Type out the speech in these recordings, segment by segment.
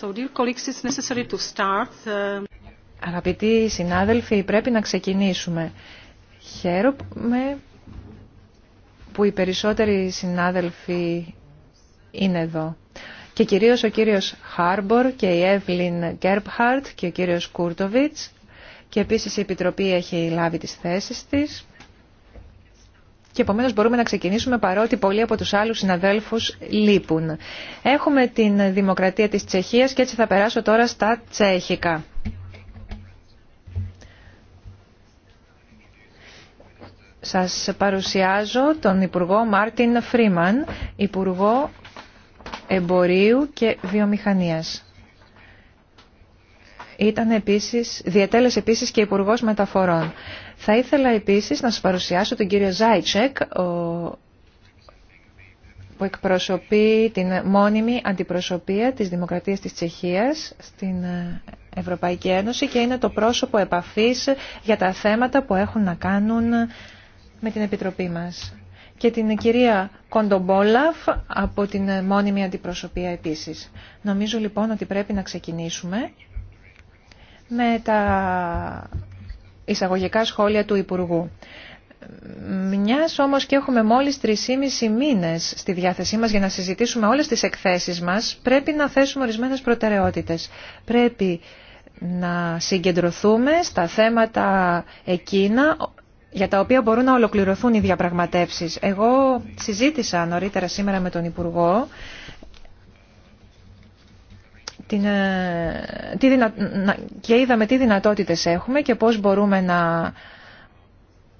Uh, Αγαπητοί συνάδελφοι, πρέπει να ξεκινήσουμε. Χαίρομαι που οι περισσότεροι συνάδελφοι είναι εδώ. Και κυρίως ο κύριος Χάρμπορ και η Εύλιν Γκέρπχαρτ και ο κύριος Κούρτοβιτς. Και επίσης η Επιτροπή έχει λάβει τις θέσεις της και επομένως μπορούμε να ξεκινήσουμε παρότι πολλοί από τους άλλους συναδέλφους λείπουν. Έχουμε την δημοκρατία της Τσεχίας και έτσι θα περάσω τώρα στα τσέχικα. Σας παρουσιάζω τον Υπουργό Μάρτιν Φρίμαν, Υπουργό Εμπορίου και Βιομηχανίας. Ήταν επίσης, διατέλεσε επίσης και Υπουργός Μεταφορών. Θα ήθελα επίσης να σας παρουσιάσω τον κύριο Ζάιτσεκ, που εκπροσωπεί την μόνιμη αντιπροσωπεία της Δημοκρατίας της Τσεχίας στην Ευρωπαϊκή Ένωση και είναι το πρόσωπο επαφής για τα θέματα που έχουν να κάνουν με την Επιτροπή μας. Και την κυρία Κοντομπόλαφ από την μόνιμη αντιπροσωπεία επίσης. Νομίζω λοιπόν ότι πρέπει να ξεκινήσουμε με τα εισαγωγικά σχόλια του Υπουργού. Μια όμως και έχουμε μόλις 3,5 μήνες στη διάθεσή μας για να συζητήσουμε όλες τις εκθέσεις μας, πρέπει να θέσουμε ορισμένες προτεραιότητες. Πρέπει να συγκεντρωθούμε στα θέματα εκείνα για τα οποία μπορούν να ολοκληρωθούν οι διαπραγματεύσεις. Εγώ συζήτησα νωρίτερα σήμερα με τον Υπουργό ε, τι δυνα, και είδαμε τι δυνατότητες έχουμε και πώς μπορούμε να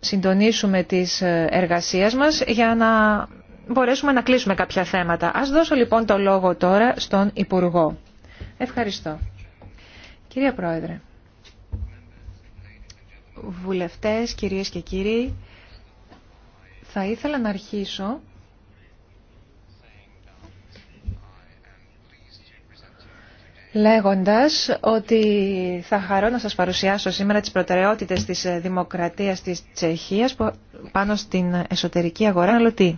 συντονίσουμε τις ε, εργασίες μας για να μπορέσουμε να κλείσουμε κάποια θέματα. Ας δώσω λοιπόν το λόγο τώρα στον Υπουργό. Ευχαριστώ. Κυρία Πρόεδρε, βουλευτές, κυρίες και κύριοι, θα ήθελα να αρχίσω λέγοντας ότι θα χαρώ να σας παρουσιάσω σήμερα τις προτεραιότητες της ε, Δημοκρατίας της Τσεχίας πάνω στην εσωτερική αγορά τι.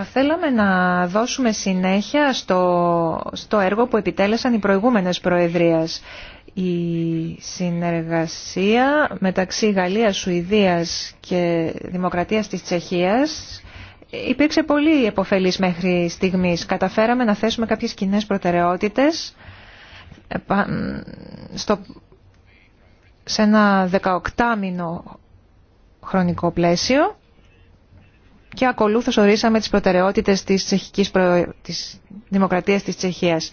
Θα θέλαμε να δώσουμε συνέχεια στο, στο έργο που επιτέλεσαν οι προηγούμενες προεδρίες η συνεργασία μεταξύ Γαλλίας, Σουηδίας και Δημοκρατίας της Τσεχίας υπήρξε πολύ επωφελής μέχρι στιγμής. Καταφέραμε να θέσουμε κάποιες κοινέ προτεραιότητες στο, σε ένα 18μηνο χρονικό πλαίσιο και ακολούθως ορίσαμε τις προτεραιότητες της, τσεχικής, της Δημοκρατίας της Τσεχίας.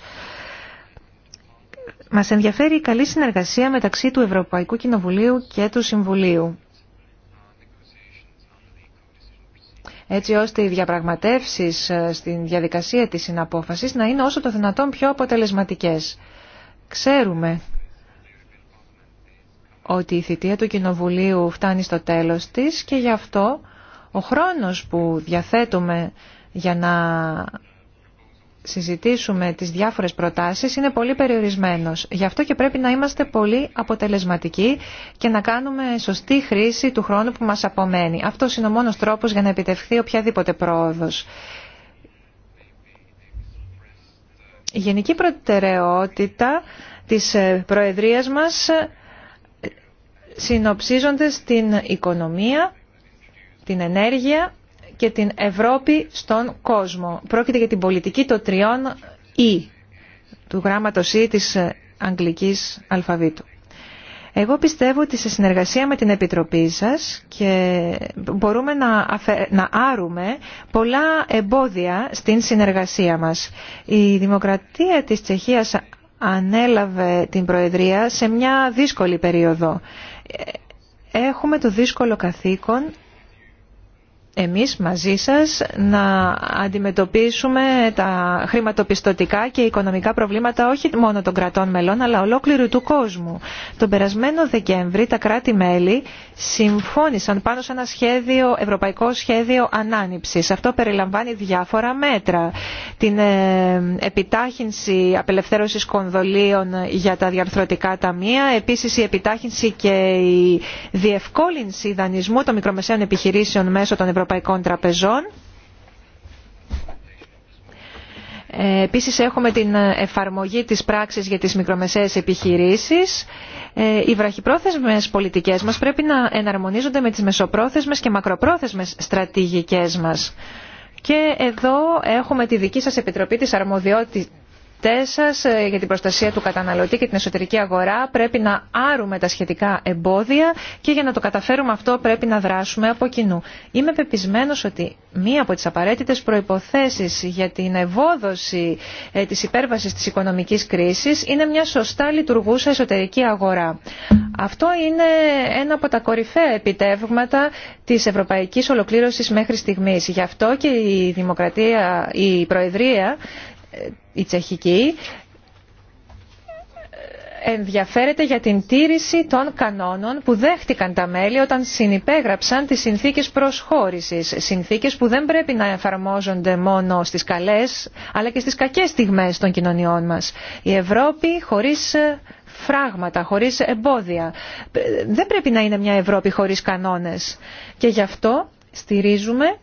Μας ενδιαφέρει η καλή συνεργασία μεταξύ του Ευρωπαϊκού Κοινοβουλίου και του Συμβουλίου. έτσι ώστε οι διαπραγματεύσεις ε, στην διαδικασία της συναπόφασης να είναι όσο το δυνατόν πιο αποτελεσματικές. Ξέρουμε ότι η θητεία του Κοινοβουλίου φτάνει στο τέλος της και γι' αυτό ο χρόνος που διαθέτουμε για να συζητήσουμε τις διάφορες προτάσεις είναι πολύ περιορισμένος. Γι' αυτό και πρέπει να είμαστε πολύ αποτελεσματικοί και να κάνουμε σωστή χρήση του χρόνου που μας απομένει. Αυτό είναι ο μόνος τρόπος για να επιτευχθεί οποιαδήποτε πρόοδος. Η γενική προτεραιότητα της Προεδρίας μας συνοψίζονται στην οικονομία, την ενέργεια, και την Ευρώπη στον κόσμο. Πρόκειται για την πολιτική των τριών «Η» του γράμματος E της αγγλικής αλφαβήτου. Εγώ πιστεύω ότι σε συνεργασία με την Επιτροπή σας και μπορούμε να, να άρουμε πολλά εμπόδια στην συνεργασία μας. Η Δημοκρατία της Τσεχίας ανέλαβε την Προεδρία σε μια δύσκολη περίοδο. Ε, έχουμε το δύσκολο καθήκον εμείς μαζί σας να αντιμετωπίσουμε τα χρηματοπιστωτικά και οικονομικά προβλήματα όχι μόνο των κρατών μελών αλλά ολόκληρου του κόσμου. Τον περασμένο Δεκέμβρη τα κράτη-μέλη συμφώνησαν πάνω σε ένα σχέδιο, ευρωπαϊκό σχέδιο ανάνυψης. Αυτό περιλαμβάνει διάφορα μέτρα. Την ε, επιτάχυνση απελευθέρωσης κονδολίων για τα διαρθρωτικά ταμεία, επίσης η επιτάχυνση και η διευκόλυνση δανεισμού των μικρομεσαίων επιχειρήσεων μέσω των Ευρωπαϊκών Τραπεζών. Ε, επίσης έχουμε την εφαρμογή της πράξης για τις μικρομεσαίες επιχειρήσεις. Ε, οι βραχυπρόθεσμες πολιτικές μας πρέπει να εναρμονίζονται με τις μεσοπρόθεσμες και μακροπρόθεσμες στρατηγικές μας. Και εδώ έχουμε τη δική σας επιτροπή της αρμοδιότητας σα ε, για την προστασία του καταναλωτή και την εσωτερική αγορά πρέπει να άρουμε τα σχετικά εμπόδια και για να το καταφέρουμε αυτό πρέπει να δράσουμε από κοινού. Είμαι πεπισμένο ότι μία από τι απαραίτητε προποθέσει για την ευόδοση ε, της υπέρβαση τη οικονομική κρίση είναι μια σωστά λειτουργούσα εσωτερική αγορά. Αυτό είναι ένα από τα κορυφαία επιτεύγματα της Ευρωπαϊκή Ολοκλήρωση μέχρι στιγμή. Γι' αυτό και η, δημοκρατία, η Προεδρία η Τσεχική ενδιαφέρεται για την τήρηση των κανόνων που δέχτηκαν τα μέλη όταν συνυπέγραψαν τις συνθήκες προσχώρησης. Συνθήκες που δεν πρέπει να εφαρμόζονται μόνο στις καλές αλλά και στις κακές στιγμές των κοινωνιών μας. Η Ευρώπη χωρίς ε, φράγματα, χωρίς εμπόδια. Ε, δεν πρέπει να είναι μια Ευρώπη χωρίς κανόνες. Και γι' αυτό στηρίζουμε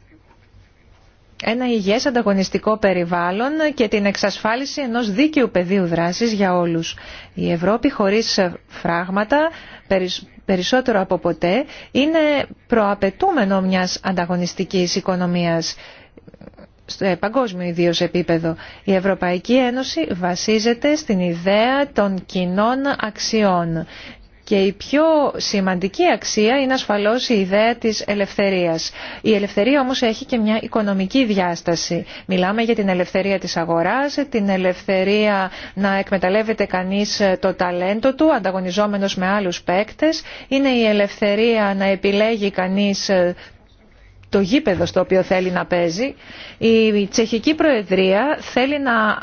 ένα υγιές ανταγωνιστικό περιβάλλον και την εξασφάλιση ενός δίκαιου πεδίου δράσης για όλους. Η Ευρώπη χωρίς φράγματα, περισσότερο από ποτέ, είναι προαπαιτούμενο μιας ανταγωνιστικής οικονομίας στο παγκόσμιο ιδίως επίπεδο. Η Ευρωπαϊκή Ένωση βασίζεται στην ιδέα των κοινών αξιών. Και η πιο σημαντική αξία είναι ασφαλώς η ιδέα της ελευθερίας. Η ελευθερία όμως έχει και μια οικονομική διάσταση. Μιλάμε για την ελευθερία της αγοράς, την ελευθερία να εκμεταλλεύεται κανείς το ταλέντο του, ανταγωνιζόμενος με άλλους παίκτες. Είναι η ελευθερία να επιλέγει κανείς ε, το γήπεδο στο οποίο θέλει να παίζει. Η Τσεχική Προεδρία θέλει να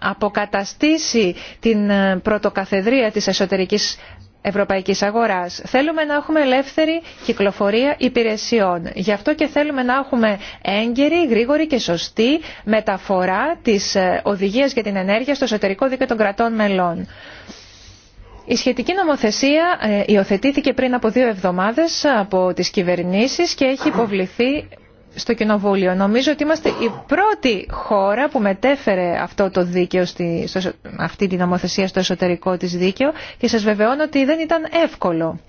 αποκαταστήσει την ε, πρωτοκαθεδρία της εσωτερικής ευρωπαϊκής αγοράς. Θέλουμε να έχουμε ελεύθερη κυκλοφορία υπηρεσιών. Γι' αυτό και θέλουμε να έχουμε έγκαιρη, γρήγορη και σωστή μεταφορά της ε, οδηγίας για την ενέργεια στο εσωτερικό δίκαιο των κρατών μελών. Η σχετική νομοθεσία ε, υιοθετήθηκε πριν από δύο εβδομάδες από τις κυβερνήσεις και έχει υποβληθεί στο Κοινοβούλιο. Νομίζω ότι είμαστε η πρώτη χώρα που μετέφερε αυτό το δίκαιο, στη, αυτή τη νομοθεσία στο εσωτερικό της δίκαιο και σας βεβαιώνω ότι δεν ήταν εύκολο.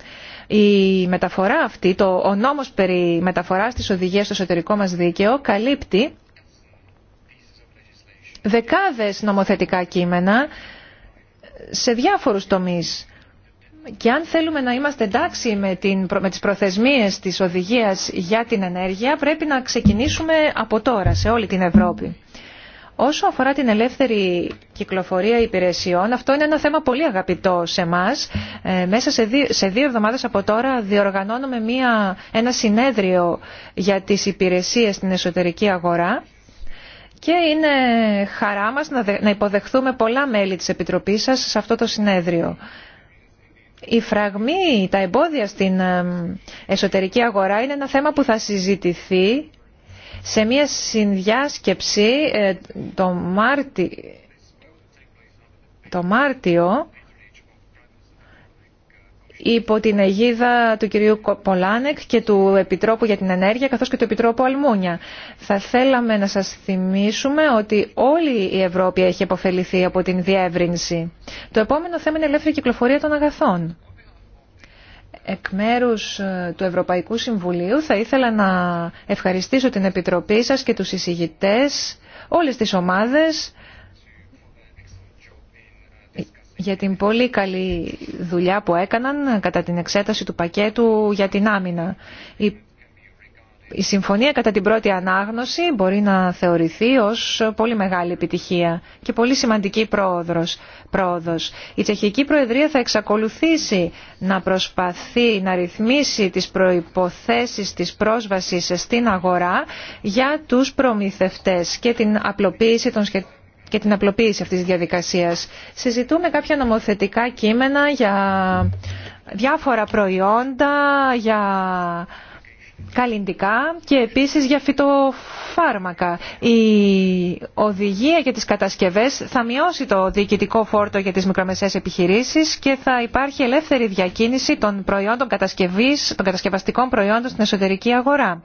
Η μεταφορά αυτή, το, ο νόμος περί μεταφοράς της οδηγίας στο εσωτερικό μας δίκαιο καλύπτει δεκάδες νομοθετικά κείμενα σε διάφορους τομείς και αν θέλουμε να είμαστε εντάξει με, την, με τις προθεσμίες της οδηγίας για την ενέργεια, πρέπει να ξεκινήσουμε από τώρα σε όλη την Ευρώπη. Όσο αφορά την ελεύθερη κυκλοφορία υπηρεσιών, αυτό είναι ένα θέμα πολύ αγαπητό σε εμά. Μέσα σε δύο, σε εβδομάδες από τώρα διοργανώνουμε μία, ένα συνέδριο για τις υπηρεσίες στην εσωτερική αγορά. Και είναι χαρά μας να υποδεχθούμε πολλά μέλη της Επιτροπής σας σε αυτό το συνέδριο η φραγμή, τα εμπόδια στην ε, εσωτερική αγορά είναι ένα θέμα που θα συζητηθεί σε μια συνδιάσκεψη ε, το, Μάρτι... το Μάρτιο υπό την αιγίδα του κυρίου Πολάνεκ και του Επιτρόπου για την Ενέργεια καθώς και του Επιτρόπου Αλμούνια. Θα θέλαμε να σας θυμίσουμε ότι όλη η Ευρώπη έχει αποφεληθεί από την διεύρυνση. Το επόμενο θέμα είναι η ελεύθερη κυκλοφορία των αγαθών. Εκ μέρου ε, του Ευρωπαϊκού Συμβουλίου θα ήθελα να ευχαριστήσω την Επιτροπή σας και τους εισηγητές, όλες τις ομάδες, για την πολύ καλή δουλειά που έκαναν κατά την εξέταση του πακέτου για την άμυνα. Η, συμφωνία κατά την πρώτη ανάγνωση μπορεί να θεωρηθεί ως πολύ μεγάλη επιτυχία και πολύ σημαντική πρόοδος. πρόοδος. Η Τσεχική Προεδρία θα εξακολουθήσει να προσπαθεί να ρυθμίσει τις προϋποθέσεις της πρόσβασης στην αγορά για τους προμηθευτές και την απλοποίηση των σχετικών και την απλοποίηση αυτής της διαδικασίας. Συζητούμε κάποια νομοθετικά κείμενα για διάφορα προϊόντα, για καλλιντικά και επίσης για φυτοφάρμακα. Η οδηγία για τις κατασκευές θα μειώσει το διοικητικό φόρτο για τις μικρομεσαίες επιχειρήσεις και θα υπάρχει ελεύθερη διακίνηση των προϊόντων κατασκευής, των κατασκευαστικών προϊόντων στην εσωτερική αγορά.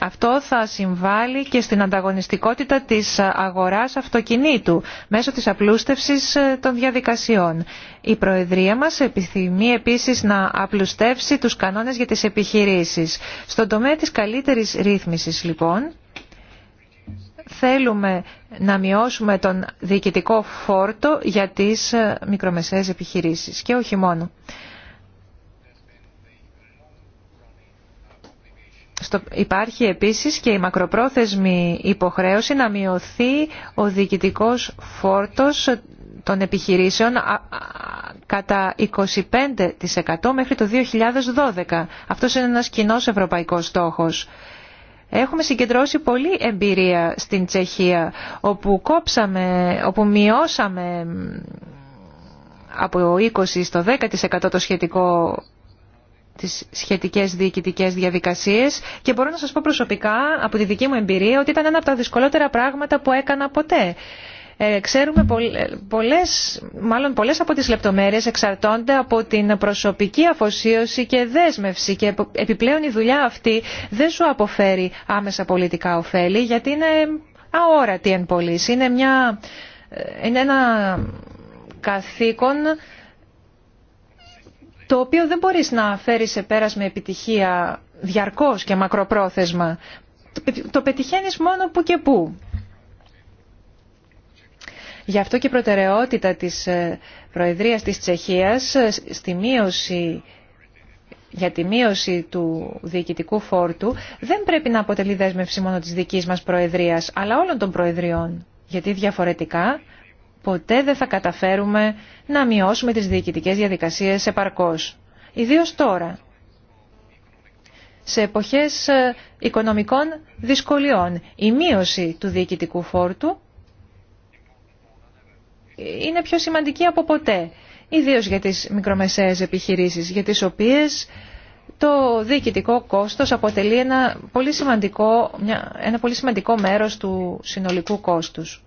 Αυτό θα συμβάλλει και στην ανταγωνιστικότητα της αγοράς αυτοκινήτου μέσω της απλούστευσης ε, των διαδικασιών. Η Προεδρία μας επιθυμεί επίσης να απλουστεύσει τους κανόνες για τις επιχειρήσεις. Στον τομέα της καλύτερης ρύθμισης λοιπόν, θέλουμε να μειώσουμε τον διοικητικό φόρτο για τις ε, μικρομεσαίες επιχειρήσεις και όχι μόνο. στο, υπάρχει επίσης και η μακροπρόθεσμη υποχρέωση να μειωθεί ο διοικητικός φόρτος των επιχειρήσεων κατά 25% μέχρι το 2012. Αυτός είναι ένας κοινό ευρωπαϊκός στόχος. Έχουμε συγκεντρώσει πολλή εμπειρία στην Τσεχία, όπου κόψαμε, όπου μειώσαμε από 20% στο 10% το σχετικό τις σχετικές διοικητικές διαδικασίες και μπορώ να σας πω προσωπικά από τη δική μου εμπειρία ότι ήταν ένα από τα δυσκολότερα πράγματα που έκανα ποτέ. Ε, ξέρουμε ε, πολλές, μάλλον πολλές από τις λεπτομέρειες εξαρτώνται από την προσωπική αφοσίωση και δέσμευση και επιπλέον η δουλειά αυτή δεν σου αποφέρει άμεσα πολιτικά ωφέλη γιατί είναι αόρατη εν πωλής. Είναι, ε, είναι ένα καθήκον το οποίο δεν μπορείς να φέρει σε πέρα με επιτυχία διαρκώς και μακροπρόθεσμα. Το πετυχαίνεις μόνο που και που. Γι' αυτό και η προτεραιότητα της ε, Προεδρίας της Τσεχίας ε, στη για τη μείωση του διοικητικού φόρτου δεν πρέπει να αποτελεί δέσμευση μόνο της δικής μας Προεδρίας, αλλά όλων των Προεδριών. Γιατί διαφορετικά ποτέ δεν θα καταφέρουμε να μειώσουμε τις διοικητικές διαδικασίες επαρκώς. Ιδίως τώρα, σε εποχές ε, οικονομικών δυσκολιών, η μείωση του διοικητικού φόρτου είναι πιο σημαντική από ποτέ. Ιδίως για τις μικρομεσαίες επιχειρήσεις, για τις οποίες το διοικητικό κόστος αποτελεί ένα πολύ σημαντικό, ένα πολύ μέρος του συνολικού κόστους.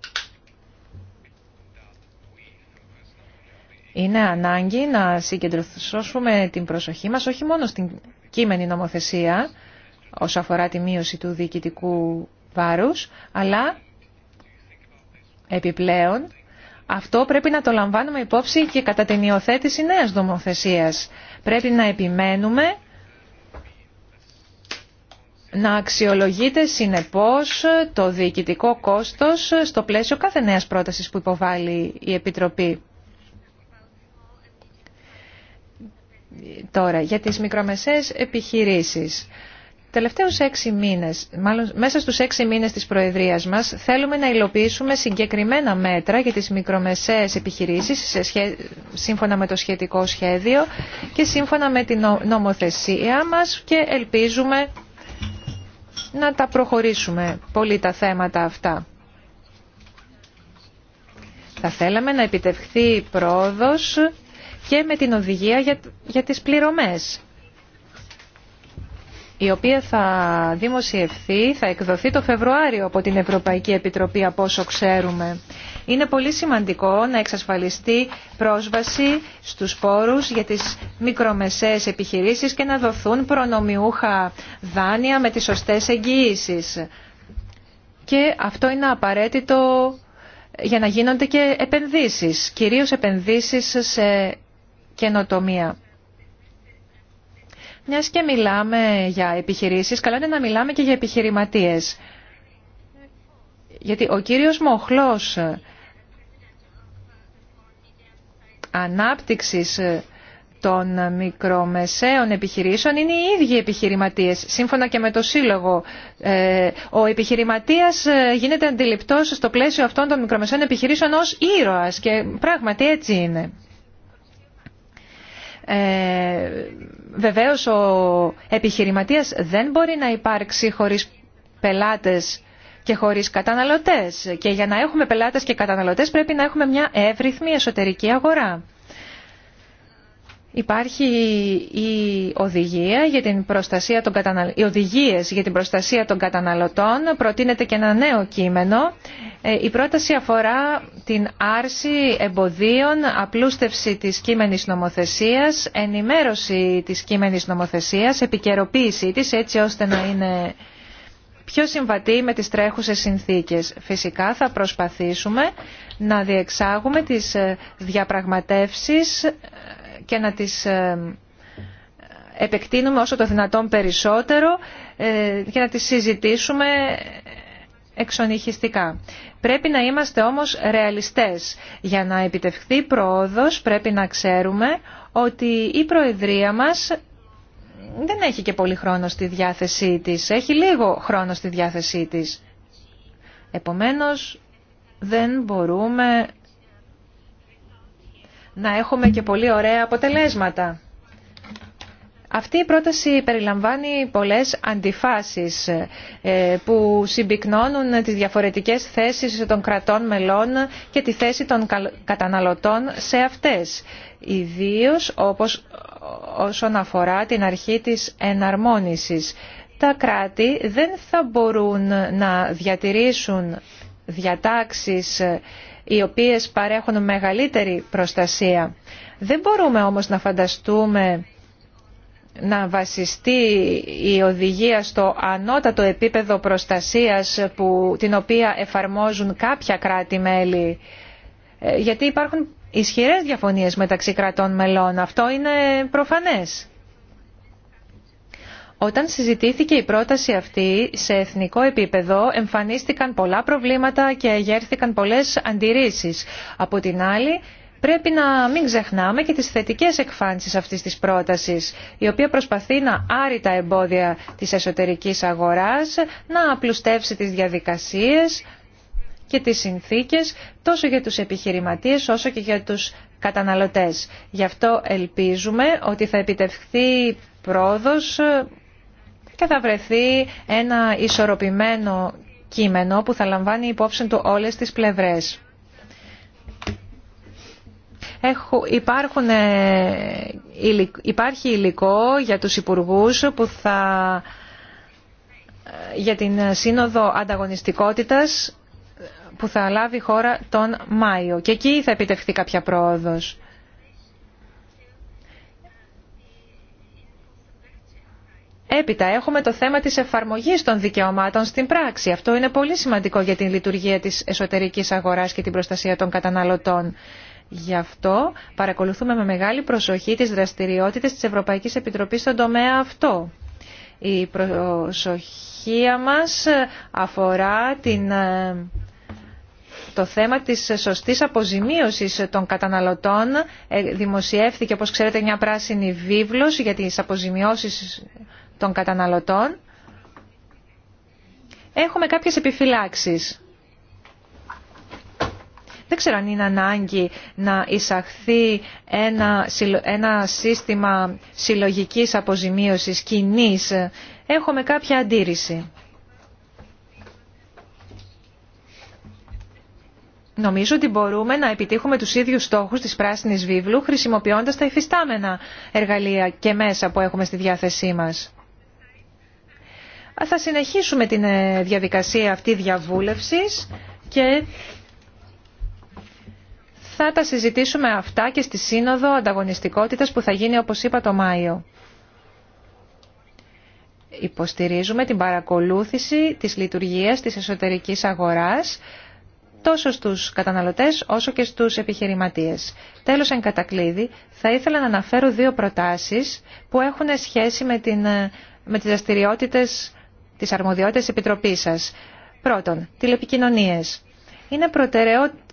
Είναι ανάγκη να συγκεντρωθούμε την προσοχή μας όχι μόνο στην κείμενη νομοθεσία όσο αφορά τη μείωση του διοικητικού βάρους, αλλά επιπλέον αυτό πρέπει να το λαμβάνουμε υπόψη και κατά την υιοθέτηση νέας νομοθεσίας. Πρέπει να επιμένουμε να αξιολογείται συνεπώς το διοικητικό κόστος στο πλαίσιο κάθε νέας πρότασης που υποβάλλει η Επιτροπή. τώρα για τις μικρομεσαίες επιχειρήσεις. Τελευταίους έξι μήνες, μάλλον μέσα στους έξι μήνες της Προεδρίας μας, θέλουμε να υλοποιήσουμε συγκεκριμένα μέτρα για τις μικρομεσαίες επιχειρήσεις σύμφωνα με το σχετικό σχέδιο και σύμφωνα με την νομοθεσία μας και ελπίζουμε να τα προχωρήσουμε πολύ τα θέματα αυτά. Θα θέλαμε να επιτευχθεί πρόοδος και με την οδηγία για, για τις πληρωμές η οποία θα δημοσιευθεί, θα εκδοθεί το Φεβρουάριο από την Ευρωπαϊκή Επιτροπή από όσο ξέρουμε. Είναι πολύ σημαντικό να εξασφαλιστεί πρόσβαση στους πόρους για τις μικρομεσαίες επιχειρήσεις και να δοθούν προνομιούχα δάνεια με τις σωστές εγγυήσεις. Και αυτό είναι απαραίτητο για να γίνονται και επενδύσεις, κυρίως επενδύσεις σε καινοτομία. Μιας και μιλάμε για επιχειρήσει, καλό είναι να μιλάμε και για επιχειρηματίε. Γιατί ο κύριος Μοχλός ε, ανάπτυξης ε, των μικρομεσαίων επιχειρήσεων είναι οι ίδιοι επιχειρηματίες. Σύμφωνα και με το Σύλλογο, ε, ο επιχειρηματίας γίνεται αντιληπτός στο πλαίσιο αυτών των μικρομεσαίων επιχειρήσεων ω ήρωα και πράγματι έτσι είναι. Ε, βεβαίως ο επιχειρηματίας δεν μπορεί να υπάρξει χωρίς πελάτες και χωρίς καταναλωτές. Και για να έχουμε πελάτες και καταναλωτές πρέπει να έχουμε μια εύρυθμη εσωτερική αγορά. Υπάρχει η οδηγία για την προστασία των οι οδηγίες για την προστασία των καταναλωτών. Προτείνεται και ένα νέο κείμενο. Ε, η πρόταση αφορά την άρση εμποδίων, απλούστευση της κείμενης νομοθεσίας, ενημέρωση της κείμενης νομοθεσίας, επικαιροποίηση της έτσι ώστε να είναι πιο συμβατή με τις τρέχουσες συνθήκες. Φυσικά θα προσπαθήσουμε να διεξάγουμε τις ε, διαπραγματεύσεις και να τις ε, επεκτείνουμε όσο το δυνατόν περισσότερο ε, και να τις συζητήσουμε εξονυχιστικά. Πρέπει να είμαστε όμως ρεαλιστές. Για να επιτευχθεί πρόοδος πρέπει να ξέρουμε ότι η Προεδρία μας δεν έχει και πολύ χρόνο στη διάθεσή της. Έχει λίγο χρόνο στη διάθεσή της. Επομένως δεν μπορούμε να έχουμε και πολύ ωραία αποτελέσματα. Αυτή η πρόταση περιλαμβάνει πολλές αντιφάσεις ε, που συμπυκνώνουν τις διαφορετικές θέσεις των κρατών μελών και τη θέση των καταναλωτών σε αυτές. Ιδίως όπως όσον αφορά την αρχή της εναρμόνισης. Τα κράτη δεν θα μπορούν να διατηρήσουν διατάξεις ε, οι οποίες παρέχουν μεγαλύτερη προστασία. Δεν μπορούμε όμως να φανταστούμε να βασιστεί η οδηγία στο ανώτατο επίπεδο προστασίας που, την οποία εφαρμόζουν κάποια κράτη-μέλη. Ε, γιατί υπάρχουν ισχυρές διαφωνίες μεταξύ κρατών μελών. Αυτό είναι προφανές. Όταν συζητήθηκε η πρόταση αυτή σε εθνικό επίπεδο εμφανίστηκαν πολλά προβλήματα και γέρθηκαν πολλές αντιρρήσεις. Από την άλλη πρέπει να μην ξεχνάμε και τις θετικές εκφάνσεις αυτής της πρότασης, η οποία προσπαθεί να άρει τα εμπόδια της εσωτερικής αγοράς, να απλουστεύσει τις διαδικασίες και τις συνθήκες τόσο για τους επιχειρηματίες όσο και για τους καταναλωτές. Γι' αυτό ελπίζουμε ότι θα επιτευχθεί πρόοδος και θα βρεθεί ένα ισορροπημένο κείμενο που θα λαμβάνει υπόψη του όλες τις πλευρές. Έχω, υπάρχουν, ε, υπάρχει υλικό για τους υπουργούς που θα, ε, για την Σύνοδο Ανταγωνιστικότητας ε, που θα λάβει η χώρα τον Μάιο. Και εκεί θα επιτευχθεί κάποια πρόοδος. Έπειτα έχουμε το θέμα της εφαρμογής των δικαιωμάτων στην πράξη. Αυτό είναι πολύ σημαντικό για την λειτουργία της εσωτερικής αγοράς και την προστασία των καταναλωτών. Γι' αυτό παρακολουθούμε με μεγάλη προσοχή τις δραστηριότητες της Ευρωπαϊκής Επιτροπής στον τομέα αυτό. Η προσοχή μας αφορά την, ε, το θέμα της σωστής αποζημίωσης των καταναλωτών. Ε, δημοσιεύθηκε, όπως ξέρετε, μια πράσινη βίβλος για τις αποζημιώσεις των καταναλωτών, έχουμε κάποιες επιφυλάξεις. Δεν ξέρω αν είναι ανάγκη να εισαχθεί ένα, ένα σύστημα συλλογικής αποζημίωσης κοινή. Έχουμε κάποια αντίρρηση. Νομίζω ότι μπορούμε να επιτύχουμε τους ίδιους στόχους της Πράσινης Βίβλου χρησιμοποιώντας τα υφιστάμενα εργαλεία και μέσα που έχουμε στη διάθεσή μας. Θα συνεχίσουμε την ε, διαδικασία αυτή διαβούλευσης και θα τα συζητήσουμε αυτά και στη Σύνοδο Ανταγωνιστικότητας που θα γίνει όπως είπα το Μάιο. Υποστηρίζουμε την παρακολούθηση της λειτουργίας της εσωτερικής αγοράς τόσο στους καταναλωτές όσο και στους επιχειρηματίες. Τέλος, εν κατακλείδη, θα ήθελα να αναφέρω δύο προτάσεις που έχουν σχέση με, την, ε, με τις δραστηριότητε τις αρμοδιότητες επιτροπής σας. Πρώτον, τηλεπικοινωνίες. Είναι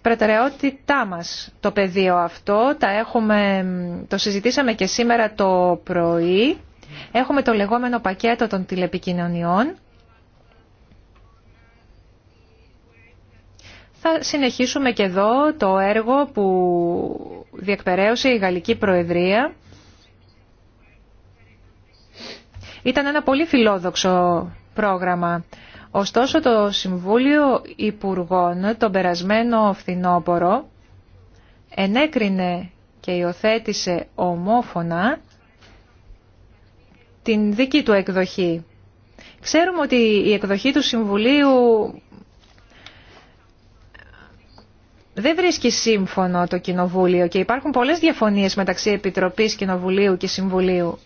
προτεραιότητά μας το πεδίο αυτό. Τα έχουμε, το συζητήσαμε και σήμερα το πρωί. Έχουμε το λεγόμενο πακέτο των τηλεπικοινωνιών. Θα συνεχίσουμε και εδώ το έργο που διεκπαιρέωσε η Γαλλική Προεδρία. Ήταν ένα πολύ φιλόδοξο πρόγραμμα. Ωστόσο το Συμβούλιο Υπουργών τον περασμένο φθινόπωρο ενέκρινε και υιοθέτησε ομόφωνα την δική του εκδοχή. Ξέρουμε ότι η εκδοχή του Συμβουλίου δεν βρίσκει σύμφωνο το Κοινοβούλιο και υπάρχουν πολλές διαφωνίες μεταξύ Επιτροπής Κοινοβουλίου και Συμβουλίου.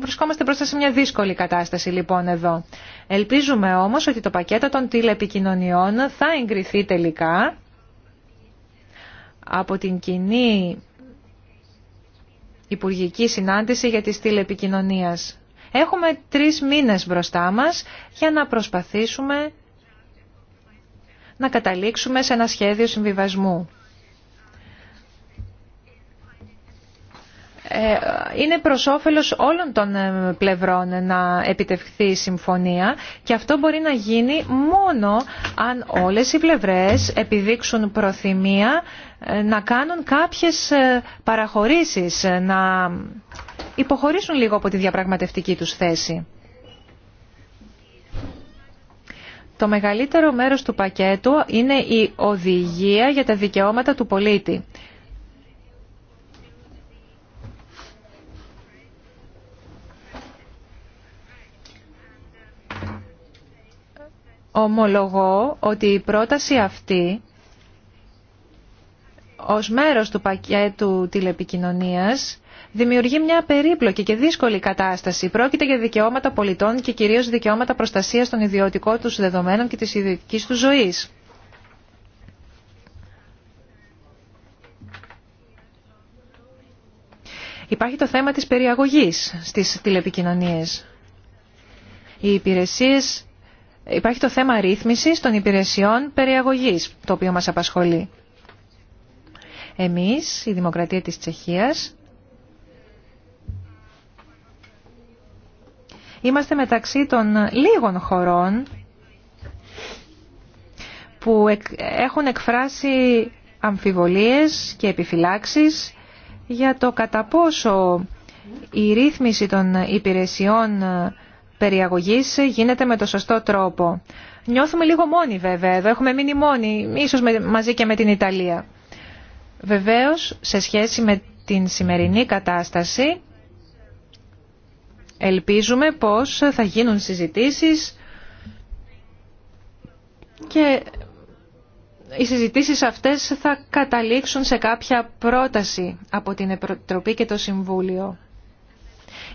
Βρισκόμαστε μπροστά σε μια δύσκολη κατάσταση λοιπόν εδώ. Ελπίζουμε όμως ότι το πακέτο των τηλεπικοινωνιών θα εγκριθεί τελικά από την κοινή υπουργική συνάντηση για τις τηλεπικοινωνίες. Έχουμε τρεις μήνες μπροστά μας για να προσπαθήσουμε να καταλήξουμε σε ένα σχέδιο συμβιβασμού. Ε, είναι προς όφελος όλων των ε, πλευρών να επιτευχθεί η συμφωνία και αυτό μπορεί να γίνει μόνο αν όλες οι πλευρές επιδείξουν προθυμία ε, να κάνουν κάποιες παραχωρήσεις, να υποχωρήσουν λίγο από τη διαπραγματευτική τους θέση. Το μεγαλύτερο μέρος του πακέτου είναι η οδηγία για τα δικαιώματα του πολίτη. Ομολογώ ότι η πρόταση αυτή ως μέρος του πακέτου τηλεπικοινωνίας δημιουργεί μια περίπλοκη και δύσκολη κατάσταση. Πρόκειται για δικαιώματα πολιτών και κυρίως δικαιώματα προστασίας των ιδιωτικών τους δεδομένων και της ιδιωτική του ζωής. Υπάρχει το θέμα της περιαγωγής στις τηλεπικοινωνίες. Οι υπηρεσίες Υπάρχει το θέμα ρύθμισης των υπηρεσιών περιαγωγής, το οποίο μας απασχολεί. Εμείς, η Δημοκρατία της Τσεχίας, είμαστε μεταξύ των λίγων χωρών που έχουν εκφράσει αμφιβολίες και επιφυλάξεις για το κατά πόσο η ρύθμιση των υπηρεσιών περιαγωγής γίνεται με το σωστό τρόπο. Νιώθουμε λίγο μόνοι βέβαια εδώ, έχουμε μείνει μόνοι, ίσως μαζί και με την Ιταλία. Βεβαίως, σε σχέση με την σημερινή κατάσταση, ελπίζουμε πως θα γίνουν συζητήσεις και οι συζητήσεις αυτές θα καταλήξουν σε κάποια πρόταση από την Επιτροπή και το Συμβούλιο.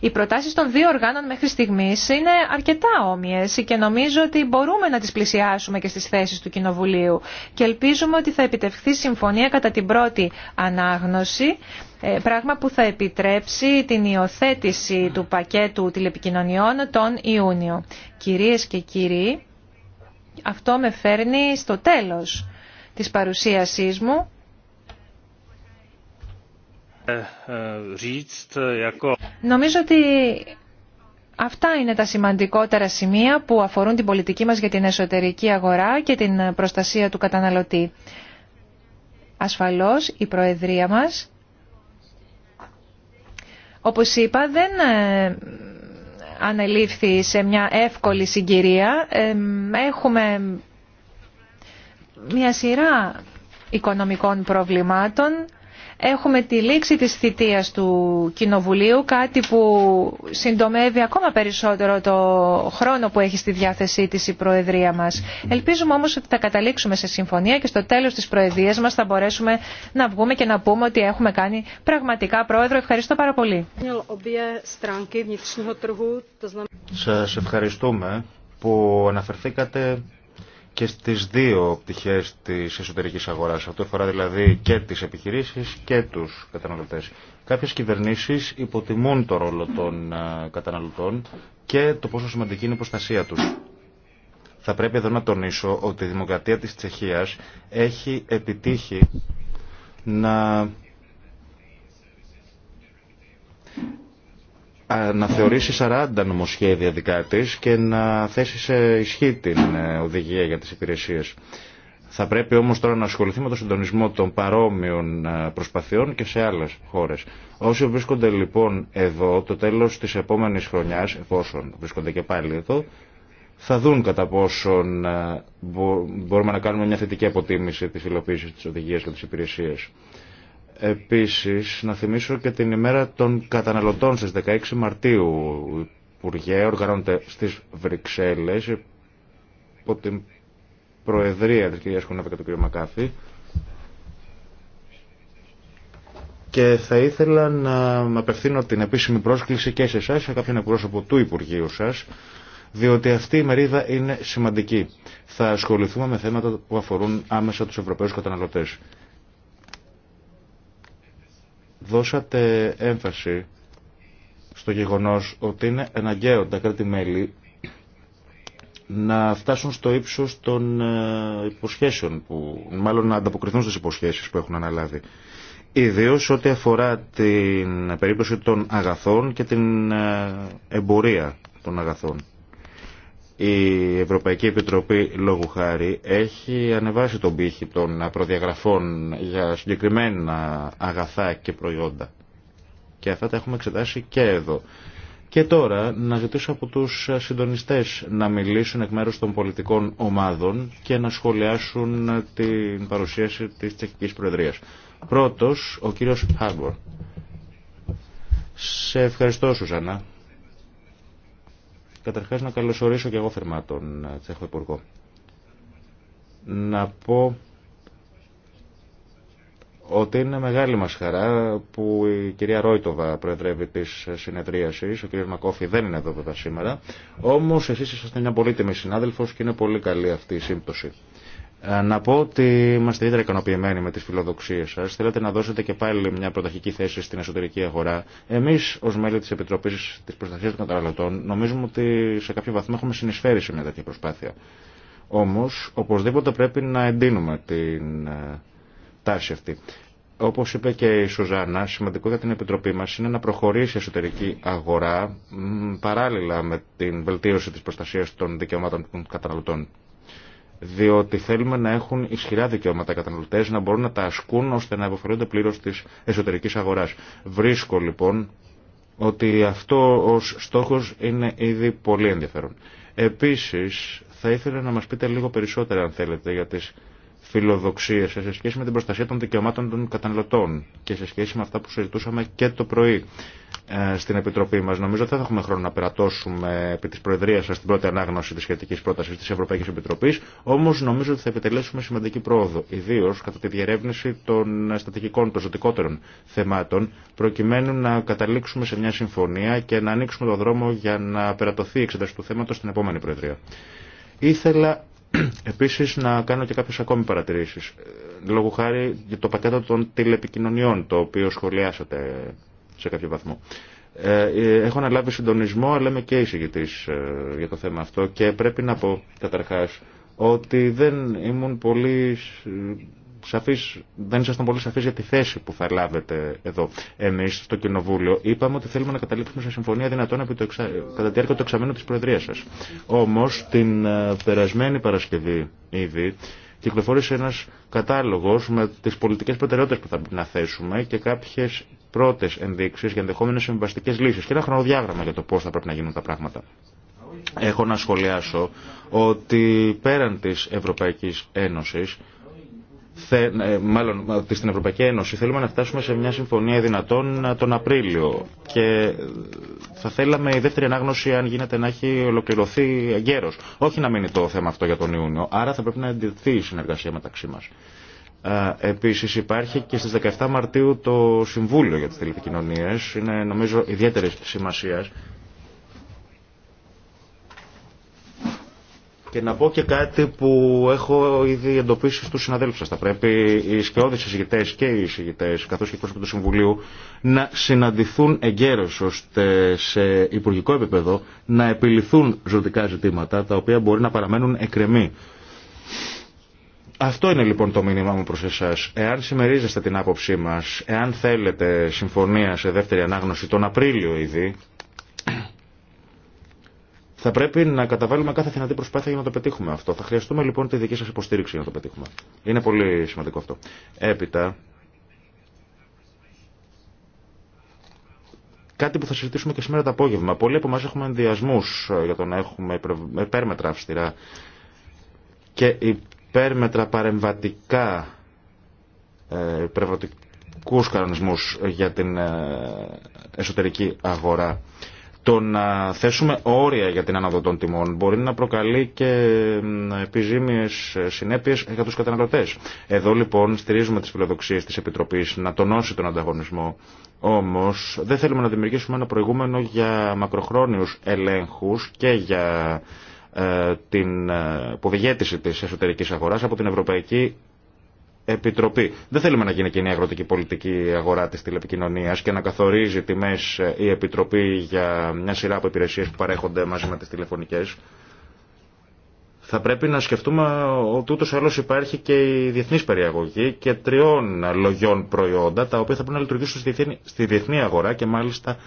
Οι προτάσει των δύο οργάνων μέχρι στιγμή είναι αρκετά όμοιε και νομίζω ότι μπορούμε να τις πλησιάσουμε και στις θέσεις του Κοινοβουλίου και ελπίζουμε ότι θα επιτευχθεί συμφωνία κατά την πρώτη ανάγνωση ε, πράγμα που θα επιτρέψει την υιοθέτηση του πακέτου τηλεπικοινωνιών τον Ιούνιο. Κυρίες και κύριοι, αυτό με φέρνει στο τέλος της παρουσίασής μου Eh, eh, Νομίζω ότι αυτά είναι τα σημαντικότερα σημεία που αφορούν την πολιτική μας για την εσωτερική αγορά και την προστασία του καταναλωτή. Ασφαλώς η Προεδρία μας, όπως είπα, δεν ε, ανελήφθη σε μια εύκολη συγκυρία. Ε, έχουμε μια σειρά οικονομικών προβλημάτων έχουμε τη λήξη της θητείας του Κοινοβουλίου, κάτι που συντομεύει ακόμα περισσότερο το χρόνο που έχει στη διάθεσή της η Προεδρία μας. Ελπίζουμε όμως ότι θα καταλήξουμε σε συμφωνία και στο τέλος της Προεδρίας μας θα μπορέσουμε να βγούμε και να πούμε ότι έχουμε κάνει πραγματικά Πρόεδρο. Ευχαριστώ πάρα πολύ. Σας ευχαριστούμε που αναφερθήκατε και στις δύο πτυχές τη εσωτερικής αγοράς. Αυτό αφορά δηλαδή και τις επιχειρήσεις και τους καταναλωτές. Κάποιες κυβερνήσεις υποτιμούν το ρόλο των ε, καταναλωτών και το πόσο σημαντική είναι η προστασία τους. Θα πρέπει εδώ να τονίσω ότι η δημοκρατία της Τσεχίας έχει επιτύχει να να θεωρήσει 40 νομοσχέδια δικά τη και να θέσει σε ισχύ την ε, οδηγία για τις υπηρεσίες. Θα πρέπει όμως τώρα να ασχοληθεί με το συντονισμό των παρόμοιων ε, προσπαθειών και σε άλλες χώρες. Όσοι βρίσκονται λοιπόν εδώ, το τέλος της επόμενης χρονιάς, εφόσον βρίσκονται και πάλι εδώ, θα δουν κατά πόσον ε, μπορούμε να κάνουμε μια θετική αποτίμηση της υλοποίησης της οδηγίας και της υπηρεσίας. Επίσης, να θυμίσω και την ημέρα των καταναλωτών στις 16 Μαρτίου. Υπουργέ οργανώνεται στις Βρυξέλλες υπό την Προεδρία της κυρίας Χωνέβα και του κ. Μακάφη. Και θα ήθελα να απευθύνω την επίσημη πρόσκληση και σε εσά, σε κάποιον εκπρόσωπο του Υπουργείου σας, διότι αυτή η μερίδα είναι σημαντική. Θα ασχοληθούμε με θέματα που αφορούν άμεσα τους Ευρωπαίους καταναλωτές δώσατε έμφαση στο γεγονός ότι είναι αναγκαίο τα κράτη-μέλη να φτάσουν στο ύψος των ε, υποσχέσεων, που, μάλλον να ανταποκριθούν στις υποσχέσεις που έχουν αναλάβει. Ιδίω ό,τι αφορά την περίπτωση των αγαθών και την ε, εμπορία των αγαθών. Η Ευρωπαϊκή Επιτροπή, λόγου χάρη, έχει ανεβάσει τον πύχη των προδιαγραφών για συγκεκριμένα αγαθά και προϊόντα. Και αυτά τα έχουμε εξετάσει και εδώ. Και τώρα να ζητήσω από τους συντονιστές να μιλήσουν εκ μέρους των πολιτικών ομάδων και να σχολιάσουν την παρουσίαση της Τσεχικής Προεδρίας. Πρώτος, ο κύριος Χάρμπορ. Σε ευχαριστώ, Σουζανά. Καταρχάς να καλωσορίσω και εγώ θερμά τον ε, Τσέχο Υπουργό. Να πω ότι είναι μεγάλη μας χαρά που η κυρία Ρόιτοβα προεδρεύει της συνεδρίασης, ο κύριος Μακόφη δεν είναι εδώ βέβαια σήμερα, όμως εσείς είσαστε μια πολύτιμη συνάδελφος και είναι πολύ καλή αυτή η σύμπτωση. Ε, να πω ότι είμαστε ιδιαίτερα ικανοποιημένοι με τι φιλοδοξίε σα. Θέλετε να δώσετε και πάλι μια πρωταρχική θέση στην εσωτερική αγορά. Εμεί, ω μέλη τη Επιτροπή τη Προστασία των Καταναλωτών, νομίζουμε ότι σε κάποιο βαθμό έχουμε συνεισφέρει σε μια τέτοια προσπάθεια. Όμω, οπωσδήποτε πρέπει να εντείνουμε την ε, τάση αυτή. Όπω είπε και η Σουζάνα, σημαντικό για την Επιτροπή μα είναι να προχωρήσει η εσωτερική αγορά παράλληλα με την βελτίωση τη προστασία των δικαιωμάτων των καταναλωτών διότι θέλουμε να έχουν ισχυρά δικαιώματα οι καταναλωτέ, να μπορούν να τα ασκούν ώστε να υποφελούνται πλήρω τη εσωτερική αγορά. Βρίσκω λοιπόν ότι αυτό ω στόχο είναι ήδη πολύ ενδιαφέρον. Επίση, θα ήθελα να μα πείτε λίγο περισσότερα, αν θέλετε, για τις φιλοδοξίες σε σχέση με την προστασία των δικαιωμάτων των καταναλωτών και σε σχέση με αυτά που συζητούσαμε και το πρωί ε, στην Επιτροπή μα. Νομίζω ότι δεν θα έχουμε χρόνο να περατώσουμε επί τη Προεδρία σα την πρώτη ανάγνωση τη σχετική πρόταση τη Ευρωπαϊκή Επιτροπή, όμω νομίζω ότι θα επιτελέσουμε σημαντική πρόοδο, ιδίω κατά τη διερεύνηση των στατικικών, των ζωτικότερων θεμάτων, προκειμένου να καταλήξουμε σε μια συμφωνία και να ανοίξουμε το δρόμο για να περατωθεί η εξέταση του στην επόμενη Προεδρία. Ήθελα Επίση, να κάνω και κάποιε ακόμη παρατηρήσει. Ε, λόγω χάρη για το πακέτο των τηλεπικοινωνιών, το οποίο σχολιάσατε σε κάποιο βαθμό. Ε, ε, έχω αναλάβει συντονισμό, αλλά είμαι και εισηγητή για το θέμα αυτό και πρέπει να πω καταρχά ότι δεν ήμουν πολύ σαφής, δεν ήσασταν πολύ σαφείς για τη θέση που θα λάβετε εδώ. Εμείς στο Κοινοβούλιο είπαμε ότι θέλουμε να καταλήξουμε σε συμφωνία δυνατόν το εξα... κατά τη διάρκεια του εξαμήνου της Προεδρίας σας. Όμως την ε, περασμένη Παρασκευή ήδη κυκλοφόρησε ένας κατάλογος με τις πολιτικές προτεραιότητες που θα να θέσουμε και κάποιες πρώτες ενδείξεις για ενδεχόμενες συμβαστικές λύσεις και ένα χρονοδιάγραμμα για το πώς θα πρέπει να γίνουν τα πράγματα. Έχω να σχολιάσω ότι πέραν της Ευρωπαϊκής Ένωσης θε, ε, μάλλον στην Ευρωπαϊκή Ένωση θέλουμε να φτάσουμε σε μια συμφωνία δυνατόν ε, τον Απρίλιο και ε, θα θέλαμε η δεύτερη ανάγνωση αν γίνεται να έχει ολοκληρωθεί γέρος. Όχι να μείνει το θέμα αυτό για τον Ιούνιο, άρα θα πρέπει να εντεθεί η συνεργασία μεταξύ μας. Επίσης υπάρχει και στις 17 Μαρτίου το Συμβούλιο για τις Τηλεπικοινωνίες, είναι νομίζω ιδιαίτερης σημασία. Και να πω και κάτι που έχω ήδη εντοπίσει στους συναδέλφους σας. Θα πρέπει οι σκιώδεις εισηγητές και οι εισηγητές, καθώς και οι πρόσωποι του Συμβουλίου, να συναντηθούν εγκαίρως, ώστε σε υπουργικό επίπεδο να επιληθούν ζωτικά ζητήματα, τα οποία μπορεί να παραμένουν εκκρεμοί. Αυτό είναι λοιπόν το μήνυμά μου προς εσάς. Εάν συμμερίζεστε την άποψή μας, εάν θέλετε συμφωνία σε δεύτερη ανάγνωση τον Απρίλιο ήδη, θα πρέπει να καταβάλουμε κάθε δυνατή προσπάθεια για να το πετύχουμε αυτό. Θα χρειαστούμε λοιπόν τη δική σα υποστήριξη για να το πετύχουμε. Είναι πολύ σημαντικό αυτό. Έπειτα, κάτι που θα συζητήσουμε και σήμερα το απόγευμα. Πολλοί από εμά έχουμε ενδιασμού ε, για το να έχουμε υπέρμετρα αυστηρά και υπέρμετρα παρεμβατικά ε, υπερβατικού κανονισμού για την ε, εσωτερική αγορά. Το να θέσουμε όρια για την άνοδο των τιμών μπορεί να προκαλεί και επιζήμιες συνέπειες για τους καταναλωτές. Εδώ λοιπόν στηρίζουμε τις φιλοδοξίες της Επιτροπής να τονώσει τον ανταγωνισμό. Όμως δεν θέλουμε να δημιουργήσουμε ένα προηγούμενο για μακροχρόνιους ελέγχους και για ε, την υποβηγέτηση ε, της εσωτερικής αγοράς από την Ευρωπαϊκή Επιτροπή. Δεν θέλουμε να γίνει κοινή αγροτική πολιτική αγορά της τηλεπικοινωνίας και να καθορίζει τιμέ ε, η Επιτροπή για μια σειρά από υπηρεσίε που παρέχονται μαζί με τι τηλεφωνικέ. Θα πρέπει να σκεφτούμε ότι ούτω ή υπάρχει και η διεθνή περιαγωγή και τριών λογιών προϊόντα τα οποία θα πρέπει να λειτουργήσουν στη διεθνή αγορά και μάλιστα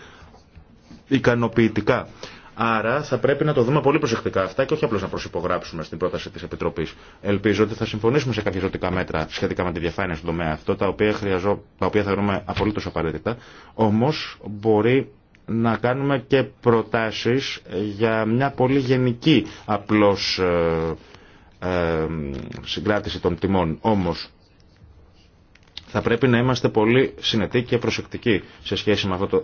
ικανοποιητικά. Άρα θα πρέπει να το δούμε πολύ προσεκτικά αυτά και όχι απλώ να προσυπογράψουμε στην πρόταση τη Επιτροπή. Ελπίζω ότι θα συμφωνήσουμε σε κάποια ζωτικά μέτρα σχετικά με τη διαφάνεια στον τομέα αυτό, τα οποία, χρειαζό, τα οποία θεωρούμε απολύτω απαραίτητα. Όμω μπορεί να κάνουμε και προτάσει για μια πολύ γενική απλώ ε, ε, συγκράτηση των τιμών. Όμως θα πρέπει να είμαστε πολύ συνετοί και προσεκτικοί σε σχέση με αυτό το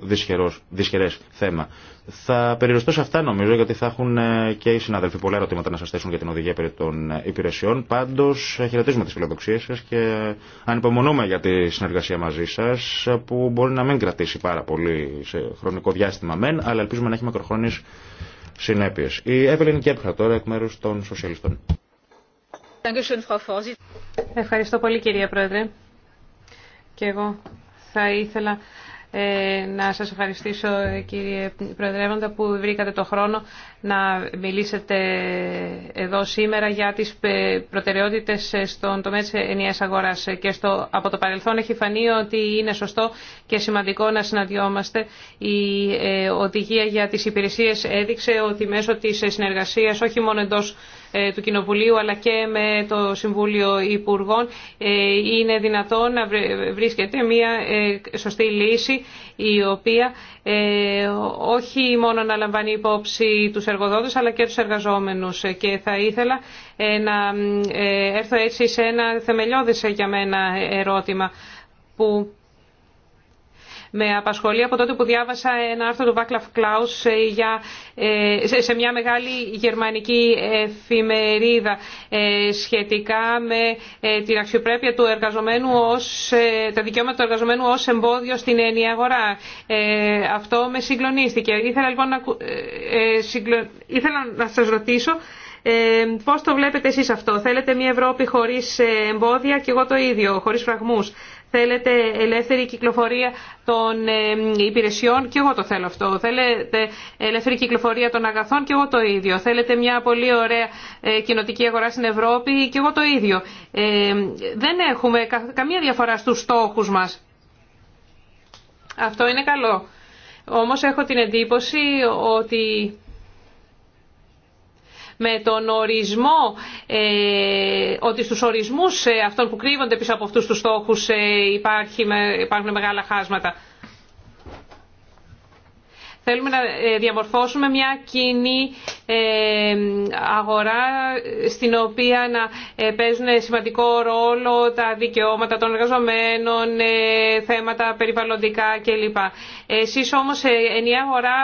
δυσχερέ θέμα. Θα περιοριστώ σε αυτά νομίζω γιατί θα έχουν ε, και οι συνάδελφοι πολλά ερωτήματα να σα θέσουν για την οδηγία περί των ε, υπηρεσιών. Πάντως ε, χαιρετίζουμε τι φιλοδοξίε σα και ανυπομονούμε για τη συνεργασία μαζί σα, που μπορεί να μην κρατήσει πάρα πολύ σε χρονικό διάστημα μεν αλλά ελπίζουμε να έχει μακροχρόνιε συνέπειε. Η Εύελιν Κέπχα τώρα εκ μέρου των σοσιαλιστών. Ευχαριστώ πολύ κυρία Πρόεδρε. Και εγώ θα ήθελα ε, να σας ευχαριστήσω κύριε Προεδρεύοντα που βρήκατε το χρόνο να μιλήσετε εδώ σήμερα για τις ε, προτεραιότητες στον τομέα της ενιαίας αγοράς και στο, από το παρελθόν έχει φανεί ότι είναι σωστό και σημαντικό να συναντιόμαστε η ε, οδηγία για τις υπηρεσίες έδειξε ότι μέσω της συνεργασίας όχι μόνο εντός ε, του Κοινοβουλίου αλλά και με το Συμβούλιο Υπουργών ε, είναι δυνατό να βρίσκεται μια ε, σωστή λύση η οποία όχι μόνο να λαμβάνει υπόψη τους εργοδότες αλλά και τους εργαζόμενους και θα ήθελα να έρθω έτσι σε ένα θεμελιώδης για μένα ερώτημα που με απασχολεί από τότε που διάβασα ένα άρθρο του Βάκλαφ Κλάους ε, για, ε, σε μια μεγάλη γερμανική εφημερίδα ε, σχετικά με την αξιοπρέπεια του εργαζομένου ως, τα δικαιώματα του εργαζομένου ως εμπόδιο στην έννοια αγορά. Αυτό με συγκλονίστηκε. Ήθελα λοιπόν να, ήθελα να σας ρωτήσω ε, πώς το βλέπετε εσείς αυτό. Θέλετε μια Ευρώπη χωρίς εμπόδια και εγώ το ίδιο, χωρίς φραγμούς. Θέλετε ελεύθερη κυκλοφορία των ε, υπηρεσιών και εγώ το θέλω αυτό. Θέλετε ελεύθερη κυκλοφορία των αγαθών και εγώ το ίδιο. Θέλετε μια πολύ ωραία ε, κοινοτική αγορά στην Ευρώπη και εγώ το ίδιο. Ε, δεν έχουμε καμία διαφορά στους στόχους μας. Αυτό είναι καλό. Όμως έχω την εντύπωση ότι με τον ορισμό, ε, ότι στους ορισμούς ε, αυτών που κρύβονται πίσω από αυτούς τους στόχους ε, υπάρχουν μεγάλα χάσματα. Θέλουμε να ε, διαμορφώσουμε μια κοινή ε, αγορά στην οποία να ε, παίζουν σημαντικό ρόλο τα δικαιώματα των εργαζομένων, θέματα περιβαλλοντικά κλπ. Εσείς όμως ενιαία αγορά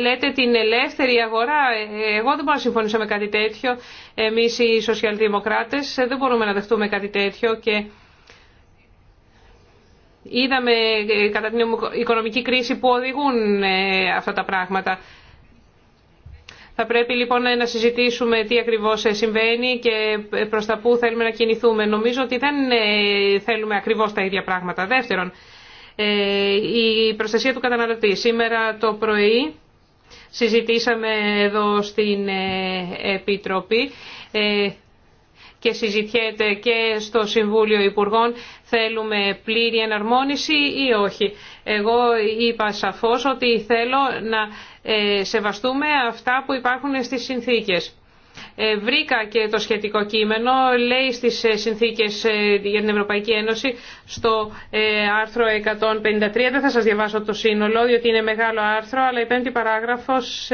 λέτε την ελεύθερη αγορά. Εγώ δεν μπορώ να συμφωνήσω με κάτι τέτοιο. Εμείς οι σοσιαλδημοκράτες δεν μπορούμε να δεχτούμε κάτι τέτοιο και Είδαμε ε, κατά την οικονομική κρίση που οδηγούν ε, αυτά τα πράγματα. Θα πρέπει λοιπόν να συζητήσουμε τι ακριβώς ε, συμβαίνει και προς τα πού θέλουμε να κινηθούμε. Νομίζω ότι δεν θέλουμε ακριβώς τα ίδια πράγματα. Δεύτερον, η προστασία του καταναλωτή. Σήμερα το πρωί συζητήσαμε εδώ στην Επιτροπή και συζητιέται και στο Συμβούλιο Υπουργών θέλουμε πλήρη εναρμόνιση ή όχι. Εγώ είπα σαφώς ότι θέλω να ε, σεβαστούμε αυτά που υπάρχουν στις συνθήκες. Ε, βρήκα και το σχετικό κείμενο, λέει στις ε, συνθήκες για την Ευρωπαϊκή Ένωση στο άρθρο 153, δεν θα σας διαβάσω το σύνολο διότι είναι μεγάλο άρθρο, αλλά η πέμπτη παράγραφος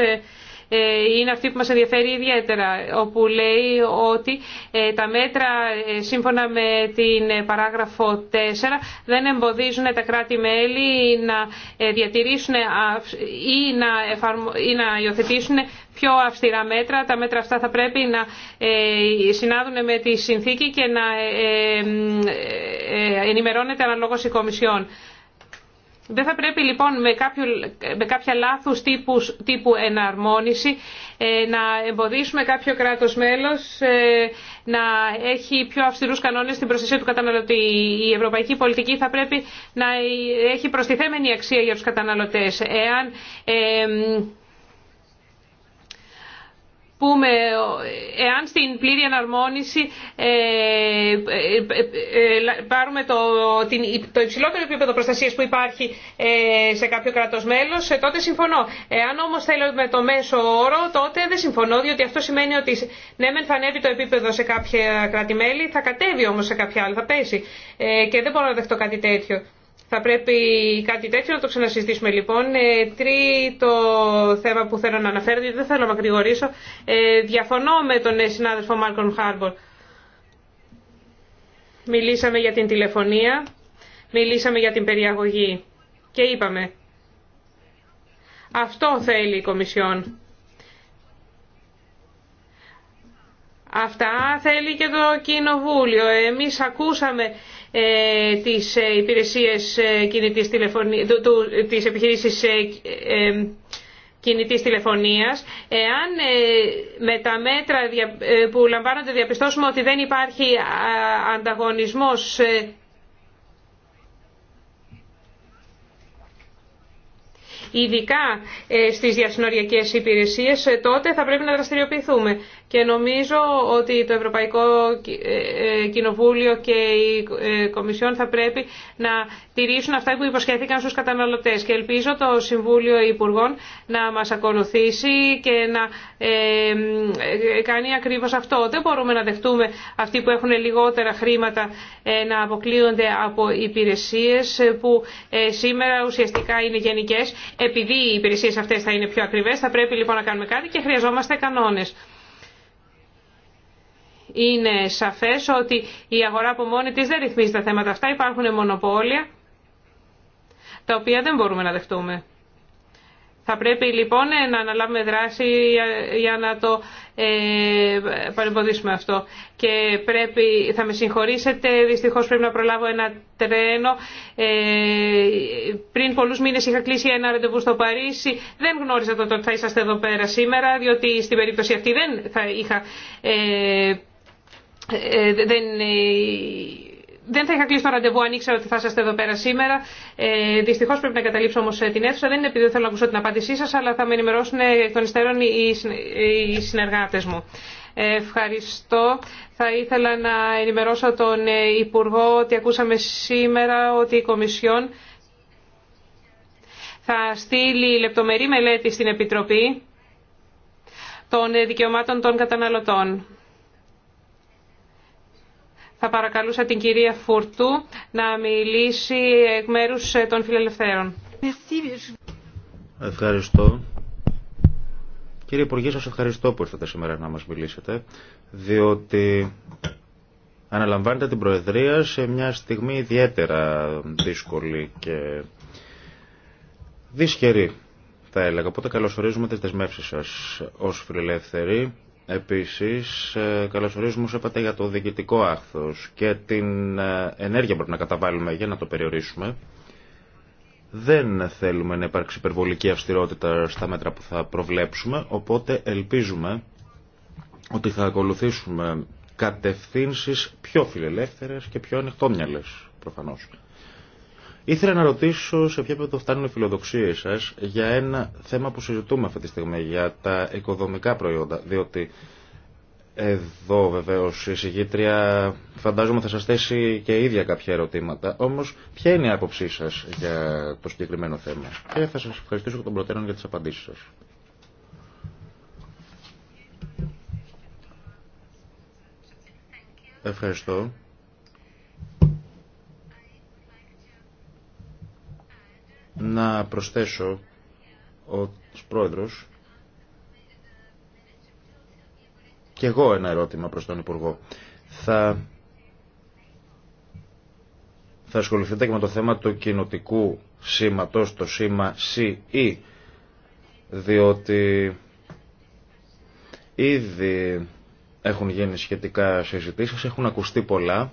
ε, είναι αυτή που μας ενδιαφέρει ιδιαίτερα, όπου λέει ότι ε, τα μέτρα ε, σύμφωνα με την παράγραφο 4 δεν εμποδίζουν τα κράτη-μέλη να διατηρήσουν ή να, εφαρμο... ή να υιοθετήσουν πιο αυστηρά μέτρα. Τα μέτρα αυτά θα πρέπει να συνάδουν με τη συνθήκη και να ενημερώνεται αναλόγως η Κομισιόν. Δεν θα πρέπει λοιπόν με, κάποιο, με κάποια λάθους τύπους, τύπου εναρμόνιση ε, να εμποδίσουμε κάποιο κράτος μέλος ε, να έχει πιο αυστηρούς κανόνες στην προστασία του καταναλωτή. Η ευρωπαϊκή πολιτική θα πρέπει να ε, έχει προστιθέμενη αξία για τους καταναλωτές. Εάν πούμε εάν στην πλήρη εναρμόνιση ε ε, ε, ε, πάρουμε το, την, το υψηλότερο επίπεδο προστασίας που υπάρχει ε, σε κάποιο κράτος μέλος, τότε συμφωνώ. Εάν όμως με το μέσο όρο, τότε δεν συμφωνώ, διότι αυτό σημαίνει ότι ναι μεν θα ανέβει το επίπεδο σε κάποια κράτη-μέλη, θα κατέβει όμως σε κάποια άλλη, θα πέσει. και δεν μπορώ να δεχτώ κάτι τέτοιο. Θα πρέπει κάτι τέτοιο να το ξανασυζητήσουμε λοιπόν. Ε, τρίτο θέμα που θέλω να αναφέρω, γιατί δεν θέλω να μακρηγορήσω, ε, διαφωνώ με τον ε, συνάδελφο Μάρκορν Χάρμπορ. Μιλήσαμε για την τηλεφωνία, μιλήσαμε για την περιαγωγή και είπαμε αυτό θέλει η Κομισιόν. Αυτά θέλει και το Κοινοβούλιο. Εμείς ακούσαμε ε, τις ε, υπηρεσίες ε, κινητής τηλεφωνίας, της επιχειρήσης κινητής τηλεφωνίας. Εάν με τα μέτρα που λαμβάνονται διαπιστώσουμε ότι δεν υπάρχει ανταγωνισμός ειδικά στις διασυνοριακές υπηρεσίες, τότε θα πρέπει να δραστηριοποιηθούμε και νομίζω ότι το Ευρωπαϊκό ε, ε, Κοινοβούλιο και η ε, Κομισιόν θα πρέπει να τηρήσουν αυτά που υποσχέθηκαν στους καταναλωτές και ελπίζω το Συμβούλιο Υπουργών να μας ακολουθήσει και να κάνει ακριβώς αυτό. Δεν μπορούμε να δεχτούμε αυτοί που έχουν λιγότερα χρήματα να αποκλείονται από υπηρεσίες που σήμερα ουσιαστικά είναι γενικές. Επειδή οι υπηρεσίες αυτές θα είναι πιο ακριβές θα πρέπει λοιπόν να κάνουμε κάτι και χρειαζόμαστε κανόνες είναι σαφές ότι η αγορά από μόνη της δεν ρυθμίζει τα θέματα αυτά. Υπάρχουν μονοπόλια τα οποία δεν μπορούμε να δεχτούμε. Θα πρέπει λοιπόν να αναλάβουμε δράση για να το ε, παρεμποδίσουμε αυτό. Και πρέπει, θα με συγχωρήσετε, δυστυχώς πρέπει να προλάβω ένα τρένο. Ε, πριν πολλούς μήνες είχα κλείσει ένα ραντεβού στο Παρίσι. Δεν γνώριζα το ότι θα είσαστε εδώ πέρα σήμερα, διότι στην περίπτωση αυτή δεν θα είχα ε, ε, ε, δεν, θα είχα κλείσει το ραντεβού αν ήξερα ότι θα είσαστε εδώ πέρα σήμερα. Ε, Δυστυχώ πρέπει να καταλήψω όμω ε, την αίθουσα. Δεν είναι επειδή δεν θέλω να ακούσω την απάντησή σα, αλλά θα με ενημερώσουν εκ των υστέρων οι, οι συνεργάτε μου. Ευχαριστώ. Θα ήθελα να ενημερώσω τον Υπουργό ότι ακούσαμε σήμερα ότι η Κομισιόν θα στείλει λεπτομερή μελέτη στην Επιτροπή των Δικαιωμάτων των Καταναλωτών. Θα παρακαλούσα την κυρία Φουρτού να μιλήσει εκ μέρου ε, των φιλελευθέρων. Ευχαριστώ. Κύριε Υπουργέ, σας ευχαριστώ που ήρθατε σήμερα να μας μιλήσετε, διότι αναλαμβάνετε την Προεδρία σε μια στιγμή ιδιαίτερα δύσκολη και δυσχερή, θα έλεγα. Οπότε καλωσορίζουμε τις δεσμεύσεις σας ως φιλελεύθεροι Επίσης, ε, καλωσορίζουμε όσο είπατε για το διοικητικό άχθος και την ε, ενέργεια που πρέπει να καταβάλουμε για να το περιορίσουμε. Δεν θέλουμε να υπάρξει υπερβολική αυστηρότητα στα μέτρα που θα προβλέψουμε, οπότε ελπίζουμε ότι θα ακολουθήσουμε κατευθύνσεις πιο φιλελεύθερες και πιο ανοιχτόμυαλες προφανώς. Ήθελα να ρωτήσω σε ποια επίπεδο φτάνουν οι φιλοδοξίες σας για ένα θέμα που συζητούμε αυτή τη στιγμή, για τα οικοδομικά προϊόντα. Διότι εδώ βεβαίως, η συγγήτρια φαντάζομαι θα σας θέσει και ίδια κάποια ερωτήματα. Όμως, ποια είναι η άποψή σας για το συγκεκριμένο θέμα. Και θα σας ευχαριστήσω τον προτέρων για τις απαντήσεις σας. Ευχαριστώ. να προσθέσω ο πρόεδρος και εγώ ένα ερώτημα προς τον Υπουργό. Θα, θα ασχοληθείτε και με το θέμα του κοινοτικού σήματος, το σήμα CE, διότι ήδη έχουν γίνει σχετικά συζητήσεις, έχουν ακουστεί πολλά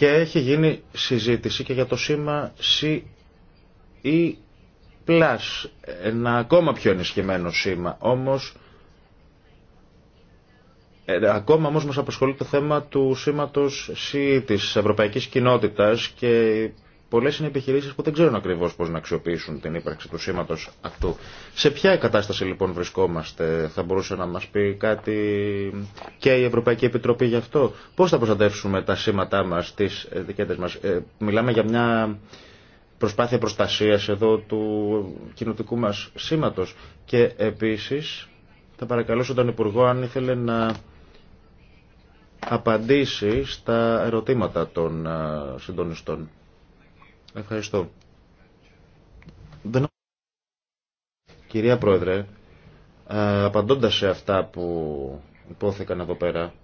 Και έχει γίνει συζήτηση και για το σήμα CE+, ένα ακόμα πιο ενισχυμένο σήμα. Όμως, ε, ακόμα όμως μας απασχολεί το θέμα του σήματος CE της Ευρωπαϊκής Κοινότητας και Πολλέ είναι επιχειρήσει που δεν ξέρουν ακριβώ πώ να αξιοποιήσουν την ύπαρξη του σήματο αυτού. Σε ποια κατάσταση λοιπόν βρισκόμαστε, θα μπορούσε να μα πει κάτι και η Ευρωπαϊκή Επιτροπή γι' αυτό. Πώ θα προστατεύσουμε τα σήματά μα, τι δικέτε μα. Ε, μιλάμε για μια προσπάθεια προστασία εδώ του κοινοτικού μα σήματο. Και επίση θα παρακαλούσα τον Υπουργό αν ήθελε να απαντήσει στα ερωτήματα των ε, συντονιστών. Ευχαριστώ. Κυρία Πρόεδρε, ε, απαντώντας σε αυτά που υπόθηκαν εδώ πέρα,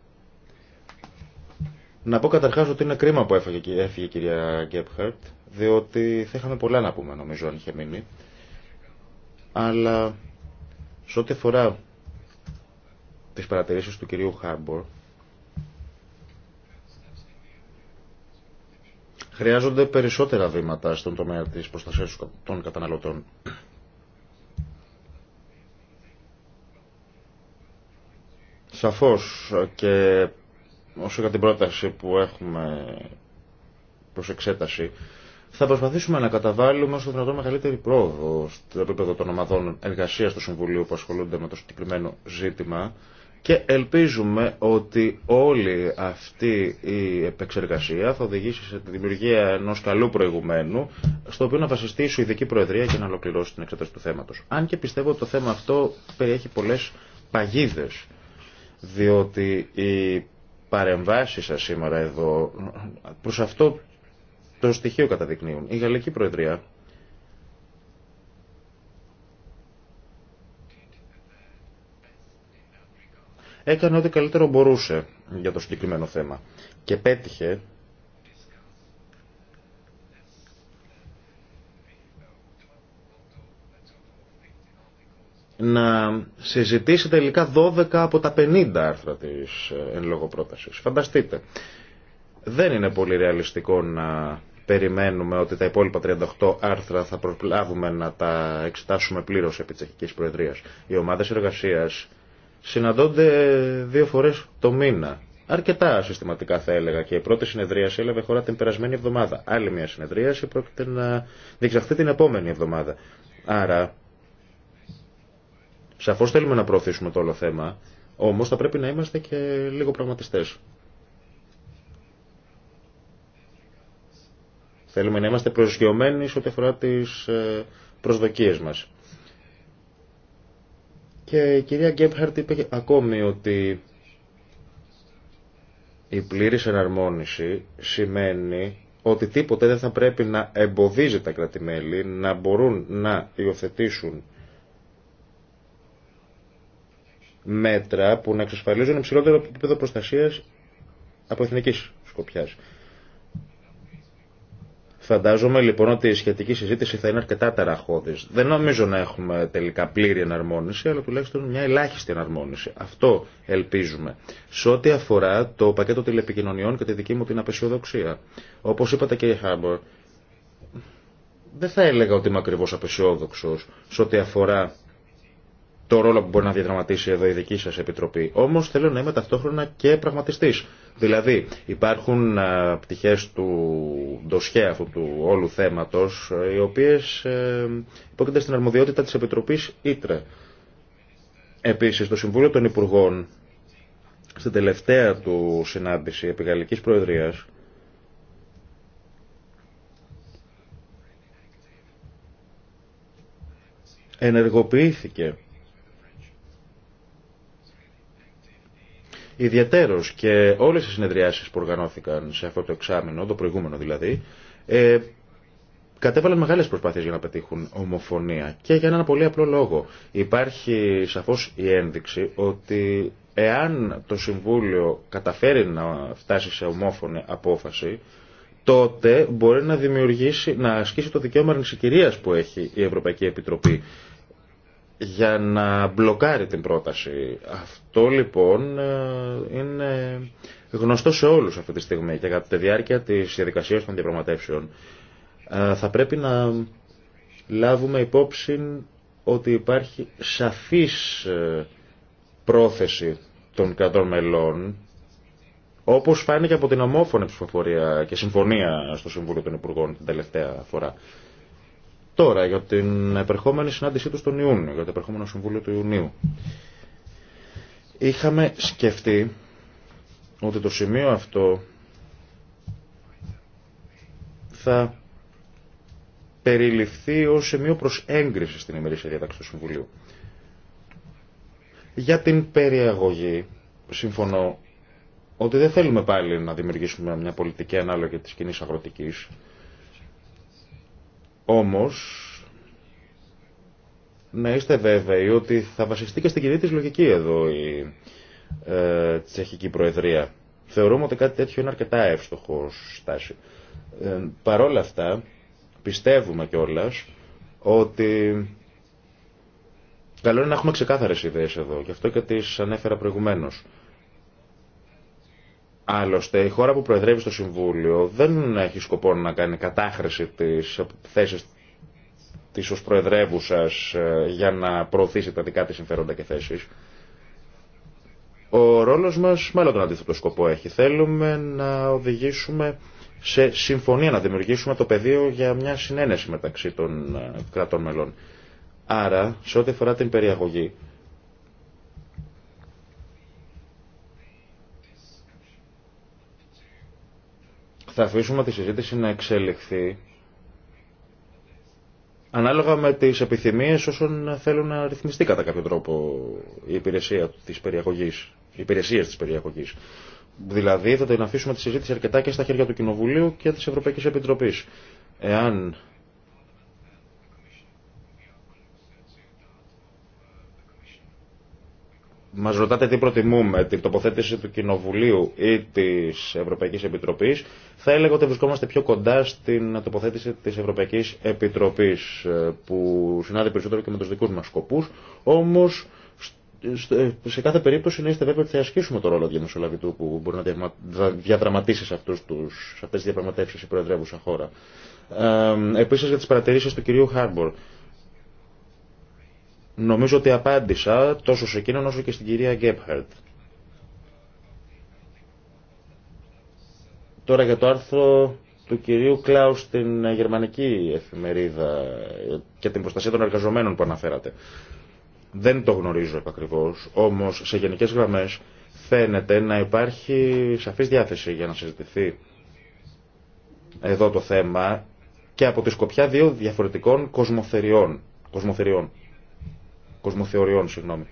να πω καταρχάς ότι είναι κρίμα που έφυγε, η κυρία Γκέπχαρτ, διότι θα είχαμε πολλά να πούμε νομίζω αν είχε μείνει. Αλλά σε ό,τι αφορά τις παρατηρήσεις του κυρίου Χάμπορ, Χρειάζονται περισσότερα βήματα στον τομέα της προστασίας των καταναλωτών. Σαφώς και όσο για την πρόταση που έχουμε προς εξέταση, θα προσπαθήσουμε να καταβάλουμε όσο δυνατόν μεγαλύτερη πρόοδο στο επίπεδο των ομάδων εργασία του Συμβουλίου που ασχολούνται με το συγκεκριμένο ζήτημα και ελπίζουμε ότι όλη αυτή η επεξεργασία θα οδηγήσει σε τη δημιουργία ενό καλού προηγουμένου, στο οποίο να βασιστεί η Σουηδική Προεδρία για να ολοκληρώσει την εξέταση του θέματο. Αν και πιστεύω ότι το θέμα αυτό περιέχει πολλέ παγίδε, διότι οι παρεμβάσει σα σήμερα εδώ προ αυτό το στοιχείο καταδεικνύουν. Η Γαλλική Προεδρία έκανε ό,τι καλύτερο μπορούσε για το συγκεκριμένο θέμα. Και πέτυχε να συζητήσει τελικά 12 από τα 50 άρθρα της ε, εν λόγω πρότασης. Φανταστείτε. Δεν είναι πολύ ρεαλιστικό να περιμένουμε ότι τα υπόλοιπα 38 άρθρα θα προλάβουμε να τα εξετάσουμε πλήρως επί Τσεχικής Προεδρίας. Οι ομάδες εργασίας συναντώνται δύο φορές το μήνα. Αρκετά συστηματικά θα έλεγα και η πρώτη συνεδρίαση έλαβε χώρα την περασμένη εβδομάδα. Άλλη μια συνεδρίαση πρόκειται να διεξαχθεί την επόμενη εβδομάδα. Άρα, σαφώ θέλουμε να προωθήσουμε το όλο θέμα, όμως θα πρέπει να είμαστε και λίγο πραγματιστές. Θέλουμε να είμαστε προσγειωμένοι σε ό,τι αφορά τι ε, προσδοκίε μα. Και η κυρία Γκέμπχαρτ είπε ακόμη ότι η πλήρης εναρμόνιση σημαίνει ότι τίποτε δεν θα πρέπει να εμποδίζει τα κρατημέλη να μπορούν να υιοθετήσουν μέτρα που να εξασφαλίζουν υψηλότερο επίπεδο προστασίας από εθνικής σκοπιάς. Φαντάζομαι λοιπόν ότι η σχετική συζήτηση θα είναι αρκετά ταραχώδη. Δεν νομίζω να έχουμε τελικά πλήρη εναρμόνιση, αλλά τουλάχιστον μια ελάχιστη εναρμόνιση. Αυτό ελπίζουμε. Σε ό,τι αφορά το πακέτο τηλεπικοινωνιών και τη δική μου την απεσιοδοξία. Όπω είπατε κύριε Χάμπορ, δεν θα έλεγα ότι είμαι ακριβώ απεσιόδοξο σε ό,τι αφορά το ρόλο που μπορεί να διαδραματίσει εδώ η δική σα επιτροπή. Όμω θέλω να είμαι ταυτόχρονα και πραγματιστής. Δηλαδή, υπάρχουν ε, πτυχέ του ντοσχέ αυτού του όλου θέματο, ε, οι οποίε ε, υπόκειται στην αρμοδιότητα τη Επιτροπή Ήτρε. Επίση, το Συμβούλιο των Υπουργών, στην τελευταία του συνάντηση Γαλλικής Προεδρίας ενεργοποιήθηκε Ιδιαίτερο και όλε οι συνεδριάσει που οργανώθηκαν σε αυτό το εξάμεινο, το προηγούμενο δηλαδή, ε, κατέβαλαν μεγάλε προσπάθειε για να πετύχουν ομοφωνία. Και για έναν πολύ απλό λόγο. Υπάρχει σαφώ η ένδειξη ότι εάν το Συμβούλιο καταφέρει να φτάσει σε ομόφωνη απόφαση, τότε μπορεί να δημιουργήσει, να ασκήσει το δικαίωμα αρνησικυρία που έχει η Ευρωπαϊκή Επιτροπή για να μπλοκάρει την πρόταση. Αυτό λοιπόν ε, είναι γνωστό σε όλους αυτή τη στιγμή και κατά τη διάρκεια της διαδικασίας των διαπραγματεύσεων ε, θα πρέπει να λάβουμε υπόψη ότι υπάρχει σαφής ε, πρόθεση των κρατών μελών όπως φάνηκε από την ομόφωνη ψηφοφορία και συμφωνία στο Συμβούλιο των Υπουργών την τελευταία φορά. Τώρα, για την επερχόμενη συνάντησή του τον Ιούνιο, για το επερχόμενο Συμβούλιο του Ιουνίου. Είχαμε σκεφτεί ότι το σημείο αυτό θα περιληφθεί ως σημείο προς έγκριση στην ημερήσια διάταξη του Συμβουλίου. Για την περιαγωγή, συμφωνώ ότι δεν θέλουμε πάλι να δημιουργήσουμε μια πολιτική ανάλογη της κοινή αγροτικής, όμως, να είστε βέβαιοι ότι θα βασιστεί και στην κοινή της λογική εδώ η ε, τσεχική προεδρία. Θεωρούμε ότι κάτι τέτοιο είναι αρκετά εύστοχο στάση. Ε, παρόλα αυτά, πιστεύουμε κιόλα ότι καλό είναι να έχουμε ξεκάθαρες ιδέες εδώ. Γι' αυτό και τις ανέφερα προηγουμένως. Άλλωστε, η χώρα που προεδρεύει στο Συμβούλιο δεν έχει σκοπό να κάνει κατάχρηση της θέσεις της ως προεδρεύουσας ε, για να προωθήσει τα δικά της συμφέροντα και θέσεις. Ο ρόλος μας μάλλον τον αντίθετο σκοπό έχει. Θέλουμε να οδηγήσουμε σε συμφωνία, να δημιουργήσουμε το πεδίο για μια συνένεση μεταξύ των ε, κρατών μελών. Άρα, σε ό,τι αφορά την περιαγωγή, θα αφήσουμε τη συζήτηση να εξελιχθεί ανάλογα με τις επιθυμίες όσων θέλουν να ρυθμιστεί κατά κάποιο τρόπο η υπηρεσία της περιαγωγής, οι υπηρεσίες της περιαγωγής. Δηλαδή θα την αφήσουμε τη συζήτηση αρκετά και στα χέρια του Κοινοβουλίου και της Ευρωπαϊκής Επιτροπής. Εάν Μα ρωτάτε τι προτιμούμε, την τοποθέτηση του Κοινοβουλίου ή τη Ευρωπαϊκή Επιτροπή. Θα έλεγα ότι βρισκόμαστε πιο κοντά στην τοποθέτηση τη Ευρωπαϊκή Επιτροπή, ε, που συνάδει περισσότερο και με του δικού μα σκοπού. Όμω, ε, σε κάθε περίπτωση να είστε βέβαιοι ότι θα ασκήσουμε το ρόλο διαμεσολαβητού που μπορεί να διαδραματίσει σε, αυτέ τι διαπραγματεύσει η προεδρεύουσα χώρα. Ε, ε επίσης για τι παρατηρήσει του κυρίου Χάρμπορ. Νομίζω ότι απάντησα τόσο σε εκείνον όσο και στην κυρία Γκέπχαρτ. Τώρα για το άρθρο του κυρίου Κλάου στην γερμανική εφημερίδα και την προστασία των εργαζομένων που αναφέρατε. Δεν το γνωρίζω επακριβώς, όμως σε γενικές γραμμές φαίνεται να υπάρχει σαφής διάθεση για να συζητηθεί εδώ το θέμα και από τη σκοπιά δύο διαφορετικών κοσμοθεριών. κοσμοθεριών κοσμοθεωριών, συγγνώμη.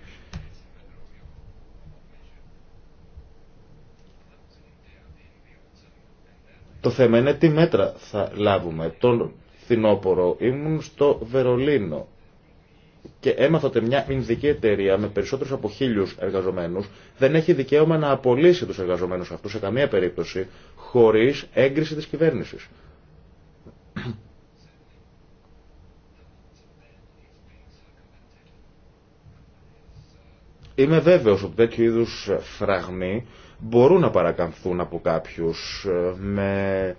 Το θέμα είναι τι μέτρα θα λάβουμε. Τον φθινόπωρο ήμουν στο Βερολίνο και έμαθα ότι μια Ινδική εταιρεία με περισσότερους από χίλιους εργαζομένους δεν έχει δικαίωμα να απολύσει τους εργαζομένους αυτούς σε καμία περίπτωση χωρίς έγκριση της κυβέρνησης. Είμαι βέβαιος ότι τέτοιου είδους φραγμοί μπορούν να παρακαμφθούν από κάποιους ε, με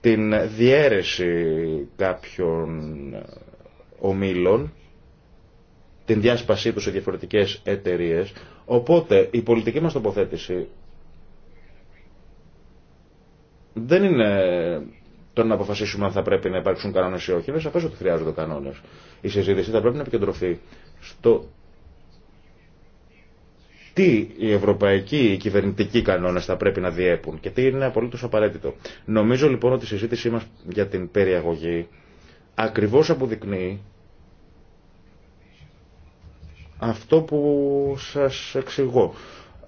την διαίρεση κάποιων ε, ομίλων, την διάσπασή τους σε διαφορετικές εταιρείες. Οπότε η πολιτική μας τοποθέτηση δεν είναι το να αποφασίσουμε αν θα πρέπει να υπάρξουν κανόνες ή όχι. Είναι σαφές ότι χρειάζονται κανόνες. Η συζήτηση θα πρέπει να επικεντρωθεί στο τι οι ευρωπαϊκοί οι κυβερνητικοί κανόνε θα πρέπει να διέπουν και τι είναι απολύτω απαραίτητο. Νομίζω λοιπόν ότι η συζήτησή μα για την περιαγωγή ακριβώ αποδεικνύει αυτό που σας εξηγώ.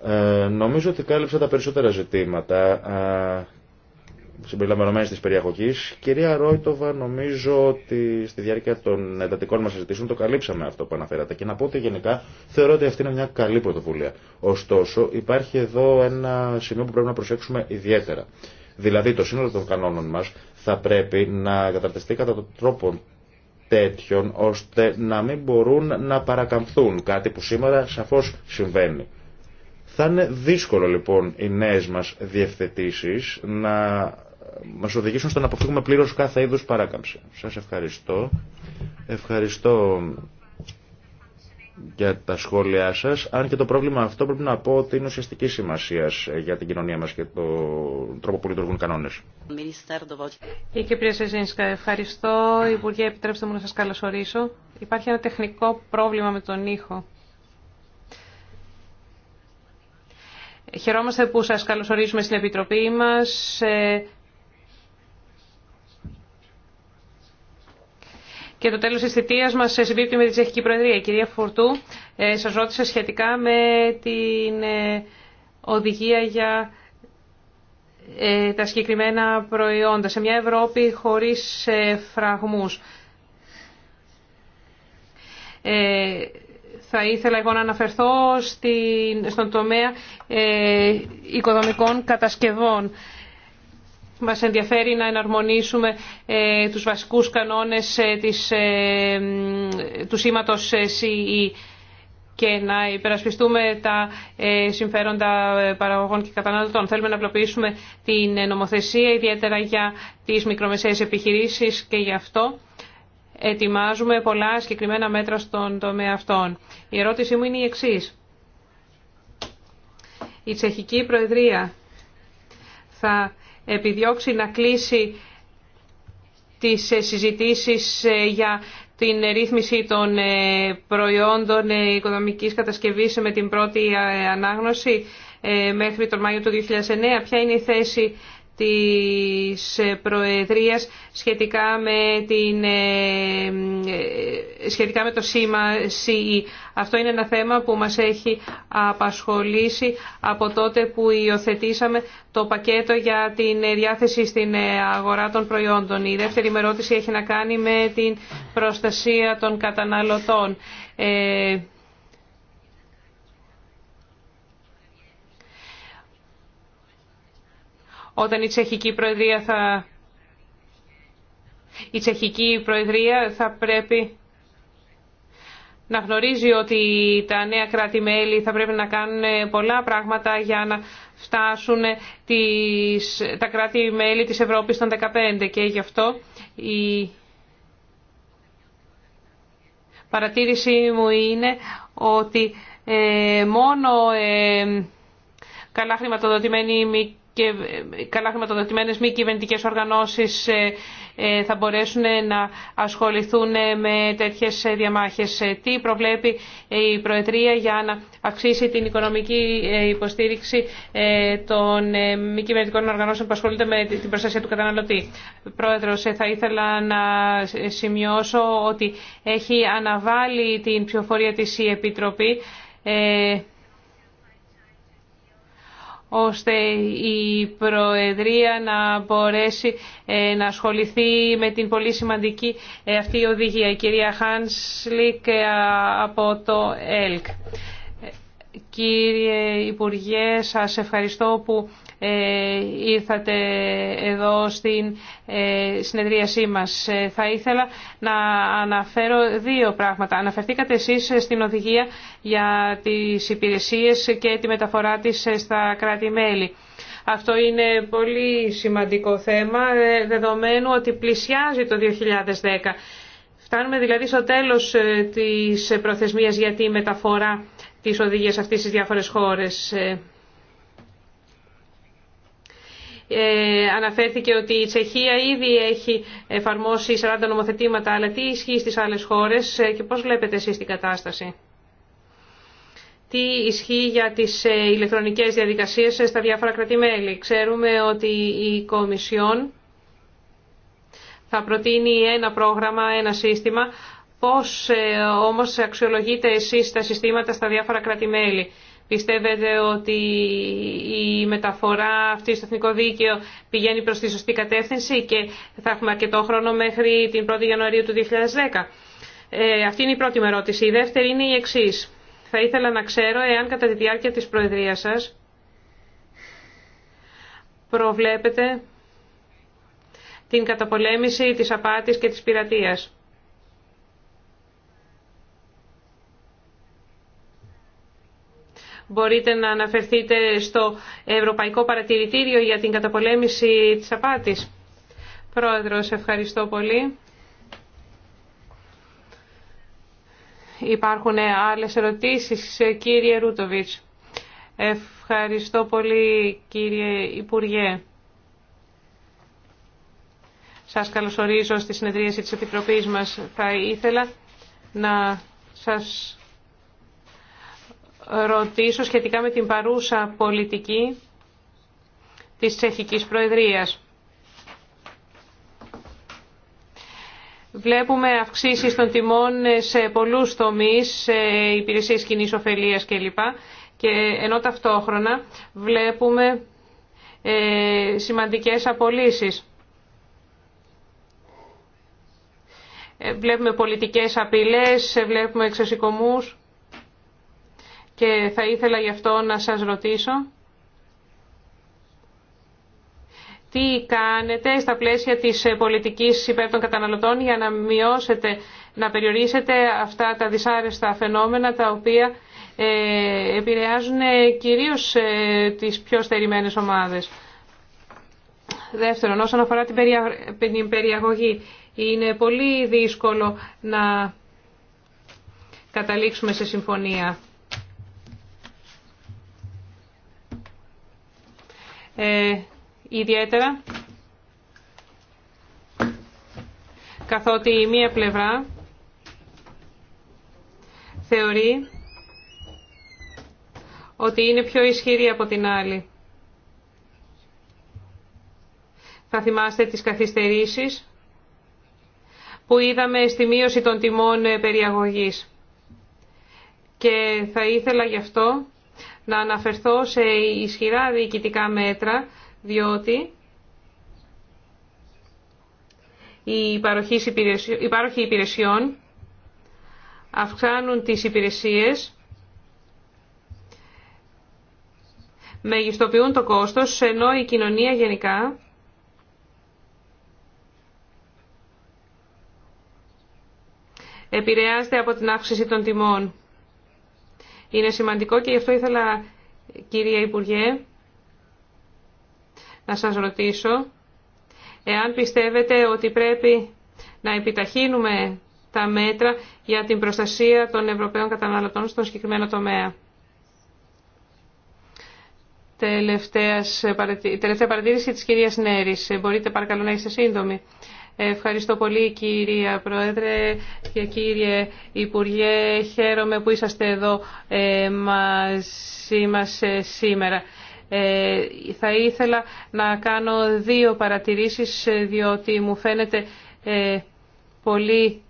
Ε, νομίζω ότι κάλυψα τα περισσότερα ζητήματα συμπεριλαμβανομένη τη περιαγωγής. Κυρία Ρόιτοβα, νομίζω ότι στη διάρκεια των εντατικών μας συζητήσεων το καλύψαμε αυτό που αναφέρατε και να πω ότι γενικά θεωρώ ότι αυτή είναι μια καλή πρωτοβουλία. Ωστόσο, υπάρχει εδώ ένα σημείο που πρέπει να προσέξουμε ιδιαίτερα. Δηλαδή, το σύνολο των κανόνων μα θα πρέπει να καταρτιστεί κατά τον τρόπο τέτοιον ώστε να μην μπορούν να παρακαμφθούν κάτι που σήμερα σαφώς συμβαίνει. Θα είναι δύσκολο λοιπόν οι νέε μας διευθετήσεις να μας οδηγήσουν στο να αποφύγουμε πλήρως κάθε είδους παράκαμψη. Σας ευχαριστώ. Ευχαριστώ για τα σχόλιά σας, αν και το πρόβλημα αυτό πρέπει να πω ότι είναι ουσιαστική σημασία ε, για την κοινωνία μας και τον τρόπο που λειτουργούν οι κανόνες. Η κυρία Σεζίνσκα, ευχαριστώ. Υπουργέ, επιτρέψτε μου να σας καλωσορίσω. Υπάρχει ένα τεχνικό πρόβλημα με τον ήχο. Χαιρόμαστε που σας καλωσορίζουμε στην Επιτροπή μας. Ε, και το τέλος της θητείας μας συμπίπτει με τη Τσεχική Προεδρία. Η κυρία Φορτού ε, σας ρώτησε σχετικά με την ε, οδηγία για ε, τα συγκεκριμένα προϊόντα σε μια Ευρώπη χωρίς φραγμούς. Θα ήθελα εγώ να αναφερθώ στον τομέα οικοδομικών κατασκευών μα ενδιαφέρει να εναρμονίσουμε ε, τους βασικούς κανόνες ε, ε, του σήματος e και να υπερασπιστούμε τα συμφέροντα παραγωγών και καταναλωτών. Θέλουμε να απλοποιήσουμε την νομοθεσία, ιδιαίτερα για τις μικρομεσαίες επιχειρήσεις και γι' αυτό ετοιμάζουμε πολλά συγκεκριμένα μέτρα στον τομέα αυτών. Η ερώτησή μου είναι η εξής. Η Τσεχική Προεδρία θα επιδιώξει να κλείσει τις συζητήσεις ε, για την ρύθμιση των ε, προϊόντων ε, οικονομικής κατασκευής με την πρώτη ανάγνωση μέχρι τον Μάιο του 2009. Ποια είναι η θέση της ε, Προεδρίας σχετικά με, την, ε, ε, σχετικά με το σήμα CE. Αυτό είναι ένα θέμα που μας έχει απασχολήσει από τότε που υιοθετήσαμε το πακέτο για την διάθεση στην αγορά των προϊόντων. Η δεύτερη ερώτηση έχει να κάνει με την προστασία των καταναλωτών. όταν η Τσεχική Προεδρία θα... Η Τσεχική Προεδρία θα πρέπει να γνωρίζει ότι τα νέα κράτη-μέλη θα πρέπει να κάνουν πολλά πράγματα για να φτάσουν τις, τα κράτη-μέλη της Ευρώπης των 15 και γι' αυτό η παρατήρησή μου είναι ότι ε, μόνο ε, καλά χρηματοδοτημένοι και ε, καλά χρηματοδοτημένε μη κυβερνητικέ οργανώσει ε, ε, θα μπορέσουν να ασχοληθούν με τέτοιες διαμάχες. Τι προβλέπει η Προεδρία για να αυξήσει την οικονομική υποστήριξη των μη κυβερνητικών οργανώσεων που ασχολούνται με την προστασία του καταναλωτή. Πρόεδρος, θα ήθελα να σημειώσω ότι έχει αναβάλει την ψηφοφορία τη η Επιτροπή ώστε η Προεδρία να μπορέσει ε, να ασχοληθεί με την πολύ σημαντική ε, αυτή οδηγία. Η κυρία Χάνσλικ ε, από το ΕΛΚ. Κύριε Υπουργέ, σας ευχαριστώ που ε, ήρθατε εδώ στην ε, συνεδρίασή μας. Ε, θα ήθελα να αναφέρω δύο πράγματα. Αναφερθήκατε εσείς στην οδηγία για τις υπηρεσίες και τη μεταφορά της στα κράτη-μέλη. Αυτό είναι πολύ σημαντικό θέμα, δεδομένου ότι πλησιάζει το 2010. Φτάνουμε δηλαδή στο τέλος της προθεσμίας για τη μεταφορά της οδηγίας αυτής στις διάφορες χώρες. Ε, αναφέρθηκε ότι η Τσεχία ήδη έχει εφαρμόσει 40 νομοθετήματα, αλλά τι ισχύει στις άλλες χώρες ε, και πώς βλέπετε εσείς την κατάσταση. Τι ισχύει για τις ε, ηλεκτρονικές διαδικασίες στα διάφορα κρατημέλη. Ξέρουμε ότι η Κομισιόν θα προτείνει ένα πρόγραμμα, ένα σύστημα. Πώς όμως αξιολογείτε εσείς τα συστήματα στα διάφορα κρατημέλη. Πιστεύετε ότι η μεταφορά αυτή στο εθνικό δίκαιο πηγαίνει προς τη σωστή κατεύθυνση και θα έχουμε αρκετό χρόνο μέχρι την 1η Ιανουαρίου του 2010. Ε, αυτή είναι η πρώτη μου ερώτηση. Η δεύτερη είναι η εξή. Θα ήθελα να ξέρω εάν κατά τη διάρκεια της Προεδρίας σας προβλέπετε την καταπολέμηση της απάτης και της πειρατείας. μπορείτε να αναφερθείτε στο Ευρωπαϊκό Παρατηρητήριο για την καταπολέμηση της απάτης. Πρόεδρος, ευχαριστώ πολύ. Υπάρχουν άλλες ερωτήσεις, κύριε Ρούτοβιτς. Ευχαριστώ πολύ, κύριε Υπουργέ. Σας καλωσορίζω στη συνεδρίαση της Επιτροπής μας. Θα ήθελα να σας ρωτήσω σχετικά με την παρούσα πολιτική της Τσεχικής Προεδρίας. Βλέπουμε αυξήσεις των τιμών σε πολλούς τομείς, σε υπηρεσίες κοινής ωφελίας κλπ. Και ενώ ταυτόχρονα βλέπουμε ε, σημαντικές απολύσεις. Ε, βλέπουμε πολιτικές απειλές, βλέπουμε εξωσικομούς και θα ήθελα γι' αυτό να σας ρωτήσω τι κάνετε στα πλαίσια της πολιτικής υπέρ των καταναλωτών για να μειώσετε, να περιορίσετε αυτά τα δυσάρεστα φαινόμενα τα οποία ε, επηρεάζουν ε, κυρίως ε, τις πιο στερημένες ομάδες. Δεύτερον, όσον αφορά την περιαγωγή, είναι πολύ δύσκολο να καταλήξουμε σε συμφωνία. ε, ιδιαίτερα καθότι η μία πλευρά θεωρεί ότι είναι πιο ισχυρή από την άλλη. Θα θυμάστε τις καθυστερήσεις που είδαμε στη μείωση των τιμών ε, περιαγωγής. Και θα ήθελα γι' αυτό να αναφερθώ σε ισχυρά διοικητικά μέτρα, διότι οι υπάροχοι υπηρεσιών αυξάνουν τις υπηρεσίες, μεγιστοποιούν το κόστος, ενώ η κοινωνία γενικά επηρεάζεται από την αύξηση των τιμών. Είναι σημαντικό και γι' αυτό ήθελα, κυρία Υπουργέ, να σας ρωτήσω εάν πιστεύετε ότι πρέπει να επιταχύνουμε τα μέτρα για την προστασία των Ευρωπαίων καταναλωτών στον συγκεκριμένο τομέα. Τελευταία παρατήρηση της κυρίας Νέρης. Μπορείτε παρακαλώ να είστε σύντομοι. Ευχαριστώ πολύ κυρία Πρόεδρε και κύριε Υπουργέ. Χαίρομαι που είσαστε εδώ ε, μαζί μας ε, σήμερα. Ε, θα ήθελα να κάνω δύο παρατηρήσεις διότι μου φαίνεται πολύ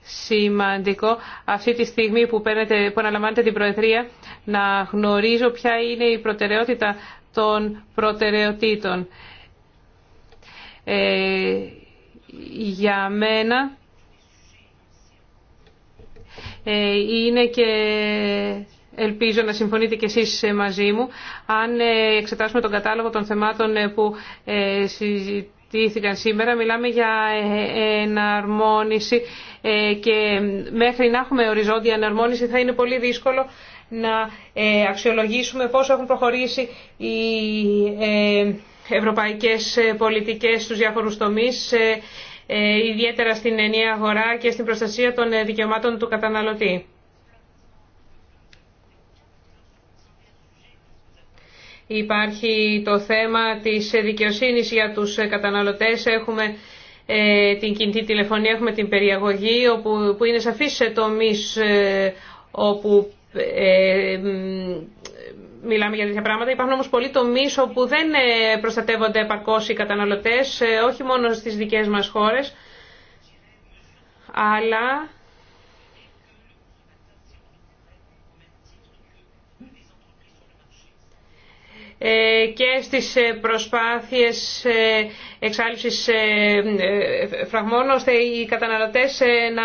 σημαντικό αυτή τη στιγμή που, παίρνετε, που αναλαμβάνετε την Προεδρία να γνωρίζω ποια είναι η προτεραιότητα των προτεραιοτήτων. Ε, για μένα ε, είναι και ελπίζω να συμφωνείτε και εσείς μαζί μου αν ε, εξετάσουμε τον κατάλογο των θεμάτων ε, που συζητήθηκαν σήμερα μιλάμε για εναρμόνιση και μέχρι να έχουμε οριζόντια εναρμόνιση θα είναι πολύ δύσκολο να αξιολογήσουμε πόσο έχουν προχωρήσει οι ευρωπαϊκές πολιτικές στους διάφορους τομείς ε, ιδιαίτερα στην ενιαία αγορά και στην προστασία των ε, δικαιωμάτων του καταναλωτή. Υπάρχει το θέμα της δικαιοσύνης για τους ε, καταναλωτές. Έχουμε την κινητή τηλεφωνία, έχουμε την περιαγωγή, όπου, που είναι σαφής σε τομείς όπου μιλάμε για τέτοια πράγματα. Υπάρχουν όμως πολλοί τομείς όπου δεν ε, προστατεύονται επαρκώ οι καταναλωτές, ε, όχι μόνο στις δικές μας χώρες, αλλά ε, και στις προσπάθειες εξάλληψης φραγμών ώστε οι καταναλωτές να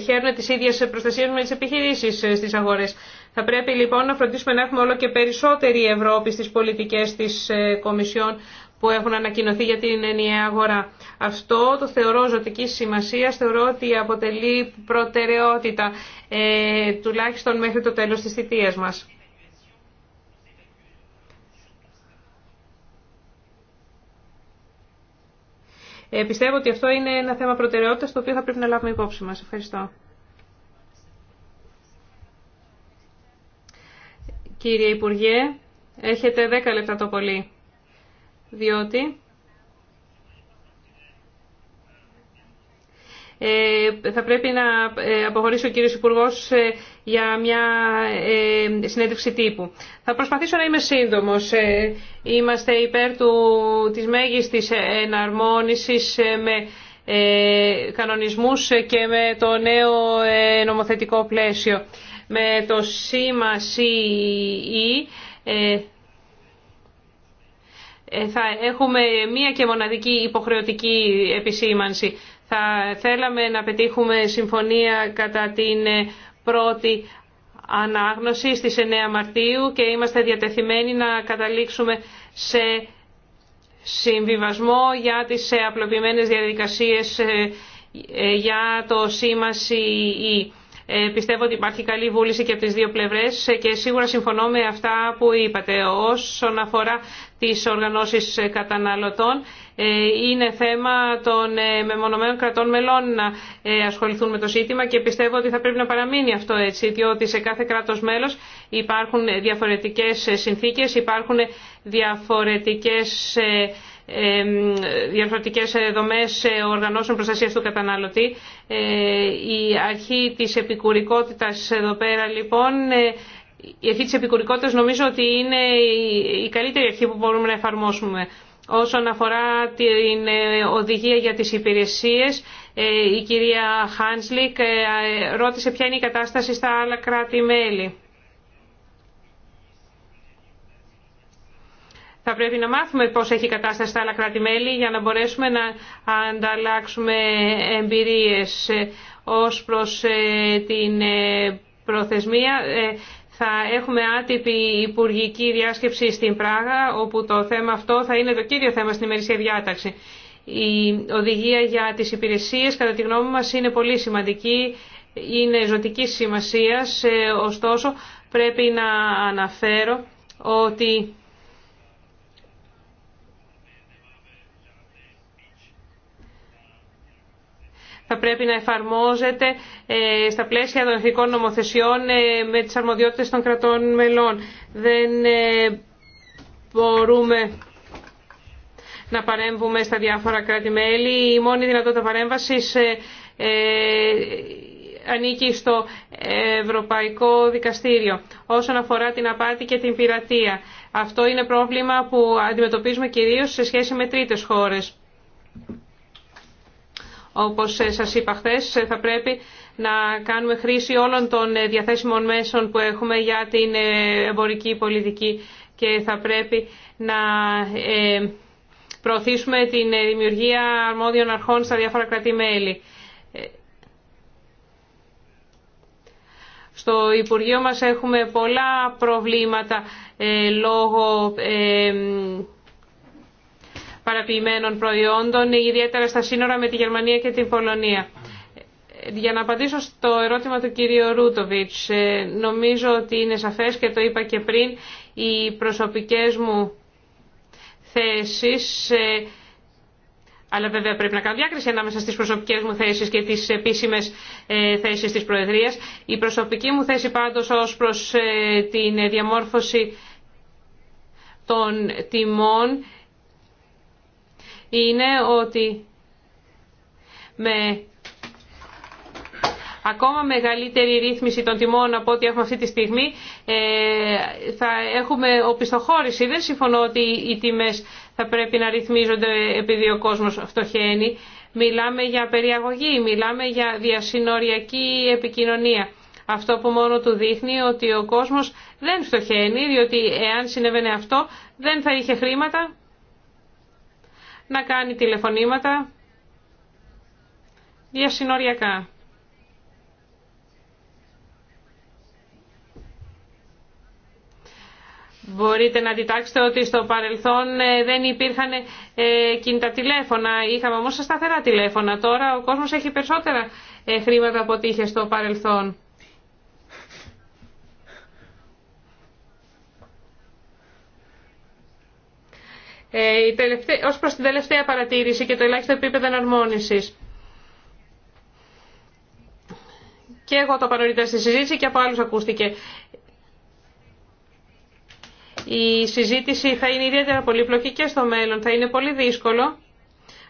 χαίρουν τις ίδιες προστασίες με τις επιχειρήσεις στις αγορές. Θα πρέπει λοιπόν να φροντίσουμε να έχουμε όλο και περισσότερη Ευρώπη στις πολιτικές της ε, Κομισιόν που έχουν ανακοινωθεί για την ενιαία αγορά. Αυτό το θεωρώ ζωτική σημασία, θεωρώ ότι αποτελεί προτεραιότητα ε, τουλάχιστον μέχρι το τέλος της θητείας μας. Ε, πιστεύω ότι αυτό είναι ένα θέμα προτεραιότητας το οποίο θα πρέπει να λάβουμε υπόψη μας. Ευχαριστώ. Κύριε Υπουργέ, έχετε 10 λεπτά το πολύ, διότι ε, θα πρέπει να ε, αποχωρήσει ο κύριος Υπουργός ε, για μια συνέντευξη τύπου. Θα προσπαθήσω να είμαι σύντομος. Είμαστε υπέρ του, της μέγιστης εναρμόνισης με κανονισμούς και με το νέο νομοθετικό πλαίσιο με το σήμα CE ε, ε, θα έχουμε μία και μοναδική υποχρεωτική επισήμανση. Θα θέλαμε να πετύχουμε συμφωνία κατά την ε, πρώτη ανάγνωση στις 9 Μαρτίου και είμαστε διατεθειμένοι να καταλήξουμε σε συμβιβασμό για τις απλοποιημένες διαδικασίες για το σήμα ε, πιστεύω ότι υπάρχει καλή βούληση και από τις δύο πλευρές ε, και σίγουρα συμφωνώ με αυτά που είπατε. Όσον αφορά τις οργανώσεις καταναλωτών, ε, είναι θέμα των μεμονωμένων κρατών μελών να ασχοληθούν με το ζήτημα και πιστεύω ότι θα πρέπει να παραμείνει αυτό έτσι, διότι σε κάθε κράτος μέλος υπάρχουν διαφορετικές συνθήκες, υπάρχουν διαφορετικές διαφορετικές ε, δομές ε, οργανώσεων προστασίας του καταναλωτή. Ε, η αρχή της επικουρικότητας εδώ πέρα λοιπόν η αρχή της επικουρικότητας νομίζω ότι είναι η καλύτερη αρχή που μπορούμε να εφαρμόσουμε. Όσον αφορά την οδηγία για τις υπηρεσίες, η κυρία Χάνσλικ ρώτησε ποια είναι η κατάσταση στα άλλα κράτη-μέλη. Θα πρέπει να μάθουμε πώς έχει η κατάσταση στα άλλα κράτη-μέλη για να μπορέσουμε να ανταλλάξουμε εμπειρίες ως προς ε, την ε, προθεσμία. Ε, θα έχουμε άτυπη υπουργική διάσκεψη στην Πράγα, όπου το θέμα αυτό θα είναι το κύριο θέμα στην ημερησία διάταξη. Η οδηγία για τις υπηρεσίες, κατά τη γνώμη μας, είναι πολύ σημαντική, είναι ζωτικής σημασίας, ωστόσο πρέπει να αναφέρω ότι θα πρέπει να εφαρμόζεται ε, στα πλαίσια των εθνικών νομοθεσιών ε, με τις αρμοδιότητες των κρατών μελών. Δεν ε, μπορούμε να παρέμβουμε στα διάφορα κράτη-μέλη. Η μόνη δυνατότητα παρέμβασης ανήκει στο Ευρωπαϊκό Δικαστήριο όσον αφορά την απάτη και την πειρατεία. Αυτό είναι πρόβλημα που αντιμετωπίζουμε κυρίως σε σχέση με τρίτες χώρες. Όπως ε, σας είπα χθε, ε, θα πρέπει να κάνουμε χρήση όλων των ε, διαθέσιμων μέσων που έχουμε για την εμπορική πολιτική και θα πρέπει να προωθήσουμε την δημιουργία αρμόδιων αρχών στα διάφορα κράτη-μέλη. Στο Υπουργείο μας έχουμε πολλά προβλήματα λόγω παραποιημένων προϊόντων, ιδιαίτερα στα σύνορα με τη Γερμανία και την Πολωνία. Για να απαντήσω στο ερώτημα του κύριου Ρούτοβιτς, ε, νομίζω ότι είναι σαφές και το είπα και πριν, οι προσωπικές μου θέσεις, ε, αλλά βέβαια πρέπει να κάνω διάκριση ανάμεσα στις προσωπικές μου θέσεις και τις επίσημες ε, θέσεις της Προεδρίας. Η προσωπική μου θέση πάντως ως προς την διαμόρφωση των τιμών είναι ότι με ακόμα μεγαλύτερη ρύθμιση των τιμών από ό,τι έχουμε αυτή τη στιγμή ε, θα έχουμε οπισθοχώρηση. Δεν συμφωνώ ότι οι τιμές θα πρέπει να ρυθμίζονται επειδή ο κόσμος φτωχαίνει. Μιλάμε για περιαγωγή, μιλάμε για διασυνοριακή επικοινωνία. Αυτό που μόνο του δείχνει ότι ο κόσμος δεν φτωχαίνει, διότι εάν συνέβαινε αυτό δεν θα είχε χρήματα να κάνει τηλεφωνήματα διασυνοριακά. Μπορείτε να διτάξετε ότι στο παρελθόν ε, δεν υπήρχαν ε, κινητά τηλέφωνα. Είχαμε όμως σταθερά τηλέφωνα. Τώρα ο κόσμος έχει περισσότερα ε, χρήματα από ό,τι είχε στο παρελθόν. Ε, η τελευταία, ως προς την τελευταία παρατήρηση και το ελάχιστο επίπεδο εναρμόνισης. Και εγώ το παρορίτερα στη συζήτηση και από άλλους ακούστηκε. Η συζήτηση θα είναι ιδιαίτερα πολύπλοκη και στο μέλλον. Θα είναι πολύ δύσκολο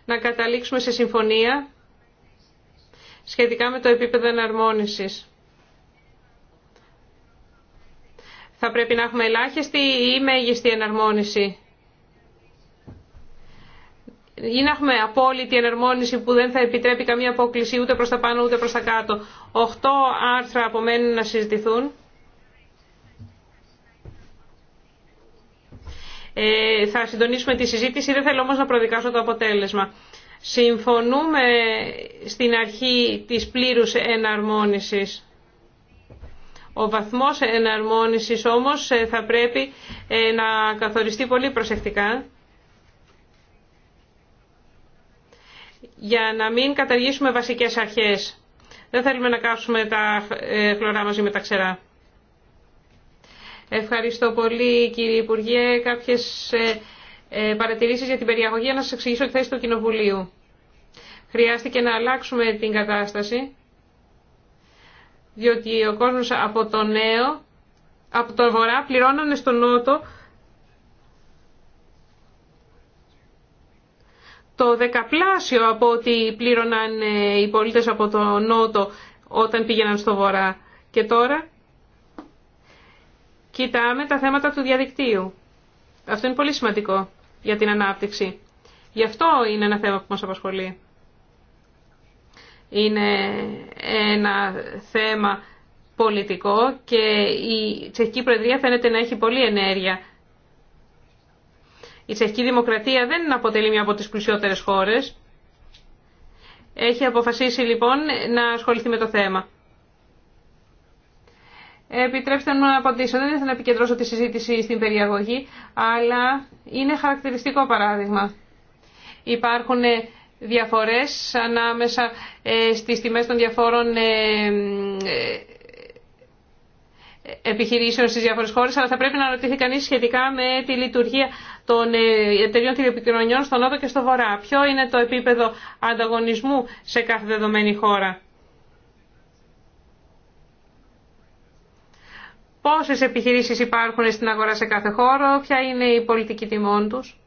να καταλήξουμε σε συμφωνία σχετικά με το επίπεδο εναρμόνισης. Θα πρέπει να έχουμε ελάχιστη ή μέγιστη εναρμόνιση ή να έχουμε απόλυτη ενερμόνιση που δεν θα επιτρέπει καμία απόκληση ούτε προς τα πάνω ούτε προς τα κάτω. Οχτώ άρθρα απομένουν να συζητηθούν. Ε, θα συντονίσουμε τη συζήτηση, δεν θέλω όμως να προδικάσω το αποτέλεσμα. Συμφωνούμε στην αρχή της πλήρους εναρμόνισης. Ο βαθμός εναρμόνισης όμως ε, θα πρέπει ε, να καθοριστεί πολύ προσεκτικά. για να μην καταργήσουμε βασικές αρχές. Δεν θέλουμε να κάψουμε τα ε, χλωρά μαζί με τα ξερά. Ευχαριστώ πολύ κύριε Υπουργέ. Κάποιες ε, ε, παρατηρήσεις για την περιαγωγή να σας εξηγήσω τη θέση του Κοινοβουλίου. Χρειάστηκε να αλλάξουμε την κατάσταση, διότι ο κόσμος από το νέο, από το βορρά πληρώνανε στο νότο το δεκαπλάσιο από ό,τι πλήρωναν ε, οι πολίτες από το Νότο όταν πήγαιναν στο Βορρά. Και τώρα κοιτάμε τα θέματα του διαδικτύου. Αυτό είναι πολύ σημαντικό για την ανάπτυξη. Γι' αυτό είναι ένα θέμα που μας απασχολεί. Είναι ένα θέμα πολιτικό και η Τσεχική Προεδρία φαίνεται να έχει πολλή ενέργεια η Τσεχική Δημοκρατία δεν αποτελεί μια από τις πλουσιότερες χώρες. Έχει αποφασίσει λοιπόν να ασχοληθεί με το θέμα. Επιτρέψτε μου να απαντήσω. Δεν ήθελα να επικεντρώσω τη συζήτηση στην περιαγωγή, αλλά είναι χαρακτηριστικό παράδειγμα. Υπάρχουν ε, διαφορές ανάμεσα ε, στις τιμές των διαφόρων ε, επιχειρήσεων στις διάφορες χώρες, αλλά θα πρέπει να ρωτήθει κανείς σχετικά με τη λειτουργία των ε, εταιριών τηλεπικοινωνιών στον Νότο και στο Βορρά. Ποιο είναι το επίπεδο ανταγωνισμού σε κάθε δεδομένη χώρα. Πόσες επιχειρήσεις υπάρχουν στην αγορά σε κάθε χώρο, ποια είναι η πολιτική τιμών τους.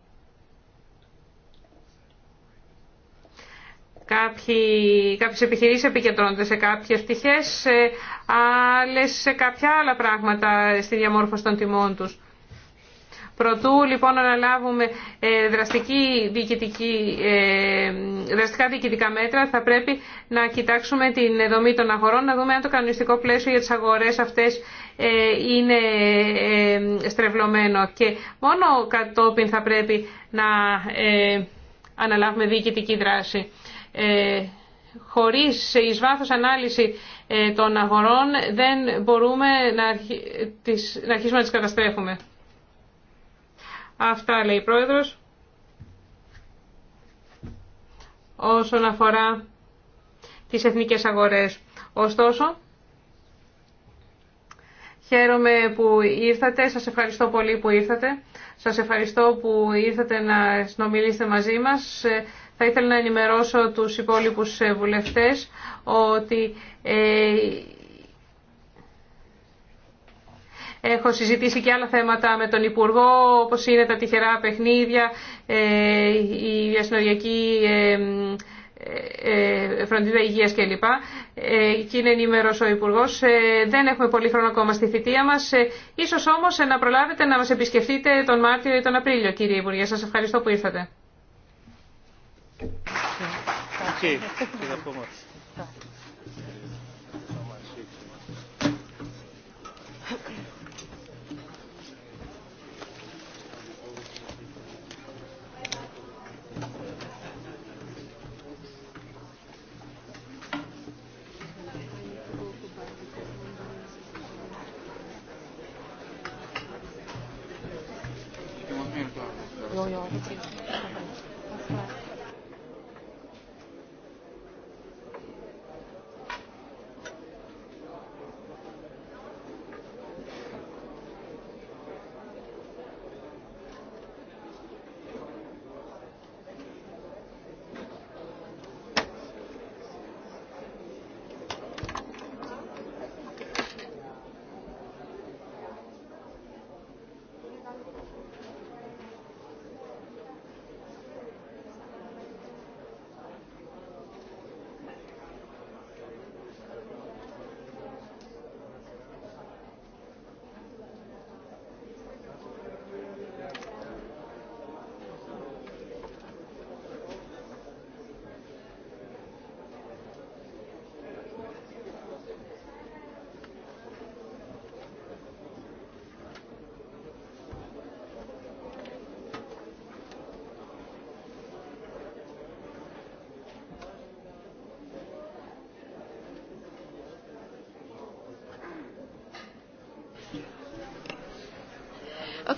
Κάποιοι, κάποιες επιχειρήσεις επικεντρώνονται σε κάποιες πτυχές, σε άλλες σε κάποια άλλα πράγματα στη διαμόρφωση των τιμών τους. Προτού λοιπόν αναλάβουμε ε, δραστική, διοικητική, ε, δραστικά διοικητικά μέτρα θα πρέπει να κοιτάξουμε την δομή των αγορών, να δούμε αν το κανονιστικό πλαίσιο για τις αγορές αυτές ε, είναι στρεβλωμένο και μόνο κατόπιν θα πρέπει να αναλάβουμε διοικητική δράση. Χωρίς εις βάθος ανάλυση των αγορών δεν μπορούμε να αρχίσουμε να τις καταστρέφουμε. Αυτά λέει η Πρόεδρος. Όσον αφορά τις εθνικές αγορές. Ωστόσο, χαίρομαι που ήρθατε. Σας ευχαριστώ πολύ που ήρθατε. Σας ευχαριστώ που ήρθατε να συνομιλήσετε μαζί μας. Θα ήθελα να ενημερώσω τους υπόλοιπους ε, βουλευτές ότι ε, Έχω συζητήσει και άλλα θέματα με τον Υπουργό, όπως είναι τα τυχερά παιχνίδια, ε, η διασυνοριακή ε, ε, φροντίδα υγείας κλπ. Και είναι ενήμερος ο Υπουργός. Δεν έχουμε πολύ χρόνο ακόμα στη θητεία μας. Ίσως όμως να προλάβετε να μας επισκεφτείτε τον Μάρτιο ή τον Απρίλιο, κύριε Υπουργέ. Σας ευχαριστώ που ήρθατε. Okay.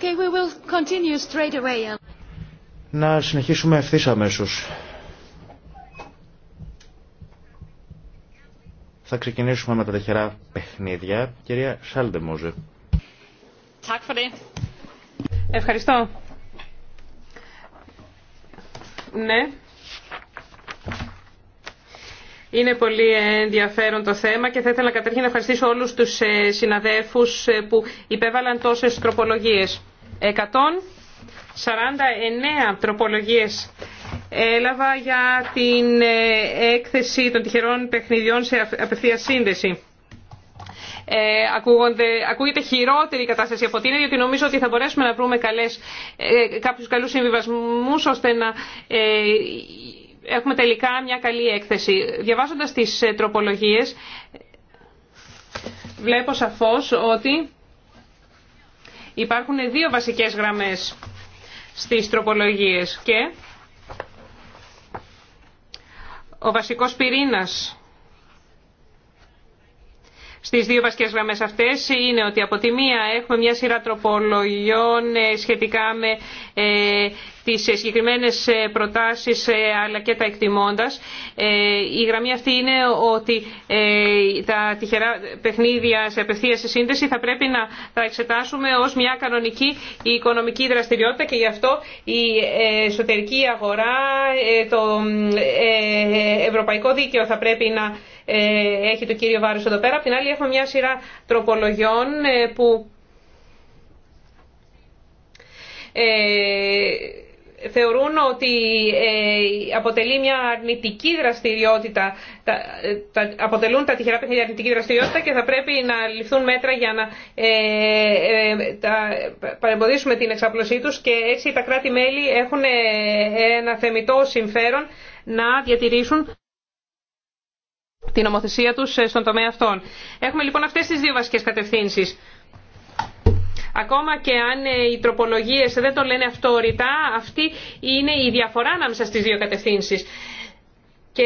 Okay, we will continue straight away. Να συνεχίσουμε ευθύς αμέσως. Θα ξεκινήσουμε με τα τεχερά παιχνίδια. Κυρία Σάλντε Μόζε. Ευχαριστώ. Ναι. Είναι πολύ ενδιαφέρον το θέμα και θα ήθελα καταρχήν να ευχαριστήσω όλους τους ε, συναδέλφους ε, που υπέβαλαν τόσες τροπολογίες. 149 τροπολογίες έλαβα για την ε, έκθεση των τυχερών παιχνιδιών σε απευθεία σύνδεση. Ε, ακούγεται χειρότερη η κατάσταση από την διότι νομίζω ότι θα μπορέσουμε να βρούμε καλές, ε, κάποιους καλούς συμβιβασμούς, ώστε να ε, έχουμε τελικά μια καλή έκθεση. Διαβάζοντας τις ε, τροπολογίες, βλέπω σαφώς ότι Υπάρχουν δύο βασικές γραμμές στις τροπολογίες και ο βασικός πυρήνας στις δύο βασικές γραμμές αυτές είναι ότι από τη μία έχουμε μια σειρά τροπολογιών ε, σχετικά με ε, τις ε, συγκεκριμένες ε, προτάσεις ε, αλλά και τα εκτιμώντας. Η γραμμή αυτή είναι ότι τα τυχερά παιχνίδια σε απευθεία σε σύνδεση θα πρέπει να τα εξετάσουμε ως μια κανονική οικονομική δραστηριότητα και γι' αυτό η εσωτερική αγορά, το ευρωπαϊκό δίκαιο θα πρέπει να έχει το κύριο βάρος εδώ πέρα. Απ' την άλλη έχουμε μια σειρά τροπολογιών που ε, θεωρούν ότι ε, αποτελεί μια αρνητική δραστηριότητα, ε, αποτελούν τα τυχερά παιχνίδια αρνητική δραστηριότητα και θα πρέπει να ληφθούν μέτρα για να ε, παρεμποδίσουμε την εξαπλωσή τους και έτσι τα κράτη-μέλη έχουν ένα θεμητό συμφέρον να διατηρήσουν την ομοθεσία τους στον τομέα αυτών. Έχουμε λοιπόν αυτές τις δύο βασικές κατευθύνσεις. Ακόμα και αν ε, οι τροπολογίες δεν το λένε αυτό ρητά, αυτή είναι η διαφορά ανάμεσα στι δύο κατευθύνσεις. Και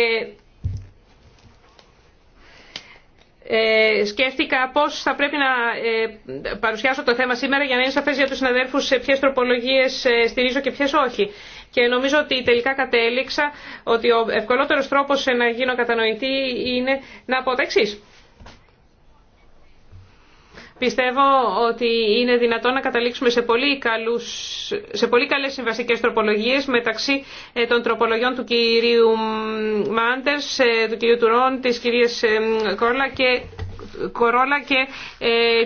ε, σκέφτηκα πώς θα πρέπει να ε, παρουσιάσω το θέμα σήμερα για να είναι σαφέ για του συναδέρφους σε ποιες τροπολογίες ε, στηρίζω και ποιε όχι. Και νομίζω ότι τελικά κατέληξα ότι ο ευκολότερος τρόπος να γίνω κατανοητή είναι να πω τα εξής. Πιστεύω ότι είναι δυνατό να καταλήξουμε σε πολύ, καλούς, σε πολύ καλές συμβαστικές τροπολογίες μεταξύ ε, των τροπολογιών του κυρίου Μάντερς, ε, του κυρίου Τουρών, της κυρίας ε, και, Κορόλα και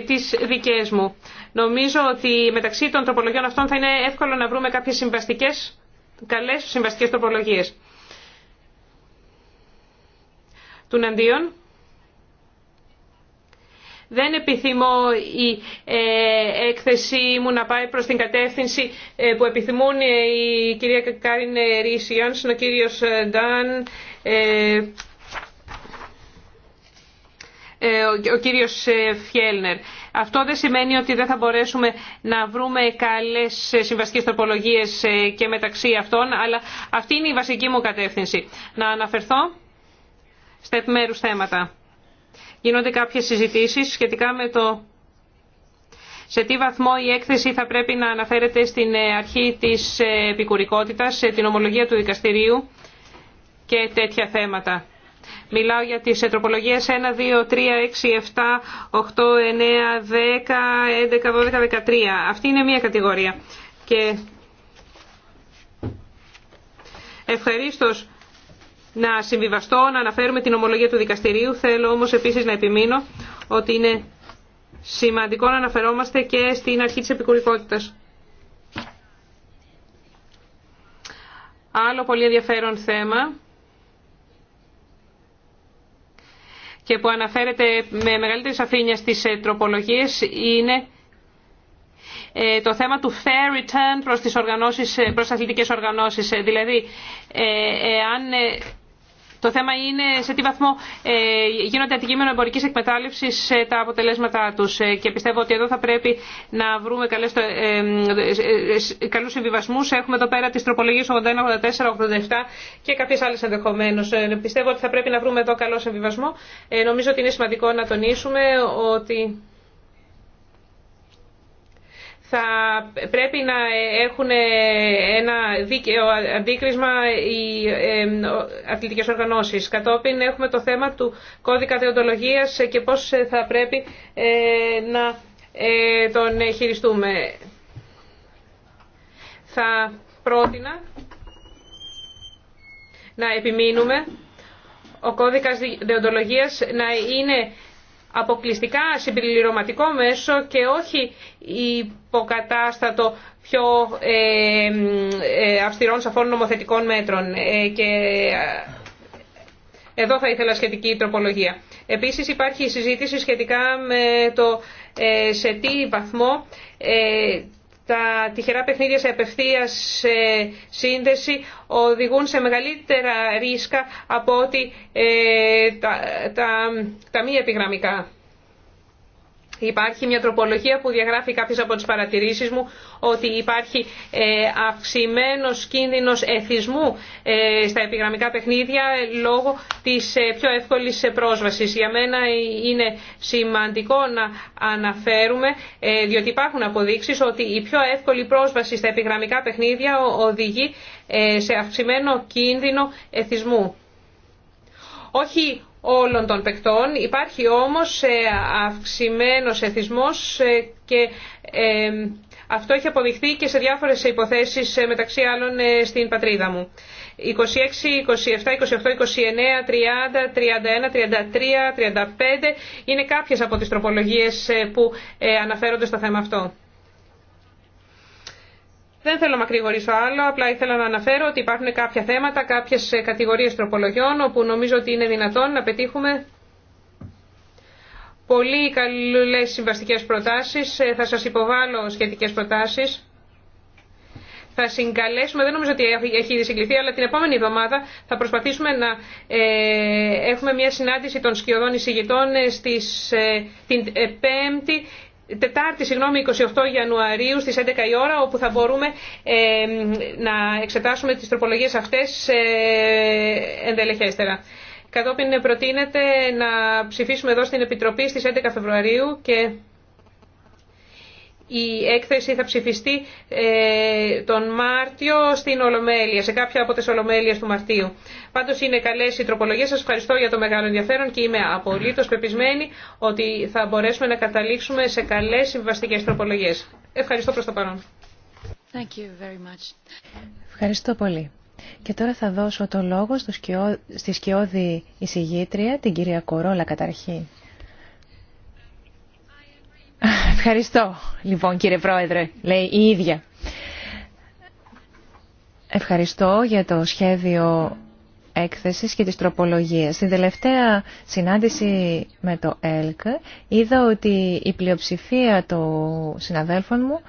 της της δικές μου. Νομίζω ότι μεταξύ των τροπολογιών αυτών θα είναι εύκολο να βρούμε κάποιες συμβαστικές, καλές συμβαστικές τροπολογίες. Του Ναντίον. Δεν επιθυμώ η ε, έκθεσή μου να πάει προς την κατεύθυνση ε, που επιθυμούν ε, η κυρία Κάριν Ρίση ο κύριος Ντάν, ο κύριος Φιέλνερ. Αυτό δεν σημαίνει ότι δεν θα μπορέσουμε να βρούμε καλές συμβαστικές τροπολογίες και μεταξύ αυτών, αλλά αυτή είναι η βασική μου κατεύθυνση. Να αναφερθώ στα επιμέρους θέματα γίνονται κάποιες συζητήσεις σχετικά με το σε τι βαθμό η έκθεση θα πρέπει να αναφέρεται στην ε, αρχή της ε, επικουρικότητας, την ομολογία του δικαστηρίου και τέτοια θέματα. Μιλάω για τις ε, τροπολογίες 1, 2, 3, 6, 7, 8, 9, 10, 11, 12, 13. Αυτή είναι μία κατηγορία. Και ευχαρίστως να συμβιβαστώ, να αναφέρουμε την ομολογία του δικαστηρίου. Θέλω όμως επίσης να επιμείνω ότι είναι σημαντικό να αναφερόμαστε και στην αρχή της επικουρικότητας. Άλλο πολύ ενδιαφέρον θέμα και που αναφέρεται με μεγαλύτερη σαφήνεια στις ε, τροπολογίες είναι ε, το θέμα του fair return προς τις, οργανώσεις, ε, προς αθλητικές οργανώσεις. Δηλαδή, αν το θέμα είναι σε τι βαθμό ε, γίνονται αντικείμενο εμπορική εκμετάλλευση τα αποτελέσματά του. Ε, και πιστεύω ότι εδώ θα πρέπει να βρούμε ε, καλού συμβιβασμού. Έχουμε εδώ πέρα τι τροπολογίε 81, 84, 87 και κάποιε άλλε ενδεχομένω. Πιστεύω ότι θα πρέπει να βρούμε εδώ καλό συμβιβασμό. Νομίζω ότι είναι σημαντικό να τονίσουμε ότι θα πρέπει να έχουν ένα δίκαιο αντίκρισμα οι αθλητικές οργανώσεις. Κατόπιν έχουμε το θέμα του κώδικα δεοντολογίας και πώς θα πρέπει ε, να ε, τον χειριστούμε. Θα πρότεινα να επιμείνουμε ο κώδικας δεοντολογίας να είναι αποκλειστικά συμπληρωματικό μέσο και όχι υποκατάστατο πιο ε, ε, αυστηρών σαφών νομοθετικών μέτρων. Ε, και εδώ θα ήθελα σχετική τροπολογία. Επίσης υπάρχει συζήτηση σχετικά με το σε τι βαθμό τα τυχερά παιχνίδια σε απευθείας σύνδεση οδηγούν σε μεγαλύτερα ρίσκα από ότι ε, τα, τα, τα μη επιγραμμικά. Υπάρχει μια τροπολογία που διαγράφει κάποιες από τις παρατηρήσεις μου ότι υπάρχει ε, αυξημένος κίνδυνος εθισμού ε, στα επιγραμμικά παιχνίδια λόγω της ε, πιο εύκολης πρόσβασης. Για μένα είναι σημαντικό να αναφέρουμε, διότι υπάρχουν αποδείξεις ότι η πιο εύκολη πρόσβαση στα επιγραμμικά παιχνίδια οδηγεί σε αυξημένο κίνδυνο εθισμού. Όχι όλων των παικτών. Υπάρχει όμως ε, αυξημένος εθισμός ε, και ε, αυτό έχει αποδειχθεί και σε διάφορες υποθέσεις μεταξύ άλλων στην πατρίδα μου. 26, 27, 28, 29, 30, 31, 33, 35 είναι κάποιες από τις τροπολογίες που αναφέρονται στο θέμα αυτό. Δεν θέλω να μακρηγορήσω άλλο, απλά ήθελα να αναφέρω ότι υπάρχουν κάποια θέματα, κάποιες ε, κατηγορίες τροπολογιών, όπου νομίζω ότι είναι δυνατόν να πετύχουμε πολύ καλές συμβαστικές προτάσεις. Ε, θα σας υποβάλω σχετικές προτάσεις. Θα συγκαλέσουμε, δεν νομίζω ότι έχει ήδη συγκληθεί, αλλά την επόμενη εβδομάδα θα προσπαθήσουμε να ε, έχουμε μια συνάντηση των σκιωδών εισηγητών στις, την Πέμπτη Τετάρτη, συγγνώμη, 28 Ιανουαρίου στις 11 η ώρα, όπου θα μπορούμε ε, να εξετάσουμε τις τροπολογίες αυτές ε, ενδελεχέστερα. Κατόπιν προτείνεται να ψηφίσουμε εδώ στην Επιτροπή στις 11 Φεβρουαρίου και η έκθεση θα ψηφιστεί ε, τον Μάρτιο στην Ολομέλεια, σε κάποια από τις Ολομέλειες του Μαρτίου. Πάντως είναι καλές οι τροπολογίες. Σας ευχαριστώ για το μεγάλο ενδιαφέρον και είμαι απολύτως πεπισμένη ότι θα μπορέσουμε να καταλήξουμε σε καλές συμβαστικές τροπολογίες. Ευχαριστώ προς το παρόν. Thank you very much. Ευχαριστώ πολύ. Και τώρα θα δώσω το λόγο στη σκιώδη εισηγήτρια, την κυρία Κορόλα καταρχήν. Ευχαριστώ, λοιπόν, κύριε Πρόεδρε, λέει η ίδια. Ευχαριστώ για το σχέδιο έκθεσης και τις τροπολογίες. Στην τελευταία συνάντηση με το ΕΛΚ είδα ότι η πλειοψηφία των συναδέλφων μου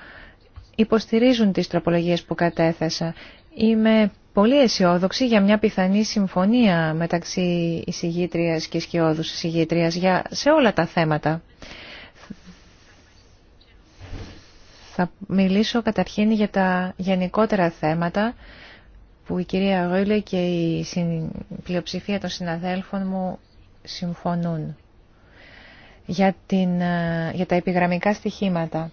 υποστηρίζουν τις τροπολογίες που κατέθεσα. Είμαι πολύ αισιόδοξη για μια πιθανή συμφωνία μεταξύ εισηγήτριας και σκιώδους εισηγήτριας για σε όλα τα θέματα. Θα μιλήσω καταρχήν για τα γενικότερα θέματα που η κυρία Γόιλε και η πλειοψηφία των συναδέλφων μου συμφωνούν για, την, ε, για τα επιγραμμικά στοιχήματα.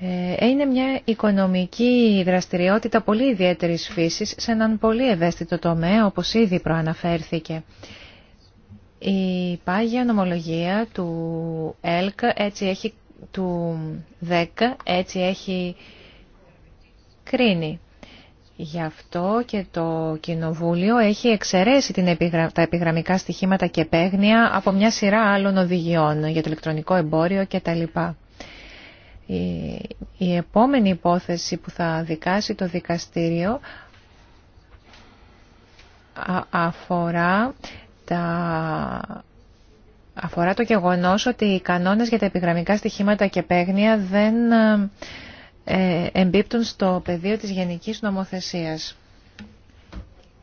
Ε, είναι μια οικονομική δραστηριότητα πολύ ιδιαίτερης φύσης σε έναν πολύ ευαίσθητο τομέα όπως ήδη προαναφέρθηκε. Η πάγια νομολογία του ΕΛΚ έτσι έχει του 10 έτσι έχει κρίνει. Γι' αυτό και το Κοινοβούλιο έχει εξαιρέσει την τα επιγραμμικά στοιχήματα και παίγνια από μια σειρά άλλων οδηγιών για το ηλεκτρονικό εμπόριο κτλ. Η... Η επόμενη υπόθεση που θα δικάσει το δικαστήριο αφορά τα αφορά το γεγονός ότι οι κανόνες για τα επιγραμμικά στοιχήματα και παίγνια δεν ε, εμπίπτουν στο πεδίο της γενικής νομοθεσίας.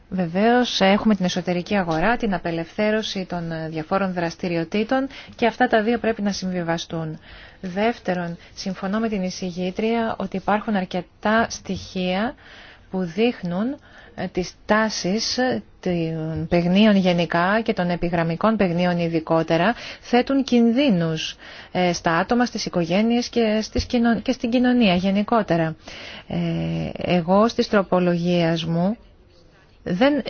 Βεβαίως έχουμε την εσωτερική αγορά, την απελευθέρωση των διαφόρων δραστηριοτήτων και αυτά τα δύο πρέπει να συμβιβαστούν. Δεύτερον, συμφωνώ με την εισηγήτρια ότι υπάρχουν αρκετά στοιχεία που δείχνουν τις τάσεις των παιγνίων γενικά και των επιγραμμικών παιγνίων ειδικότερα θέτουν κινδύνους ε, στα άτομα, στις οικογένειες και, και στην κοινωνία γενικότερα. Ε, εγώ στις τροπολογίες μου δεν, ε,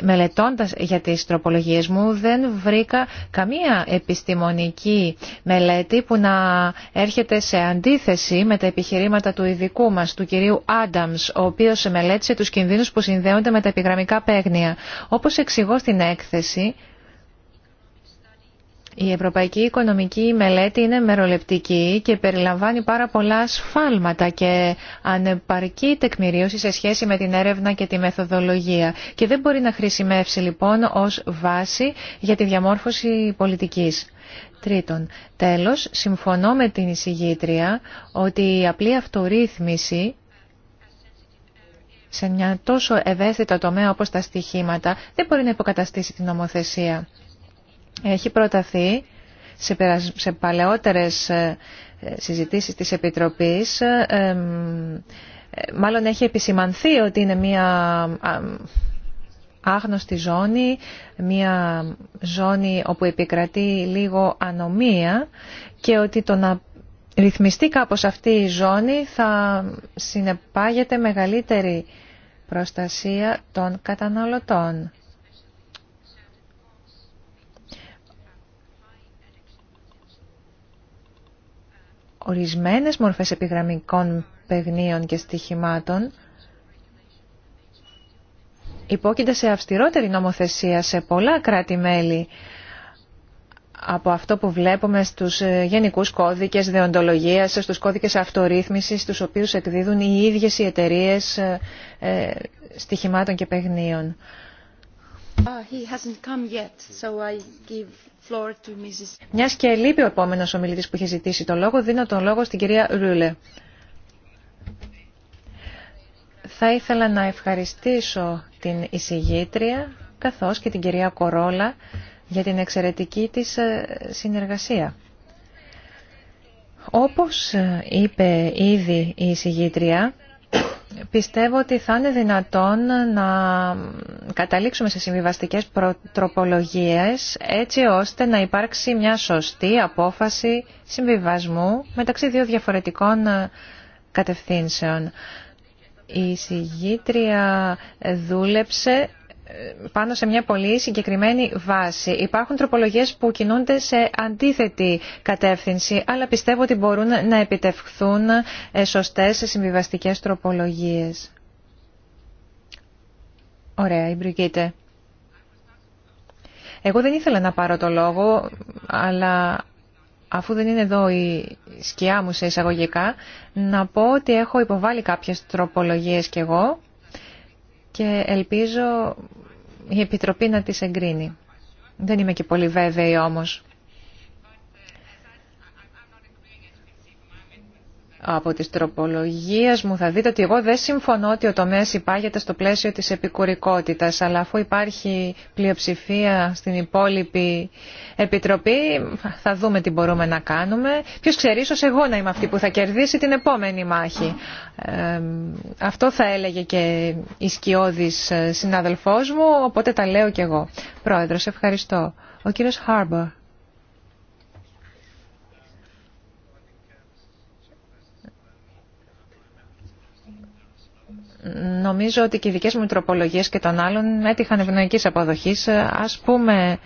μελετώντας για τις τροπολογίες μου δεν βρήκα καμία επιστημονική μελέτη που να έρχεται σε αντίθεση με τα επιχειρήματα του ειδικού μας, του κυρίου Άνταμς, ο οποίος μελέτησε τους κινδύνους που συνδέονται με τα επιγραμμικά παίγνια. Όπως εξηγώ στην έκθεση, η Ευρωπαϊκή Οικονομική Μελέτη είναι μερολεπτική και περιλαμβάνει πάρα πολλά σφάλματα και ανεπαρκή τεκμηρίωση σε σχέση με την έρευνα και τη μεθοδολογία και δεν μπορεί να χρησιμεύσει λοιπόν ως βάση για τη διαμόρφωση πολιτικής. Τρίτον, τέλος, συμφωνώ με την εισηγήτρια ότι η απλή αυτορύθμιση σε μια τόσο ευαίσθητα τομέα όπως τα στοιχήματα δεν μπορεί να υποκαταστήσει την νομοθεσία έχει προταθεί σε παλαιότερες ε, συζητήσεις της Επιτροπής ε, ε, μάλλον έχει επισημανθεί ότι είναι μια άγνωστη ζώνη, μια ζώνη όπου επικρατεί λίγο ανομία και ότι το να ρυθμιστεί κάπως αυτή η ζώνη θα συνεπάγεται μεγαλύτερη προστασία των καταναλωτών. ορισμένες μορφές επιγραμμικών παιγνίων και στοιχημάτων υπόκειται σε αυστηρότερη νομοθεσία σε πολλά κράτη-μέλη από αυτό που βλέπουμε στους ε, γενικούς κώδικες δεοντολογίας, στους κώδικες αυτορύθμισης, τους οποίους εκδίδουν οι ίδιες οι εταιρείες ε, ε, στοιχημάτων και παιγνίων. Ah, Μια και λείπει ο επόμενο ομιλητή που είχε ζητήσει το λόγο, δίνω το λόγο στην κυρία Ρούλε. Θα ήθελα να ευχαριστήσω την εισηγήτρια καθώς και την κυρία Κορόλα για την εξαιρετική της ε, συνεργασία. Όπως ε, είπε ήδη η εισηγήτρια, πιστεύω ότι θα είναι δυνατόν να καταλήξουμε σε συμβιβαστικές τροπολογίες έτσι ώστε να υπάρξει μια σωστή απόφαση συμβιβασμού μεταξύ δύο διαφορετικών ε, κατευθύνσεων. Η συγγήτρια δούλεψε πάνω σε μια πολύ συγκεκριμένη βάση. Υπάρχουν τροπολογίες που κινούνται σε αντίθετη κατεύθυνση, αλλά πιστεύω ότι μπορούν να επιτευχθούν ε, σωστές συμβιβαστικές τροπολογίες. Ωραία, η Μπριγκίτε. Εγώ δεν ήθελα να πάρω το λόγο, αλλά αφού δεν είναι εδώ η σκιά μου σε εισαγωγικά, να πω ότι έχω υποβάλει κάποιες τροπολογίες κι εγώ και ελπίζω η Επιτροπή να τις εγκρίνει. Δεν είμαι και πολύ βέβαιη όμως. από τις τροπολογίες μου θα δείτε ότι εγώ δεν συμφωνώ ότι ο τομέας υπάγεται στο πλαίσιο της επικουρικότητας, αλλά αφού υπάρχει πλειοψηφία στην υπόλοιπη επιτροπή, θα δούμε τι μπορούμε να κάνουμε. Ποιος ξέρει, ίσως εγώ να είμαι αυτή που θα κερδίσει την επόμενη μάχη. αυτό θα έλεγε και η σκιώδης ε, συνάδελφός μου, οπότε τα λέω κι εγώ. Πρόεδρος, ευχαριστώ. Ο κύριος Χάρμπορ. νομίζω ότι και οι δικές μου τροπολογίες και των άλλων έτυχαν ευνοϊκής αποδοχής. Ας, πούμε,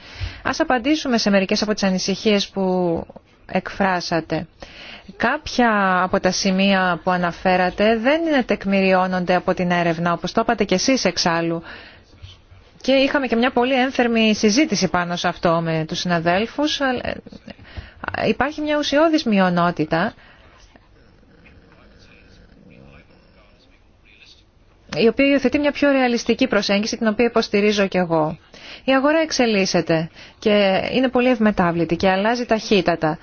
ας απαντήσουμε σε μερικές από τις ανησυχίες που εκφράσατε. Κάποια από τα σημεία που αναφέρατε δεν είναι τεκμηριώνονται από την έρευνα, όπως το είπατε και εσείς εξάλλου. Και είχαμε και μια πολύ ένθερμη συζήτηση πάνω σε αυτό με τους συναδέλφους. Υπάρχει μια ουσιώδης μειονότητα η οποία υιοθετεί μια πιο ρεαλιστική προσέγγιση, την οποία υποστηρίζω κι εγώ. Η αγορά εξελίσσεται και είναι πολύ ευμετάβλητη και αλλάζει ταχύτατα.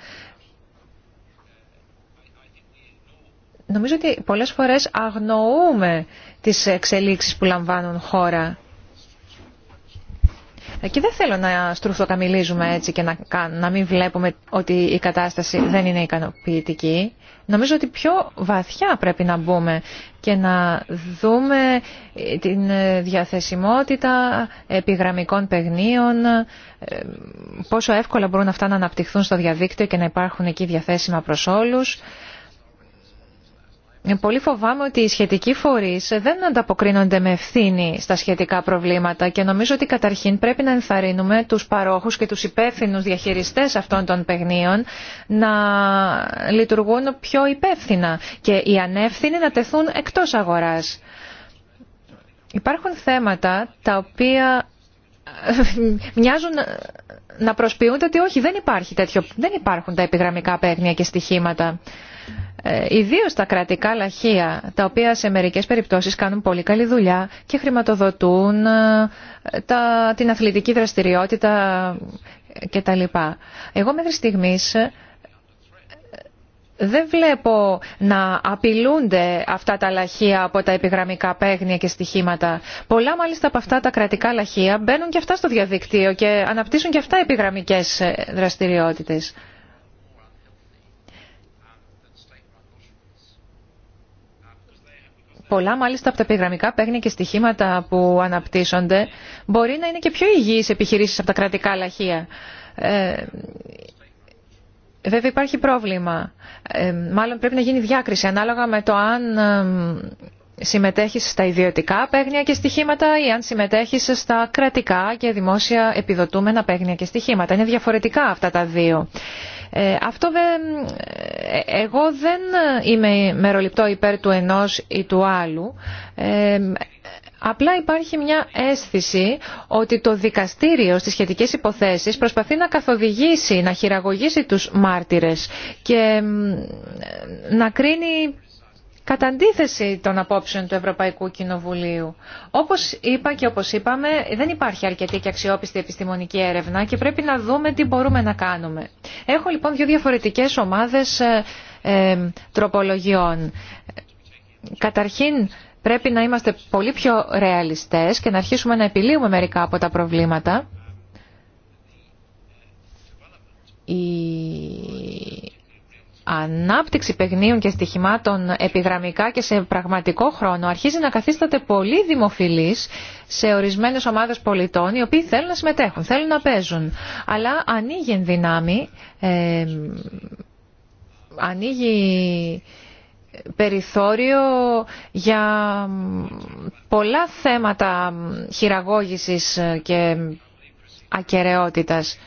Νομίζω ότι πολλές φορές αγνοούμε τις εξελίξεις που λαμβάνουν χώρα. Και δεν θέλω να στρουφτοκαμιλίζουμε έτσι και να, να μην βλέπουμε ότι η κατάσταση δεν είναι ικανοποιητική. Νομίζω ότι πιο βαθιά πρέπει να μπούμε και να δούμε ε, την ε, διαθεσιμότητα επιγραμμικών παιγνίων, ε, πόσο εύκολα μπορούν αυτά να αναπτυχθούν στο διαδίκτυο και να υπάρχουν εκεί διαθέσιμα προς όλους πολύ φοβάμαι ότι οι σχετικοί φορείς δεν ανταποκρίνονται με ευθύνη στα σχετικά προβλήματα και νομίζω ότι καταρχήν πρέπει να ενθαρρύνουμε τους παρόχους και τους υπεύθυνου διαχειριστές αυτών των παιχνίων να λειτουργούν πιο υπεύθυνα και οι ανεύθυνοι να τεθούν εκτός αγοράς. Υπάρχουν θέματα τα οποία μοιάζουν να προσποιούνται ότι όχι δεν, υπάρχει τέτοιο, δεν υπάρχουν τα επιγραμμικά παίγνια και στοιχήματα. Ε, ιδίω τα κρατικά λαχεία, τα οποία σε μερικές περιπτώσεις κάνουν πολύ καλή δουλειά και χρηματοδοτούν ε, τα, την αθλητική δραστηριότητα κτλ. Εγώ μέχρι στιγμή ε, δεν βλέπω να απειλούνται αυτά τα λαχεία από τα επιγραμμικά παίγνια και στοιχήματα. Πολλά μάλιστα από αυτά τα κρατικά λαχεία μπαίνουν και αυτά στο διαδίκτυο και αναπτύσσουν και αυτά επιγραμμικές δραστηριότητες. Πολλά μάλιστα από τα επιγραμμικά παίγνια και στοιχήματα που αναπτύσσονται. Μπορεί να είναι και πιο υγιείς επιχειρήσεις από τα κρατικά λαχεία. Ε, βέβαια υπάρχει πρόβλημα. Ε, μάλλον πρέπει να γίνει διάκριση ανάλογα με το αν ε, συμμετέχεις στα ιδιωτικά παίγνια και στοιχήματα ή αν συμμετέχεις στα κρατικά και δημόσια επιδοτούμενα παίγνια και στοιχήματα. Είναι διαφορετικά αυτά τα δύο. Ε, αυτό δεν, ε, εγώ δεν είμαι μεροληπτό υπέρ του ενός ή του άλλου. Ε, απλά υπάρχει μια αίσθηση ότι το δικαστήριο στις σχετικές υποθέσεις προσπαθεί να καθοδηγήσει, να χειραγωγήσει τους μάρτυρες και να κρίνει κατά αντίθεση των απόψεων του Ευρωπαϊκού Κοινοβουλίου. Όπως είπα και όπως είπαμε, δεν υπάρχει αρκετή και αξιόπιστη επιστημονική έρευνα και πρέπει να δούμε τι μπορούμε να κάνουμε. Έχω λοιπόν δύο διαφορετικές ομάδες ε, ε, τροπολογιών. Καταρχήν, πρέπει να είμαστε πολύ πιο ρεαλιστές και να αρχίσουμε να επιλύουμε μερικά από τα προβλήματα. Η ανάπτυξη παιγνίων και στοιχημάτων επιγραμμικά και σε πραγματικό χρόνο αρχίζει να καθίσταται πολύ δημοφιλής σε ορισμένες ομάδες πολιτών οι οποίοι θέλουν να συμμετέχουν, θέλουν να παίζουν. Αλλά ανοίγει δυνάμει, ε, ανοίγει περιθώριο για πολλά θέματα χειραγώγησης και ακεραιότητας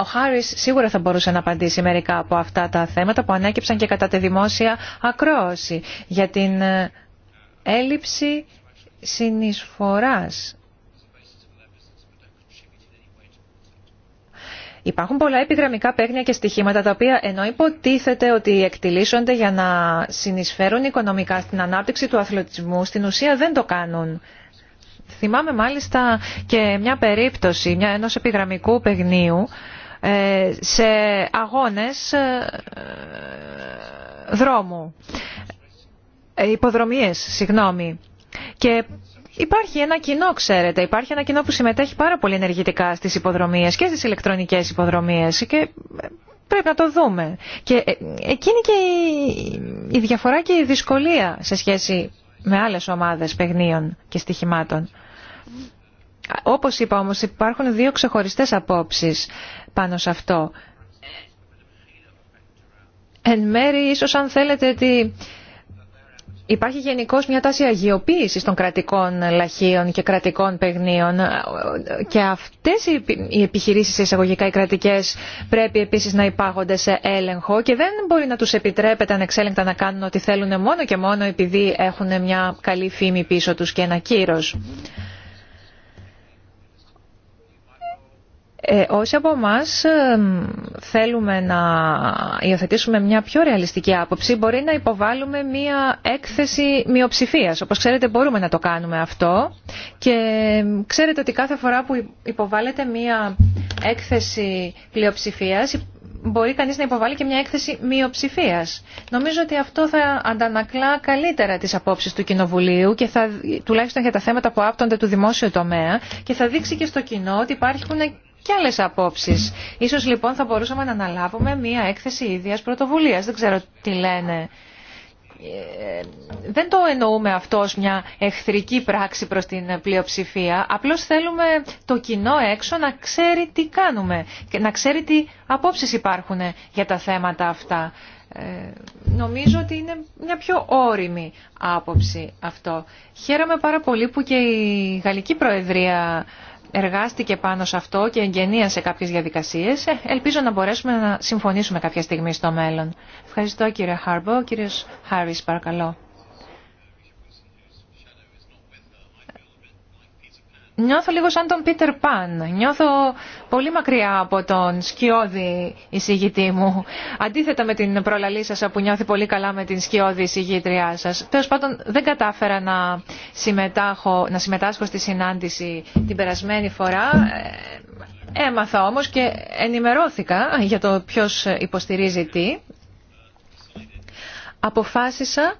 ο Χάρη σίγουρα θα μπορούσε να απαντήσει μερικά από αυτά τα θέματα που ανέκυψαν και κατά τη δημόσια ακρόαση για την ε, έλλειψη συνεισφοράς. Υπάρχουν πολλά επιγραμμικά παίγνια και στοιχήματα τα οποία ενώ υποτίθεται ότι εκτιλήσονται για να συνεισφέρουν οικονομικά στην ανάπτυξη του αθλητισμού, στην ουσία δεν το κάνουν. Θυμάμαι μάλιστα και μια περίπτωση μια ενός επιγραμμικού παιγνίου ε, σε αγώνες ε, δρόμου, ε, υποδρομίες, συγγνώμη. Και Υπάρχει ένα κοινό, ξέρετε, υπάρχει ένα κοινό που συμμετέχει πάρα πολύ ενεργητικά στις υποδρομίες και στις ηλεκτρονικές υποδρομίες και πρέπει να το δούμε. Και εκείνη και η, διαφορά και η δυσκολία σε σχέση με άλλες ομάδες παιγνίων και στοιχημάτων. Όπως είπα όμως υπάρχουν δύο ξεχωριστές απόψεις πάνω σε αυτό. Εν μέρη, ίσως αν θέλετε, ότι Υπάρχει γενικώ μια τάση αγιοποίησης των κρατικών λαχείων και κρατικών παιγνίων και αυτές οι επιχειρήσεις εισαγωγικά οι κρατικές πρέπει επίσης να υπάγονται σε έλεγχο και δεν μπορεί να τους επιτρέπεται ανεξέλεγκτα να κάνουν ό,τι θέλουν μόνο και μόνο επειδή έχουν μια καλή φήμη πίσω τους και ένα κύρος. Ε, όσοι από εμά ε, θέλουμε να υιοθετήσουμε μια πιο ρεαλιστική άποψη, μπορεί να υποβάλουμε μια έκθεση μειοψηφία. Όπω ξέρετε, μπορούμε να το κάνουμε αυτό. Και ξέρετε ότι κάθε φορά που υποβάλλεται μια έκθεση πλειοψηφία, μπορεί κανεί να υποβάλει και μια έκθεση μειοψηφία. Νομίζω ότι αυτό θα αντανακλά καλύτερα τι απόψει του Κοινοβουλίου και θα, τουλάχιστον για τα θέματα που άπτονται του δημόσιου τομέα και θα δείξει και στο κοινό ότι υπάρχουν και άλλε απόψεις. Ίσως λοιπόν θα μπορούσαμε να αναλάβουμε μία έκθεση ίδιας πρωτοβουλία. Δεν ξέρω τι λένε. Ε, δεν το εννοούμε αυτό ως μια εχθρική πράξη προς την πλειοψηφία. Απλώς θέλουμε το κοινό έξω να ξέρει τι κάνουμε και να ξέρει τι απόψεις υπάρχουν για τα θέματα αυτά. Ε, νομίζω ότι είναι μια πιο όρημη άποψη αυτό. Χαίρομαι πάρα πολύ που και η Γαλλική Προεδρία εργάστηκε πάνω σε αυτό και εγγενίασε κάποιες διαδικασίες. Ε, ελπίζω να μπορέσουμε να συμφωνήσουμε κάποια στιγμή στο μέλλον. Ευχαριστώ κύριε Χάρμπο. κύριο Χάρι, παρακαλώ. Νιώθω λίγο σαν τον Πίτερ Παν. Νιώθω πολύ μακριά από τον σκιώδη εισηγητή μου. Αντίθετα με την προλαλή σας που νιώθει πολύ καλά με την σκιώδη εισηγήτριά σας. Τέλο πάντων δεν κατάφερα να, συμμετάχω, να συμμετάσχω στη συνάντηση την περασμένη φορά. Ε, έμαθα όμως και ενημερώθηκα για το ποιος υποστηρίζει τι. Αποφάσισα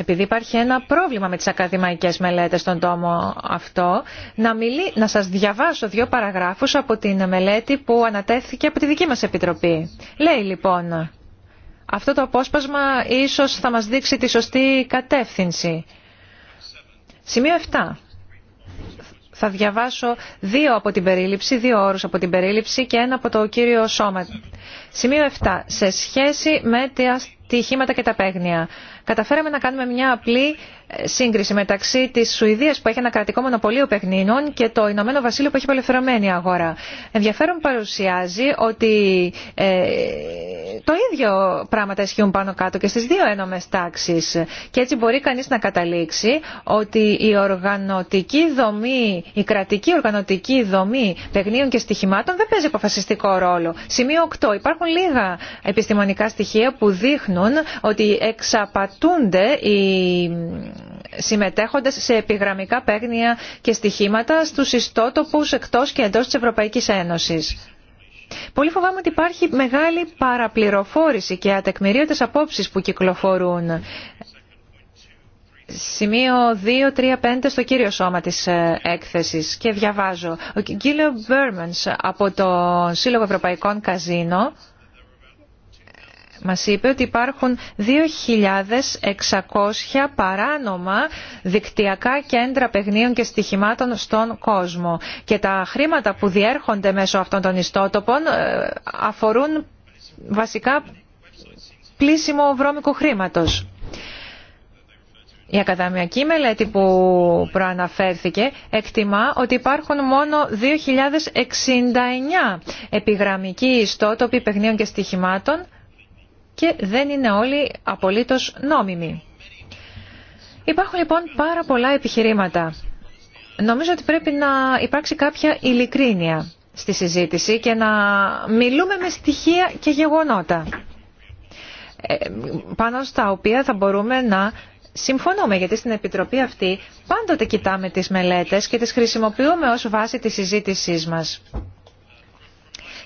επειδή υπάρχει ένα πρόβλημα με τις ακαδημαϊκές μελέτες στον τόμο αυτό, να, μιλή, να σας διαβάσω δύο παραγράφους από την μελέτη που ανατέθηκε από τη δική μας Επιτροπή. Λέει λοιπόν, αυτό το απόσπασμα ίσως θα μας δείξει τη σωστή κατεύθυνση. Σημείο 7. Θα διαβάσω δύο από την περίληψη, δύο όρους από την περίληψη και ένα από το κύριο Σώμα. Σημείο 7. Σε σχέση με τα τυχήματα και τα παίγνια. Καταφέραμε να κάνουμε μια απλή σύγκριση μεταξύ τη Σουηδία που έχει ένα κρατικό μονοπωλίο παιχνίδων και το Ηνωμένο Βασίλειο που έχει απελευθερωμένη αγορά. Ενδιαφέρον παρουσιάζει ότι ε, το ίδιο πράγματα ισχύουν πάνω κάτω και στι δύο ένομε τάξει. Και έτσι μπορεί κανεί να καταλήξει ότι η οργανωτική δομή, η κρατική οργανωτική δομή παιχνίων και στοιχημάτων δεν παίζει αποφασιστικό ρόλο. Σημείο 8. Υπάρχουν λίγα επιστημονικά στοιχεία που δείχνουν ότι εξαπατούνται οι συμμετέχοντας σε επιγραμμικά παίγνια και στοιχήματα στους ιστότοπους εκτός και εντός της Ευρωπαϊκής Ένωσης. Πολύ φοβάμαι ότι υπάρχει μεγάλη παραπληροφόρηση και ατεκμηρίωτες απόψεις που κυκλοφορούν. Σημείο 2-3-5 στο κύριο σώμα της ε, έκθεσης και διαβάζω. Ο κύριο Μπέρμανς από το Σύλλογο Ευρωπαϊκών Καζίνο μας είπε ότι υπάρχουν 2.600 παράνομα δικτυακά κέντρα παιχνίων και στοιχημάτων στον κόσμο και τα χρήματα που διέρχονται μέσω αυτών των ιστότοπων ε, αφορούν βασικά πλήσιμο βρώμικου χρήματος. Η ακαδημιακή μελέτη που προαναφέρθηκε εκτιμά ότι υπάρχουν μόνο 2.069 επιγραμμικοί ιστότοποι παιχνίων και στοιχημάτων και δεν είναι όλοι απολύτως νόμιμοι. Υπάρχουν λοιπόν πάρα πολλά επιχειρήματα. Νομίζω ότι πρέπει να υπάρξει κάποια ειλικρίνεια στη συζήτηση και να μιλούμε με στοιχεία και γεγονότα ε, πάνω στα οποία θα μπορούμε να συμφωνούμε γιατί στην Επιτροπή αυτή πάντοτε κοιτάμε τις μελέτες και τις χρησιμοποιούμε ως βάση της συζήτησής μας.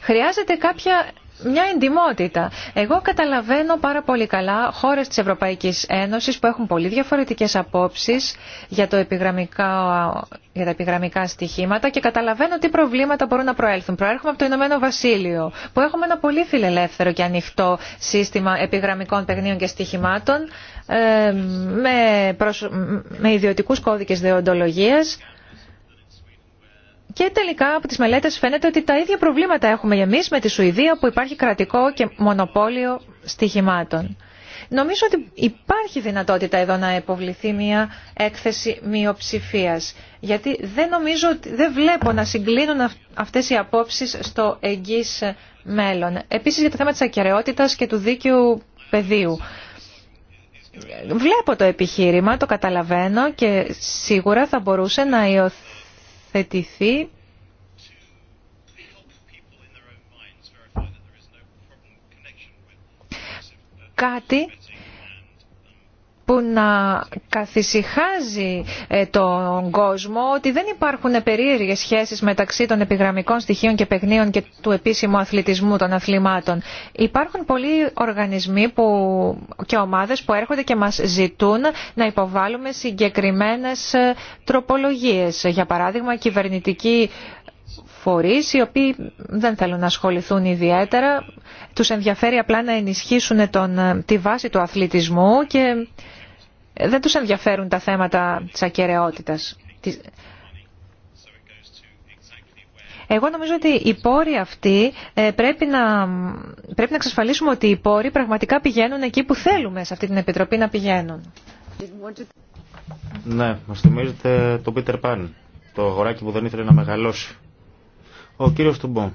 Χρειάζεται κάποια μια εντιμότητα. Εγώ καταλαβαίνω πάρα πολύ καλά χώρες της Ευρωπαϊκής Ένωσης που έχουν πολύ διαφορετικές απόψεις για, το επιγραμμικά, για τα επιγραμμικά στοιχήματα και καταλαβαίνω τι προβλήματα μπορούν να προέλθουν. Προέρχομαι από το Ηνωμένο Βασίλειο που έχουμε ένα πολύ φιλελεύθερο και ανοιχτό σύστημα επιγραμμικών παιχνίων και στοιχημάτων ε, με, προσ... με ιδιωτικούς κώδικες δεοντολογίας και τελικά από τις μελέτες φαίνεται ότι τα ίδια προβλήματα έχουμε εμείς με τη Σουηδία που υπάρχει κρατικό και μονοπόλιο στοιχημάτων. Νομίζω ότι υπάρχει δυνατότητα εδώ να υποβληθεί μια έκθεση μειοψηφία. Γιατί δεν νομίζω ότι δεν βλέπω να συγκλίνουν αυτέ οι απόψει στο εγγύ μέλλον. Επίση, για το θέμα τη ακαιρεότητα και του δίκαιου πεδίου. Βλέπω το επιχείρημα, το καταλαβαίνω και σίγουρα θα μπορούσε να υιοθετήσει θετηθεί κάτι που να καθησυχάζει ε, τον κόσμο ότι δεν υπάρχουν περίεργες σχέσεις μεταξύ των επιγραμμικών στοιχείων και παιχνίων και του επίσημου αθλητισμού των αθλημάτων. Υπάρχουν πολλοί οργανισμοί που, και ομάδες που έρχονται και μας ζητούν να υποβάλουμε συγκεκριμένες ε, τροπολογίες. Για παράδειγμα κυβερνητικοί φορείς οι οποίοι δεν θέλουν να ασχοληθούν ιδιαίτερα. Τους ενδιαφέρει απλά να ενισχύσουν ε, τη βάση του αθλητισμού και δεν τους ενδιαφέρουν τα θέματα της ακαιρεότητας. Εγώ νομίζω ότι οι πόροι αυτοί ε, πρέπει να, πρέπει να εξασφαλίσουμε ότι οι πόροι πραγματικά πηγαίνουν εκεί που θέλουμε σε αυτή την Επιτροπή να πηγαίνουν. Ναι, μας θυμίζετε το Πίτερ Παν, το αγοράκι που δεν ήθελε να μεγαλώσει. Ο κύριος Τουμπό.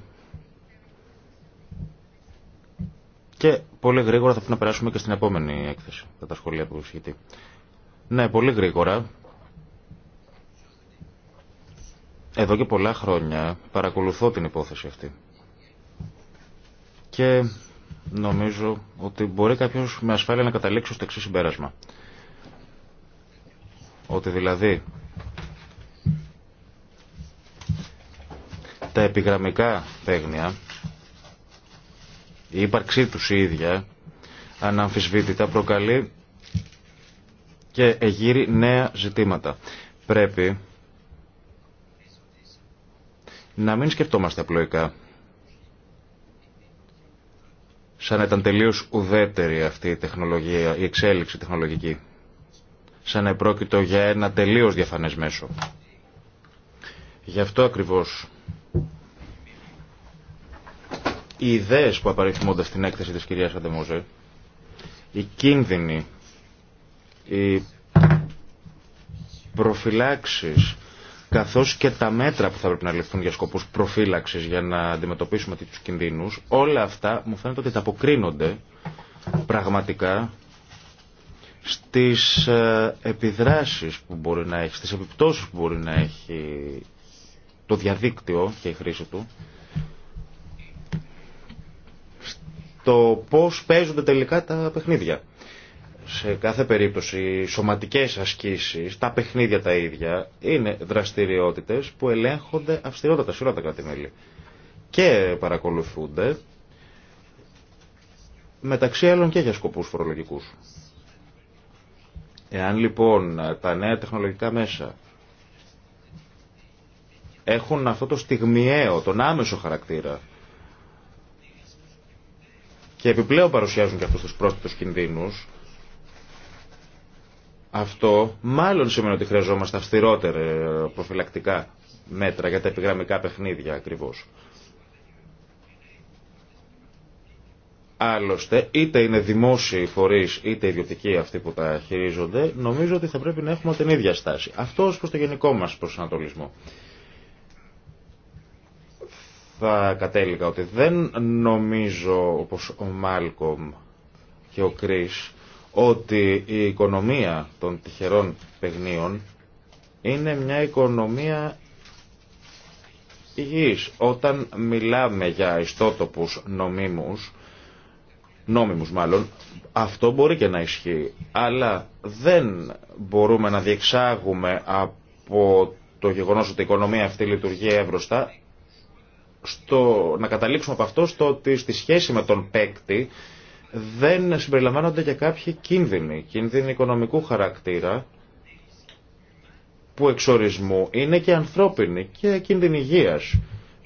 Και πολύ γρήγορα θα πρέπει να περάσουμε και στην επόμενη έκθεση, τα σχολεία που σχετί. Ναι, πολύ γρήγορα. Εδώ και πολλά χρόνια παρακολουθώ την υπόθεση αυτή. Και νομίζω ότι μπορεί κάποιος με ασφάλεια να καταλήξει στο εξή συμπέρασμα. Ότι δηλαδή τα επιγραμμικά παίγνια, η ύπαρξή τους η ίδια, αναμφισβήτητα προκαλεί και εγείρει νέα ζητήματα. Πρέπει να μην σκεφτόμαστε απλοϊκά. Σαν να ήταν τελείω ουδέτερη αυτή η τεχνολογία, η εξέλιξη τεχνολογική. Σαν να επρόκειτο για ένα τελείως διαφανές μέσο. Γι' αυτό ακριβώς οι ιδέες που απαριθμούνται στην έκθεση της κυρίας Αντεμόζε, οι κίνδυνοι οι προφυλάξεις καθώς και τα μέτρα που θα πρέπει να ληφθούν για σκοπούς προφύλαξης για να αντιμετωπίσουμε τους κινδύνους, όλα αυτά μου φαίνεται ότι τα αποκρίνονται πραγματικά στις ε, επιδράσεις που μπορεί να έχει, στις επιπτώσεις που μπορεί να έχει το διαδίκτυο και η χρήση του, στο πώς παίζονται τελικά τα παιχνίδια σε κάθε περίπτωση οι σωματικές ασκήσεις, τα παιχνίδια τα ίδια, είναι δραστηριότητες που ελέγχονται αυστηρότατα σε όλα τα κρατη και παρακολουθούνται μεταξύ άλλων και για σκοπούς φορολογικούς. Εάν λοιπόν τα νέα τεχνολογικά μέσα έχουν αυτό το στιγμιαίο, τον άμεσο χαρακτήρα και επιπλέον παρουσιάζουν και αυτούς τους πρόσθετους κινδύνους, αυτό μάλλον σημαίνει ότι χρειαζόμαστε αυστηρότερα προφυλακτικά μέτρα για τα επιγραμμικά παιχνίδια ακριβώς. Άλλωστε, είτε είναι δημόσιοι φορεί είτε ιδιωτικοί αυτοί που τα χειρίζονται, νομίζω ότι θα πρέπει να έχουμε την ίδια στάση. Αυτό ω προ το γενικό μα προσανατολισμό. Θα κατέληγα ότι δεν νομίζω, όπω ο Μάλκομ και ο Κρίς, ότι η οικονομία των τυχερών παιγνίων είναι μια οικονομία υγιής. Όταν μιλάμε για ιστότοπους νομίμους, νόμιμους μάλλον, αυτό μπορεί και να ισχύει, αλλά δεν μπορούμε να διεξάγουμε από το γεγονός ότι η οικονομία αυτή λειτουργεί εύρωστα, να καταλήξουμε από αυτό στο ότι στη σχέση με τον παίκτη δεν συμπεριλαμβάνονται και κάποιοι κίνδυνοι, κίνδυνοι οικονομικού χαρακτήρα, που εξορισμού είναι και ανθρώπινοι και κίνδυνοι υγείας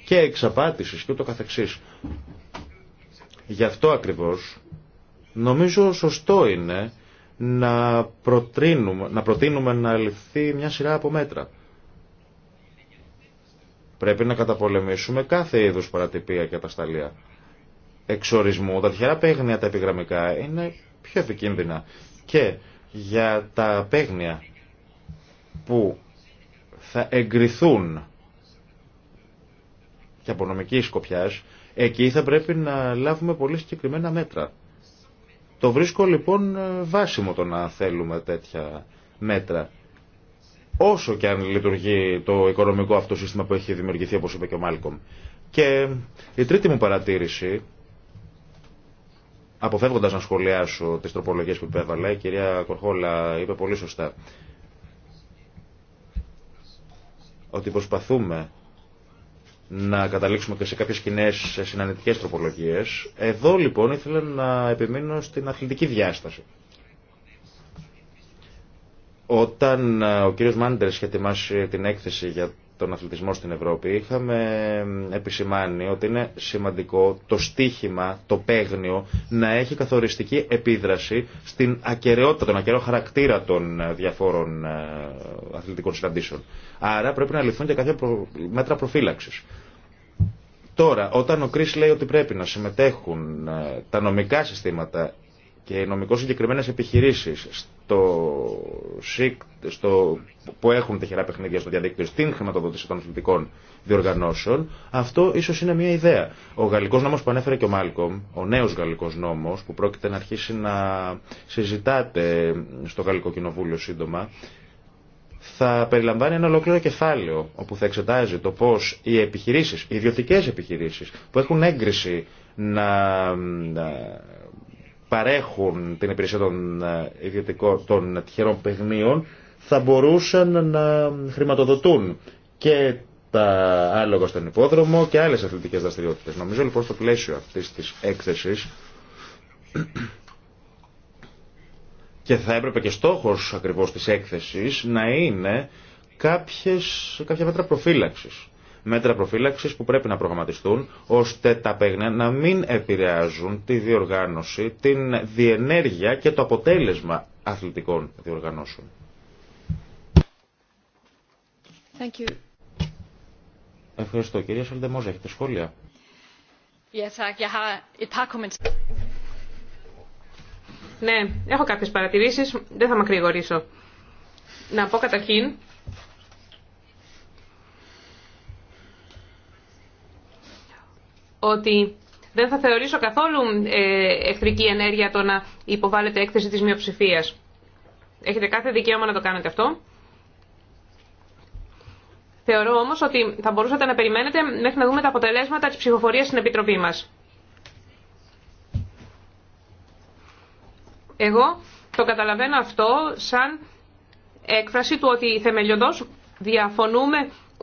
και εξαπάτησης και ούτω καθεξής. Γι' αυτό ακριβώς νομίζω σωστό είναι να, προτείνουμε, να προτείνουμε να ληφθεί μια σειρά από μέτρα. Πρέπει να καταπολεμήσουμε κάθε είδους παρατυπία και ατασταλία εξορισμού, τα τυχερά παίγνια τα επιγραμμικά είναι πιο επικίνδυνα. Και για τα παίγνια που θα εγκριθούν και από νομική σκοπιά, εκεί θα πρέπει να λάβουμε πολύ συγκεκριμένα μέτρα. Το βρίσκω λοιπόν βάσιμο το να θέλουμε τέτοια μέτρα. Όσο και αν λειτουργεί το οικονομικό αυτό σύστημα που έχει δημιουργηθεί, όπως είπε και ο Μάλκομ. Και η τρίτη μου παρατήρηση Αποφεύγοντα να σχολιάσω τι τροπολογίε που υπέβαλα, η κυρία Κορχόλα είπε πολύ σωστά ότι προσπαθούμε να καταλήξουμε και σε κάποιες κοινέ συνανετικές τροπολογίες. Εδώ λοιπόν ήθελα να επιμείνω στην αθλητική διάσταση. Όταν ο κύριος Μάντερς είχε ετοιμάσει την έκθεση για τον αθλητισμό στην Ευρώπη είχαμε επισημάνει ότι είναι σημαντικό το στίχημα, το παίγνιο να έχει καθοριστική επίδραση στην ακαιρεότητα, τον ακαιρό χαρακτήρα των ε, διαφόρων ε, αθλητικών συναντήσεων. Άρα πρέπει να ληφθούν και κάποια μέτρα προφύλαξης. Τώρα, όταν ο Κρίς λέει ότι πρέπει να συμμετέχουν ε, τα νομικά συστήματα και οι νομικώ συγκεκριμένε επιχειρήσεις στο ΣΥΚ στο, που έχουν τυχερά παιχνίδια στο διαδίκτυο στην χρηματοδότηση των αθλητικών διοργανώσεων, αυτό ίσω είναι μια ιδέα. Ο γαλλικό νόμο που ανέφερε και ο Μάλκομ, ο νέο γαλλικό νόμο που πρόκειται να αρχίσει να συζητάται στο Γαλλικό Κοινοβούλιο σύντομα, θα περιλαμβάνει ένα ολόκληρο κεφάλαιο όπου θα εξετάζει το πώ οι επιχειρήσει, οι ιδιωτικέ επιχειρήσει που έχουν έγκριση να παρέχουν την υπηρεσία των, ε, των τυχερών παιχνίων θα μπορούσαν να χρηματοδοτούν και τα άλογα στον υπόδρομο και άλλες αθλητικές δραστηριότητες. Νομίζω λοιπόν στο πλαίσιο αυτής της έκθεσης και θα έπρεπε και στόχος ακριβώς της έκθεσης να είναι κάποιες, κάποια μέτρα προφύλαξης μέτρα προφύλαξη που πρέπει να προγραμματιστούν ώστε τα παίγνια να μην επηρεάζουν τη διοργάνωση, την διενέργεια και το αποτέλεσμα αθλητικών διοργανώσεων. Thank you. Ευχαριστώ. Κυρία Σαλντεμόζα, έχετε σχόλια. Uh, uh, ναι, έχω κάποιες παρατηρήσεις, δεν θα μακρηγορήσω. Να πω καταρχήν ότι δεν θα θεωρήσω καθόλου ε, εχθρική ενέργεια το να υποβάλλετε έκθεση της μειοψηφία. Έχετε κάθε δικαίωμα να το κάνετε αυτό. Θεωρώ όμως ότι θα μπορούσατε να περιμένετε μέχρι να δούμε τα αποτελέσματα της ψηφοφορίας στην Επιτροπή μας. Εγώ το καταλαβαίνω αυτό σαν έκφραση του ότι θεμελιωδώς διαφωνούμε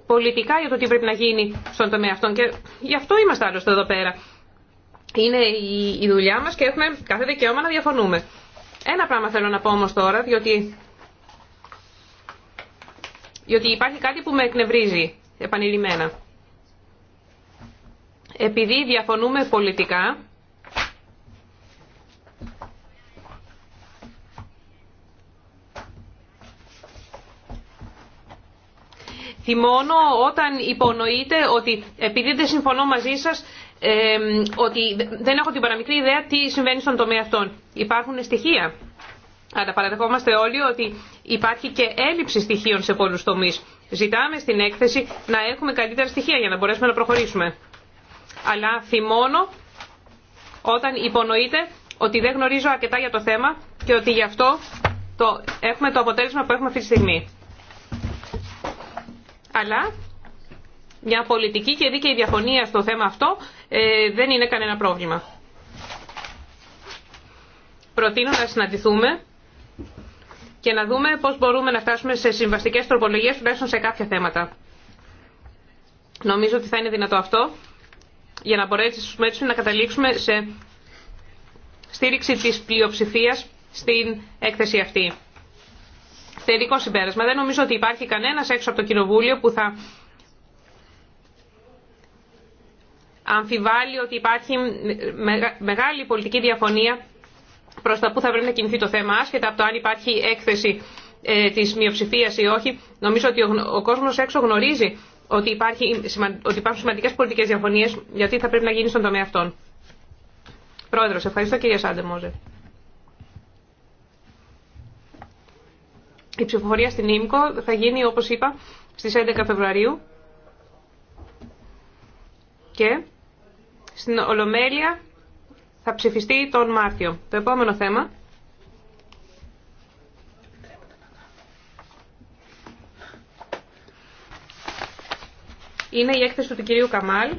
πολιτικά για το τι πρέπει να γίνει στον τομέα αυτόν και γι' αυτό είμαστε άλλωστε εδώ πέρα. Είναι η δουλειά μας και έχουμε κάθε δικαίωμα να διαφωνούμε. Ένα πράγμα θέλω να πω όμως τώρα, διότι, διότι υπάρχει κάτι που με εκνευρίζει επανειλημμένα. Επειδή διαφωνούμε πολιτικά, θυμώνω όταν υπονοείτε ότι επειδή δεν συμφωνώ μαζί σας ε, ότι δεν έχω την παραμικρή ιδέα τι συμβαίνει στον τομέα αυτών. Υπάρχουν στοιχεία. Αλλά παραδεχόμαστε όλοι ότι υπάρχει και έλλειψη στοιχείων σε πολλούς τομείς. Ζητάμε στην έκθεση να έχουμε καλύτερα στοιχεία για να μπορέσουμε να προχωρήσουμε. Αλλά θυμώνω όταν υπονοείτε ότι δεν γνωρίζω αρκετά για το θέμα και ότι γι' αυτό το, έχουμε το αποτέλεσμα που έχουμε αυτή τη στιγμή αλλά μια πολιτική και δίκαιη διαφωνία στο θέμα αυτό ε, δεν είναι κανένα πρόβλημα. Προτείνω να συναντηθούμε και να δούμε πώς μπορούμε να φτάσουμε σε συμβαστικές τροπολογίες τουλάχιστον σε κάποια θέματα. Νομίζω ότι θα είναι δυνατό αυτό για να μπορέσουμε έτσι να καταλήξουμε σε στήριξη της πλειοψηφίας στην έκθεση αυτή συμπέρασμα. Δεν νομίζω ότι υπάρχει κανένα έξω από το Κοινοβούλιο που θα αμφιβάλλει ότι υπάρχει μεγάλη πολιτική διαφωνία προ τα που θα πρέπει να κινηθεί το θέμα, άσχετα από το αν υπάρχει έκθεση ε, της μειοψηφίας ή όχι. Νομίζω ότι ο, ο κόσμος έξω γνωρίζει ότι, υπάρχει, ότι υπάρχουν σημαντικές πολιτικές διαφωνίες γιατί θα πρέπει να γίνει στον τομέα αυτών. Πρόεδρος, ευχαριστώ κυρία Σάντε Μόζε. Η ψηφοφορία στην ΙΜΚΟ θα γίνει, όπως είπα, στις 11 Φεβρουαρίου και στην Ολομέλεια θα ψηφιστεί τον Μάρτιο. Το επόμενο θέμα είναι η έκθεση του κυρίου Καμάλ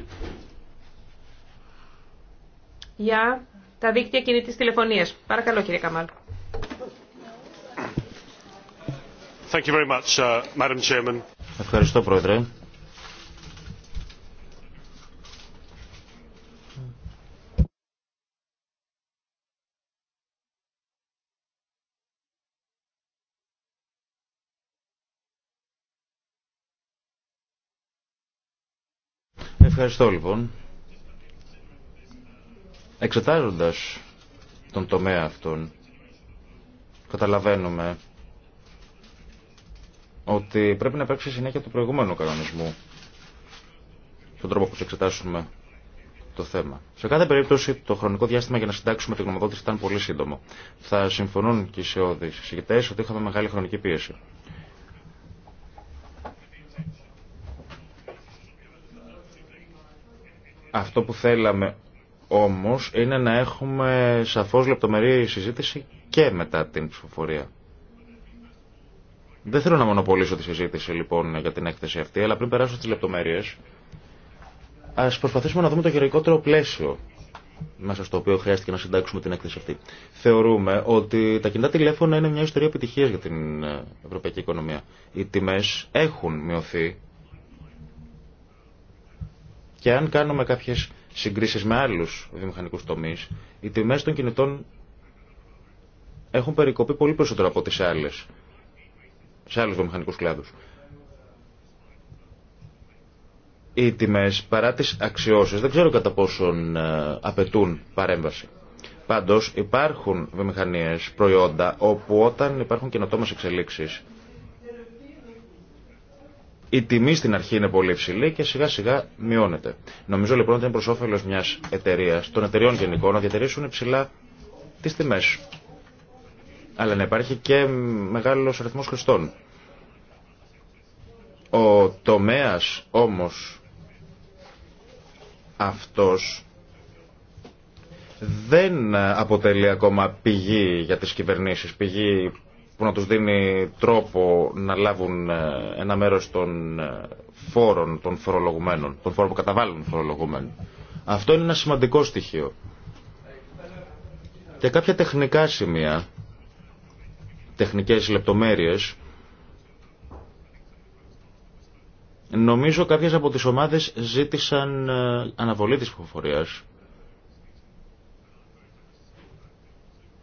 για τα δίκτυα κινητής τηλεφωνίας. Παρακαλώ κύριε Καμάλ. Uh, Ευχαριστώ, Πρόεδρε. Ευχαριστώ λοιπόν. Εξετάζοντας τον τομέα αυτόν, καταλαβαίνουμε ότι πρέπει να υπάρξει συνέχεια του προηγούμενου κανονισμού στον τρόπο που θα εξετάσουμε το θέμα. Σε κάθε περίπτωση το χρονικό διάστημα για να συντάξουμε την γνωμοδότηση ήταν πολύ σύντομο. Θα συμφωνούν και οι σεώδεις συζητητές ότι είχαμε μεγάλη χρονική πίεση. Αυτό που θέλαμε όμως είναι να έχουμε σαφώς λεπτομερή συζήτηση και μετά την ψηφοφορία. Δεν θέλω να μονοπολίσω τη συζήτηση λοιπόν για την έκθεση αυτή, αλλά πριν περάσω στις λεπτομέρειε α προσπαθήσουμε να δούμε το γενικότερο πλαίσιο μέσα στο οποίο χρειάστηκε να συντάξουμε την έκθεση αυτή. Θεωρούμε ότι τα κινητά τηλέφωνα είναι μια ιστορία επιτυχία για την ε, ευρωπαϊκή οικονομία. Οι τιμέ έχουν μειωθεί και αν κάνουμε κάποιε συγκρίσει με άλλου βιομηχανικού τομεί, οι τιμέ των κινητών έχουν περικοπεί πολύ περισσότερο από τι άλλε σε άλλους βιομηχανικούς κλάδους. Οι τιμές παρά τις αξιώσεις δεν ξέρω κατά πόσον ε, απαιτούν παρέμβαση. Πάντως υπάρχουν βιομηχανίες, προϊόντα, όπου όταν υπάρχουν καινοτόμες εξελίξεις, η τιμή στην αρχή είναι πολύ υψηλή και σιγά σιγά μειώνεται. Νομίζω λοιπόν ότι είναι προ όφελο μια εταιρεία, των εταιρεών γενικών, να διατηρήσουν υψηλά τι τιμέ αλλά να υπάρχει και μεγάλος αριθμός χρηστών. Ο τομέας όμως αυτός δεν αποτελεί ακόμα πηγή για τις κυβερνήσεις, πηγή που να τους δίνει τρόπο να λάβουν ε, ένα μέρος των ε, φόρων των φορολογουμένων, των φόρων που καταβάλουν φορολογουμένων. Αυτό είναι ένα σημαντικό στοιχείο. Και κάποια τεχνικά σημεία τεχνικές λεπτομέρειες, νομίζω κάποιες από τις ομάδες ζήτησαν ε, αναβολή της ψηφοφορίας.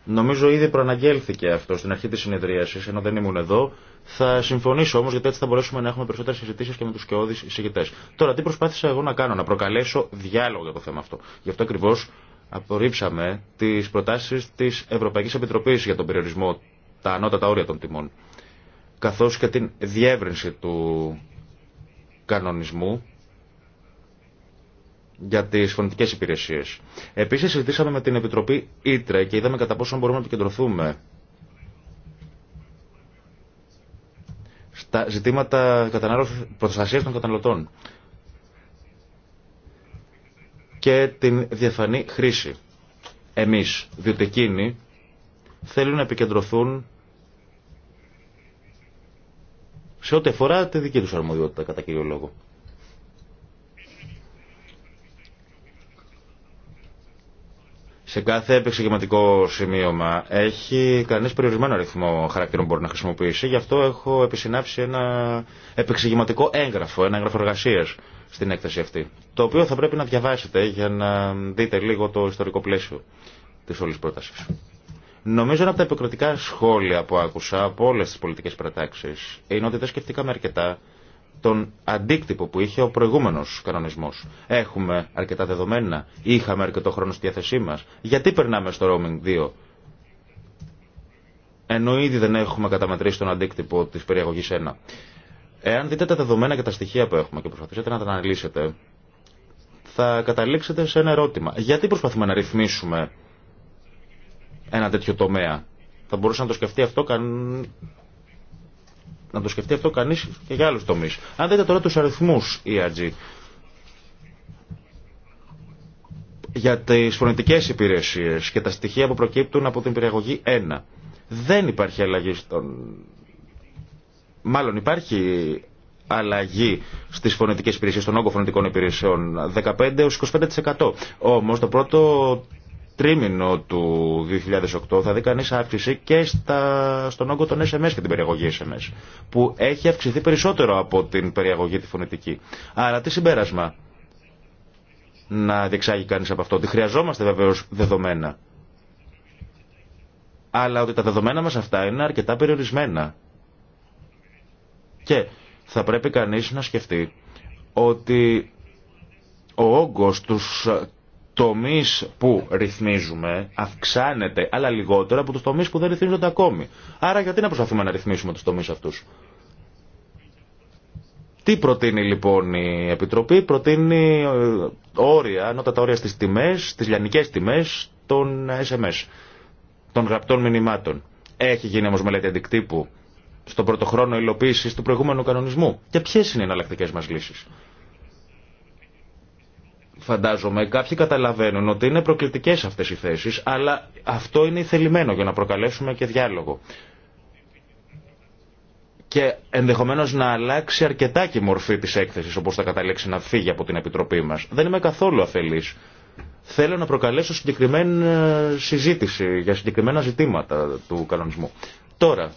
Νομίζω ήδη προαναγγέλθηκε αυτό στην αρχή της συνεδρίασης, ενώ δεν ήμουν εδώ. Θα συμφωνήσω όμως, γιατί έτσι θα μπορέσουμε να έχουμε περισσότερες συζητήσεις και με τους σκεώδεις εισηγητές. Τώρα, τι προσπάθησα εγώ να κάνω, να προκαλέσω διάλογο για το θέμα αυτό. Γι' αυτό ακριβώς απορρίψαμε τις προτάσεις της Ευρωπαϊκής Επιτροπής για τον περιορισμό τα ανώτατα όρια των τιμών, καθώς και την διεύρυνση του κανονισμού για τις φωνητικές υπηρεσίες. Επίσης, συζητήσαμε με την Επιτροπή Ήτρε και είδαμε κατά πόσο μπορούμε να επικεντρωθούμε στα ζητήματα προστασία των καταναλωτών και την διαφανή χρήση. Εμείς, διότι εκείνοι θέλουν να επικεντρωθούν σε ό,τι αφορά τη δική τους αρμοδιότητα κατά κύριο λόγο. Σε κάθε επεξηγηματικό σημείωμα έχει κανείς περιορισμένο αριθμό χαρακτήρων που μπορεί να χρησιμοποιήσει. Γι' αυτό έχω επισυνάψει ένα επεξηγηματικό έγγραφο, ένα έγγραφο εργασία στην έκθεση αυτή. Το οποίο θα πρέπει να διαβάσετε για να δείτε λίγο το ιστορικό πλαίσιο της όλης πρότασης. Νομίζω ένα από τα επικριτικά σχόλια που άκουσα από όλε τι πολιτικέ πρατάξει είναι ότι δεν σκεφτήκαμε αρκετά τον αντίκτυπο που είχε ο προηγούμενο κανονισμό. Έχουμε αρκετά δεδομένα, είχαμε αρκετό χρόνο στη διάθεσή μα. Γιατί περνάμε στο roaming 2, ενώ ήδη δεν έχουμε καταμετρήσει τον αντίκτυπο τη περιαγωγή 1. Εάν δείτε τα δεδομένα και τα στοιχεία που έχουμε και προσπαθήσετε να τα αναλύσετε, θα καταλήξετε σε ένα ερώτημα. Γιατί προσπαθούμε να ρυθμίσουμε ένα τέτοιο τομέα. Θα μπορούσε να το σκεφτεί αυτό, καν... να το σκεφτεί αυτό κανείς και για άλλους τομείς. Αν δείτε τώρα τους αριθμούς ERG, για τις φωνητικές υπηρεσίες και τα στοιχεία που προκύπτουν από την περιαγωγή 1. Δεν υπάρχει αλλαγή στον... Μάλλον υπάρχει αλλαγή στις φωνητικές υπηρεσίες, στον όγκο φωνητικών υπηρεσιών, 15 25%. Όμως το πρώτο τρίμηνο του 2008 θα δει κανεί αύξηση και στα, στον όγκο των SMS και την περιαγωγή SMS, που έχει αυξηθεί περισσότερο από την περιαγωγή τη φωνητική. Άρα τι συμπέρασμα να διεξάγει κανείς από αυτό, ότι χρειαζόμαστε βεβαίως δεδομένα. Αλλά ότι τα δεδομένα μας αυτά είναι αρκετά περιορισμένα. Και θα πρέπει κανείς να σκεφτεί ότι ο όγκος τους τομεί που ρυθμίζουμε αυξάνεται, αλλά λιγότερο από του τομεί που δεν ρυθμίζονται ακόμη. Άρα γιατί να προσπαθούμε να ρυθμίσουμε του τομεί αυτού. Τι προτείνει λοιπόν η Επιτροπή, προτείνει ε, όρια, ανώτατα όρια στις τιμές, στις λιανικές τιμές των SMS, των γραπτών μηνυμάτων. Έχει γίνει όμως μελέτη αντικτύπου στον πρώτο χρόνο υλοποίησης του προηγούμενου κανονισμού. Και ποιες είναι οι εναλλακτικέ μας λύσεις. Φαντάζομαι κάποιοι καταλαβαίνουν ότι είναι προκλητικέ αυτέ οι θέσει, αλλά αυτό είναι θελημένο για να προκαλέσουμε και διάλογο. Και ενδεχομένω να αλλάξει αρκετά και η μορφή τη έκθεση, όπω θα καταλήξει να φύγει από την Επιτροπή μα. Δεν είμαι καθόλου αφέλη. Θέλω να προκαλέσω συγκεκριμένη ε, συζήτηση για συγκεκριμένα ζητήματα του κανονισμού. Τώρα,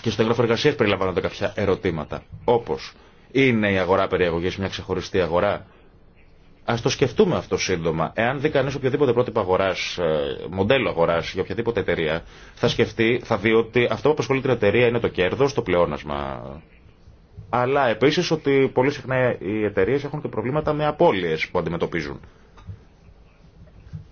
και στο έγγραφο εργασία περιλαμβάνονται κάποια ερωτήματα, Όπω, είναι η αγορά περιεγωγή μια ξεχωριστή αγορά, Α το σκεφτούμε αυτό σύντομα. Εάν δει κανεί οποιοδήποτε πρότυπο αγορά, ε, μοντέλο αγορά για οποιαδήποτε εταιρεία, θα σκεφτεί, θα δει ότι αυτό που απασχολεί την εταιρεία είναι το κέρδο, το πλεόνασμα. Αλλά επίση ότι πολύ συχνά οι εταιρείε έχουν και προβλήματα με απώλειε που αντιμετωπίζουν.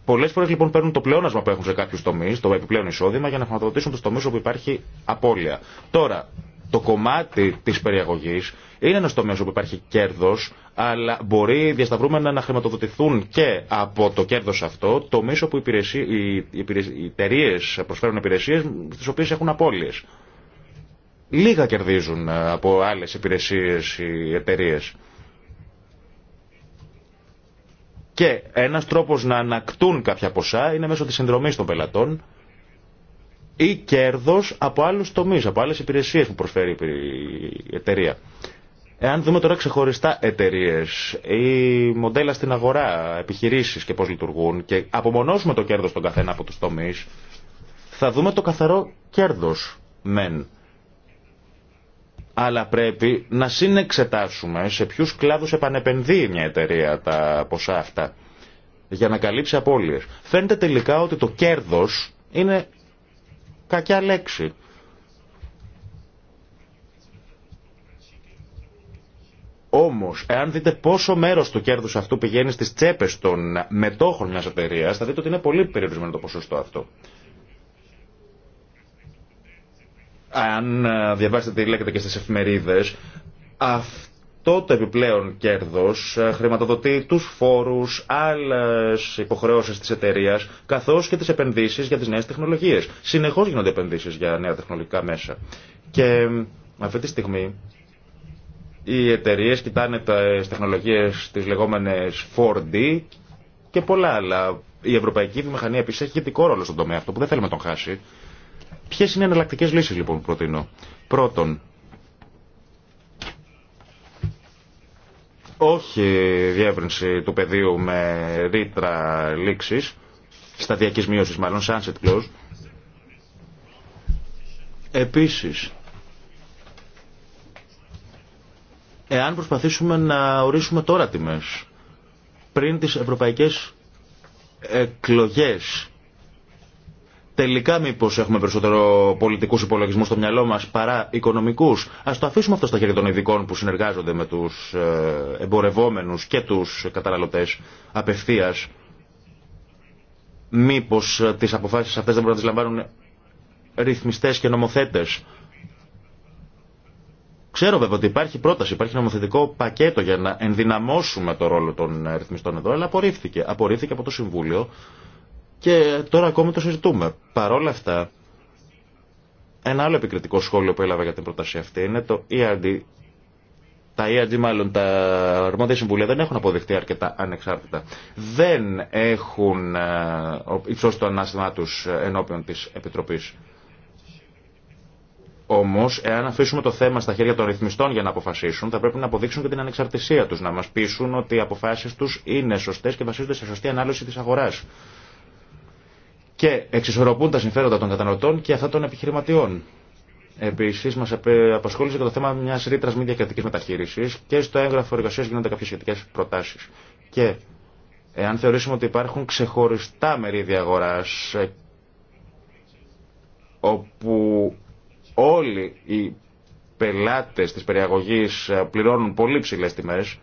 Πολλέ φορέ λοιπόν παίρνουν το πλεόνασμα που έχουν σε κάποιου τομεί, το επιπλέον εισόδημα, για να χρηματοδοτήσουν του τομεί όπου υπάρχει απώλεια. Τώρα, το κομμάτι τη περιαγωγή είναι ένα τομέα όπου υπάρχει κέρδο, αλλά μπορεί διασταυρούμενα να χρηματοδοτηθούν και από το κέρδο αυτό το μέσο που οι, οι εταιρείε προσφέρουν υπηρεσίε στι οποίε έχουν απώλειε. Λίγα κερδίζουν ε, από άλλε υπηρεσίε οι εταιρείε. Και ένα τρόπο να ανακτούν κάποια ποσά είναι μέσω τη συνδρομή των πελατών ή κέρδο από άλλου τομεί, από άλλε υπηρεσίε που προσφέρει η εταιρεία. Εάν δούμε τώρα ξεχωριστά εταιρείε ή μοντέλα στην αγορά, επιχειρήσει και πώ λειτουργούν και απομονώσουμε το κέρδο στον καθένα από του τομεί, θα δούμε το καθαρό κέρδο μεν. Αλλά πρέπει να συνεξετάσουμε σε ποιου κλάδου επανεπενδύει μια εταιρεία τα ποσά αυτά για να καλύψει απώλειες. Φαίνεται τελικά ότι το κέρδος είναι κακιά λέξη. Όμω, εάν δείτε πόσο μέρο του κέρδου αυτού πηγαίνει στι τσέπε των μετόχων μια εταιρεία, θα δείτε ότι είναι πολύ περιορισμένο το ποσοστό αυτό. Αν ε, διαβάσετε τι λέγεται και στι εφημερίδε, αυτό το επιπλέον κέρδο ε, χρηματοδοτεί του φόρου, άλλε υποχρεώσει τη εταιρεία, καθώ και τι επενδύσει για τι νέε τεχνολογίε. Συνεχώ γίνονται επενδύσει για νέα τεχνολογικά μέσα. Και ε, αυτή τη στιγμή οι εταιρείε κοιτάνε ε, τι τεχνολογίε τι λεγόμενε 4D και πολλά άλλα. Η ευρωπαϊκή βιομηχανία επίση έχει ηγετικό ρόλο στον τομέα αυτό που δεν θέλουμε να τον χάσει. Ποιε είναι οι εναλλακτικέ λύσει λοιπόν που προτείνω. Πρώτον, όχι διεύρυνση του πεδίου με ρήτρα λήξη, σταδιακή μείωση μάλλον, sunset close. Επίσης, εάν προσπαθήσουμε να ορίσουμε τώρα τιμές πριν τις ευρωπαϊκές εκλογές τελικά μήπως έχουμε περισσότερο πολιτικούς υπολογισμούς στο μυαλό μας παρά οικονομικούς ας το αφήσουμε αυτό στα χέρια των ειδικών που συνεργάζονται με τους ε, εμπορευόμενους και τους καταναλωτές απευθείας μήπως τις αποφάσεις αυτές δεν μπορούν να τις λαμβάνουν ρυθμιστές και νομοθέτες Ξέρω βέβαια ότι υπάρχει πρόταση, υπάρχει νομοθετικό πακέτο για να ενδυναμώσουμε το ρόλο των ρυθμιστών εδώ, αλλά απορρίφθηκε. Απορρίφθηκε από το Συμβούλιο και τώρα ακόμη το συζητούμε. Παρόλα αυτά, ένα άλλο επικριτικό σχόλιο που έλαβα για την πρόταση αυτή είναι το ERD. Τα ERD μάλλον, τα αρμόδια συμβούλια δεν έχουν αποδειχτεί αρκετά ανεξάρτητα. Δεν έχουν ε, υψώσει το ανάστημά του ενώπιον τη επιτροπή. Όμω, εάν αφήσουμε το θέμα στα χέρια των ρυθμιστών για να αποφασίσουν, θα πρέπει να αποδείξουν και την ανεξαρτησία του, να μα πείσουν ότι οι αποφάσει του είναι σωστέ και βασίζονται σε σωστή ανάλυση τη αγορά. Και εξισορροπούν τα συμφέροντα των καταναλωτών και αυτά των επιχειρηματιών. Επίση, μα απασχόλησε και το θέμα μια ρήτρα μη διακριτική μεταχείριση και στο έγγραφο εργασία γίνονται κάποιε σχετικέ προτάσει. Και εάν θεωρήσουμε ότι υπάρχουν ξεχωριστά μερίδια αγορά ε, όπου όλοι οι πελάτες της περιαγωγής ε, πληρώνουν πολύ ψηλές τιμές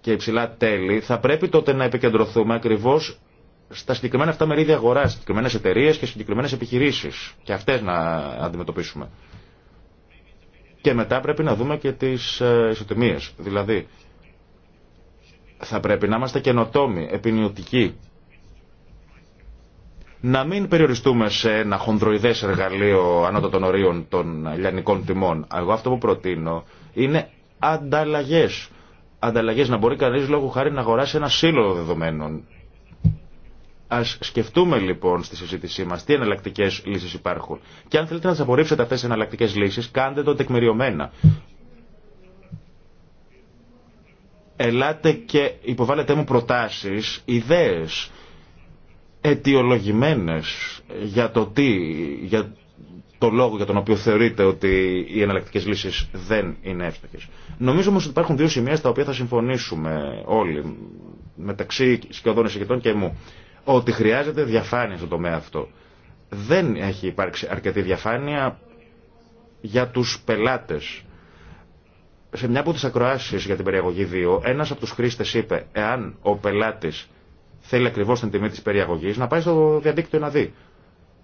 και υψηλά τέλη, θα πρέπει τότε να επικεντρωθούμε ακριβώς στα συγκεκριμένα αυτά μερίδια αγορά, συγκεκριμένε εταιρείε και συγκεκριμένε επιχειρήσει. Και αυτέ να αντιμετωπίσουμε. Και μετά πρέπει να δούμε και τι ε, ισοτιμίες. Δηλαδή, θα πρέπει να είμαστε καινοτόμοι, επινιωτικοί να μην περιοριστούμε σε ένα χονδροειδές εργαλείο ανώτατων των ορίων των λιανικών τιμών. Εγώ αυτό που προτείνω είναι ανταλλαγέ. Ανταλλαγέ να μπορεί κανεί λόγω χάρη να αγοράσει ένα σύλλογο δεδομένων. Α σκεφτούμε λοιπόν στη συζήτησή μα, τι εναλλακτικέ λύσεις υπάρχουν. Και αν θέλετε να τι απορρίψετε αυτές τι εναλλακτικέ λύσει, κάντε το τεκμηριωμένα. Ελάτε και υποβάλλετε μου προτάσει ιδέε αιτιολογημένες για το τι, για το λόγο για τον οποίο θεωρείτε ότι οι εναλλακτικέ λύσει δεν είναι εύστοχε. Νομίζω όμω ότι υπάρχουν δύο σημεία στα οποία θα συμφωνήσουμε όλοι, μεταξύ σκιωδών εισηγητών και μου, ότι χρειάζεται διαφάνεια στον τομέα αυτό. Δεν έχει υπάρξει αρκετή διαφάνεια για του πελάτε. Σε μια από τι ακροάσει για την περιαγωγή 2, ένα από του χρήστε είπε, εάν ο πελάτη θέλει ακριβώ την τιμή τη περιαγωγή, να πάει στο διαδίκτυο να δει.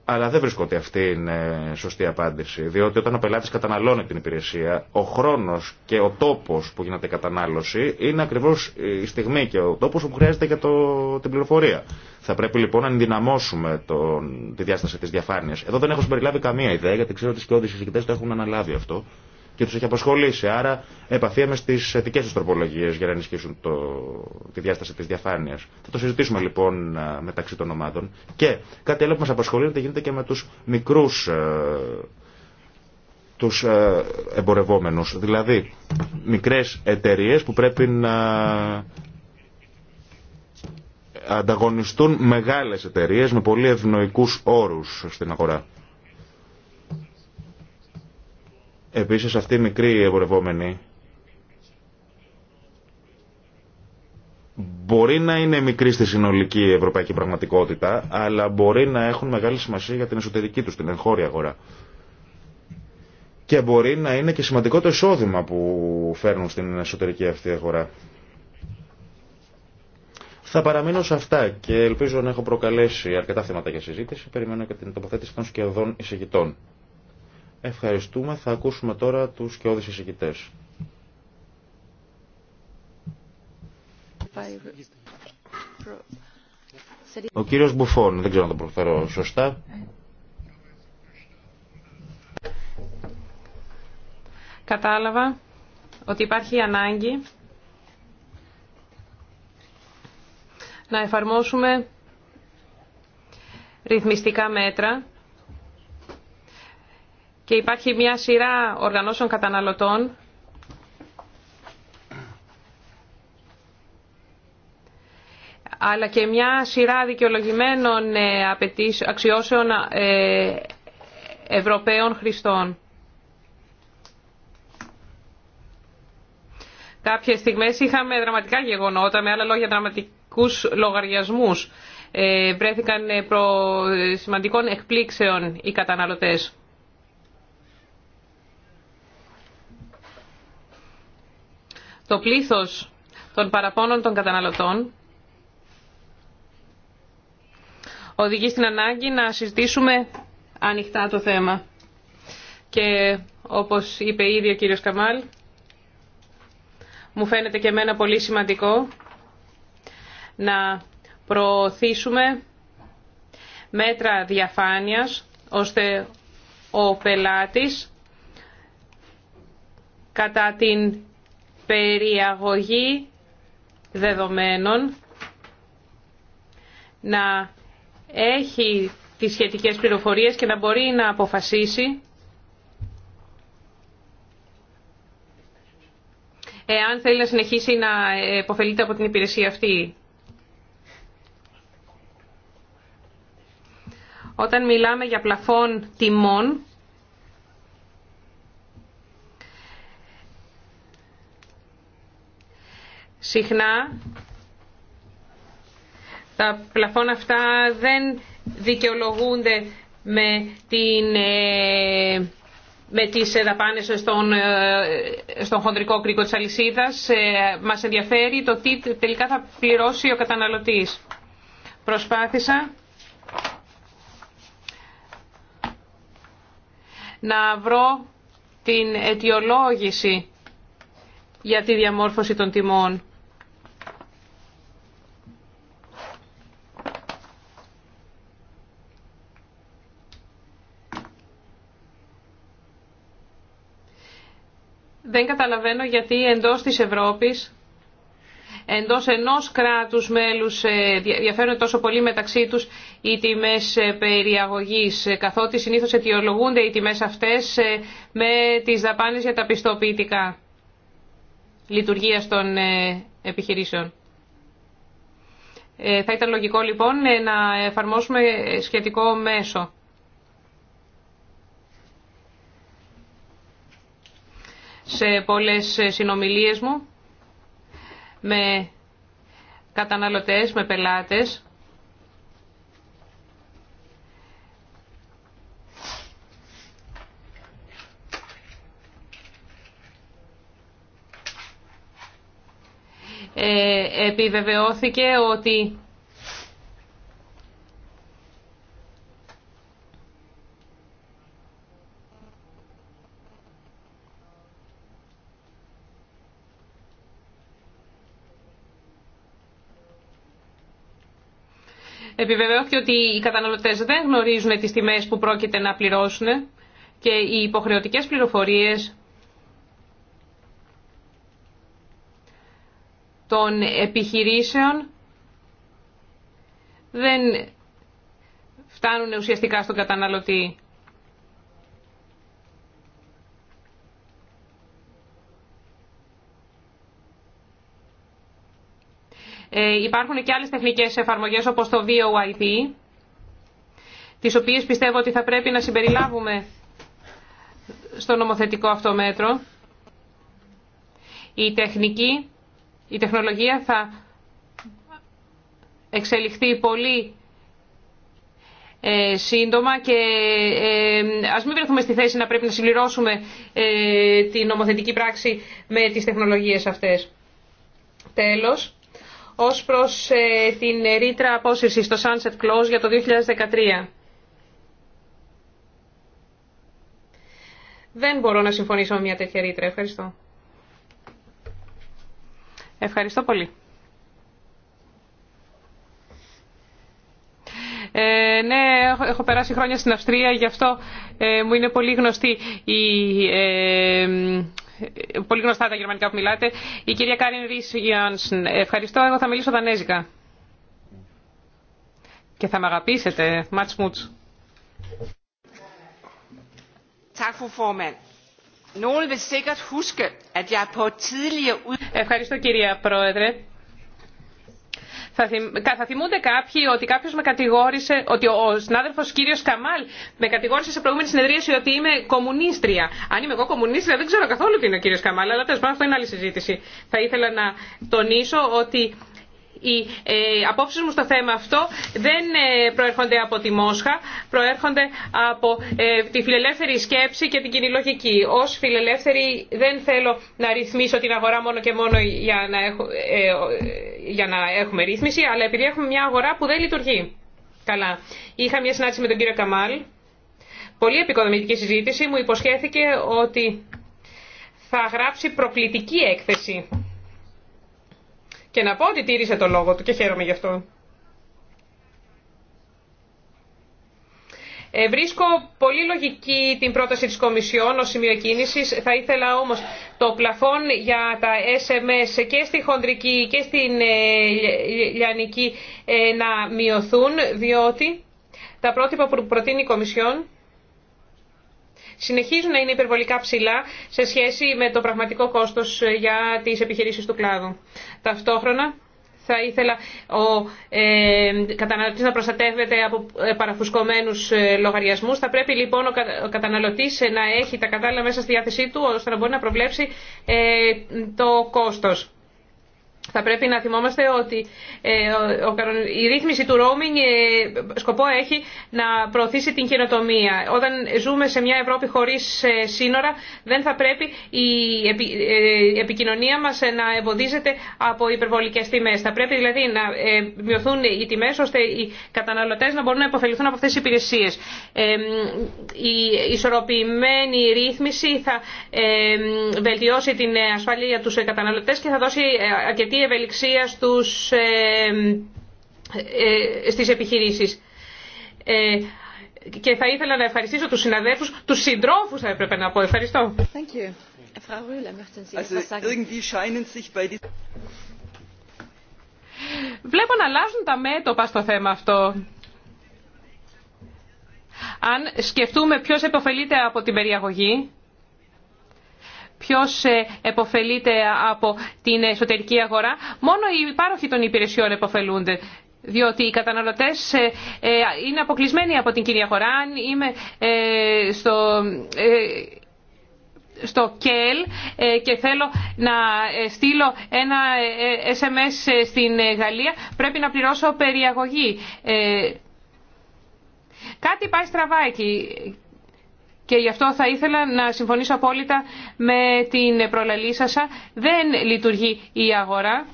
Αλλά δεν βρίσκω ότι αυτή είναι σωστή απάντηση. Διότι όταν ο πελάτη καταναλώνει την υπηρεσία, ο χρόνο και ο τόπο που γίνεται η κατανάλωση είναι ακριβώ η στιγμή και ο τόπο που χρειάζεται για το, την πληροφορία. Θα πρέπει λοιπόν να ενδυναμώσουμε τον, τη διάσταση τη διαφάνεια. Εδώ δεν έχω συμπεριλάβει καμία ιδέα, γιατί ξέρω ότι οι σκιώδει συζητητέ το έχουν αναλάβει αυτό και του έχει απασχολήσει. Άρα επαφίαμε στι θετικέ του τροπολογίε για να ενισχύσουν το, τη διάσταση τη διαφάνεια. Θα το συζητήσουμε λοιπόν μεταξύ των ομάδων. Και κάτι άλλο που μα απασχολεί είναι ότι γίνεται και με του μικρού τους εμπορευόμενους, δηλαδή μικρές εταιρείες που πρέπει να ανταγωνιστούν μεγάλες εταιρείες με πολύ ευνοϊκούς όρους στην αγορά. Επίσης αυτοί οι μικροί εμπορευόμενοι μπορεί να είναι μικροί στη συνολική ευρωπαϊκή πραγματικότητα, αλλά μπορεί να έχουν μεγάλη σημασία για την εσωτερική τους, την εγχώρια αγορά. Και μπορεί να είναι και σημαντικό το εισόδημα που φέρνουν στην εσωτερική αυτή αγορά. Θα παραμείνω σε αυτά και ελπίζω να έχω προκαλέσει αρκετά θέματα για συζήτηση. Περιμένω και την τοποθέτηση των σχεδόν εισηγητών. Ευχαριστούμε. Θα ακούσουμε τώρα τους σκιώδεις εισηγητές. Ο κύριος Μπουφών, δεν ξέρω αν το προφέρω σωστά. Κατάλαβα ότι υπάρχει ανάγκη να εφαρμόσουμε ρυθμιστικά μέτρα και υπάρχει μια σειρά οργανώσεων καταναλωτών αλλά και μια σειρά δικαιολογημένων ε, αξιώσεων ε, Ευρωπαίων χρηστών. Κάποιες στιγμές είχαμε δραματικά γεγονότα, με άλλα λόγια δραματικούς λογαριασμούς. Ε, βρέθηκαν προ σημαντικών εκπλήξεων οι καταναλωτές. Το πλήθος των παραπώνων των καταναλωτών οδηγεί στην ανάγκη να συζητήσουμε ανοιχτά το θέμα. Και όπως είπε ήδη ο κύριος Καμάλ, μου φαίνεται και εμένα πολύ σημαντικό να προωθήσουμε μέτρα διαφάνειας ώστε ο πελάτης κατά την περιαγωγή δεδομένων να έχει τις σχετικές πληροφορίες και να μπορεί να αποφασίσει εάν θέλει να συνεχίσει να υποφελείται από την υπηρεσία αυτή. Όταν μιλάμε για πλαφόν τιμών, Συχνά τα πλαφόν αυτά δεν δικαιολογούνται με, την, ε, με τις δαπάνες στον, ε, στον χοντρικό κρίκο της αλυσίδας. Ε, μας ενδιαφέρει το τι τελικά θα πληρώσει ο καταναλωτής. Προσπάθησα να βρω την αιτιολόγηση για τη διαμόρφωση των τιμών. δεν καταλαβαίνω γιατί εντός της Ευρώπης, εντός ενός κράτους μέλους ε, διαφέρουν τόσο πολύ μεταξύ τους οι τιμές ε, περιαγωγής, ε, καθότι συνήθω αιτιολογούνται οι τιμές αυτές με τις δαπάνε για τα πιστοποιητικά λειτουργία των επιχειρήσεων. Θα ήταν λογικό λοιπόν να εφαρμόσουμε σχετικό μέσο. σε πολλές ε, συνομιλίες μου με καταναλωτές, με πελάτες. Ε, επιβεβαιώθηκε ότι Επιβεβαιώθηκε ότι οι καταναλωτέ δεν γνωρίζουν τις τιμέ που πρόκειται να πληρώσουν και οι υποχρεωτικές πληροφορίες των επιχειρήσεων δεν φτάνουν ουσιαστικά στον καταναλωτή. Ε, υπάρχουν και άλλες τεχνικές εφαρμογές όπως το VOIP, τις οποίες πιστεύω ότι θα πρέπει να συμπεριλάβουμε στο νομοθετικό αυτό μέτρο. Η τεχνική, η τεχνολογία θα εξελιχθεί πολύ ε, σύντομα και ε, ας μην βρεθούμε στη θέση να πρέπει να συμπληρώσουμε ε, την νομοθετική πράξη με τις τεχνολογίες αυτές. Τέλος, ως προς ε, την ρήτρα απόσυρση στο Sunset Clause για το 2013. Δεν μπορώ να συμφωνήσω με μια τέτοια ρήτρα. Ευχαριστώ. Ευχαριστώ πολύ. Ε, ναι, έχω περάσει χρόνια στην Αυστρία, γι' αυτό ε, μου είναι πολύ γνωστή η πολύ γνωστά τα γερμανικά που μιλάτε. Η κυρία Κάριν Ρίς Ευχαριστώ, εγώ θα μιλήσω δανέζικα. Και θα με αγαπήσετε. Μάτς μούτς. Ευχαριστώ κυρία Πρόεδρε. Θα θυμούνται κάποιοι ότι κάποιο με κατηγόρησε, ότι ο συνάδελφο κύριο Καμάλ με κατηγόρησε σε προηγούμενη συνεδρίαση ότι είμαι κομμουνίστρια. Αν είμαι εγώ κομμουνίστρια δεν ξέρω καθόλου τι είναι ο κύριο Καμάλ, αλλά τέλο πάντων αυτό είναι άλλη συζήτηση. Θα ήθελα να τονίσω ότι οι ε, απόψεις μου στο θέμα αυτό δεν ε, προέρχονται από τη Μόσχα, προέρχονται από ε, τη φιλελεύθερη σκέψη και την κοινή λογική. Ως φιλελεύθερη δεν θέλω να ρυθμίσω την αγορά μόνο και μόνο για να, έχω, για να έχουμε ρύθμιση, αλλά επειδή έχουμε μια αγορά που δεν λειτουργεί. Καλά. Είχα μια συνάντηση με τον κύριο Καμάλ, πολύ επικοδομητική συζήτηση, μου υποσχέθηκε ότι θα γράψει προκλητική έκθεση και να πω ότι τήρησε το λόγο του και χαίρομαι γι' αυτό. Ε, βρίσκω πολύ λογική την πρόταση της Κομισιόν ως σημείο κίνησης. Θα ήθελα όμως το πλαφόν για τα SMS και στη χοντρική και στην ε, λιανική ε, να μειωθούν, διότι τα πρότυπα που προτείνει η Κομισιόν συνεχίζουν να είναι υπερβολικά ψηλά σε σχέση με το πραγματικό κόστος ε, για τις επιχειρήσεις του κλάδου. Ταυτόχρονα θα ήθελα ο ε, καταναλωτής να προστατεύεται από ε, παραφουσκωμένους ε, λογαριασμούς. Θα πρέπει λοιπόν ο, κα, καταναλωτής να έχει τα κατάλληλα μέσα στη διάθεσή του ώστε να μπορεί να προβλέψει το κόστος θα πρέπει να θυμόμαστε ότι ε, η ρύθμιση του roaming ε, σκοπό έχει να προωθήσει την καινοτομία. Όταν ζούμε σε μια Ευρώπη χωρίς ε, σύνορα δεν θα πρέπει η επικοινωνία μας να εμποδίζεται από υπερβολικές τιμές. Θα πρέπει δηλαδή να μειωθούν οι τιμές ώστε οι καταναλωτές να μπορούν να υποφεληθούν από αυτές τις υπηρεσίες. Η ισορροπημένη ρύθμιση θα βελτιώσει την ασφάλεια για τους καταναλωτές και θα δώσει αρκετή ευελιξία στους, ε, ε, ε, στις επιχειρήσεις. και θα ήθελα να ευχαριστήσω τους συναδέλφους, τους συντρόφους θα έπρεπε να πω. Ευχαριστώ. Βλέπω να αλλάζουν τα μέτωπα στο θέμα αυτό. Αν σκεφτούμε ποιος επωφελείται από την περιαγωγή, Ποιο ε, επωφελείται από την εσωτερική αγορά. Μόνο οι υπάροχοι των υπηρεσιών εποφελούνται διότι οι καταναλωτές ε, ε, είναι αποκλεισμένοι από την κυρία αγορά. Αν είμαι στο, στο ΚΕΛ και θέλω να στείλω ένα SMS στην Γαλλία, πρέπει να πληρώσω περιαγωγή. Κάτι πάει στραβά εκεί και γι' αυτό θα ήθελα να συμφωνήσω απόλυτα με την προλαλήσασα. Δεν λειτουργεί η αγορά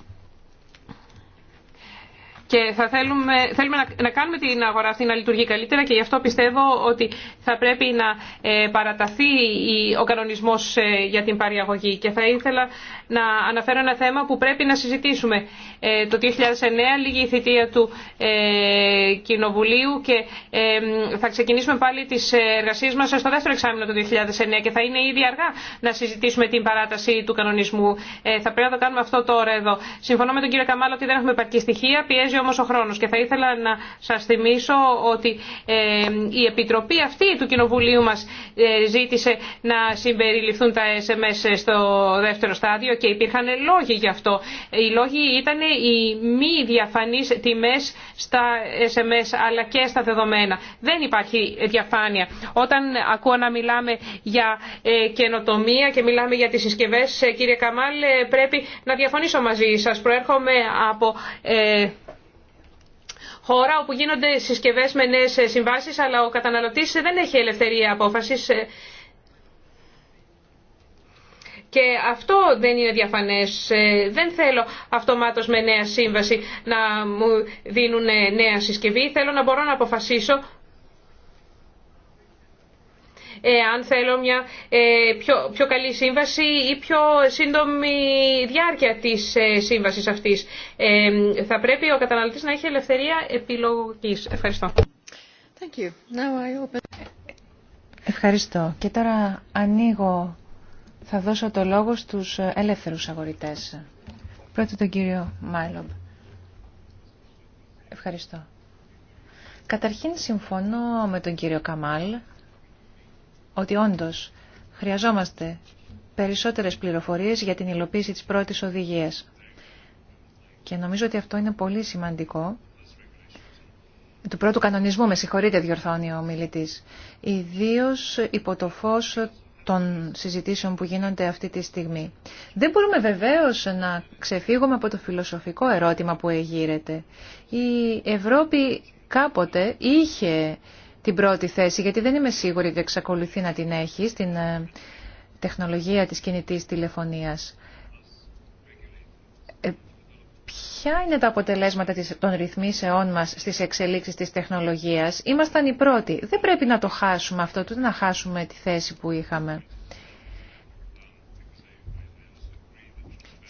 και θα θέλουμε, θέλουμε να, να κάνουμε την αγορά αυτή να λειτουργεί καλύτερα και γι' αυτό πιστεύω ότι θα πρέπει να ε, παραταθεί η, ο κανονισμός ε, για την παριαγωγή και θα ήθελα να αναφέρω ένα θέμα που πρέπει να συζητήσουμε. Ε, το 2009 λίγη η θητεία του Κοινοβουλίου και θα ξεκινήσουμε πάλι τις εργασίες μας στο δεύτερο εξάμεινο του 2009 και θα είναι ήδη αργά να συζητήσουμε την παράταση του κανονισμού. θα πρέπει να το κάνουμε αυτό τώρα εδώ. Συμφωνώ με τον κύριο Καμάλο ότι δεν έχουμε επαρκή στοιχεία. Όμω όμως ο χρόνος και θα ήθελα να σας θυμίσω ότι ε, η Επιτροπή αυτή του Κοινοβουλίου μας ε, ζήτησε να συμπεριληφθούν τα SMS στο δεύτερο στάδιο και υπήρχαν λόγοι γι' αυτό. Οι λόγοι ήταν οι μη διαφανείς τιμές στα SMS αλλά και στα δεδομένα. Δεν υπάρχει διαφάνεια. Όταν ακούω να μιλάμε για ε, καινοτομία και μιλάμε για τις συσκευές, κύριε Καμάλ, πρέπει να διαφωνήσω μαζί σας. Προέρχομαι από χώρα όπου γίνονται συσκευέ με νέε συμβάσει, αλλά ο καταναλωτή δεν έχει ελευθερία απόφαση, ε. και αυτό δεν είναι διαφανές. Ε. Δεν θέλω αυτομάτως με νέα σύμβαση να μου δίνουν νέα συσκευή. Θέλω να μπορώ να αποφασίσω ε, αν θέλω μια ε, πιο, πιο καλή σύμβαση ή πιο σύντομη διάρκεια της ε, σύμβασης αυτής. Θα πρέπει ο καταναλωτής να έχει ελευθερία επιλογής. Ευχαριστώ. Thank you. Ευχαριστώ. Και τώρα ανοίγω, θα δώσω το λόγο στους ελεύθερους αγορητές. Πρώτο τον κύριο Μάιλομπ. Ευχαριστώ. Καταρχήν συμφωνώ με τον κύριο Καμάλ ότι όντως χρειαζόμαστε περισσότερες πληροφορίες για την υλοποίηση της πρώτης οδηγίας. Και νομίζω ότι αυτό είναι πολύ σημαντικό. Του πρώτου κανονισμού, με συγχωρείτε, διορθώνει ο μιλητής. Ιδίως υπό το φως των συζητήσεων που γίνονται αυτή τη στιγμή. Δεν μπορούμε βεβαίως να ξεφύγουμε από το φιλοσοφικό ερώτημα που εγείρεται. Η Ευρώπη κάποτε είχε την πρώτη θέση, γιατί δεν είμαι σίγουρη ότι εξακολουθεί να την έχει στην ε, τεχνολογία της κινητής τηλεφωνίας. Ε, ποια είναι τα αποτελέσματα των ρυθμίσεών μας στις εξελίξεις της τεχνολογίας. Ήμασταν οι πρώτοι. Δεν πρέπει να το χάσουμε αυτό, ούτε να χάσουμε τη θέση που είχαμε.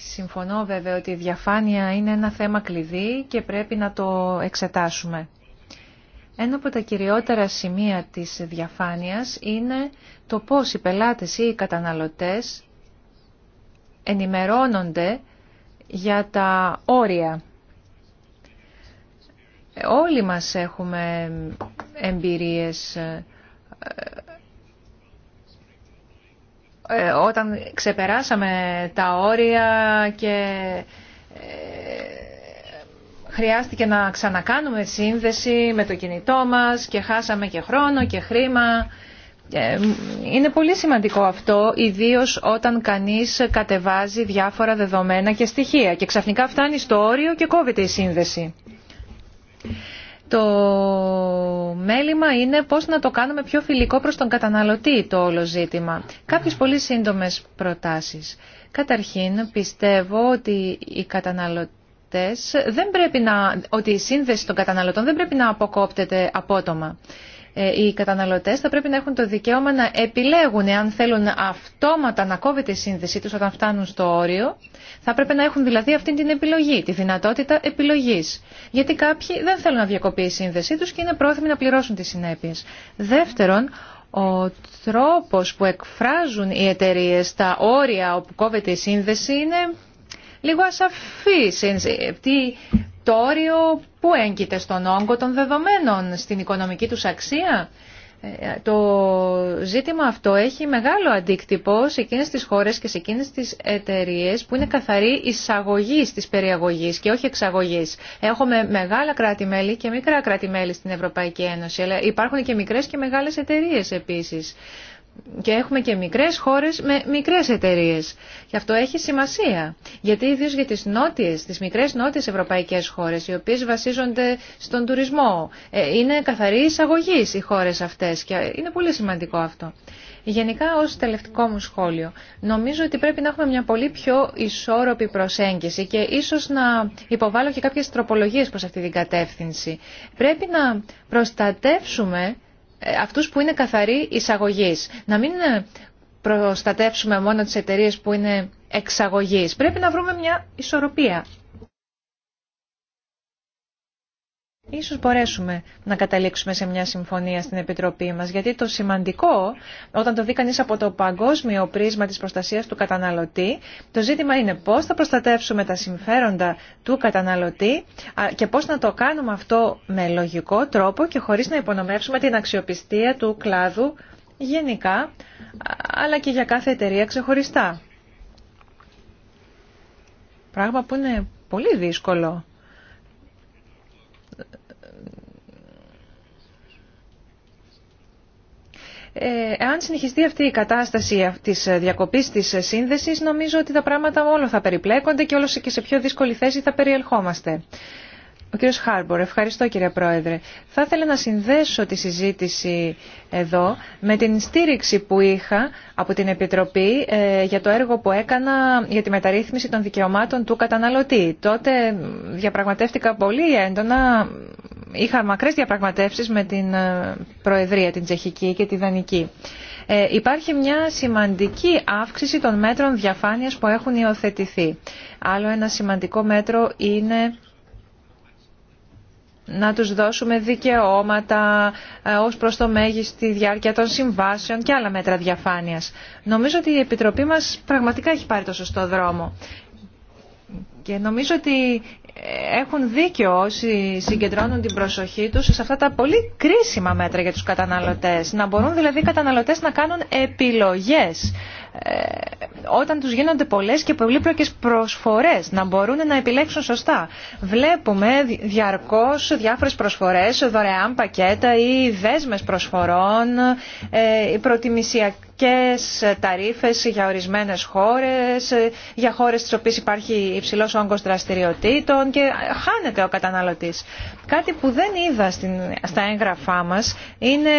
Συμφωνώ βέβαια ότι η διαφάνεια είναι ένα θέμα κλειδί και πρέπει να το εξετάσουμε. Ένα από τα κυριότερα σημεία της διαφάνειας είναι το πώς οι πελάτες ή οι καταναλωτές ενημερώνονται για τα όρια. Όλοι μας έχουμε εμπειρίες ε, ε, όταν ξεπεράσαμε τα όρια και ε, χρειάστηκε να ξανακάνουμε σύνδεση με το κινητό μας και χάσαμε και χρόνο και χρήμα. Ε, είναι πολύ σημαντικό αυτό, ιδίως όταν κανείς κατεβάζει διάφορα δεδομένα και στοιχεία και ξαφνικά φτάνει στο όριο και κόβεται η σύνδεση. Το μέλημα είναι πώς να το κάνουμε πιο φιλικό προς τον καταναλωτή το όλο ζήτημα. Κάποιες πολύ σύντομες προτάσεις. Καταρχήν πιστεύω ότι οι καταναλωτές καταναλωτές δεν πρέπει να, ότι η σύνδεση των καταναλωτών δεν πρέπει να αποκόπτεται απότομα. Ε, οι καταναλωτές θα πρέπει να έχουν το δικαίωμα να επιλέγουν αν θέλουν αυτόματα να κόβεται η σύνδεσή τους όταν φτάνουν στο όριο. Θα πρέπει να έχουν δηλαδή αυτή την επιλογή, τη δυνατότητα επιλογής. Γιατί κάποιοι δεν θέλουν να διακοπεί η σύνδεσή τους και είναι πρόθυμοι να πληρώσουν τις συνέπειες. Δεύτερον, ο τρόπος που εκφράζουν οι εταιρείε τα όρια όπου κόβεται η σύνδεση είναι λίγο ασαφή Τι, το όριο που έγκυται στον όγκο των δεδομένων, στην οικονομική του αξία. Ε, το ζήτημα αυτό έχει μεγάλο αντίκτυπο σε εκείνε τι χώρε και σε εκείνε τι εταιρείε που είναι καθαρή εισαγωγή τη περιαγωγή και οχι εξαγωγή. εξαγωγής. Έχουμε μεγάλα κράτη-μέλη και μικρά κράτη-μέλη στην Ευρωπαϊκή Ένωση, αλλά υπάρχουν και μικρέ και μεγάλε εταιρείε επίση και έχουμε και μικρές χώρες με μικρές εταιρείες. Και αυτό έχει σημασία. Γιατί ιδίως για τις νότιες, τις μικρές νότιες ευρωπαϊκές χώρες, οι οποίες βασίζονται στον τουρισμό. Ε, είναι καθαρή εισαγωγή οι χώρες αυτές και είναι πολύ σημαντικό αυτό. Γενικά ως τελευταίο μου σχόλιο, νομίζω ότι πρέπει να έχουμε μια πολύ πιο ισόρροπη προσέγγιση και ίσως να υποβάλω και κάποιες τροπολογίες προς αυτή την κατεύθυνση. Πρέπει να προστατεύσουμε ε, αυτούς που είναι καθαροί εισαγωγής. Να μην ε, προστατεύσουμε μόνο τις εταιρείες που είναι εξαγωγής. Πρέπει να βρούμε μια ισορροπία Ίσως μπορέσουμε να καταλήξουμε σε μια συμφωνία στην Επιτροπή μας, γιατί το σημαντικό, όταν το δει κανεί από το παγκόσμιο πρίσμα της προστασίας του καταναλωτή, το ζήτημα είναι πώς θα προστατεύσουμε τα συμφέροντα του καταναλωτή και πώς να το κάνουμε αυτό με λογικό τρόπο και χωρίς να υπονομεύσουμε την αξιοπιστία του κλάδου γενικά, αλλά και για κάθε εταιρεία ξεχωριστά. Πράγμα που είναι πολύ δύσκολο Ε, εάν συνεχιστεί αυτή η κατάσταση της ε, διακοπής της ε, σύνδεσης, νομίζω ότι τα πράγματα όλο θα περιπλέκονται και όλο και σε πιο δύσκολη θέση θα περιελχόμαστε. Ο κύριος Χάρμπορ, ευχαριστώ κύριε Πρόεδρε. Θα ήθελα να συνδέσω τη συζήτηση εδώ με την στήριξη που είχα από την Επιτροπή για το έργο που έκανα για τη μεταρρύθμιση των δικαιωμάτων του καταναλωτή. Τότε διαπραγματεύτηκα πολύ έντονα είχα μακρές διαπραγματεύσεις με την ε, Προεδρία, την Τσεχική και τη Δανική. Ε, υπάρχει μια σημαντική αύξηση των μέτρων διαφάνειας που έχουν υιοθετηθεί. Άλλο ένα σημαντικό μέτρο είναι να τους δώσουμε δικαιώματα ε, ως προς το μέγιστη διάρκεια των συμβάσεων και άλλα μέτρα διαφάνειας. Νομίζω ότι η Επιτροπή μας πραγματικά έχει πάρει το σωστό δρόμο. Και νομίζω ότι έχουν δίκιο όσοι συγκεντρώνουν την προσοχή τους σε αυτά τα πολύ κρίσιμα μέτρα για τους καταναλωτές. Να μπορούν δηλαδή οι καταναλωτές να κάνουν επιλογές ε, όταν τους γίνονται πολλές και πολύπλοκες προσφορές, να μπορούν να επιλέξουν σωστά. Βλέπουμε διαρκώς διάφορες προσφορές, δωρεάν πακέτα ή δέσμες προσφορών, ε, οι προτιμησιακές ταρίφες για ορισμένες χώρες, ε, για χώρες στις οποίες υπάρχει υψηλός όγκος δραστηριοτήτων και χάνεται ο καταναλωτής. Κάτι που δεν είδα στα έγγραφά μας είναι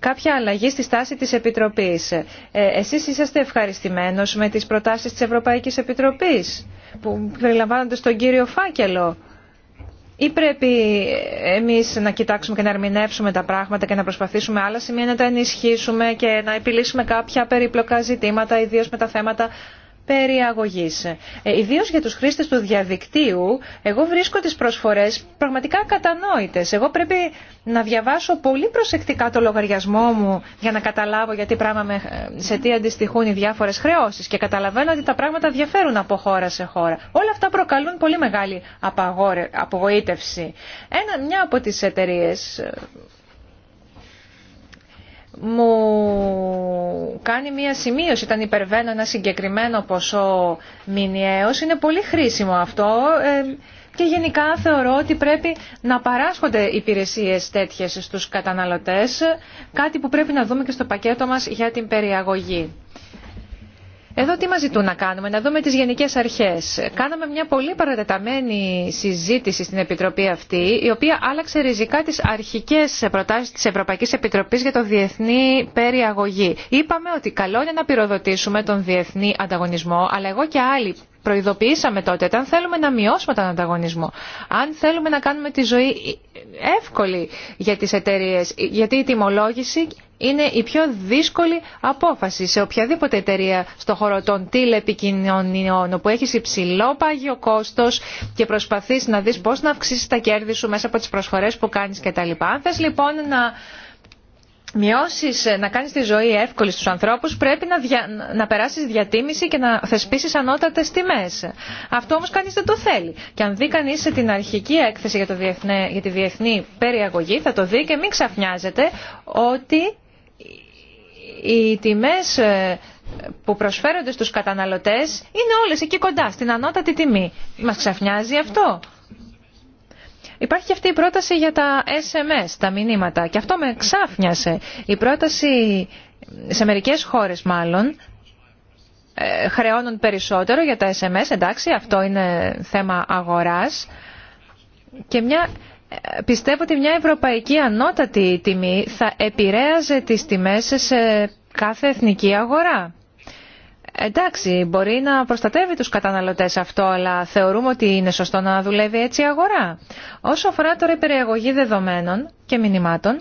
κάποια αλλαγή στη στάση της Επιτροπής. Ε, εσείς είσαστε ευχαριστημένος με τις προτάσεις της Ευρωπαϊκής Επιτροπής που περιλαμβάνονται στον κύριο Φάκελο ή πρέπει εμείς να κοιτάξουμε και να ερμηνεύσουμε τα πράγματα και να προσπαθήσουμε άλλα σημεία να τα ενισχύσουμε και να επιλύσουμε κάποια περίπλοκα ζητήματα, ιδίως με τα θέματα περιαγωγή. Ε, για του χρήστε του διαδικτύου, εγώ βρίσκω τι προσφορέ πραγματικά κατανόητε. Εγώ πρέπει να διαβάσω πολύ προσεκτικά το λογαριασμό μου για να καταλάβω γιατί πράγμα με, ε, σε τι αντιστοιχούν οι διάφορε χρεώσει. και καταλαβαίνω ότι τα πράγματα διαφέρουν από χώρα σε χώρα. Όλα αυτά προκαλούν πολύ μεγάλη απαγόρε, απογοήτευση. Ένα, μια από τι εταιρείε ε, μου κάνει μία σημείωση όταν υπερβαίνω ένα συγκεκριμένο ποσό μηνιαίως. Είναι πολύ χρήσιμο αυτό ε, και γενικά θεωρώ ότι πρέπει να παράσχονται υπηρεσίες τέτοιες στους καταναλωτές, κάτι που πρέπει να δούμε και στο πακέτο μας για την περιαγωγή. Εδώ τι μας ζητούν να κάνουμε, να δούμε τι γενικέ αρχέ. Κάναμε μια πολύ παρατεταμένη συζήτηση στην Επιτροπή αυτή, η οποία άλλαξε ριζικά τι αρχικέ προτάσει τη Ευρωπαϊκή Επιτροπή για το διεθνή περιαγωγή. Είπαμε ότι καλό είναι να πυροδοτήσουμε τον διεθνή ανταγωνισμό, αλλά εγώ και άλλοι προειδοποιήσαμε τότε ότι αν θέλουμε να μειώσουμε τον ανταγωνισμό, αν θέλουμε να κάνουμε τη ζωή εύκολη για τι εταιρείε, γιατί η τιμολόγηση είναι η πιο δύσκολη απόφαση σε οποιαδήποτε εταιρεία στον χώρο των τηλεπικοινωνιών όπου έχει υψηλό πάγιο κόστο και προσπαθεί να δει πώ να αυξήσει τα κέρδη σου μέσα από τι προσφορέ που κάνει κτλ. Αν θε λοιπόν να μειώσεις, να κάνεις τη ζωή εύκολη στους ανθρώπους πρέπει να, δια, να περάσεις διατίμηση και να θεσπίσεις ανώτατες τιμές. Αυτό όμως κανείς δεν το θέλει. Και αν δει κανεί την αρχική έκθεση για, το διεθνέ, για τη διεθνή περιαγωγή θα το δει και μην ξαφνιάζεται ότι οι τιμές ε, που προσφέρονται στους καταναλωτές είναι όλες εκεί κοντά, στην ανώτατη τιμή. Μας ξαφνιάζει αυτό. Υπάρχει και αυτή η πρόταση για τα SMS, τα μηνύματα. Και αυτό με ξάφνιασε. Η πρόταση σε μερικές χώρες μάλλον ε, χρεώνουν περισσότερο για τα SMS. Εντάξει, αυτό είναι θέμα αγοράς. Και μια πιστεύω ότι μια ευρωπαϊκή ανώτατη τιμή θα επηρέαζε τις τιμές σε κάθε εθνική αγορά. Εντάξει, μπορεί να προστατεύει τους καταναλωτές αυτό, αλλά θεωρούμε ότι είναι σωστό να δουλεύει έτσι η αγορά. Όσο αφορά τώρα η περιεγωγή δεδομένων και μηνυμάτων,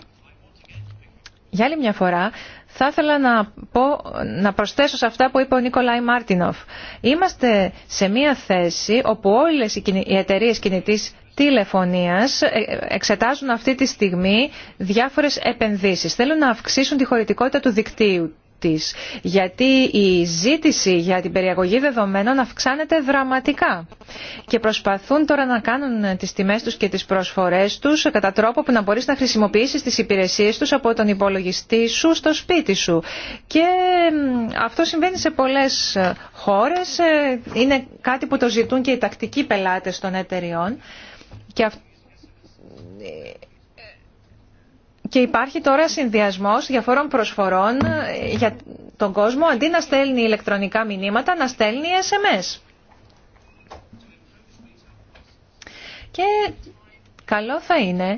για άλλη μια φορά θα ήθελα να, πω, να προσθέσω σε αυτά που είπε ο Νίκολάη Μάρτινοφ. Είμαστε σε μια θέση όπου όλες οι εταιρείε κινητής τηλεφωνίας ε, εξετάζουν αυτή τη στιγμή διάφορες επενδύσεις. Θέλουν να αυξήσουν τη χωρητικότητα του δικτύου γιατί η ζήτηση για την περιαγωγή δεδομένων αυξάνεται δραματικά και προσπαθούν τώρα να κάνουν τις τιμές τους και τις προσφορές τους κατά τρόπο που να μπορείς να χρησιμοποιήσεις τις υπηρεσίες τους από τον υπολογιστή σου στο σπίτι σου. Και αυτό συμβαίνει σε πολλές ε, χώρες, ε, είναι κάτι που το ζητούν και οι τακτικοί πελάτες των εταιριών και και υπάρχει τώρα συνδυασμός διαφόρων προσφορών ε, για τον κόσμο αντί να στέλνει ηλεκτρονικά μηνύματα να στέλνει SMS. Και καλό θα είναι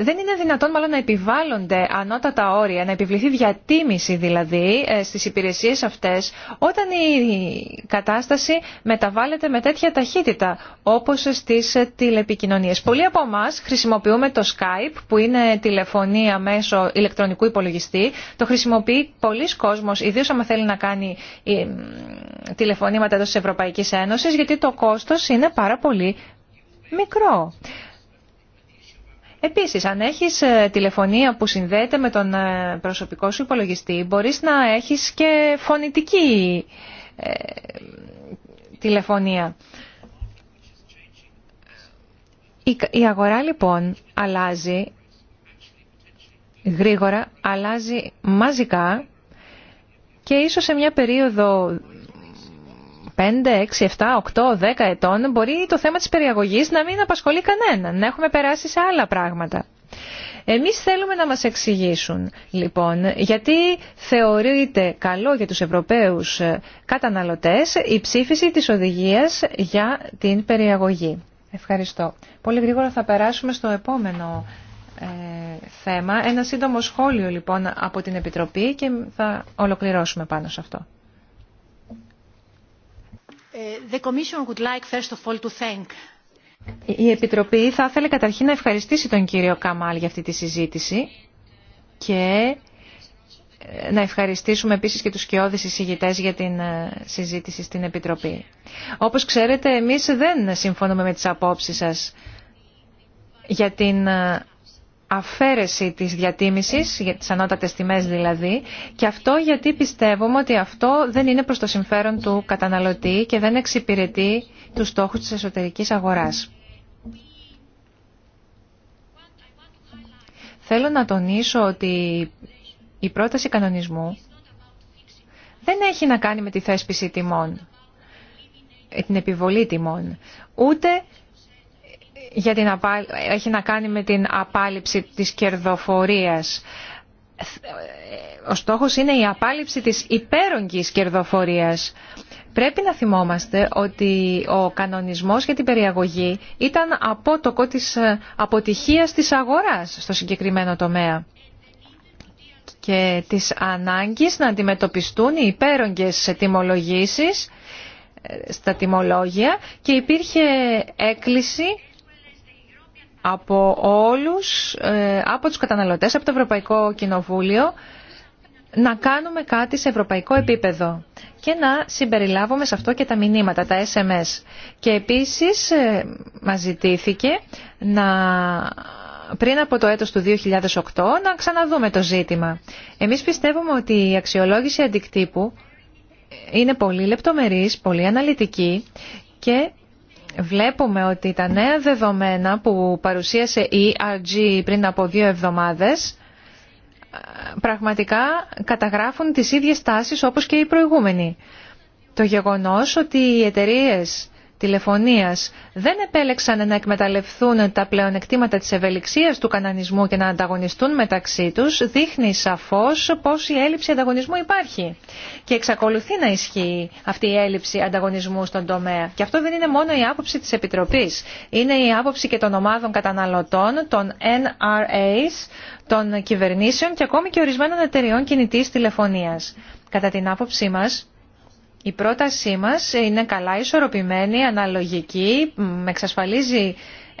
δεν είναι δυνατόν μάλλον να επιβάλλονται ανώτατα όρια, να επιβληθεί διατίμηση δηλαδή ε, στις υπηρεσίες αυτές όταν η κατάσταση μεταβάλλεται με τέτοια ταχύτητα όπως στις τηλεπικοινωνίες. Πολλοί από εμά χρησιμοποιούμε το Skype που είναι τηλεφωνία μέσω ηλεκτρονικού υπολογιστή. Το χρησιμοποιεί πολλοί κόσμος, ιδίως άμα θέλει να κάνει ε, τηλεφωνήματα εντός της Ευρωπαϊκής Ένωσης γιατί το κόστος είναι πάρα πολύ μικρό. Επίσης, αν έχεις ε, τηλεφωνία που συνδέεται με τον ε, προσωπικό σου υπολογιστή, μπορείς να έχεις και φωνητική ε, τηλεφωνία. Η, η αγορά λοιπόν αλλάζει γρήγορα, αλλάζει μαζικά και ίσως σε μια περίοδο 5, 6, 7, 8, 10 ετών μπορεί το θέμα της περιαγωγής να μην απασχολεί κανέναν, να έχουμε περάσει σε άλλα πράγματα. Εμείς θέλουμε να μας εξηγήσουν, λοιπόν, γιατί θεωρείται καλό για τους Ευρωπαίους ε, καταναλωτές η ψήφιση της οδηγίας για την περιαγωγή. Ευχαριστώ. Πολύ γρήγορα θα περάσουμε στο επόμενο ε, θέμα. Ένα σύντομο σχόλιο, λοιπόν, από την Επιτροπή και θα ολοκληρώσουμε πάνω σε αυτό. Ε, Η Επιτροπή θα ήθελε καταρχήν να ευχαριστήσει τον κύριο Καμάλ για αυτή τη συζήτηση και ε, να ευχαριστήσουμε επίσης και τους σκιώδεις εισηγητές για την ε, συζήτηση στην Επιτροπή. Όπως ξέρετε, εμείς δεν συμφωνούμε με τις απόψεις σας για την αφαίρεση της διατίμησης, για τις ανώτατες τιμές δηλαδή, και αυτό γιατί πιστεύουμε ότι αυτό δεν είναι προς το συμφέρον του καταναλωτή και δεν εξυπηρετεί τους στόχους της εσωτερικής αγοράς. Θέλω να τονίσω ότι η πρόταση κανονισμού δεν έχει να κάνει με τη θέσπιση τιμών, ε, την επιβολή τιμών, ούτε για έχει να κάνει με την απάλληψη της κερδοφορίας. Ο στόχος είναι η απάλληψη της υπέρογκης κερδοφορίας. Πρέπει να θυμόμαστε ότι ο κανονισμός για την περιαγωγή ήταν απότοκο της αποτυχίας της αγοράς στο συγκεκριμένο τομέα και της ανάγκης να αντιμετωπιστούν οι υπέρογγες τιμολογήσεις ε, στα τιμολόγια και υπήρχε έκκληση από όλους, ε, από τους καταναλωτές, από το Ευρωπαϊκό Κοινοβούλιο, να κάνουμε κάτι σε ευρωπαϊκό επίπεδο και να συμπεριλάβουμε σε αυτό και τα μηνύματα, τα SMS. Και επίσης ε, μας ζητήθηκε να πριν από το έτος του 2008 να ξαναδούμε το ζήτημα. Εμείς πιστεύουμε ότι η αξιολόγηση αντικτύπου είναι πολύ λεπτομερής, πολύ αναλυτική και βλέπουμε ότι τα νέα δεδομένα που παρουσίασε η ERG πριν από δύο εβδομάδες πραγματικά καταγράφουν τις ίδιες τάσεις όπως και οι προηγούμενοι. Το γεγονός ότι οι εταιρείες τηλεφωνίας δεν επέλεξαν να εκμεταλλευθούν τα πλεονεκτήματα της ευελιξίας του κανανισμού και να ανταγωνιστούν μεταξύ τους, δείχνει σαφώς πως η έλλειψη ανταγωνισμού υπάρχει. Και εξακολουθεί να ισχύει αυτή η έλλειψη ανταγωνισμού στον τομέα. Και αυτό δεν είναι μόνο η άποψη της Επιτροπής. Είναι η άποψη και των ομάδων καταναλωτών, των NRAs, των κυβερνήσεων και ακόμη και ορισμένων εταιριών κινητής τηλεφωνίας. Κατά την άποψή μας, η πρότασή μας είναι καλά ισορροπημένη, αναλογική, εξασφαλίζει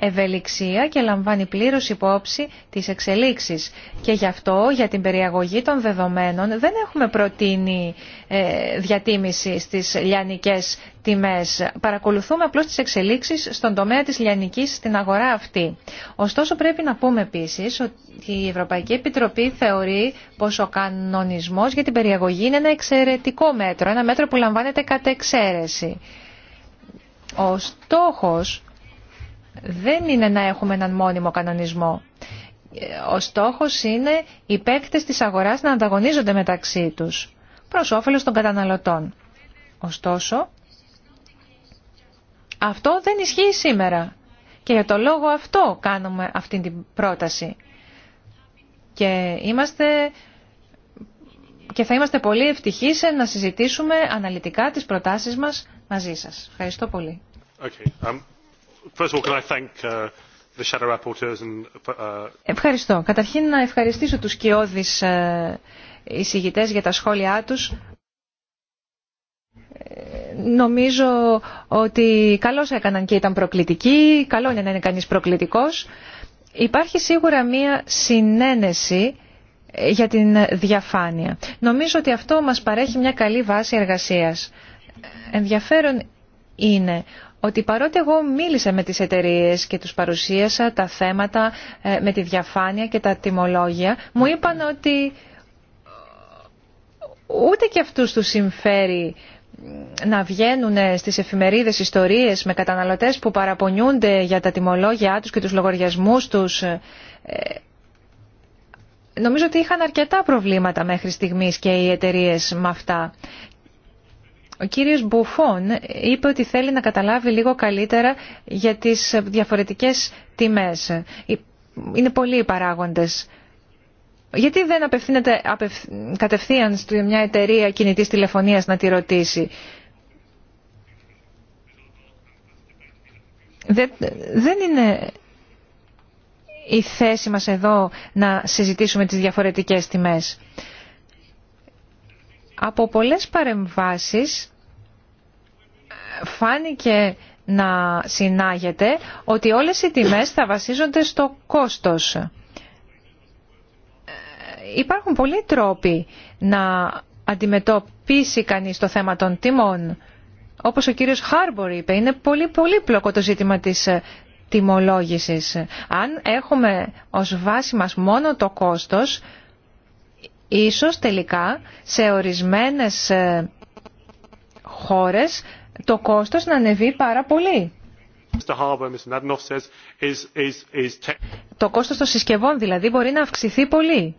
ευελιξία και λαμβάνει πλήρως υπόψη τις εξελίξεις. Και γι' αυτό για την περιαγωγή των δεδομένων δεν έχουμε προτείνει ε, διατίμηση στις λιανικές τιμές. Παρακολουθούμε απλώς τις εξελίξεις στον τομέα της λιανικής στην αγορά αυτή. Ωστόσο πρέπει να πούμε επίσης ότι η Ευρωπαϊκή Επιτροπή θεωρεί πως ο κανονισμός για την περιαγωγή είναι ένα εξαιρετικό μέτρο, ένα μέτρο που λαμβάνεται κατ' εξαίρεση. Ο στόχος δεν είναι να έχουμε έναν μόνιμο κανονισμό. Ο στόχος είναι οι παίκτες της αγοράς να ανταγωνίζονται μεταξύ τους, προς όφελος των καταναλωτών. Ωστόσο, αυτό δεν ισχύει σήμερα και για το λόγο αυτό κάνουμε αυτή την πρόταση. Και, είμαστε... και θα είμαστε πολύ ευτυχείς να συζητήσουμε αναλυτικά τις προτάσεις μας μαζί σας. Ευχαριστώ πολύ. Um, Uh, uh, Ευχαριστώ. Καταρχήν να ευχαριστήσω τους κοιόδης ε, εισηγητές για τα σχόλιά τους. Ε, νομίζω ότι καλώς έκαναν και ήταν προκλητικοί, καλό είναι να είναι κανείς προκλητικός. Υπάρχει σίγουρα μία συνένεση ε, για την διαφάνεια. Νομίζω ότι αυτό μας παρέχει μια καλή βάση εργασίας. Ενδιαφέρον είναι ότι παρότι εγώ μίλησα με τις εταιρείες και τους παρουσίασα τα θέματα ε, με τη διαφάνεια και τα τιμολόγια, μου είπαν ότι ούτε και αυτούς τους συμφέρει να βγαίνουν στις εφημερίδες ιστορίες με καταναλωτές που παραπονιούνται για τα τιμολόγια τους και τους λογαριασμούς τους. Ε, νομίζω ότι είχαν αρκετά προβλήματα μέχρι στιγμής και οι εταιρείε με αυτά. Ο κύριος Μπουφόν είπε ότι θέλει να καταλάβει λίγο καλύτερα για τις διαφορετικές τιμές. Είναι πολλοί οι παράγοντες. Γιατί δεν απευθύνεται κατευθείαν σε μια εταιρεία κινητής τηλεφωνίας να τη ρωτήσει. Δεν, δεν είναι η θέση μας εδώ να συζητήσουμε τις διαφορετικές τιμές. Από πολλές παρεμβάσεις ε, φάνηκε να συνάγεται ότι όλες οι τιμές θα βασίζονται στο κόστος. Ε, υπάρχουν πολλοί τρόποι να αντιμετωπίσει κανείς το θέμα των τιμών. Όπως ο κύριος Χάρμπορ είπε, είναι πολύ πολύπλοκο το ζήτημα της ε, τιμολόγησης. Αν έχουμε ως βάση μας μόνο το κόστος, Ίσως τελικά σε ορισμένες ε, χώρες το κόστος να ανεβεί πάρα πολύ. Το κόστος των συσκευών δηλαδή μπορεί να αυξηθεί πολύ.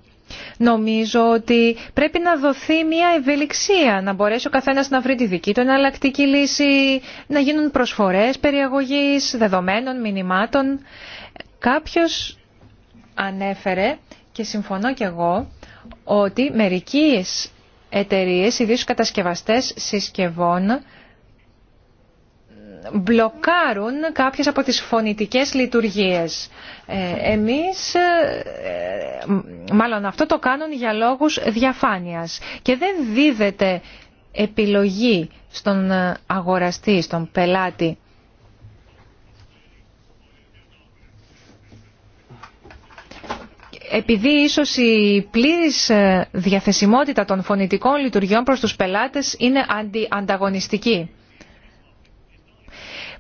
Νομίζω ότι πρέπει να δοθεί μια ευελιξία, να μπορέσει ο καθένας να βρει τη δική του εναλλακτική λύση, να γίνουν προσφορές περιαγωγής, δεδομένων, μηνυμάτων. Κάποιος ανέφερε και συμφωνώ κι εγώ ότι μερικές εταιρείες, ιδίως κατασκευαστές συσκευών, μπλοκάρουν κάποιες από τις φωνητικές λειτουργίες. Ε, εμείς, ε, ε, μάλλον αυτό το κάνουν για λόγους διαφάνειας και δεν δίδεται επιλογή στον αγοραστή, στον πελάτη επειδή ίσως η πλήρης ε, διαθεσιμότητα των φωνητικών λειτουργιών προς τους πελάτες είναι αντιανταγωνιστική.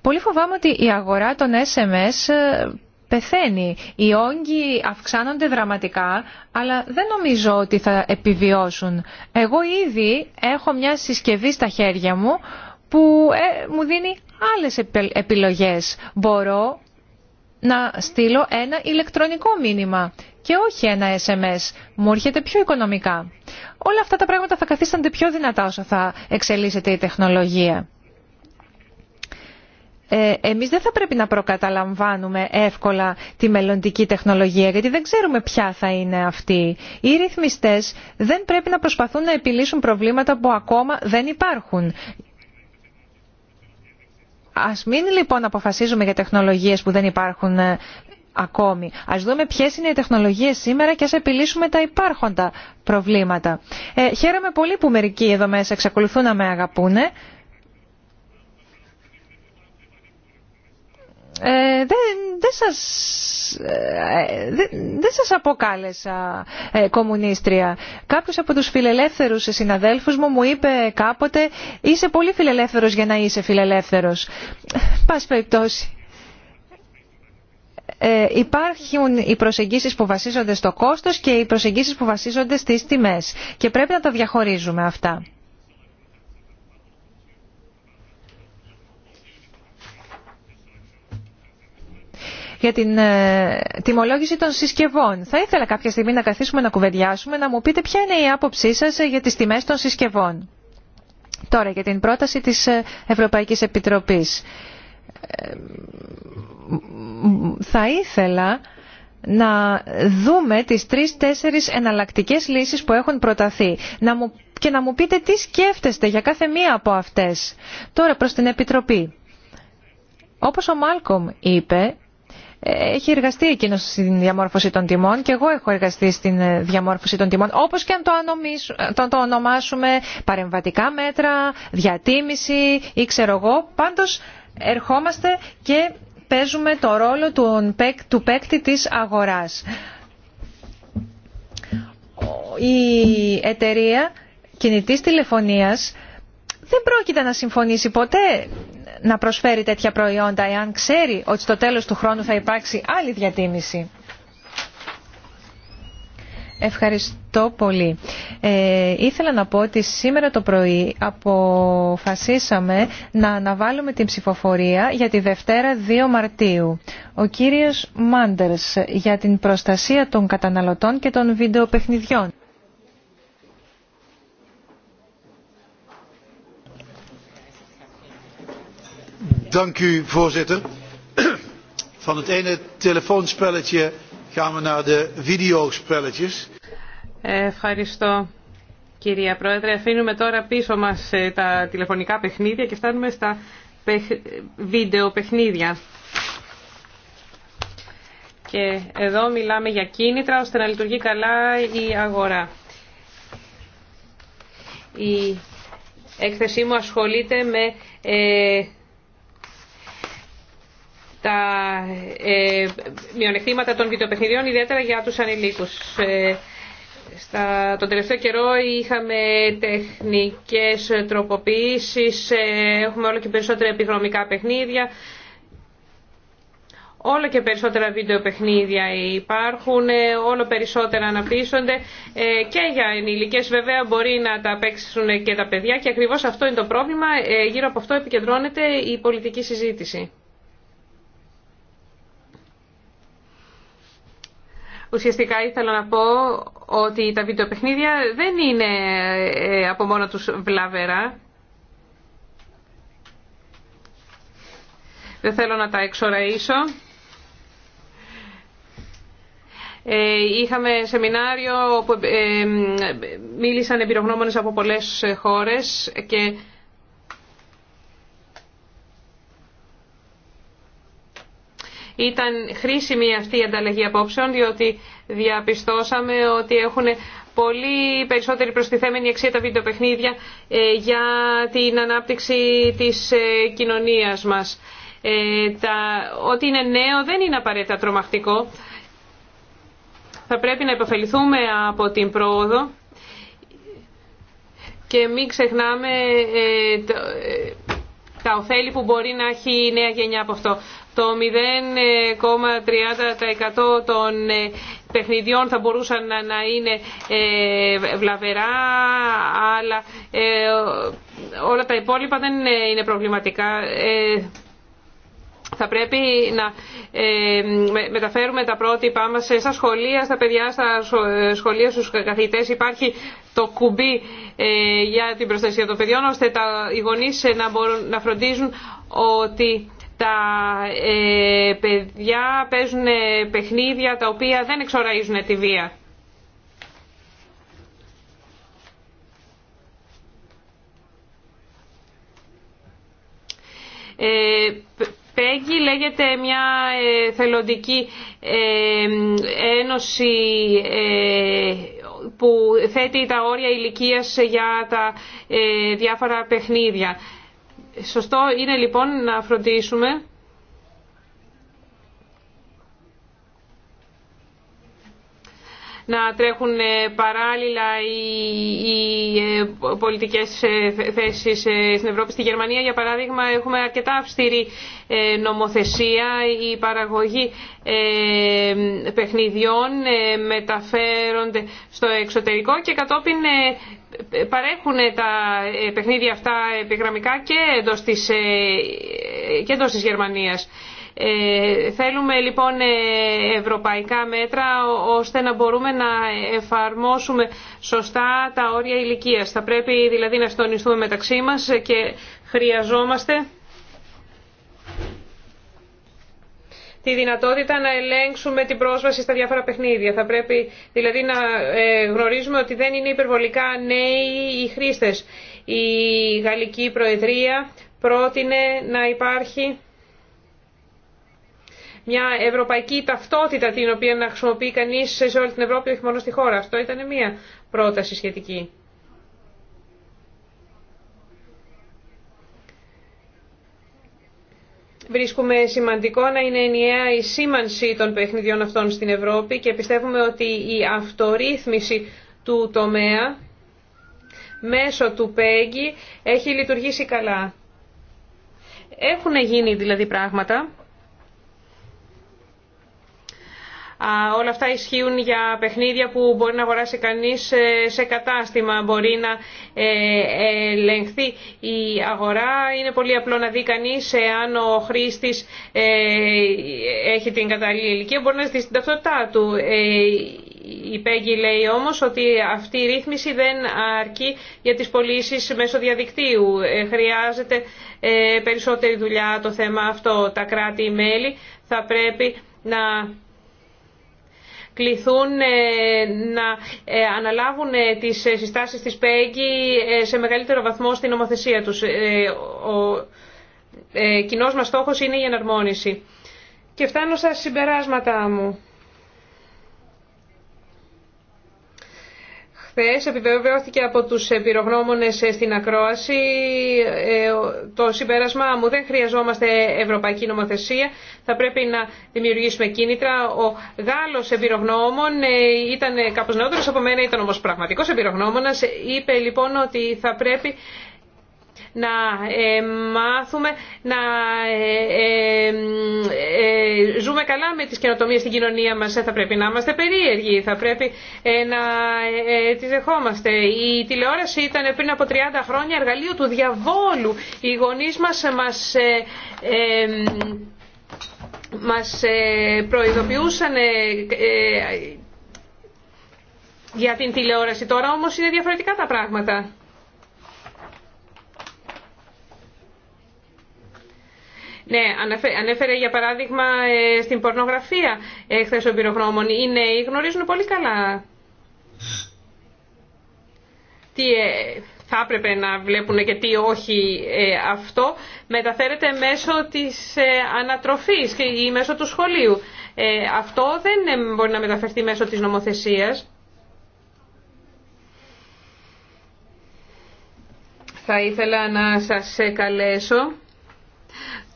Πολύ φοβάμαι ότι η αγορά των SMS ε, πεθαίνει. Οι όγκοι αυξάνονται δραματικά, αλλά δεν νομίζω ότι θα επιβιώσουν. Εγώ ήδη έχω μια συσκευή στα χέρια μου που ε, μου δίνει άλλες επιλογές. Μπορώ να στείλω ένα ηλεκτρονικό μήνυμα και όχι ένα SMS. Μου έρχεται πιο οικονομικά. Όλα αυτά τα πράγματα θα καθίστανται πιο δυνατά όσο θα εξελίσσεται η τεχνολογία. Ε, εμείς δεν θα πρέπει να προκαταλαμβάνουμε εύκολα τη μελλοντική τεχνολογία γιατί δεν ξέρουμε ποια θα είναι αυτή. Οι ρυθμιστές δεν πρέπει να προσπαθούν να επιλύσουν προβλήματα που ακόμα δεν υπάρχουν. Ας μην λοιπόν αποφασίζουμε για τεχνολογίες που δεν υπάρχουν ε, ακόμη. Ας δούμε ποιες είναι οι τεχνολογίες σήμερα και ας επιλύσουμε τα υπάρχοντα προβλήματα. Ε, χαίρομαι πολύ που μερικοί εδώ μέσα εξακολουθούν να με αγαπούνε Ε, δεν, ε, δεν σας αποκάλεσα ε, κομμουνίστρια. Κάποιος από τους φιλελεύθερους συναδέλφους μου μου είπε κάποτε είσαι πολύ φιλελεύθερος για να είσαι φιλελεύθερος. Πας περιπτώσει. Ε, υπάρχουν οι προσεγγίσεις που βασίζονται στο κόστος και οι προσεγγίσεις που βασίζονται στις τιμές και πρέπει να τα διαχωρίζουμε αυτά. για την ε, τιμολόγηση των συσκευών. Θα ήθελα κάποια στιγμή να καθίσουμε να κουβεντιάσουμε, να μου πείτε ποια είναι η άποψή σας ε, για τις τιμές των συσκευών. Τώρα για την πρόταση της ε, Ευρωπαϊκής Επιτροπής. Θα ήθελα να δούμε τις τρεις-τέσσερις εναλλακτικές λύσεις που έχουν προταθεί να μου, και να μου πείτε τι σκέφτεστε για κάθε μία από αυτές. Τώρα προς την Επιτροπή. Όπως ο Μάλκομ είπε, έχει εργαστεί εκείνο στην διαμόρφωση των τιμών και εγώ έχω εργαστεί στην ε, διαμόρφωση των τιμών. Όπω και αν το, ονομάσουμε παρεμβατικά μέτρα, διατίμηση ή ξέρω εγώ, πάντω ερχόμαστε και παίζουμε το ρόλο του, του παίκτη τη αγοράς. Η εταιρεία κινητής τηλεφωνίας δεν πρόκειται να συμφωνήσει ποτέ να προσφέρει τέτοια προϊόντα εάν ξέρει ότι στο τέλος του χρόνου θα υπάρξει άλλη διατίμηση. Ευχαριστώ πολύ. Ε, ήθελα να πω ότι σήμερα το πρωί αποφασίσαμε να αναβάλουμε την ψηφοφορία για τη Δευτέρα 2 Μαρτίου. Ο κύριος Μάντερς για την προστασία των καταναλωτών και των βιντεοπαιχνιδιών. Ευχαριστώ κυρία Πρόεδρε. Αφήνουμε τώρα πίσω μας ε, τα τηλεφωνικά παιχνίδια και φτάνουμε στα βίντεο παιχνίδια. Και εδώ μιλάμε για κίνητρα ώστε να λειτουργεί καλά η αγορά. Η έκθεσή μου ασχολείται με ε, τα ε, μειονεκτήματα των βιντεοπαιχνιδιών, ιδιαίτερα για τους ανηλίκους. Ε, στα, τον τελευταίο καιρό είχαμε τεχνικές τροποποιήσεις, ε, έχουμε όλο και περισσότερα επιγραμμικά παιχνίδια, όλο και περισσότερα βίντεο παιχνίδια υπάρχουν, ε, όλο περισσότερα αναπτύσσονται και για ενήλικες βέβαια μπορεί να τα παίξουν και τα παιδιά και ακριβώς αυτό είναι το πρόβλημα, γύρω από αυτό επικεντρώνεται η πολιτική συζήτηση. Ουσιαστικά ήθελα να πω ότι τα βιντεοπαιχνίδια δεν είναι ε, από μόνο τους βλαβερά. Δεν θέλω να τα εξοραίσω. Ε, είχαμε σεμινάριο όπου ε, μίλησαν εμπειρογνώμονες από πολλές χώρες και Ήταν χρήσιμη αυτή η ανταλλαγή απόψεων διότι διαπιστώσαμε ότι έχουν πολύ περισσότερη προστιθέμενη αξία τα βιντεοπαιχνίδια ε, για την ανάπτυξη της ε, κοινωνίας μας. Ε, τα, ότι είναι νέο δεν είναι απαραίτητα τρομακτικό. Θα πρέπει να υποφεληθούμε από την πρόοδο και μην ξεχνάμε τα ωφέλη που μπορεί να έχει η νέα γενιά από αυτό το 0,30% ε, των ε, παιχνιδιών θα μπορούσαν να είναι ε, βλαβερά, αλλά όλα τα υπόλοιπα δεν είναι προβληματικά. Θα πρέπει να μεταφέρουμε τα πρότυπά μας στα σχολεία, στα παιδιά, στα σχολεία, στους καθηγητές. Υπάρχει το κουμπί για την προστασία των παιδιών, ώστε οι γονείς να, μπορούν, να φροντίζουν ότι τα ε, παιδιά παίζουν ε, παιχνίδια τα οποία δεν εξοραίζουν τη βία. Ε, Πέγγι λέγεται μια θελοντική ένωση που θέτει τα όρια ηλικίας για τα διάφορα παιχνίδια. Σωστό είναι λοιπόν να φροντίσουμε να τρέχουν ε, παράλληλα οι ε, πολιτικές ε, θέσεις στην Ευρώπη. Στη Γερμανία, για παράδειγμα, έχουμε αρκετά αυστηρή νομοθεσία. Η παραγωγή παιχνιδιών μεταφέρονται στο εξωτερικό και κατόπιν παρέχουν τα ε, παιχνίδια αυτά επιγραμμικά και εντός της, ε, και εντός της Γερμανίας. Ε, θέλουμε λοιπόν ευρωπαϊκά μέτρα ώστε να μπορούμε να εφαρμόσουμε σωστά τα όρια ηλικίας. Θα πρέπει δηλαδή να συντονιστούμε μεταξύ μας και χρειαζόμαστε τη δυνατότητα να ελέγξουμε την πρόσβαση στα διάφορα παιχνίδια. Θα πρέπει δηλαδή να ε, γνωρίζουμε ότι δεν είναι υπερβολικά νέοι οι χρήστες. Η Γαλλική Προεδρία πρότεινε να υπάρχει μια ευρωπαϊκή ταυτότητα την οποία να χρησιμοποιεί κανείς σε όλη την Ευρώπη, όχι μόνο στη χώρα. Αυτό ήταν μια πρόταση σχετική. Βρίσκουμε σημαντικό να είναι ενιαία η σήμανση των παιχνιδιών αυτών στην Ευρώπη και πιστεύουμε ότι η αυτορύθμιση του τομέα μέσω του πέγι e έχει λειτουργήσει καλά. Έχουν γίνει δηλαδή πράγματα όλα αυτά ισχύουν για παιχνίδια που μπορεί να αγοράσει κανείς ε, σε κατάστημα, μπορεί να ε, ελεγχθεί η αγορά. Είναι πολύ απλό να δει κανείς εάν ο χρήστης ε, έχει την κατάλληλη ηλικία, μπορεί να ζητήσει την ταυτότητά του. Η Πέγγι λέει όμως ότι αυτή η ρύθμιση δεν αρκεί για τις πωλήσει μέσω διαδικτύου. Χρειάζεται περισσότερη δουλειά το θέμα αυτό. Τα κράτη-μέλη θα πρέπει να κληθούν ε, να ε, αναλάβουν ε, τις συστάσεις της ΠΕΚΙ σε μεγαλύτερο βαθμό στην νομοθεσία τους. Ο κοινός μας στόχος είναι η εναρμόνιση. Και φτάνω στα συμπεράσματά μου. Χθε επιβεβαιώθηκε από τους πυρογνώμονε στην ακρόαση ε, το συμπέρασμα μου δεν χρειαζόμαστε ευρωπαϊκή νομοθεσία, θα πρέπει να δημιουργήσουμε κίνητρα. Ο Γάλλος εμπειρογνώμων ε, ήταν κάπω νεότερος από μένα, ήταν όμως πραγματικό επιρογνώμονας είπε λοιπόν ότι θα πρέπει να ε, μάθουμε να ε, ε, ζούμε καλά με τις καινοτομίες στην κοινωνία μας. Θα πρέπει να είμαστε περίεργοι, θα πρέπει να τις δεχόμαστε. Η τηλεόραση ήταν πριν από 30 χρόνια εργαλείο του διαβόλου. Οι γονείς μας μας μας προειδοποιούσαν για την τηλεόραση. Τώρα όμως είναι διαφορετικά τα πράγματα. Ναι, ανέφερε για παράδειγμα ε, στην πορνογραφία ε, χθε ο πυρογνώμων. Οι νέοι γνωρίζουν πολύ καλά τι ε, θα έπρεπε να βλέπουν και τι όχι αυτό. Μεταφέρεται μέσω της ανατροφής ή μέσω του σχολείου. Αυτό δεν μπορεί να μεταφερθεί μέσω της νομοθεσίας. Θα ήθελα να σας καλέσω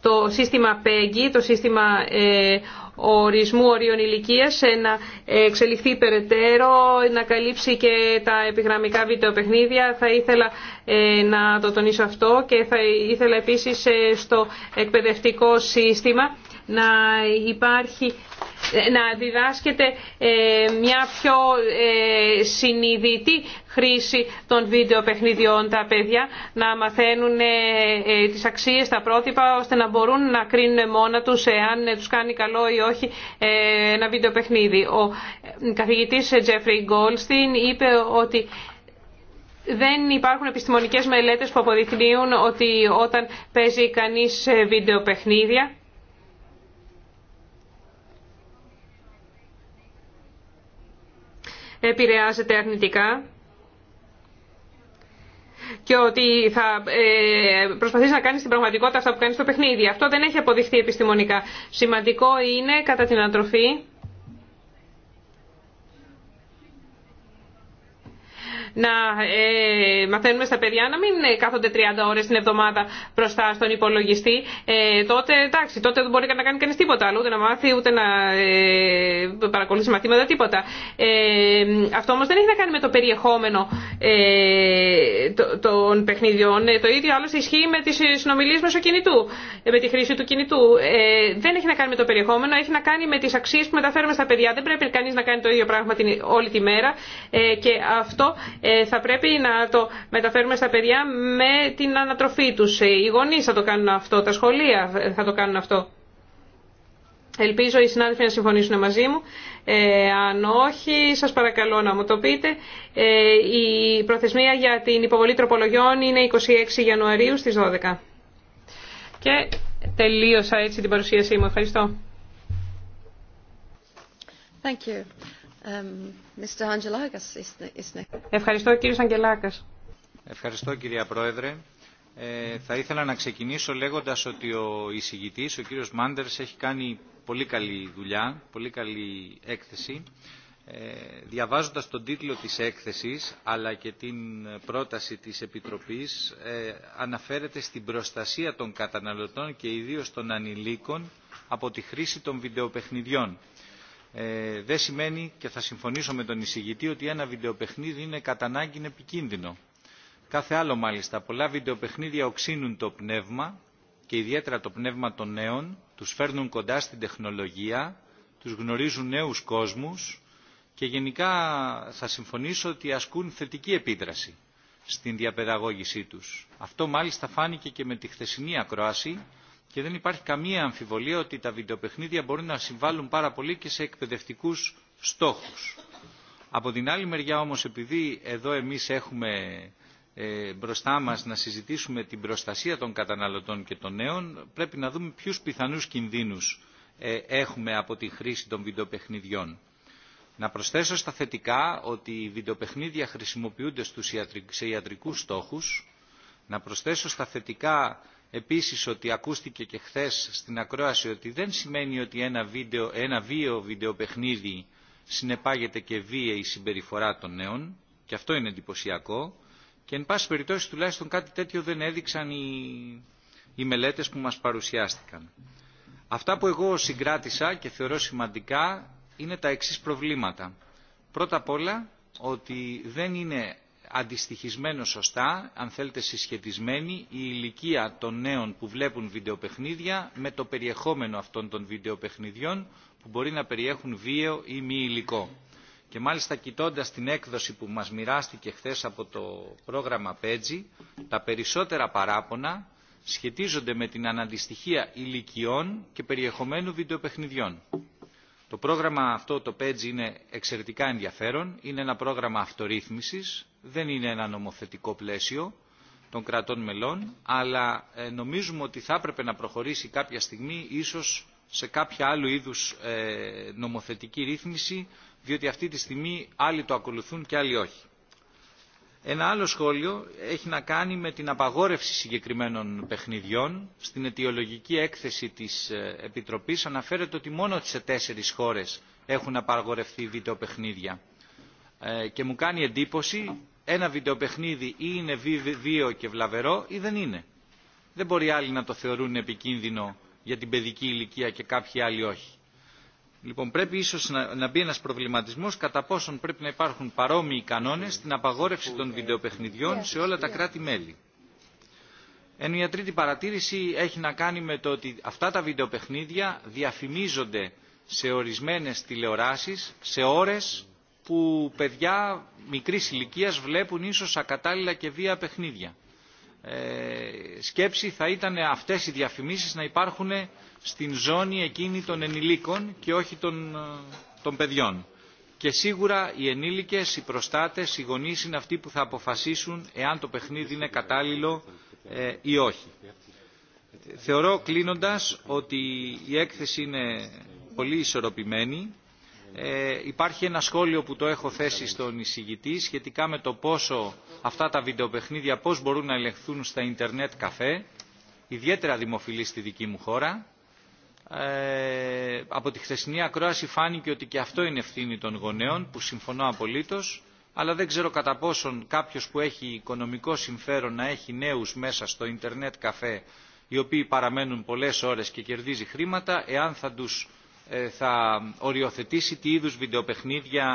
το σύστημα πέγι, e το σύστημα ε, ορισμού ορίων ηλικίας, να εξελιχθεί περαιτέρω, να καλύψει και τα επιγραμμικά βιντεοπαιχνίδια. Θα ήθελα ε, να το τονίσω αυτό και θα ήθελα επίσης ε, στο εκπαιδευτικό σύστημα να υπάρχει να διδάσκεται ε, μια πιο ε, συνειδητή χρήση των βίντεο παιχνιδιών τα παιδιά, να μαθαίνουν ε, τις αξίες, τα πρότυπα, ώστε να μπορούν να κρίνουν μόνα τους εάν τους κάνει καλό ή όχι ένα βίντεο παιχνίδι. Ο καθηγητής Τζέφρι Γκόλστιν είπε ότι δεν υπάρχουν επιστημονικές μελέτες που αποδεικνύουν ότι όταν παίζει κανείς βίντεο παιχνίδια επηρεάζεται αρνητικά και ότι θα ε, να κάνει την πραγματικότητα αυτά που κάνεις στο παιχνίδι. Αυτό δεν έχει αποδειχθεί επιστημονικά. Σημαντικό είναι κατά την ανατροφή να ε, μαθαίνουμε στα παιδιά να μην ε, κάθονται 30 ώρες την εβδομάδα μπροστά στον υπολογιστή, ε, τότε εντάξει, τότε δεν μπορεί να κάνει κανείς τίποτα άλλο, ούτε να μάθει, ούτε να παρακολουθήσει μαθήματα, τίποτα. αυτό όμως δεν έχει να κάνει με το περιεχόμενο των παιχνιδιών. το ίδιο άλλο ισχύει με τις συνομιλίες μέσω κινητού, με τη χρήση του κινητού. δεν έχει να κάνει με το περιεχόμενο, έχει να κάνει με τις αξίες που μεταφέρουμε στα παιδιά. Δεν πρέπει κανείς να κάνει το ίδιο πράγμα την, όλη τη μέρα και αυτό ε, θα πρέπει να το μεταφέρουμε στα παιδιά με την ανατροφή τους. Ε, οι γονείς θα το κάνουν αυτό, τα σχολεία θα το κάνουν αυτό. Ελπίζω οι συνάδελφοι να συμφωνήσουν μαζί μου. Ε, αν όχι, σας παρακαλώ να μου το πείτε. Ε, η προθεσμία για την υποβολή τροπολογιών είναι 26 Ιανουαρίου στις 12. Και τελείωσα έτσι την παρουσίασή μου. Ευχαριστώ. Thank you. Um, Ευχαριστώ κύριε Αγγελάκας. Ευχαριστώ κυρία Πρόεδρε. Ε, θα ήθελα να ξεκινήσω λέγοντας ότι ο εισηγητής, ο κύριος Μάντερς, έχει κάνει πολύ καλή δουλειά, πολύ καλή έκθεση. Ε, διαβάζοντας τον τίτλο της έκθεσης αλλά και την πρόταση της Επιτροπής ε, αναφέρεται στην προστασία των καταναλωτών και ιδίως των ανηλίκων από τη χρήση των βιντεοπαιχνιδιών ε, δεν σημαίνει και θα συμφωνήσω με τον εισηγητή ότι ένα βιντεοπαιχνίδι είναι κατά ανάγκη επικίνδυνο. Κάθε άλλο μάλιστα. Πολλά βιντεοπαιχνίδια οξύνουν το πνεύμα και ιδιαίτερα το πνεύμα των νέων, τους φέρνουν κοντά στην τεχνολογία, τους γνωρίζουν νέους κόσμους και γενικά θα συμφωνήσω ότι ασκούν θετική επίδραση στην διαπαιδαγώγησή τους. Αυτό μάλιστα φάνηκε και με τη χθεσινή ακρόαση και δεν υπάρχει καμία αμφιβολία ότι τα βιντεοπαιχνίδια μπορούν να συμβάλλουν πάρα πολύ και σε εκπαιδευτικούς στόχους. Από την άλλη μεριά όμως επειδή εδώ εμείς έχουμε ε, μπροστά μας να συζητήσουμε την προστασία των καταναλωτών και των νέων πρέπει να δούμε ποιους πιθανούς κινδύνους ε, έχουμε από τη χρήση των βιντεοπαιχνιδιών. Να προσθέσω στα θετικά ότι οι βιντεοπαιχνίδια χρησιμοποιούνται στους ιατρικ, σε ιατρικούς στόχους. Να προσθέσω στα θετικά επίσης ότι ακούστηκε και χθες στην ακρόαση ότι δεν σημαίνει ότι ένα, βίντεο, ένα βίαιο βιντεοπαιχνίδι συνεπάγεται και βίαιη συμπεριφορά των νέων και αυτό είναι εντυπωσιακό και εν πάση περιπτώσει τουλάχιστον κάτι τέτοιο δεν έδειξαν οι, οι μελέτες που μας παρουσιάστηκαν. Αυτά που εγώ συγκράτησα και θεωρώ σημαντικά είναι τα εξής προβλήματα. Πρώτα απ' όλα ότι δεν είναι αντιστοιχισμένο σωστά, αν θέλετε συσχετισμένη, η ηλικία των νέων που βλέπουν βιντεοπαιχνίδια με το περιεχόμενο αυτών των βιντεοπαιχνιδιών που μπορεί να περιέχουν βίαιο ή μη υλικό. Και μάλιστα κοιτώντα την έκδοση που μας μοιράστηκε χθε από το πρόγραμμα Πέτζι, τα περισσότερα παράπονα σχετίζονται με την αναντιστοιχία ηλικιών και περιεχομένου βιντεοπαιχνιδιών. Το πρόγραμμα αυτό, το Page, είναι εξαιρετικά ενδιαφέρον. Είναι ένα πρόγραμμα αυτορύθμισης δεν είναι ένα νομοθετικό πλαίσιο των κρατών μελών, αλλά ε, νομίζουμε ότι θα έπρεπε να προχωρήσει κάποια στιγμή ίσως σε κάποια άλλου είδους ε, νομοθετική ρύθμιση, διότι αυτή τη στιγμή άλλοι το ακολουθούν και άλλοι όχι. Ένα άλλο σχόλιο έχει να κάνει με την απαγόρευση συγκεκριμένων παιχνιδιών. Στην αιτιολογική έκθεση της ε, Επιτροπής αναφέρεται ότι μόνο σε τέσσερις χώρες έχουν απαγορευτεί βίντεο Και μου κάνει εντύπωση ένα βιντεοπαιχνίδι ή είναι βίαιο και βλαβερό ή δεν είναι. Δεν μπορεί άλλοι να το θεωρούν επικίνδυνο για την παιδική ηλικία και κάποιοι άλλοι όχι. Λοιπόν, πρέπει ίσως να, να μπει ένας προβληματισμός κατά πόσον πρέπει να υπάρχουν παρόμοιοι κανόνες στην απαγόρευση των βιντεοπαιχνιδιών σε όλα τα κράτη-μέλη. Ενώ μια τρίτη παρατήρηση έχει να κάνει με το ότι αυτά τα βιντεοπαιχνίδια διαφημίζονται σε ορισμένες τηλεοράσεις, σε ώρες που παιδιά μικρής ηλικίας βλέπουν ίσως ακατάλληλα και βία παιχνίδια. Ε, σκέψη θα ήταν αυτές οι διαφημίσεις να υπάρχουν στην ζώνη εκείνη των ενηλίκων και όχι των, ε, παιδιών. Και σίγουρα οι ενήλικες, οι προστάτες, οι γονείς είναι αυτοί που θα αποφασίσουν εάν το παιχνίδι είναι κατάλληλο ε, η έκθεση είναι πολύ ισορροπημένη ε, υπάρχει ένα σχόλιο που το έχω θέσει στον εισηγητή σχετικά με το πόσο αυτά τα βιντεοπαιχνίδια πώς μπορούν να ελεγχθούν στα ίντερνετ καφέ, ιδιαίτερα δημοφιλή στη δική μου χώρα. Ε, από τη χθεσινή ακρόαση φάνηκε ότι και αυτό είναι ευθύνη των γονέων, που συμφωνώ απολύτως, αλλά δεν ξέρω κατά πόσον κάποιος που έχει οικονομικό συμφέρον να έχει νέους μέσα στο ίντερνετ καφέ, οι οποίοι παραμένουν πολλές ώρες και κερδίζει χρήματα, εάν θα τους ε, θα οριοθετήσει τι είδους βιντεοπαιχνίδια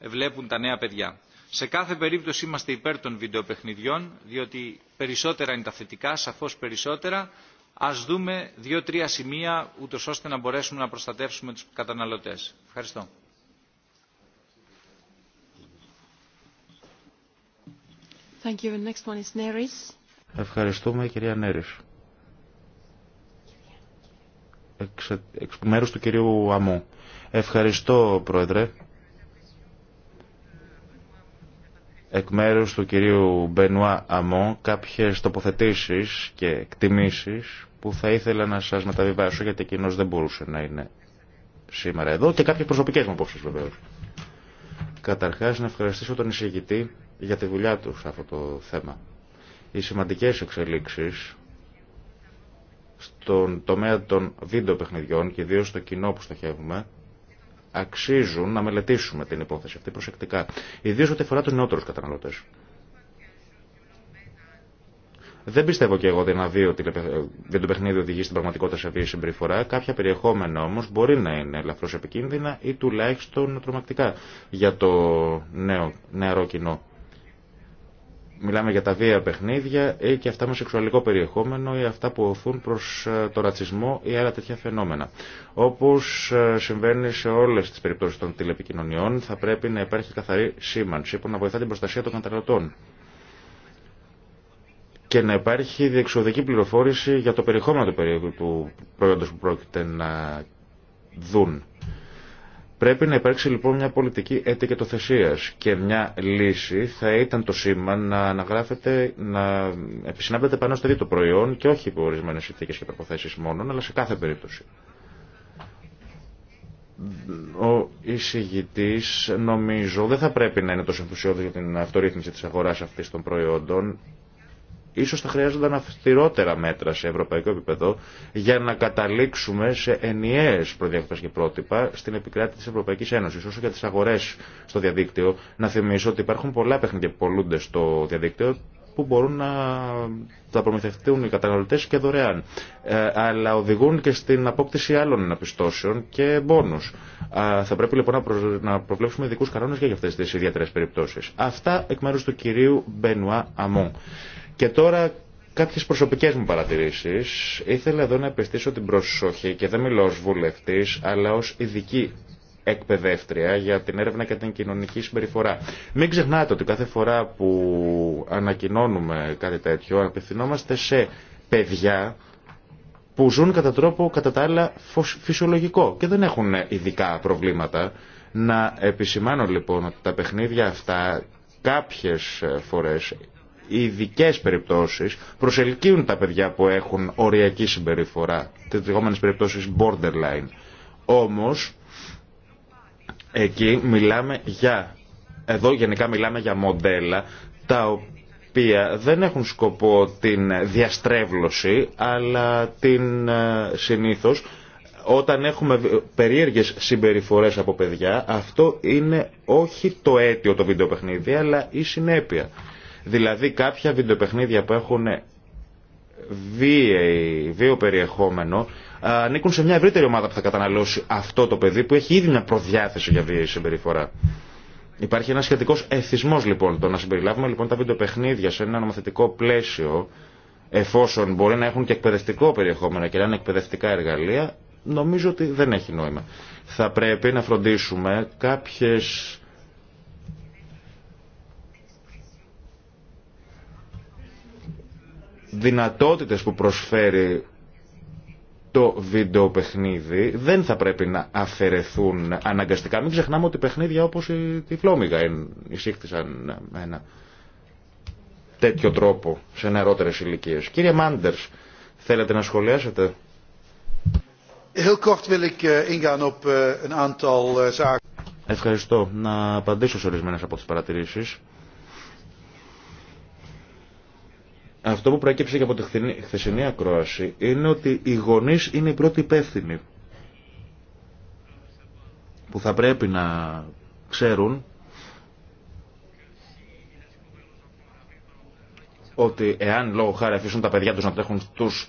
βλέπουν τα νέα παιδιά. Σε κάθε περίπτωση είμαστε υπέρ των βιντεοπαιχνιδιών, διότι περισσότερα είναι τα θετικά, σαφώς περισσότερα. Ας δούμε δύο-τρία σημεία, ούτως ώστε να μπορέσουμε να προστατεύσουμε τους καταναλωτές. Ευχαριστώ. Ευχαριστούμε κυρία Νέρης εκ εξ μέρους του κυρίου Αμού. Ευχαριστώ, Πρόεδρε. Εκ μέρους του κυρίου Μπενουά Αμό κάποιες τοποθετήσεις και εκτιμήσεις που θα ήθελα να σας μεταβιβάσω γιατί εκείνος δεν μπορούσε να είναι σήμερα εδώ και κάποιες προσωπικές μου απόψεις βεβαίως. Καταρχάς να ευχαριστήσω τον εισηγητή για τη δουλειά του σε αυτό το θέμα. Οι σημαντικές εξελίξεις στον τομέα των βίντεο παιχνιδιών και ιδίω στο κοινό που στοχεύουμε, αξίζουν να μελετήσουμε την υπόθεση αυτή προσεκτικά. Ιδίω ό,τι αφορά του νεότερου καταναλωτέ. Δεν πιστεύω και εγώ ότι ένα βίο παιχνίδι οδηγεί στην πραγματικότητα σε βίαιη συμπεριφορά. Κάποια περιεχόμενα όμω μπορεί να είναι ελαφρώ επικίνδυνα ή τουλάχιστον τρομακτικά για το νέο, νεαρό κοινό. Μιλάμε για τα βία παιχνίδια ή και αυτά με σεξουαλικό περιεχόμενο ή αυτά που οθούν προς ε, το ρατσισμό ή άλλα τέτοια φαινόμενα. Όπως ε, συμβαίνει σε όλες τις περιπτώσεις των τηλεπικοινωνιών θα πρέπει να υπάρχει καθαρή σήμανση που να βοηθά την προστασία των καταναλωτών και να υπάρχει διεξοδική πληροφόρηση για το περιεχόμενο του προϊόντος που πρόκειται να δουν. Πρέπει να υπάρξει λοιπόν μια πολιτική έτη και μια λύση θα ήταν το σήμα να αναγράφεται, να επισυνάπτεται πάνω στο δίτο προϊόν και όχι υπό ορισμένε συνθήκε και προποθέσει μόνο, αλλά σε κάθε περίπτωση. Ο εισηγητή νομίζω δεν θα πρέπει να είναι τόσο ενθουσιώδη για την αυτορύθμιση τη αγορά αυτή των προϊόντων. Ίσως θα χρειάζονταν αυστηρότερα μέτρα σε ευρωπαϊκό επίπεδο για να καταλήξουμε σε ενιαίες προδιαγραφές και πρότυπα στην επικράτηση της Ευρωπαϊκής Ένωσης. Όσο για τις αγορές στο διαδίκτυο, να θυμίσω ότι υπάρχουν πολλά παιχνίδια που πολλούνται στο διαδίκτυο που μπορούν να τα προμηθευτούν οι καταναλωτές και δωρεάν. Ε, αλλά οδηγούν και στην απόκτηση άλλων αναπιστώσεων και μπόνους. Ε, θα πρέπει λοιπόν να, να προβλέψουμε ειδικού κανόνες και για αυτές τις ιδιαίτερες περιπτώσεις. Αυτά εκ μέρους του κυρίου Μπενουά και τώρα κάποιες προσωπικές μου παρατηρήσεις. Ήθελα εδώ να επιστήσω την προσοχή και δεν μιλώ ως βουλευτής, αλλά ως ειδική εκπαιδεύτρια για την έρευνα και την κοινωνική συμπεριφορά. Μην ξεχνάτε ότι κάθε φορά που ανακοινώνουμε κάτι τέτοιο, απευθυνόμαστε σε παιδιά που ζουν κατά τρόπο κατά τα άλλα φυσιολογικό και δεν έχουν ειδικά προβλήματα. Να επισημάνω λοιπόν ότι τα παιχνίδια αυτά κάποιες φορές οι ειδικέ περιπτώσει προσελκύουν τα παιδιά που έχουν οριακή συμπεριφορά, τις λεγόμενε περιπτώσεις borderline. Όμως, εκεί μιλάμε για, εδώ γενικά μιλάμε για μοντέλα, τα οποία δεν έχουν σκοπό την διαστρέβλωση, αλλά την ε, συνήθως όταν έχουμε περίεργες συμπεριφορές από παιδιά, αυτό είναι όχι το αίτιο το βιντεοπαιχνίδι, αλλά η συνέπεια. Δηλαδή κάποια βιντεοπαιχνίδια που έχουν βίαιο περιεχόμενο ανήκουν σε μια ευρύτερη ομάδα που θα καταναλώσει αυτό το παιδί που έχει ήδη μια προδιάθεση για βίαιη συμπεριφορά. Υπάρχει ένα σχετικό εθισμό λοιπόν το να συμπεριλάβουμε λοιπόν τα βιντεοπαιχνίδια σε ένα νομοθετικό πλαίσιο εφόσον μπορεί να έχουν και εκπαιδευτικό περιεχόμενο και να είναι εκπαιδευτικά εργαλεία, νομίζω ότι δεν έχει νόημα. Θα πρέπει να φροντίσουμε κάποιες δυνατότητες που προσφέρει το βίντεο παιχνίδι δεν θα πρέπει να αφαιρεθούν αναγκαστικά. Μην ξεχνάμε ότι παιχνίδια όπως η, Φλόμιγα εισήχθησαν με ένα τέτοιο τρόπο σε νερότερες ηλικίε. Κύριε Μάντερς, θέλετε να σχολιάσετε. Ευχαριστώ. Να απαντήσω σε ορισμένες από τις παρατηρήσεις. Αυτό που προέκυψε και από τη χθεσινή ακρόαση είναι ότι οι γονείς είναι οι πρώτοι υπεύθυνοι που θα πρέπει να ξέρουν ότι εάν λόγω χάρη αφήσουν τα παιδιά τους να τρέχουν τους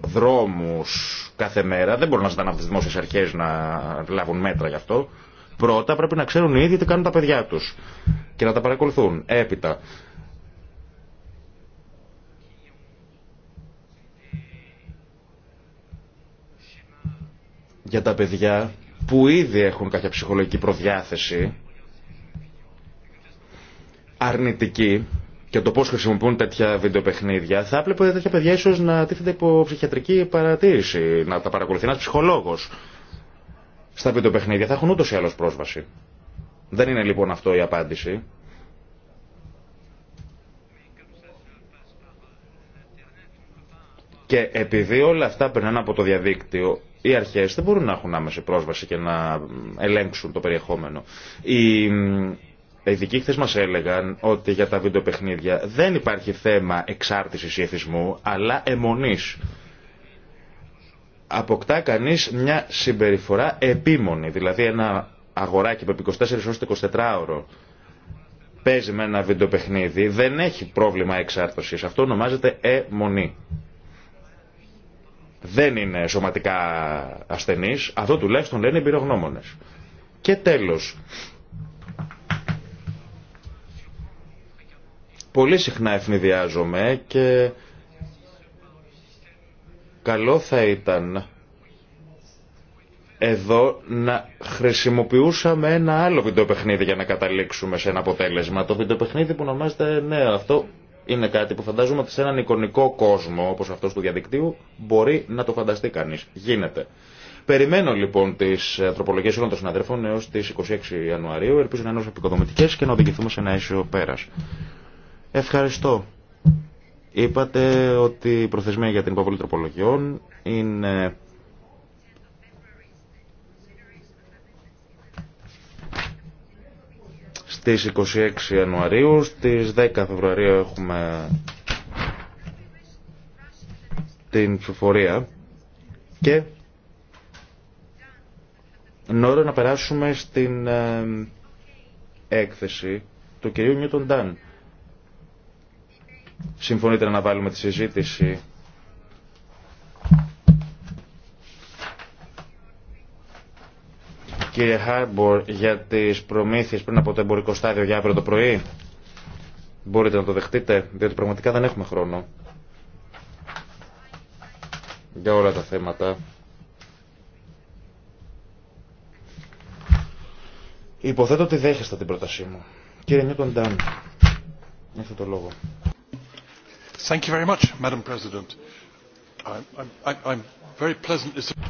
δρόμους κάθε μέρα, δεν μπορούν να ζητάνε από τις δημόσιες αρχές να λάβουν μέτρα γι' αυτό, πρώτα πρέπει να ξέρουν οι ίδιοι τι κάνουν τα παιδιά τους και να τα παρακολουθούν. Έπειτα, για τα παιδιά που ήδη έχουν κάποια ψυχολογική προδιάθεση αρνητική και το πώς χρησιμοποιούν τέτοια βιντεοπαιχνίδια, θα έπρεπε τέτοια παιδιά ίσως να τίθενται υπό ψυχιατρική παρατήρηση, να τα παρακολουθεί ένας ψυχολόγος στα βιντεοπαιχνίδια. Θα έχουν ούτως ή άλλως πρόσβαση. Δεν είναι λοιπόν αυτό η απάντηση. Και επειδή όλα αυτά περνάνε από το διαδίκτυο, οι αρχέ δεν μπορούν να έχουν άμεση πρόσβαση και να ελέγξουν το περιεχόμενο. Οι ειδικοί χθε μας έλεγαν ότι για τα βιντεοπαιχνίδια δεν υπάρχει θέμα εξάρτησης ή εθισμού, αλλά αιμονή. Αποκτά κανείς μια συμπεριφορά επίμονη, δηλαδή ένα αγοράκι που επί 24 ώρες 24 ώρο παίζει με ένα παιχνίδι δεν έχει πρόβλημα εξάρτησης. Αυτό ονομάζεται αιμονή δεν είναι σωματικά ασθενείς, αυτό τουλάχιστον λένε εμπειρογνώμονες. Και τέλος, πολύ συχνά ευνηδιάζομαι και καλό θα ήταν εδώ να χρησιμοποιούσαμε ένα άλλο βιντεοπαιχνίδι για να καταλήξουμε σε ένα αποτέλεσμα. Το βιντεοπαιχνίδι που ονομάζεται, ναι, αυτό είναι κάτι που φαντάζομαι ότι σε έναν εικονικό κόσμο όπως αυτός του διαδικτύου μπορεί να το φανταστεί κανείς. Γίνεται. Περιμένω λοιπόν τι τροπολογίε όλων των συναδέλφων έω τι 26 Ιανουαρίου. Ελπίζω να είναι όσο επικοδομητικέ και να οδηγηθούμε σε ένα αίσιο πέρα. Ευχαριστώ. Είπατε ότι η προθεσμία για την υποβολή τροπολογιών είναι στις 26 Ιανουαρίου, στις 10 Φεβρουαρίου έχουμε την ψηφορία και ώρα να περάσουμε στην ε, έκθεση του κυρίου Νιούτον Ντάν. Συμφωνείτε να βάλουμε τη συζήτηση Κύριε Χάρμπορ, για τις προμήθειες πριν από το εμπορικό στάδιο για αύριο το πρωί, μπορείτε να το δεχτείτε, διότι πραγματικά δεν έχουμε χρόνο για όλα τα θέματα. Υποθέτω ότι δέχεστε την πρότασή μου. Κύριε Νιούτον Ντάν, έχετε το λόγο.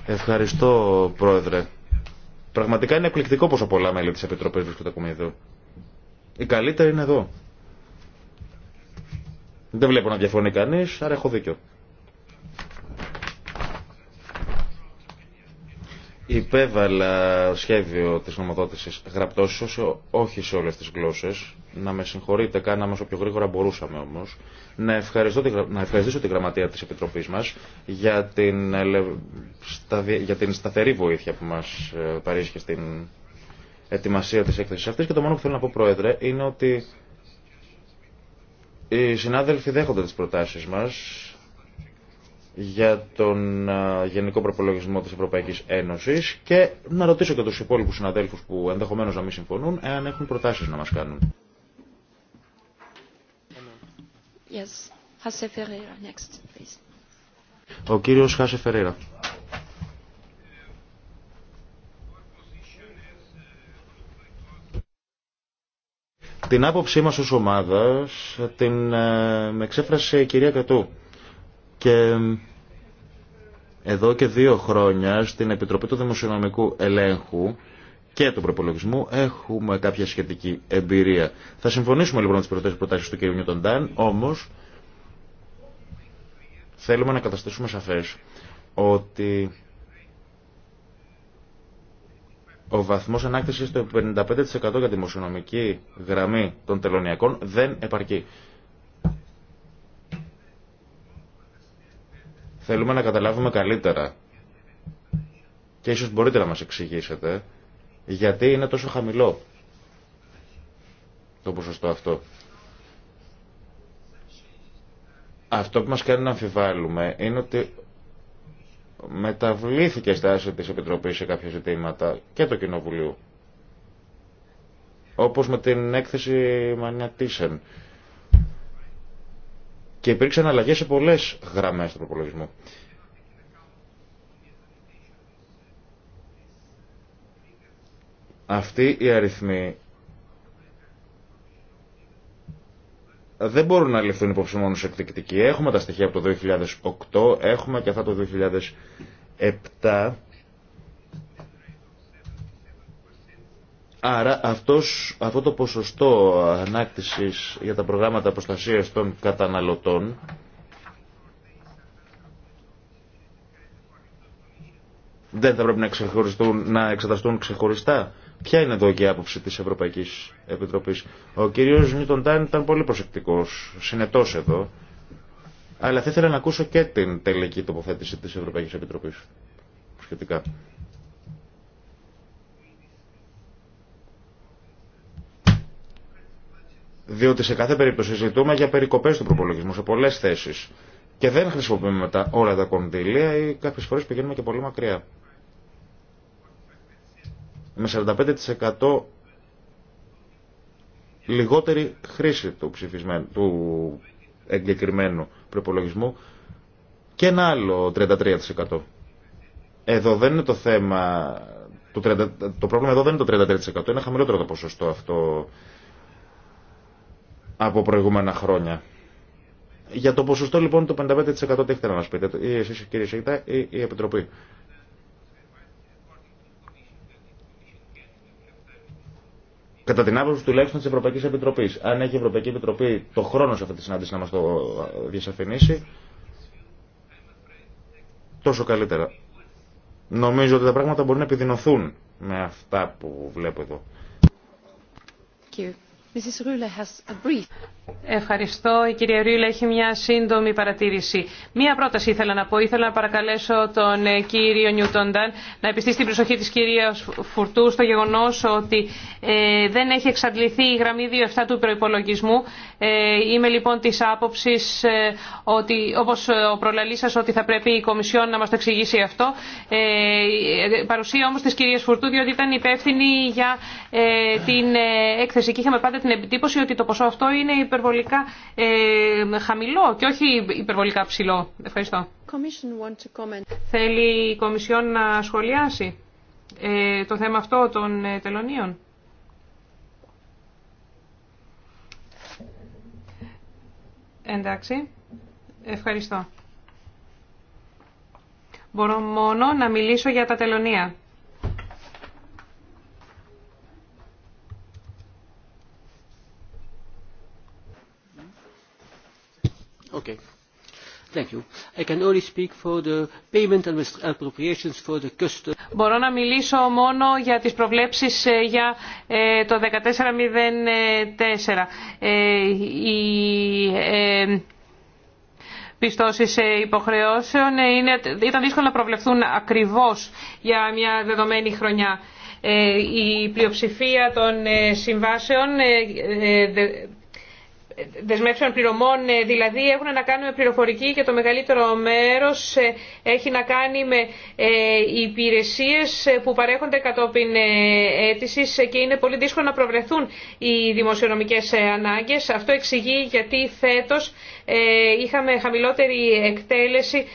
Ευχαριστώ, Πρόεδρε. Πραγματικά είναι εκπληκτικό πόσο πολλά μέλη τη Επιτροπή βρίσκονται ακόμα εδώ. Η καλύτερη είναι εδώ. Δεν βλέπω να διαφωνεί κανεί, άρα έχω δίκιο. υπέβαλα σχέδιο της νομοδότησης γραπτό όσο όχι σε όλες τις γλώσσες. Να με συγχωρείτε, κάναμε όσο πιο γρήγορα μπορούσαμε όμως. Να, ευχαριστώ, να ευχαριστήσω τη γραμματεία της Επιτροπής μας για την, ε, για την σταθερή βοήθεια που μας ε, παρήσχε στην ετοιμασία της έκθεσης αυτής. Και το μόνο που θέλω να πω, Πρόεδρε, είναι ότι οι συνάδελφοι δέχονται τις προτάσεις μας για τον Γενικό Προπολογισμό της Ευρωπαϊκής Ένωσης και να ρωτήσω και τους υπόλοιπους συναδέλφους που ενδεχομένως να μην συμφωνούν εάν έχουν προτάσεις να μας κάνουν. Yes. Ferreira Next, Ο κύριος Χάσε Φερέρα. Την άποψή μας ως ομάδας την ε, εξέφρασε η κυρία Κατού και εδώ και δύο χρόνια στην Επιτροπή του Δημοσιονομικού Ελέγχου και του προπολογισμού έχουμε κάποια σχετική εμπειρία. Θα συμφωνήσουμε λοιπόν με τι προτάσει του κ. Νιούτον όμως όμω θέλουμε να καταστήσουμε σαφέ ότι ο βαθμό ανάκτηση του 55% για δημοσιονομική γραμμή των τελωνιακών δεν επαρκεί. Θέλουμε να καταλάβουμε καλύτερα. Και ίσως μπορείτε να μας εξηγήσετε γιατί είναι τόσο χαμηλό το ποσοστό αυτό. Αυτό που μας κάνει να αμφιβάλλουμε είναι ότι μεταβλήθηκε η στάση της Επιτροπής σε κάποια ζητήματα και το Κοινοβουλίου. Όπως με την έκθεση Μανιατίσεν και υπήρξαν αλλαγές σε πολλές γραμμές του προπολογισμού. Αυτοί οι αριθμοί δεν μπορούν να ληφθούν υπόψη μόνο σε εκδικητική. Έχουμε τα στοιχεία από το 2008, έχουμε και αυτά το 2007 Άρα αυτός, αυτό το ποσοστό ανάκτησης για τα προγράμματα προστασίας των καταναλωτών δεν θα πρέπει να, ξεχωριστούν, να εξεταστούν ξεχωριστά. Ποια είναι εδώ και η άποψη της Ευρωπαϊκής Επιτροπής. Ο κύριος Νίτον Τάιν ήταν πολύ προσεκτικός, συνετός εδώ, αλλά θα ήθελα να ακούσω και την τελική τοποθέτηση της Ευρωπαϊκής Επιτροπής σχετικά. Διότι σε κάθε περίπτωση ζητούμε για περικοπές του προπολογισμού σε πολλές θέσεις. Και δεν χρησιμοποιούμε μετά όλα τα κονδύλια ή κάποιες φορές πηγαίνουμε και πολύ μακριά. Με 45% λιγότερη χρήση του, του εγκεκριμένου προπολογισμού και ένα άλλο 33%. Εδώ δεν είναι το θέμα, το, το πρόβλημα εδώ δεν είναι το 33%, είναι χαμηλότερο το ποσοστό αυτό από προηγούμενα χρόνια. Για το ποσοστό λοιπόν το 55% τι έχετε να μας πείτε, ή εσείς κύριε Σίγητα ή η Επιτροπή. Κατά την άποψη τουλάχιστον τη Ευρωπαϊκή Επιτροπή. Αν έχει η Ευρωπαϊκή Επιτροπή το χρόνο σε αυτή τη συνάντηση να μα το διασαφηνίσει, τόσο καλύτερα. Νομίζω ότι τα πράγματα μπορεί να επιδεινωθούν με αυτά που βλέπω εδώ. Ευχαριστώ. Η κυρία Ρούλα έχει μια σύντομη παρατήρηση. Μία πρόταση ήθελα να πω. Ήθελα να παρακαλέσω τον ε, κύριο Νιούτονταν να επιστήσει την προσοχή της κυρίας Φουρτού στο γεγονός ότι ε, δεν έχει εξαντληθεί η γραμμή 2.7 του προϋπολογισμού. Ε, είμαι λοιπόν της άποψης ότι όπως ο προλαλής σα, ότι θα πρέπει η Κομισιόν να μας το εξηγήσει αυτό. παρουσία όμως της κυρίας Φουρτού διότι ήταν υπεύθυνη για την έκθεση και είχαμε πάντα την επιτύπωση ότι το ποσό αυτό είναι υπερβολικά ε, χαμηλό και όχι υπερβολικά ψηλό. Ευχαριστώ. Θέλει η Κομισιόν να σχολιάσει ε, το θέμα αυτό των ε, τελωνίων. Εντάξει. Ευχαριστώ. Μπορώ μόνο να μιλήσω για τα τελωνία. Okay. Μπορώ να μιλήσω μόνο για τις προβλέψεις ε, για ε, το 1404. Ε, οι πιστώσεις υποχρεώσεων ήταν δύσκολο να προβλεφθούν ακριβώς για μια δεδομένη χρονιά. Η πλειοψηφία των συμβάσεων δεσμεύσεων πληρωμών ε, δηλαδή έχουν να κάνουν με πληροφορική και το μεγαλύτερο μέρος ε, έχει να κάνει με ε, υπηρεσίες που παρέχονται κατόπιν αίτησης και είναι πολύ δύσκολο να προβρεθούν οι δημοσιονομικές ανάγκες. Αυτό εξηγεί γιατί φέτος είχαμε χαμηλότερη εκτέλεση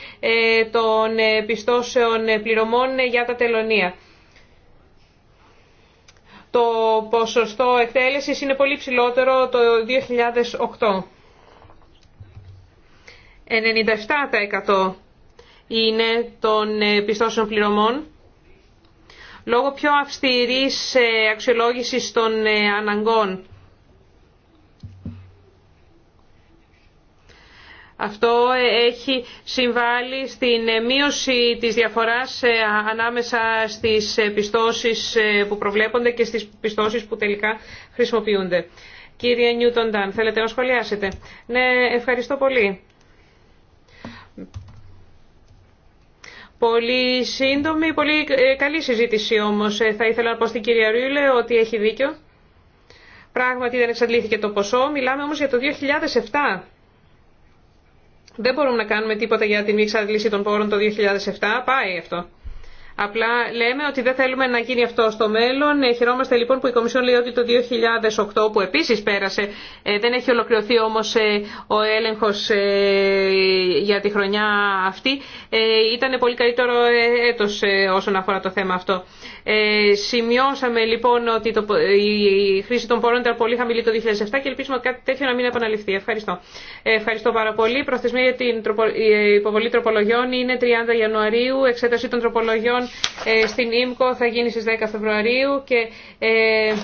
των πιστώσεων πληρωμών για τα τελωνία το ποσοστό εκτέλεσης είναι πολύ ψηλότερο το 2008. 97% είναι των ε, πιστώσεων πληρωμών λόγω πιο αυστηρής ε, αξιολόγησης των ε, αναγκών Αυτό ε, έχει συμβάλει στην ε, μείωση της διαφοράς ε, ανάμεσα στις πιστώσεις που προβλέπονται και στις πιστώσεις που τελικά χρησιμοποιούνται. Κύριε Νιούτον Ντάν, θέλετε να σχολιάσετε. Ναι, ευχαριστώ πολύ. Πολύ σύντομη, πολύ καλή συζήτηση όμως. Θα ήθελα να πω στην κυρία Ρούλε ότι έχει δίκιο. Πράγματι δεν εξαντλήθηκε το ποσό. Μιλάμε όμως για το 2007. Δεν μπορούμε να κάνουμε τίποτα για την εξάντληση των πόρων το 2007. Πάει αυτό. Απλά λέμε ότι δεν θέλουμε να γίνει αυτό στο μέλλον. Ε, χαιρόμαστε λοιπόν που η Κομισιόν λέει ότι το 2008 που επίσης πέρασε ε, δεν έχει ολοκληρωθεί όμως ε, ο έλεγχος για τη χρονιά αυτή. Ήταν πολύ καλύτερο έτος όσον αφορά το θέμα αυτό. Σημειώσαμε λοιπόν ότι η χρήση των πόρων ήταν πολύ χαμηλή το 2007 και ελπίζουμε κάτι τέτοιο να μην επαναληφθεί. Ευχαριστώ. Ευχαριστώ πάρα πολύ. Προθεσμία για την υποβολή τροπολογιών είναι 30 Ιανουαρίου. Εξέταση των τροπολογιών Λοιπόν, ε, στην ΙΜΚΟ θα γίνει στις 10 Φεβρουαρίου και ε,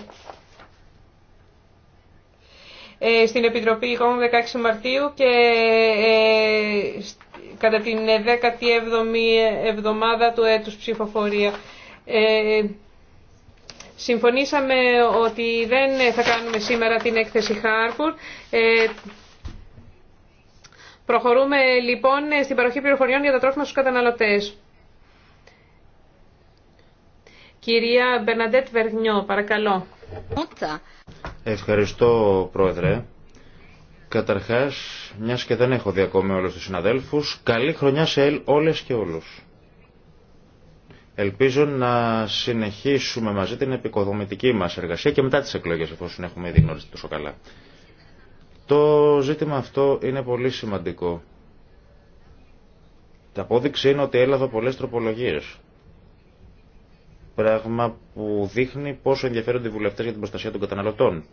ε, στην Επιτροπή 16 Μαρτίου και κατά την 17η εβδομάδα του έτους ψηφοφορία. Συμφωνήσαμε ότι δεν θα κάνουμε σήμερα την έκθεση Χάρπουρ. Προχωρούμε λοιπόν στην παροχή πληροφοριών για τα τρόφιμα στους καταναλωτές. Κυρία Μπερναντέτ Βερνιό, παρακαλώ. Ευχαριστώ, Πρόεδρε. Καταρχά μια και δεν έχω δει ακόμη όλου τους συναδέλφους, καλή χρονιά σε όλε και όλου. Ελπίζω να συνεχίσουμε μαζί την επικοδομητική μα εργασία και μετά τι εκλογέ εφόσον έχουμε ήδη γνωρίσει τόσο καλά. Το ζήτημα αυτό είναι πολύ σημαντικό. Τα απόδειξη είναι ότι έλαβα πολλέ τροπολογίε. Πράγμα που δείχνει πόσο ενδιαφέρονται οι βουλευτές για την προστασία των καταναλωτών.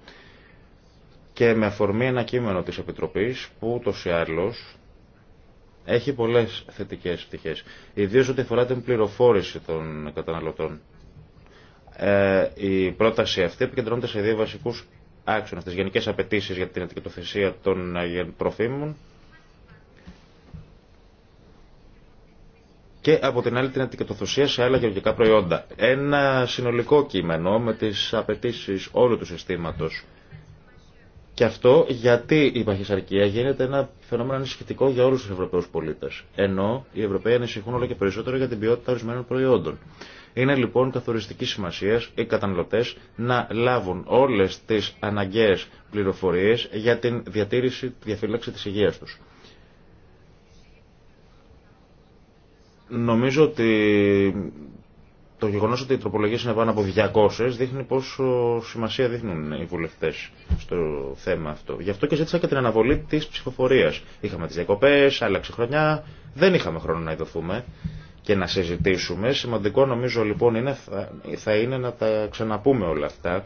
Και με αφορμή ένα κείμενο της Επιτροπής που ούτως ή άλλως έχει πολλές θετικές πτυχές. Ιδίως ό,τι αφορά την πληροφόρηση των καταναλωτών. Ε, η πρόταση αυτή επικεντρώνεται σε δύο βασικούς άξονες. τι γενικές απαιτήσεις για την ετικετοθεσία των προφήμων ε, και από την άλλη την αντικατοθωσία σε άλλα γεωργικά προϊόντα. Ένα συνολικό κείμενο με τις απαιτήσει όλου του συστήματος. Και αυτό γιατί η παχυσαρκία γίνεται ένα φαινόμενο ανησυχητικό για όλους τους Ευρωπαίους πολίτες. Ενώ οι Ευρωπαίοι ανησυχούν όλο και περισσότερο για την ποιότητα ορισμένων προϊόντων. Είναι λοιπόν καθοριστική σημασία οι καταναλωτέ να λάβουν όλε τι αναγκαίε πληροφορίε για την διατήρηση, τη διαφύλαξη τη υγεία του. Νομίζω ότι το γεγονό ότι οι τροπολογίε είναι πάνω από 200 δείχνει πόσο σημασία δείχνουν οι βουλευτέ στο θέμα αυτό. Γι' αυτό και ζήτησα και την αναβολή τη ψηφοφορία. Είχαμε τι διακοπέ, άλλαξε χρονιά, δεν είχαμε χρόνο να ειδωθούμε και να συζητήσουμε. Σημαντικό νομίζω λοιπόν είναι, θα είναι να τα ξαναπούμε όλα αυτά.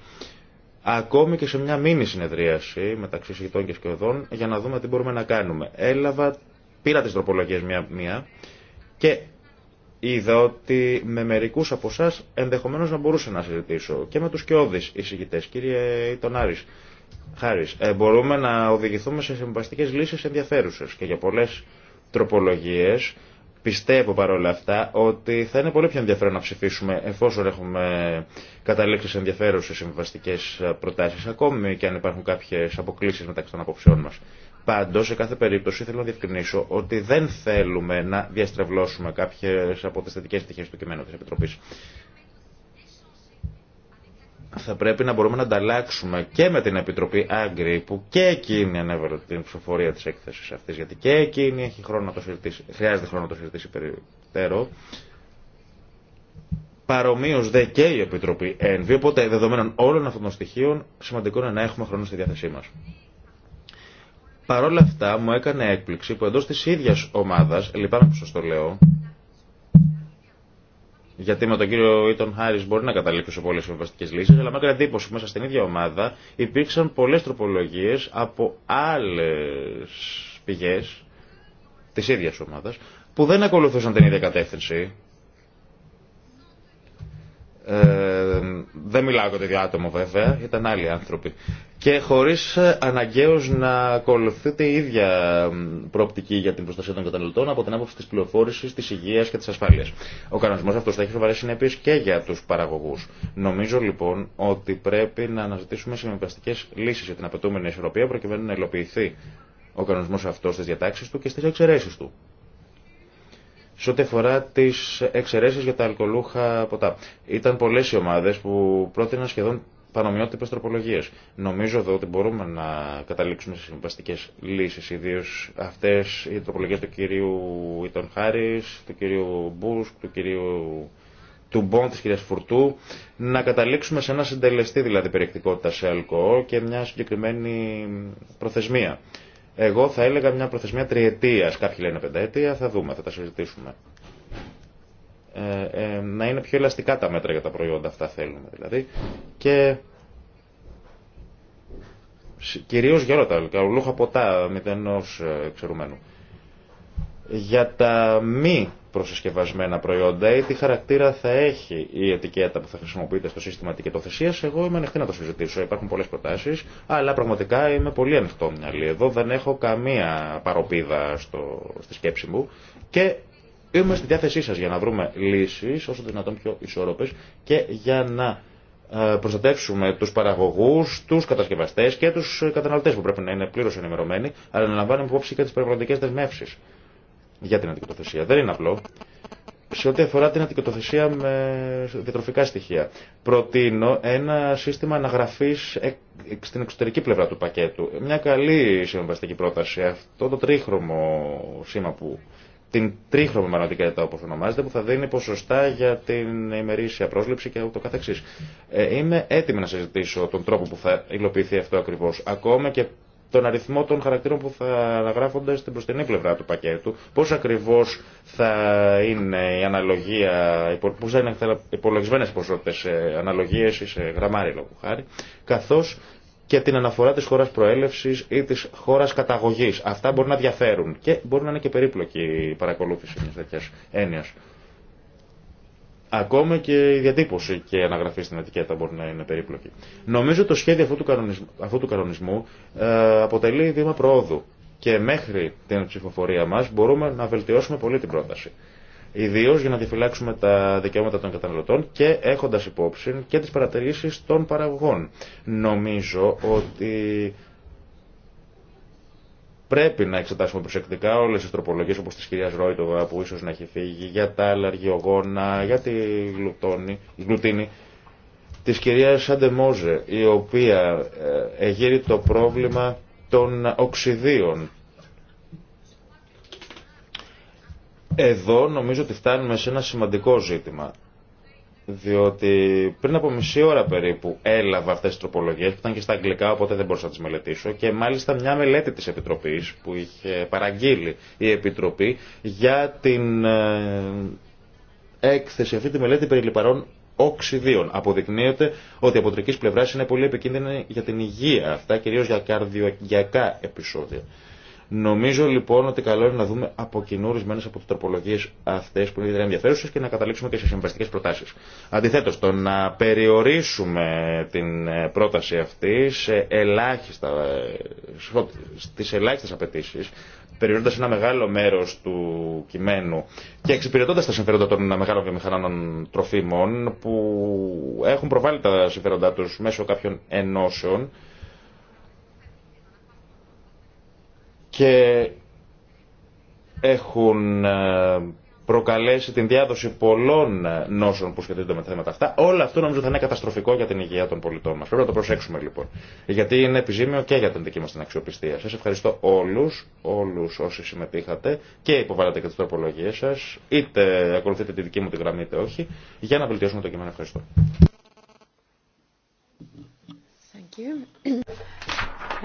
Ακόμη και σε μια μήνυ συνεδρίαση μεταξύ συγητών και σκεδών για να δούμε τι μπορούμε να κάνουμε. Έλαβα, πήρα τι τροπολογίε μια μία-μία και είδα ότι με μερικούς από εσά ενδεχομένως να μπορούσα να συζητήσω και με τους κοιόδης εισηγητές, κύριε Ιτονάρης. Χάρης, ε, μπορούμε να οδηγηθούμε σε συμβαστικές λύσεις ενδιαφέρουσες και για πολλές τροπολογίες πιστεύω παρόλα αυτά ότι θα είναι πολύ πιο ενδιαφέρον να ψηφίσουμε εφόσον έχουμε καταλήξει σε ενδιαφέρουσες συμβαστικές προτάσεις ακόμη και αν υπάρχουν κάποιες αποκλήσεις μεταξύ των απόψεών μας. Πάντω, σε κάθε περίπτωση θέλω να διευκρινίσω ότι δεν θέλουμε να διαστρεβλώσουμε κάποιε από τι θετικέ πτυχέ του κειμένου τη Επιτροπή. Θα πρέπει να μπορούμε να ανταλλάξουμε και με την Επιτροπή Άγκρη, που και εκείνη ανέβαλε την ψηφοφορία τη έκθεση αυτή, γιατί και εκείνη έχει χρόνο να το συζητήσει, χρειάζεται χρόνο να το συζητήσει περιττέρω. Παρομοίω δε και η Επιτροπή ΕΝΒΗ, οπότε δεδομένων όλων αυτών των στοιχείων, σημαντικό είναι να έχουμε χρόνο στη διάθεσή μα. Παρ' όλα αυτά μου έκανε έκπληξη που εντό τη ίδια ομάδα, λυπάμαι που σα το λέω, γιατί με τον κύριο Ήτον Χάρι μπορεί να καταλήξω σε πολλέ συμβαστικέ λύσει, αλλά μου έκανε εντύπωση μέσα στην ίδια ομάδα υπήρξαν πολλέ τροπολογίε από άλλε πηγέ τη ίδια ομάδα που δεν ακολουθούσαν την ίδια κατεύθυνση. Ε, δεν μιλάω για το ίδιο άτομο βέβαια, ήταν άλλοι άνθρωποι. Και χωρί ε, αναγκαίως να ακολουθείται η ίδια προοπτική για την προστασία των καταναλωτών από την άποψη τη πληροφόρηση, τη υγεία και τη ασφάλεια. Ο κανονισμό αυτό θα έχει σοβαρέ συνέπειε και για του παραγωγού. Νομίζω λοιπόν ότι πρέπει να αναζητήσουμε συμβιβαστικές λύσει για την απαιτούμενη ισορροπία προκειμένου να υλοποιηθεί ο κανονισμό αυτό στι διατάξει του και στι εξαιρέσει του σε ό,τι αφορά τι εξαιρέσει για τα αλκοολούχα ποτά. Ήταν πολλέ οι ομάδε που πρότειναν σχεδόν πανομοιότυπε τροπολογίε. Νομίζω εδώ ότι μπορούμε να καταλήξουμε σε συμβαστικέ λύσει, ιδίω αυτέ οι τροπολογίε του κυρίου Ιτων Χάρη, του κυρίου Μπούσκ, του κυρίου του Μπον, τη κυρία Φουρτού, να καταλήξουμε σε ένα συντελεστή δηλαδή περιεκτικότητα σε αλκοόλ και μια συγκεκριμένη προθεσμία. Εγώ θα έλεγα μια προθεσμία τριετία. Κάποιοι λένε πενταετία. Θα δούμε, θα τα συζητήσουμε. Ε, ε, να είναι πιο ελαστικά τα μέτρα για τα προϊόντα αυτά θέλουμε δηλαδή. Και κυρίω για όλα τα μην ποτά μηδενό ε, ξερουμένου για τα μη προσυσκευασμένα προϊόντα ή τι χαρακτήρα θα έχει η ετικέτα που θα χρησιμοποιείται στο σύστημα ετικετοθεσία. Εγώ είμαι ανοιχτή να το συζητήσω. Υπάρχουν πολλέ προτάσει, αλλά πραγματικά είμαι πολύ ανοιχτό μυαλί. Εδώ δεν έχω καμία παροπίδα στο, στη σκέψη μου και είμαι στη διάθεσή σα για να βρούμε λύσει όσο δυνατόν πιο ισόρροπε και για να ε, προστατεύσουμε τους παραγωγούς, τους κατασκευαστές και τους καταναλωτές που πρέπει να είναι πλήρως ενημερωμένοι, αλλά να λαμβάνουμε υπόψη και τις περιβαλλοντικές δεσμεύσεις για την αντικοτοθεσία. Δεν είναι απλό. Σε ό,τι αφορά την αντικοτοθεσία με διατροφικά στοιχεία, προτείνω ένα σύστημα αναγραφή στην εξωτερική πλευρά του πακέτου. Μια καλή συμβαστική πρόταση. Αυτό το τρίχρωμο σήμα που. Την τρίχρωμη όπως όπω ονομάζεται, που θα δίνει ποσοστά για την ημερήσια πρόσληψη και ούτω Ε, είμαι έτοιμη να συζητήσω τον τρόπο που θα υλοποιηθεί αυτό ακριβώ. Ακόμα και τον αριθμό των χαρακτήρων που θα αναγράφονται στην προστινή πλευρά του πακέτου, πώς ακριβώς θα είναι η αναλογία, πώς θα είναι υπολογισμένες ποσότητες σε αναλογίες ή σε γραμμάρι λόγου χάρη, καθώς και την αναφορά της χώρας προέλευσης ή της χώρας καταγωγής. Αυτά μπορεί να διαφέρουν και μπορεί να είναι και περίπλοκη η παρακολούθηση μιας τέτοιας έννοιας. Ακόμα και η διατύπωση και η αναγραφή στην ετικέτα μπορεί να είναι περίπλοκη. Νομίζω το σχέδιο αυτού του κανονισμού, του ε, αποτελεί δήμα προόδου και μέχρι την ψηφοφορία μας μπορούμε να βελτιώσουμε πολύ την πρόταση. Ιδίω για να διαφυλάξουμε τα δικαιώματα των καταναλωτών και έχοντας υπόψη και τις παρατηρήσεις των παραγωγών. Νομίζω ότι Πρέπει να εξετάσουμε προσεκτικά όλε τι τροπολογίε όπω τη κυρία Ρόιτοβα που ίσω να έχει φύγει, για τα αλλαργιογόνα, για τη γλουτόνη, γλουτίνη, τη κυρία Σαντεμόζε, η οποία ε, εγείρει το πρόβλημα των οξυδίων. Εδώ νομίζω ότι φτάνουμε σε ένα σημαντικό ζήτημα διότι πριν από μισή ώρα περίπου έλαβα αυτές τις τροπολογίε, που ήταν και στα αγγλικά οπότε δεν μπορούσα να τις μελετήσω και μάλιστα μια μελέτη τη Επιτροπή που είχε παραγγείλει η Επιτροπή για την ε, έκθεση αυτή τη μελέτη περί λιπαρών οξυδίων. Αποδεικνύεται ότι από τρική πλευράς είναι πολύ επικίνδυνη για την υγεία αυτά, κυρίω για καρδιογειακά επεισόδια. Νομίζω λοιπόν ότι καλό είναι να δούμε από κοινού ορισμένε από τι τροπολογίε αυτέ που είναι ιδιαίτερα ενδιαφέρουσε και να καταλήξουμε και σε συμβαστικέ προτάσει. Αντιθέτω, το να περιορίσουμε την ε, πρόταση αυτή σε ελάχιστα, ε, στις ελάχιστες απαιτήσει, περιορίζοντα ένα μεγάλο μέρο του κειμένου και εξυπηρετώντα τα συμφέροντα των μεγάλων βιομηχανών τροφίμων που έχουν προβάλει τα συμφέροντά του μέσω κάποιων ενώσεων και έχουν ε, προκαλέσει την διάδοση πολλών ε, νόσων που σχετίζονται με τα θέματα αυτά. Όλο αυτό νομίζω θα είναι καταστροφικό για την υγεία των πολιτών μα. Πρέπει να το προσέξουμε λοιπόν. Γιατί είναι επιζήμιο και για την δική μα την αξιοπιστία. Σα ευχαριστώ όλου, όλου όσοι συμμετείχατε και υποβάλλατε και τι τροπολογίε σα, είτε ακολουθείτε τη δική μου τη γραμμή είτε όχι, για να βελτιώσουμε το κείμενο. Ευχαριστώ.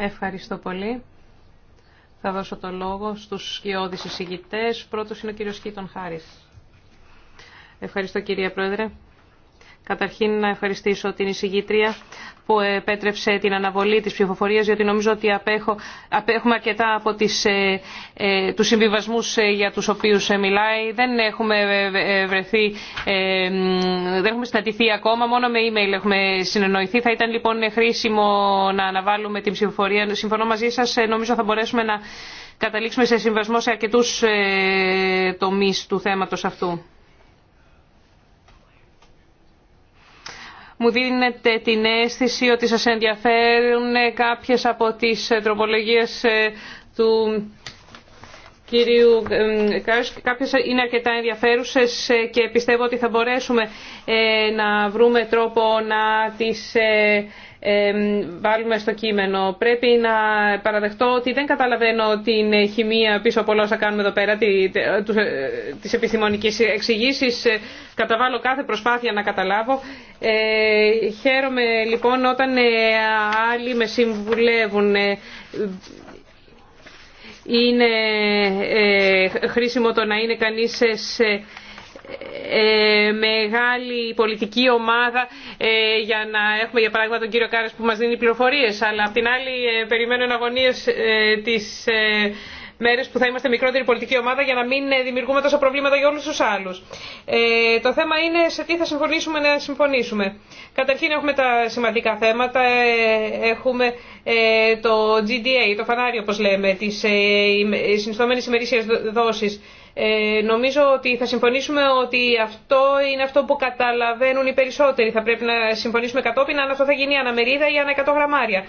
Ευχαριστώ πολύ. Θα δώσω το λόγο στους σκιώδεις εισηγητές. Πρώτος είναι ο κύριος Κίτων Χάρης. Ευχαριστώ κυρία Πρόεδρε. Καταρχήν να ευχαριστήσω την εισηγήτρια που επέτρεψε την αναβολή της ψηφοφορίας γιατί νομίζω ότι απέχω, απέχουμε αρκετά από τις, ε, ε τους συμβιβασμούς ε, για τους οποίους ε, μιλάει. Δεν έχουμε βρεθεί, δεν έχουμε συναντηθεί ακόμα, μόνο με email έχουμε συνεννοηθεί. Θα ήταν λοιπόν χρήσιμο να αναβάλουμε την ψηφοφορία. Συμφωνώ μαζί σας, νομίζω θα μπορέσουμε να καταλήξουμε σε συμβασμό σε αρκετούς τομείς του θέματος αυτού. μου δίνετε την αίσθηση ότι σας ενδιαφέρουν κάποιες από τις ε, τροπολογίες ε, του κυρίου ε, Κάρους και κάποιες είναι αρκετά ενδιαφέρουσες και πιστεύω ότι θα μπορέσουμε να βρούμε τρόπο να τις βάλουμε στο κείμενο. Πρέπει να παραδεχτώ ότι δεν καταλαβαίνω την χημεία πίσω από όλα όσα κάνουμε εδώ πέρα, ε, τις επιστημονικές εξηγήσεις. Ε, καταβάλω κάθε προσπάθεια να καταλάβω. Ε, χαίρομαι λοιπόν όταν άλλοι με συμβουλεύουν. Είναι χρήσιμο το να είναι κανείς σε ε, μεγάλη πολιτική ομάδα ε, για να έχουμε για παράδειγμα τον κύριο Κάρες που μας δίνει πληροφορίες αλλά απ' την άλλη ε, περιμένω εναγωνίες τις μέρες που θα είμαστε μικρότερη πολιτική ομάδα για να μην δημιουργούμε τόσα προβλήματα για όλους τους άλλους. Το θέμα είναι σε τι θα συμφωνήσουμε να συμφωνήσουμε. Καταρχήν έχουμε τα σημαντικά θέματα, έχουμε το GDA, το φανάρι όπως λέμε, τις συνιστόμενες ημερήσιες δόσεις ε, νομίζω ότι θα συμφωνήσουμε ότι αυτό είναι αυτό που καταλαβαίνουν οι περισσότεροι. Θα πρέπει να συμφωνήσουμε κατόπιν αν αυτό θα γίνει αναμερίδα ή ανά 100 γραμμάρια.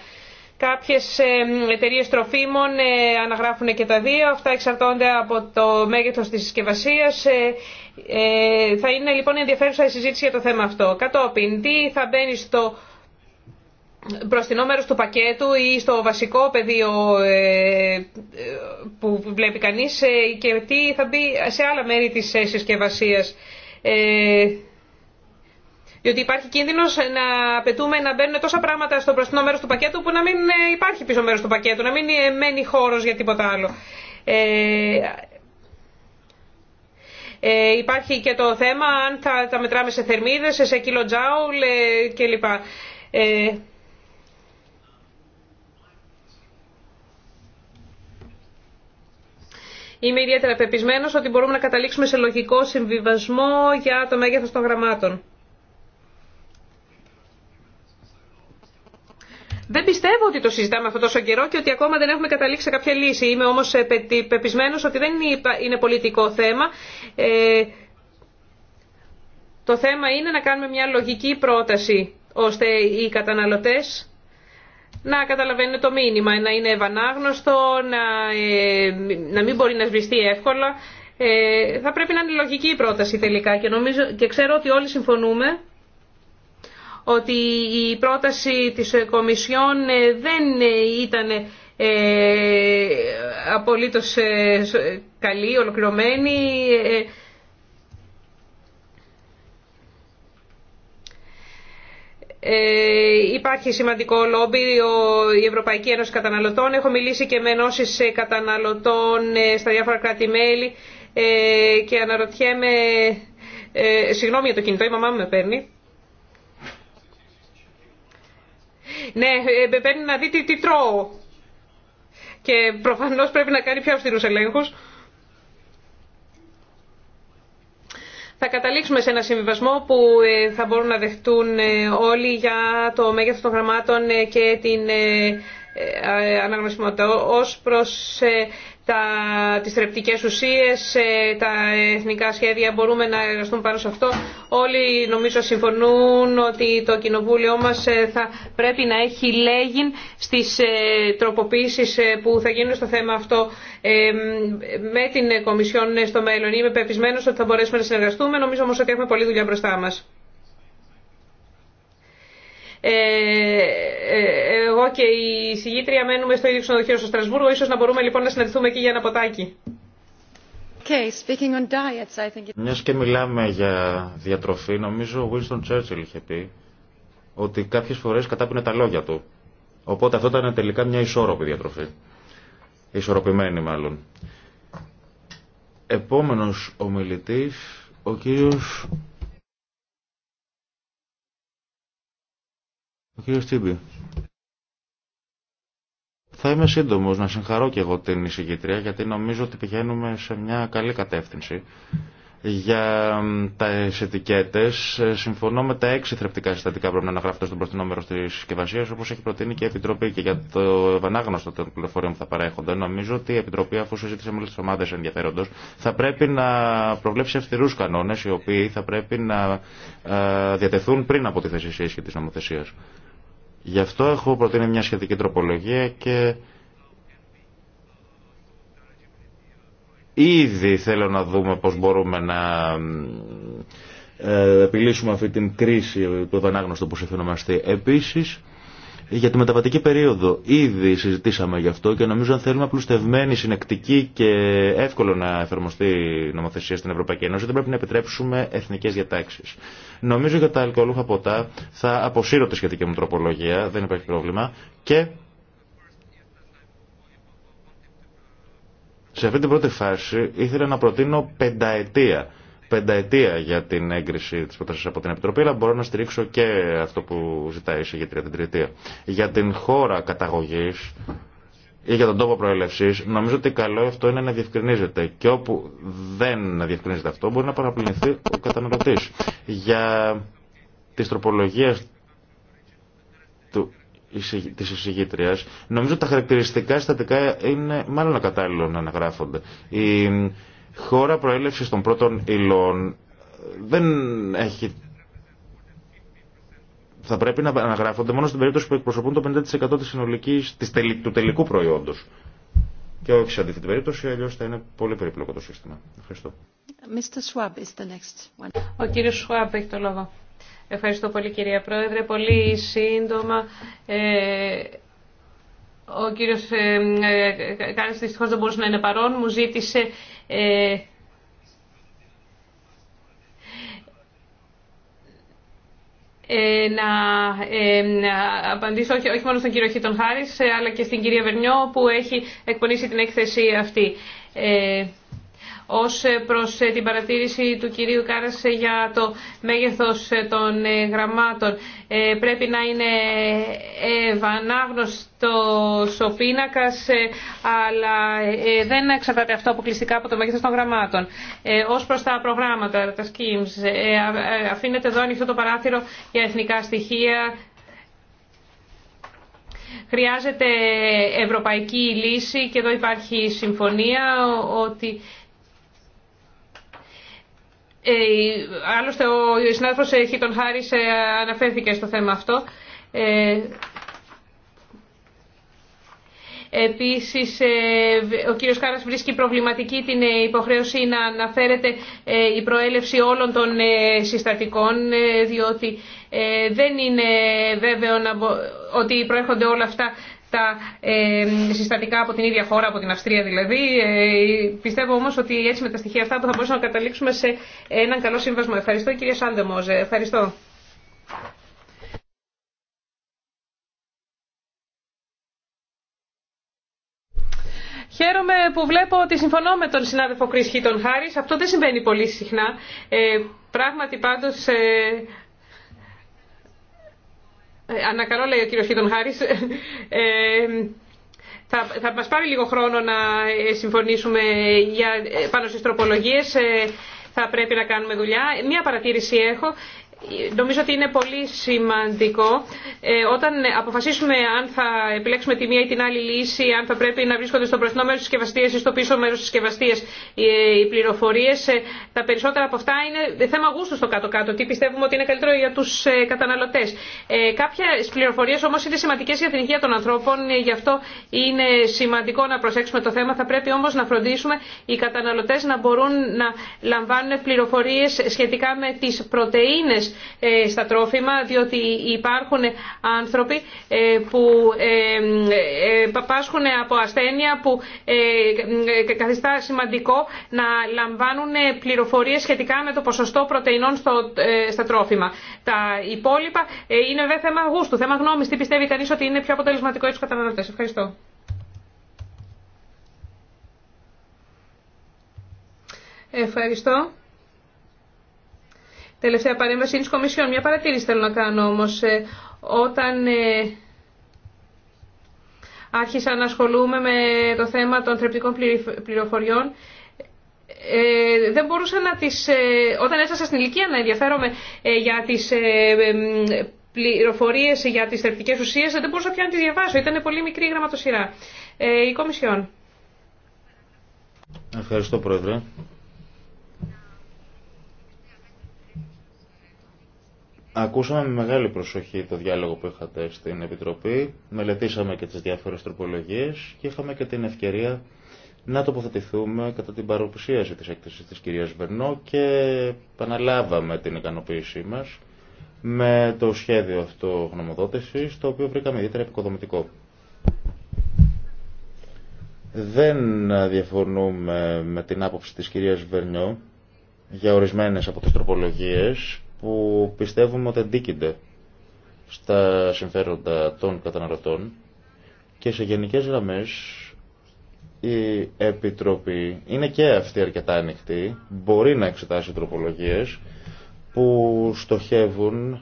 Κάποιες ε, εταιρείε τροφίμων ε, αναγράφουν και τα δύο. Αυτά εξαρτώνται από το μέγεθος της συσκευασία. Θα είναι λοιπόν ενδιαφέρουσα η συζήτηση για το θέμα αυτό. Κατόπιν, τι θα μπαίνει στο μπροστινό μέρος του πακέτου ή στο βασικό πεδίο ε, ε, που βλέπει κανείς ε, και τι θα μπει σε άλλα μέρη της συσκευασίας. Διότι υπάρχει κίνδυνο να απαιτούμε να μπαίνουν τόσα πράγματα στο προστινό μέρο του πακέτου που να μην υπάρχει πίσω μέρο του πακέτου, να μην μένει χώρο για τίποτα άλλο. Ε, υπάρχει και το θέμα αν θα τα μετράμε σε θερμίδε, σε κιλοτζάουλ ε, κλπ. Είμαι ιδιαίτερα πεπισμένο ότι μπορούμε να καταλήξουμε σε λογικό συμβιβασμό για το μέγεθο των γραμμάτων. Δεν πιστεύω ότι το συζητάμε αυτό τόσο καιρό και ότι ακόμα δεν έχουμε καταλήξει σε κάποια λύση. Είμαι όμως πεπισμένο ότι δεν είναι πολιτικό θέμα. Ε, το θέμα είναι να κάνουμε μια λογική πρόταση ώστε οι καταναλωτές να καταλαβαίνουν το μήνυμα, να είναι ευανάγνωστο, να, ε, μην μπορεί να σβηστεί εύκολα. Ε, θα πρέπει να είναι λογική η πρόταση τελικά και, ξέρω ότι όλοι συμφωνούμε ότι η πρόταση της Κομισιόν ε, δεν ήταν ε, απολύτως καλή, ολοκληρωμένη. Ε, υπάρχει σημαντικό λόμπι, η Ευρωπαϊκή Ένωση Καταναλωτών. Έχω μιλήσει και με ενώσει ε, καταναλωτών ε, στα διάφορα κράτη-μέλη και αναρωτιέμαι... συγγνώμη για το κινητό, η μαμά μου με παίρνει. Ναι, με παίρνει να δει τι, τι τρώω. Και προφανώς πρέπει να κάνει πιο αυστηρούς ελέγχους. θα καταλήξουμε σε ένα συμβιβασμό που ε, θα μπορούν να δεχτούν ε, όλοι για το μέγεθος των γραμμάτων ε, και την αναγνωσιμότητα Ως προς τα, τις θρεπτικές ουσίες, ε, τα εθνικά σχέδια μπορούμε να εργαστούν πάνω σε αυτό. Όλοι νομίζω συμφωνούν ότι το κοινοβούλιο μας ε, θα πρέπει να έχει λέγει στις ε, τροποποίησεις που θα γίνουν στο θέμα αυτό με την Κομισιόν στο μέλλον. Είμαι πεπισμένος ότι θα μπορέσουμε να συνεργαστούμε, νομίζω όμως ότι έχουμε πολλή δουλειά μπροστά μας. Ε, ε, εγώ και η συγγήτρια μένουμε στο ίδιο ξενοδοχείο στο Στρασβούργο. Ίσως να μπορούμε λοιπόν να συναντηθούμε εκεί για ένα ποτάκι. Μια και μιλάμε για διατροφή, νομίζω ο Winston Churchill είχε πει ότι κάποιες φορές κατάπινε τα λόγια του. Οπότε αυτό ήταν τελικά μια ισόρροπη διατροφή. Ισορροπημένη μάλλον. Επόμενος ομιλητής, ο κύριος Θα είμαι σύντομος να συγχαρώ και εγώ την εισηγητρία γιατί νομίζω ότι πηγαίνουμε σε μια καλή κατεύθυνση. Για τα ετικέτε, ε, συμφωνώ με τα έξι θρεπτικά συστατικά που πρέπει να αναγράφονται στον προστινό τη συσκευασία, όπω έχει προτείνει και η Επιτροπή. Και για το ευανάγνωστο των πληροφοριών που θα παρέχονται, νομίζω ότι η Επιτροπή, αφού συζήτησε με όλε τι ομάδε ενδιαφέροντο, θα πρέπει να προβλέψει αυστηρού κανόνε, οι οποίοι θα πρέπει να ε, διατεθούν πριν από τη θέση ισχύ τη νομοθεσία. Γι' αυτό έχω προτείνει μια σχετική τροπολογία και ήδη θέλω να δούμε πώς μπορούμε να ε, επιλύσουμε αυτή την κρίση του δανάγνωστο που συμφωνομαστεί. Επίσης, για τη μεταβατική περίοδο ήδη συζητήσαμε γι' αυτό και νομίζω αν θέλουμε απλουστευμένη, συνεκτική και εύκολο να εφαρμοστεί νομοθεσία στην Ευρωπαϊκή Ένωση δεν πρέπει να επιτρέψουμε εθνικές διατάξεις. Νομίζω για τα αλκοολούχα ποτά θα αποσύρω τη σχετική μου τροπολογία, δεν υπάρχει πρόβλημα. Και σε αυτή την πρώτη φάση ήθελα να προτείνω πενταετία. Πενταετία για την έγκριση τη πρόταση από την Επιτροπή, αλλά μπορώ να στηρίξω και αυτό που ζητάει η συγγετρία την τριετία. Για την χώρα καταγωγή, ή για τον τόπο προέλευση, νομίζω ότι καλό αυτό είναι να διευκρινίζεται. Και όπου δεν διευκρινίζεται αυτό, μπορεί να παραπληνηθεί ο καταναλωτή. Για τι τροπολογίε του τη εισηγήτρια, νομίζω ότι τα χαρακτηριστικά συστατικά είναι μάλλον ακατάλληλο να αναγράφονται. Η χώρα προέλευση των πρώτων υλών δεν έχει θα πρέπει να αναγράφονται μόνο στην περίπτωση που εκπροσωπούν το 50% της συνολικής, της, του τελικού προϊόντος. Και όχι σε αντίθετη περίπτωση, αλλιώ θα είναι πολύ περίπλοκο το σύστημα. Ευχαριστώ. Mr. is the next one. Ο κύριος Σουάμπ έχει το λόγο. Ευχαριστώ πολύ κυρία Πρόεδρε. Πολύ σύντομα. Ε, ο κύριος ε, ε, δυστυχώς δεν μπορούσε να είναι παρόν. Μου ζήτησε ε, Ε, ε, να απαντήσω όχι μόνο στον κύριο Χίτον Χάρης ε, αλλά και στην κυρία Βερνιό που έχει εκπονήσει την έκθεση αυτή ως ε, προς ε, την παρατήρηση του κυρίου Κάρασε για το μέγεθος ε, των γραμμάτων. Πρέπει να είναι ευανάγνωστο ο σοπίνακας αλλά δεν εξαρτάται αυτό αποκλειστικά από το μέγεθος των γραμμάτων. Ως προς τα προγράμματα, τα schemes, αφήνεται εδώ ανοιχτό το παράθυρο για εθνικά στοιχεία, Χρειάζεται ευρωπαϊκή λύση και εδώ υπάρχει συμφωνία ότι ε, άλλωστε ο συνάδελφος ε, Χίτον Χάρης ε, αναφέρθηκε στο θέμα αυτό. Επίσης, ο κύριος Κάρας βρίσκει προβληματική την υποχρέωση να αναφέρεται η προέλευση όλων των συστατικών, διότι δεν είναι βέβαιο ότι προέρχονται όλα αυτά τα ε, συστατικά από την ίδια χώρα, από την Αυστρία δηλαδή. Ε, πιστεύω όμως ότι έτσι με τα στοιχεία αυτά που θα μπορούσαμε να καταλήξουμε σε έναν καλό σύμβασμο. Ευχαριστώ κυρία Σάντεμόζε. Ευχαριστώ. Χαίρομαι που βλέπω ότι συμφωνώ με τον συνάδελφο Κρισχή τον Χάρης. Αυτό δεν συμβαίνει πολύ συχνά. Ε, πράγματι πάντως ε, ε, ανακαλώ, λέει ο κύριος Χίτον Χάρης. Ε, ε, θα, θα μας πάρει λίγο χρόνο να συμφωνήσουμε για, πάνω στις τροπολογίες. Θα πρέπει να κάνουμε δουλειά. Μία παρατήρηση έχω Νομίζω ότι είναι πολύ σημαντικό ε, όταν αποφασίσουμε αν θα επιλέξουμε τη μία ή την άλλη λύση, αν θα πρέπει να βρίσκονται στο πρωθυνό μέρο τη συσκευαστία ή στο πίσω μέρο τη συσκευαστία ε, οι πληροφορίε. Ε, τα περισσότερα από αυτά είναι θέμα γούστου στο κάτω-κάτω. Τι πιστεύουμε ότι είναι καλύτερο για του καταναλωτέ. Κάποιε πληροφορίε όμω είναι σημαντικέ για την υγεία των ανθρώπων, γι' αυτό είναι σημαντικό να προσέξουμε το θέμα. Θα πρέπει όμω να φροντίσουμε οι καταναλωτέ να μπορούν να λαμβάνουν πληροφορίε σχετικά με τι πρωτενε ε, στα τρόφιμα, διότι υπάρχουν άνθρωποι ε, που ε, πάσχουν από ασθένεια που καθιστά σημαντικό να λαμβάνουν πληροφορίες σχετικά με το ποσοστό πρωτεϊνών στα τρόφιμα. Τα υπόλοιπα είναι βέβαια θέμα γούστου, θέμα γνώμη. Τι πιστεύει κανεί ότι είναι πιο αποτελεσματικό για του καταναλωτέ. Ευχαριστώ. Ευχαριστώ τελευταία παρέμβαση είναι της Κομισιόν. Μια παρατήρηση θέλω να κάνω όμως. Ε, όταν ε, άρχισα να ασχολούμαι με το θέμα των θρεπτικών πληροφοριών, ε, δεν μπορούσα να τις, όταν έφτασα στην ηλικία να ενδιαφέρομαι ε, για τις πληροφορίες για τις θρεπτικές ουσίες, δεν μπορούσα πια να τις διαβάσω. Ήταν πολύ μικρή η γραμματοσυρά. η Κομισιόν. Ευχαριστώ Πρόεδρε. Ακούσαμε με μεγάλη προσοχή το διάλογο που είχατε στην Επιτροπή, μελετήσαμε και τις διάφορες τροπολογίες και είχαμε και την ευκαιρία να τοποθετηθούμε κατά την παρουσίαση της έκθεσης της κυρίας Βερνό και επαναλάβαμε την ικανοποίησή μας με το σχέδιο αυτό γνωμοδότησης, το οποίο βρήκαμε ιδιαίτερα επικοδομητικό. Δεν διαφωνούμε με την άποψη της κυρίας Βερνιό για ορισμένε από τις τροπολογίες που πιστεύουμε ότι αντίκεινται στα συμφέροντα των καταναλωτών και σε γενικές γραμμές η Επιτροπή είναι και αυτή αρκετά ανοιχτή, μπορεί να εξετάσει τροπολογίες που στοχεύουν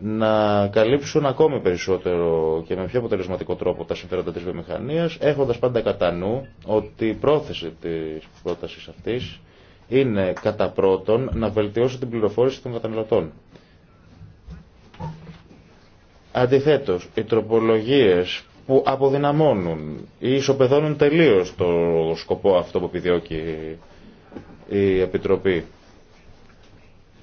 να καλύψουν ακόμη περισσότερο και με πιο αποτελεσματικό τρόπο τα συμφέροντα της βιομηχανίας, έχοντας πάντα κατά νου ότι η πρόθεση της πρότασης αυτής είναι κατά πρώτον να βελτιώσει την πληροφόρηση των καταναλωτών. Αντιθέτως, οι τροπολογίες που αποδυναμώνουν ή ισοπεδώνουν τελείως το σκοπό αυτό που επιδιώκει η Επιτροπή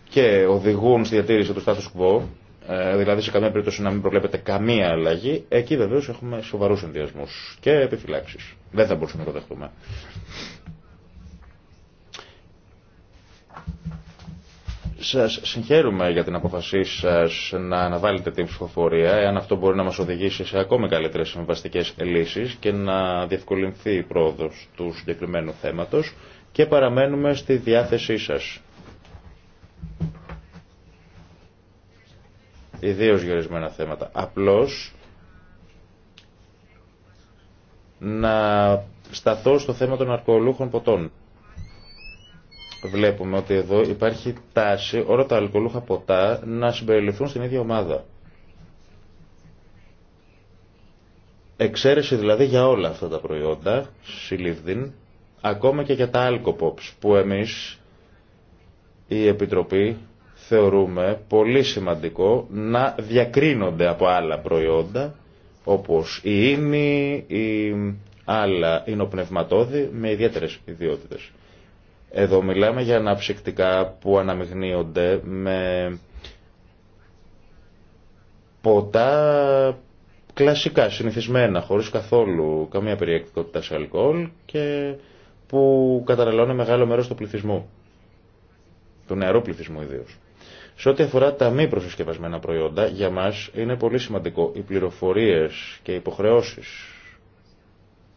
και οδηγούν στη διατήρηση του status quo, ε, δηλαδή σε καμία περίπτωση να μην προβλέπεται καμία αλλαγή, εκεί βεβαίως έχουμε σοβαρούς ενδιασμούς και επιφυλάξει. Δεν θα μπορούσαμε να το δεχτούμε. Σας συγχαίρουμε για την αποφασή σας να αναβάλλετε την ψηφοφορία, εάν αυτό μπορεί να μας οδηγήσει σε ακόμη καλύτερες συμβαστικές λύσεις και να διευκολυνθεί η πρόοδος του συγκεκριμένου θέματος και παραμένουμε στη διάθεσή σας. Ιδίως γερισμένα θέματα. Απλώς να σταθώ στο θέμα των αρκολούχων ποτών βλέπουμε ότι εδώ υπάρχει τάση όλα τα αλκοολούχα ποτά να συμπεριληφθούν στην ίδια ομάδα. Εξαίρεση δηλαδή για όλα αυτά τα προϊόντα, συλλήβδιν, ακόμα και για τα αλκοπόψ που εμείς η Επιτροπή θεωρούμε πολύ σημαντικό να διακρίνονται από άλλα προϊόντα όπως η ίνη, η άλλα είναι ο πνευματόδη με ιδιαίτερες ιδιότητες. Εδώ μιλάμε για αναψυκτικά που αναμειγνύονται με ποτά κλασικά, συνηθισμένα, χωρίς καθόλου καμία περιεκτικότητα σε αλκοόλ και που καταναλώνει μεγάλο μέρος του πληθυσμού, του νεαρού πληθυσμού ιδίω. Σε ό,τι αφορά τα μη προσυσκευασμένα προϊόντα, για μας είναι πολύ σημαντικό οι πληροφορίες και οι υποχρεώσεις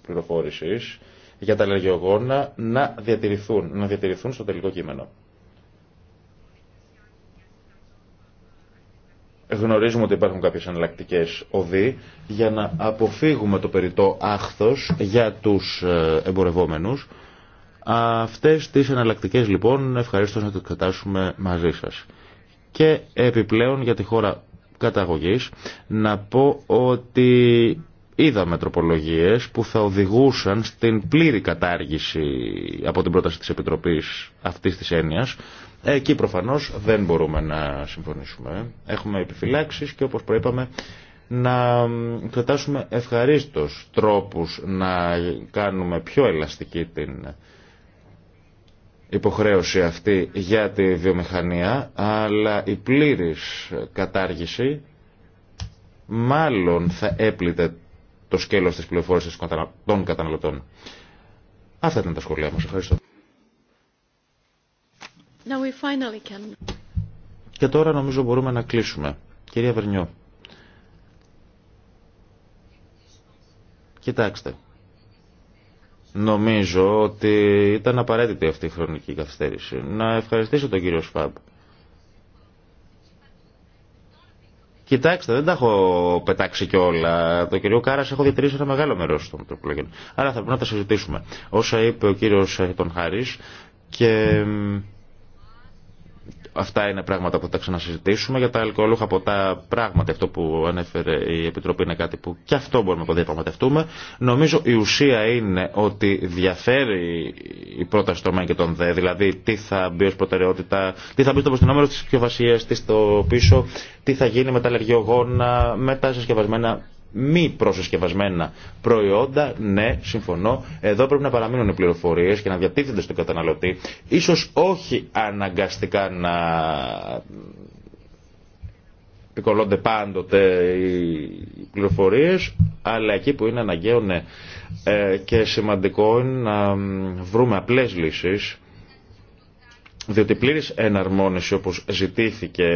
πληροφόρησης για τα λεγόμενα να διατηρηθούν, να διατηρηθούν στο τελικό κείμενο. Γνωρίζουμε ότι υπάρχουν κάποιες εναλλακτικέ οδοί για να αποφύγουμε το περιττό άχθος για τους ε, εμπορευόμενους. Αυτές τις εναλλακτικέ λοιπόν ευχαριστώ να τις κρατάσουμε μαζί σας. Και επιπλέον για τη χώρα καταγωγής να πω ότι είδαμε τροπολογίες που θα οδηγούσαν στην πλήρη κατάργηση από την πρόταση της Επιτροπής αυτής της έννοιας. Εκεί προφανώς δεν μπορούμε να συμφωνήσουμε. Έχουμε επιφυλάξεις και όπως προείπαμε να κρατάσουμε ευχαρίστως τρόπους να κάνουμε πιο ελαστική την υποχρέωση αυτή για τη βιομηχανία, αλλά η πλήρης κατάργηση μάλλον θα έπλητε το σκέλος της πληροφόρησης των καταναλωτών. Αυτά ήταν τα σχολεία μας. Ευχαριστώ. Now we finally can... Και τώρα νομίζω μπορούμε να κλείσουμε. Κυρία Βερνιό. Κοιτάξτε. Νομίζω ότι ήταν απαραίτητη αυτή η χρονική καθυστέρηση. Να ευχαριστήσω τον κύριο Σφάμπ. Κοιτάξτε, δεν τα έχω πετάξει κιόλα. Το κύριο Κάρα έχω διατηρήσει ένα μεγάλο μέρο των τροπολογιών. Άρα θα πρέπει να τα συζητήσουμε. Όσα είπε ο κύριο Τον Χάρη και Αυτά είναι πράγματα που θα τα ξανασυζητήσουμε. Για τα αλκοόλουχα τα πράγματα. αυτό που ανέφερε η Επιτροπή είναι κάτι που και αυτό μπορούμε να το διαπραγματευτούμε. Νομίζω η ουσία είναι ότι διαφέρει η πρόταση των ΜΕΝ και των ΔΕ, δηλαδή τι θα μπει ω προτεραιότητα, τι θα μπει στο προστινόμενο τη συσκευασία, τι στο πίσω, τι θα γίνει με τα αλλεργιογόνα, με τα συσκευασμένα μη προσυσκευασμένα προϊόντα, ναι, συμφωνώ, εδώ πρέπει να παραμείνουν οι πληροφορίες και να διατίθενται στον καταναλωτή, ίσως όχι αναγκαστικά να επικολώνται πάντοτε οι πληροφορίες, αλλά εκεί που είναι αναγκαίο, ναι. Ε, και σημαντικό είναι να βρούμε απλές λύσεις, διότι πλήρης εναρμόνιση όπως ζητήθηκε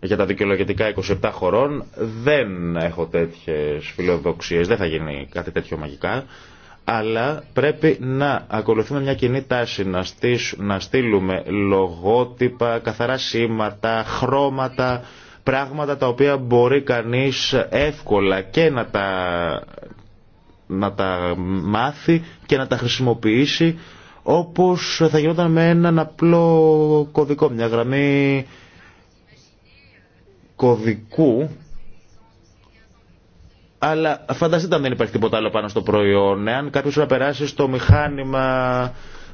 για τα δικαιολογητικά 27 χωρών. Δεν έχω τέτοιες φιλοδοξίες, δεν θα γίνει κάτι τέτοιο μαγικά. Αλλά πρέπει να ακολουθούμε μια κοινή τάση, να, να στείλουμε λογότυπα, καθαρά σήματα, χρώματα, πράγματα τα οποία μπορεί κανείς εύκολα και να τα, να τα μάθει και να τα χρησιμοποιήσει όπως θα γινόταν με έναν απλό κωδικό, μια γραμμή κωδικού αλλά φανταστείτε αν δεν υπάρχει τίποτα άλλο πάνω στο προϊόν. Εάν κάποιο να περάσει στο μηχάνημα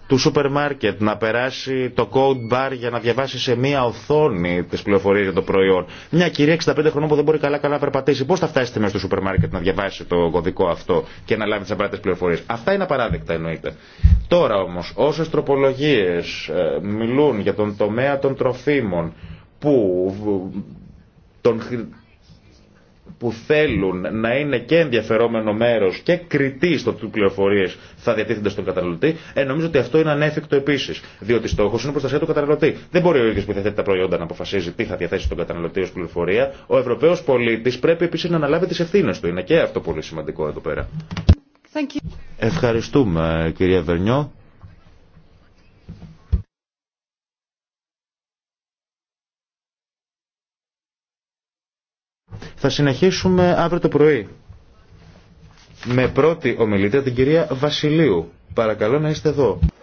του σούπερ μάρκετ, να περάσει το code bar για να διαβάσει σε μία οθόνη τι πληροφορίε για το προϊόν. Μια κυρία 65 χρονών που δεν μπορεί καλά-καλά να περπατήσει, πώ θα φτάσει μέσα στο του σούπερ μάρκετ να διαβάσει το κωδικό αυτό και να λάβει τι απαραίτητε πληροφορίε. Αυτά είναι απαράδεκτα εννοείται. Τώρα όμω, όσε τροπολογίε ε, μιλούν για τον τομέα των τροφίμων που των που θέλουν να είναι και ενδιαφερόμενο μέρο και κριτή στο τι πληροφορίε θα διατίθενται στον καταναλωτή, ε, νομίζω ότι αυτό είναι ανέφικτο επίση. Διότι στόχο είναι προστασία του καταναλωτή. Δεν μπορεί ο ίδιο που διαθέτει τα προϊόντα να αποφασίζει τι θα διαθέσει στον καταναλωτή ω πληροφορία. Ο Ευρωπαίο πολίτη πρέπει επίση να αναλάβει τι ευθύνε του. Είναι και αυτό πολύ σημαντικό εδώ πέρα. Ευχαριστούμε κυρία Βερνιό. Θα συνεχίσουμε αύριο το πρωί με πρώτη ομιλήτρια την κυρία Βασιλείου. Παρακαλώ να είστε εδώ.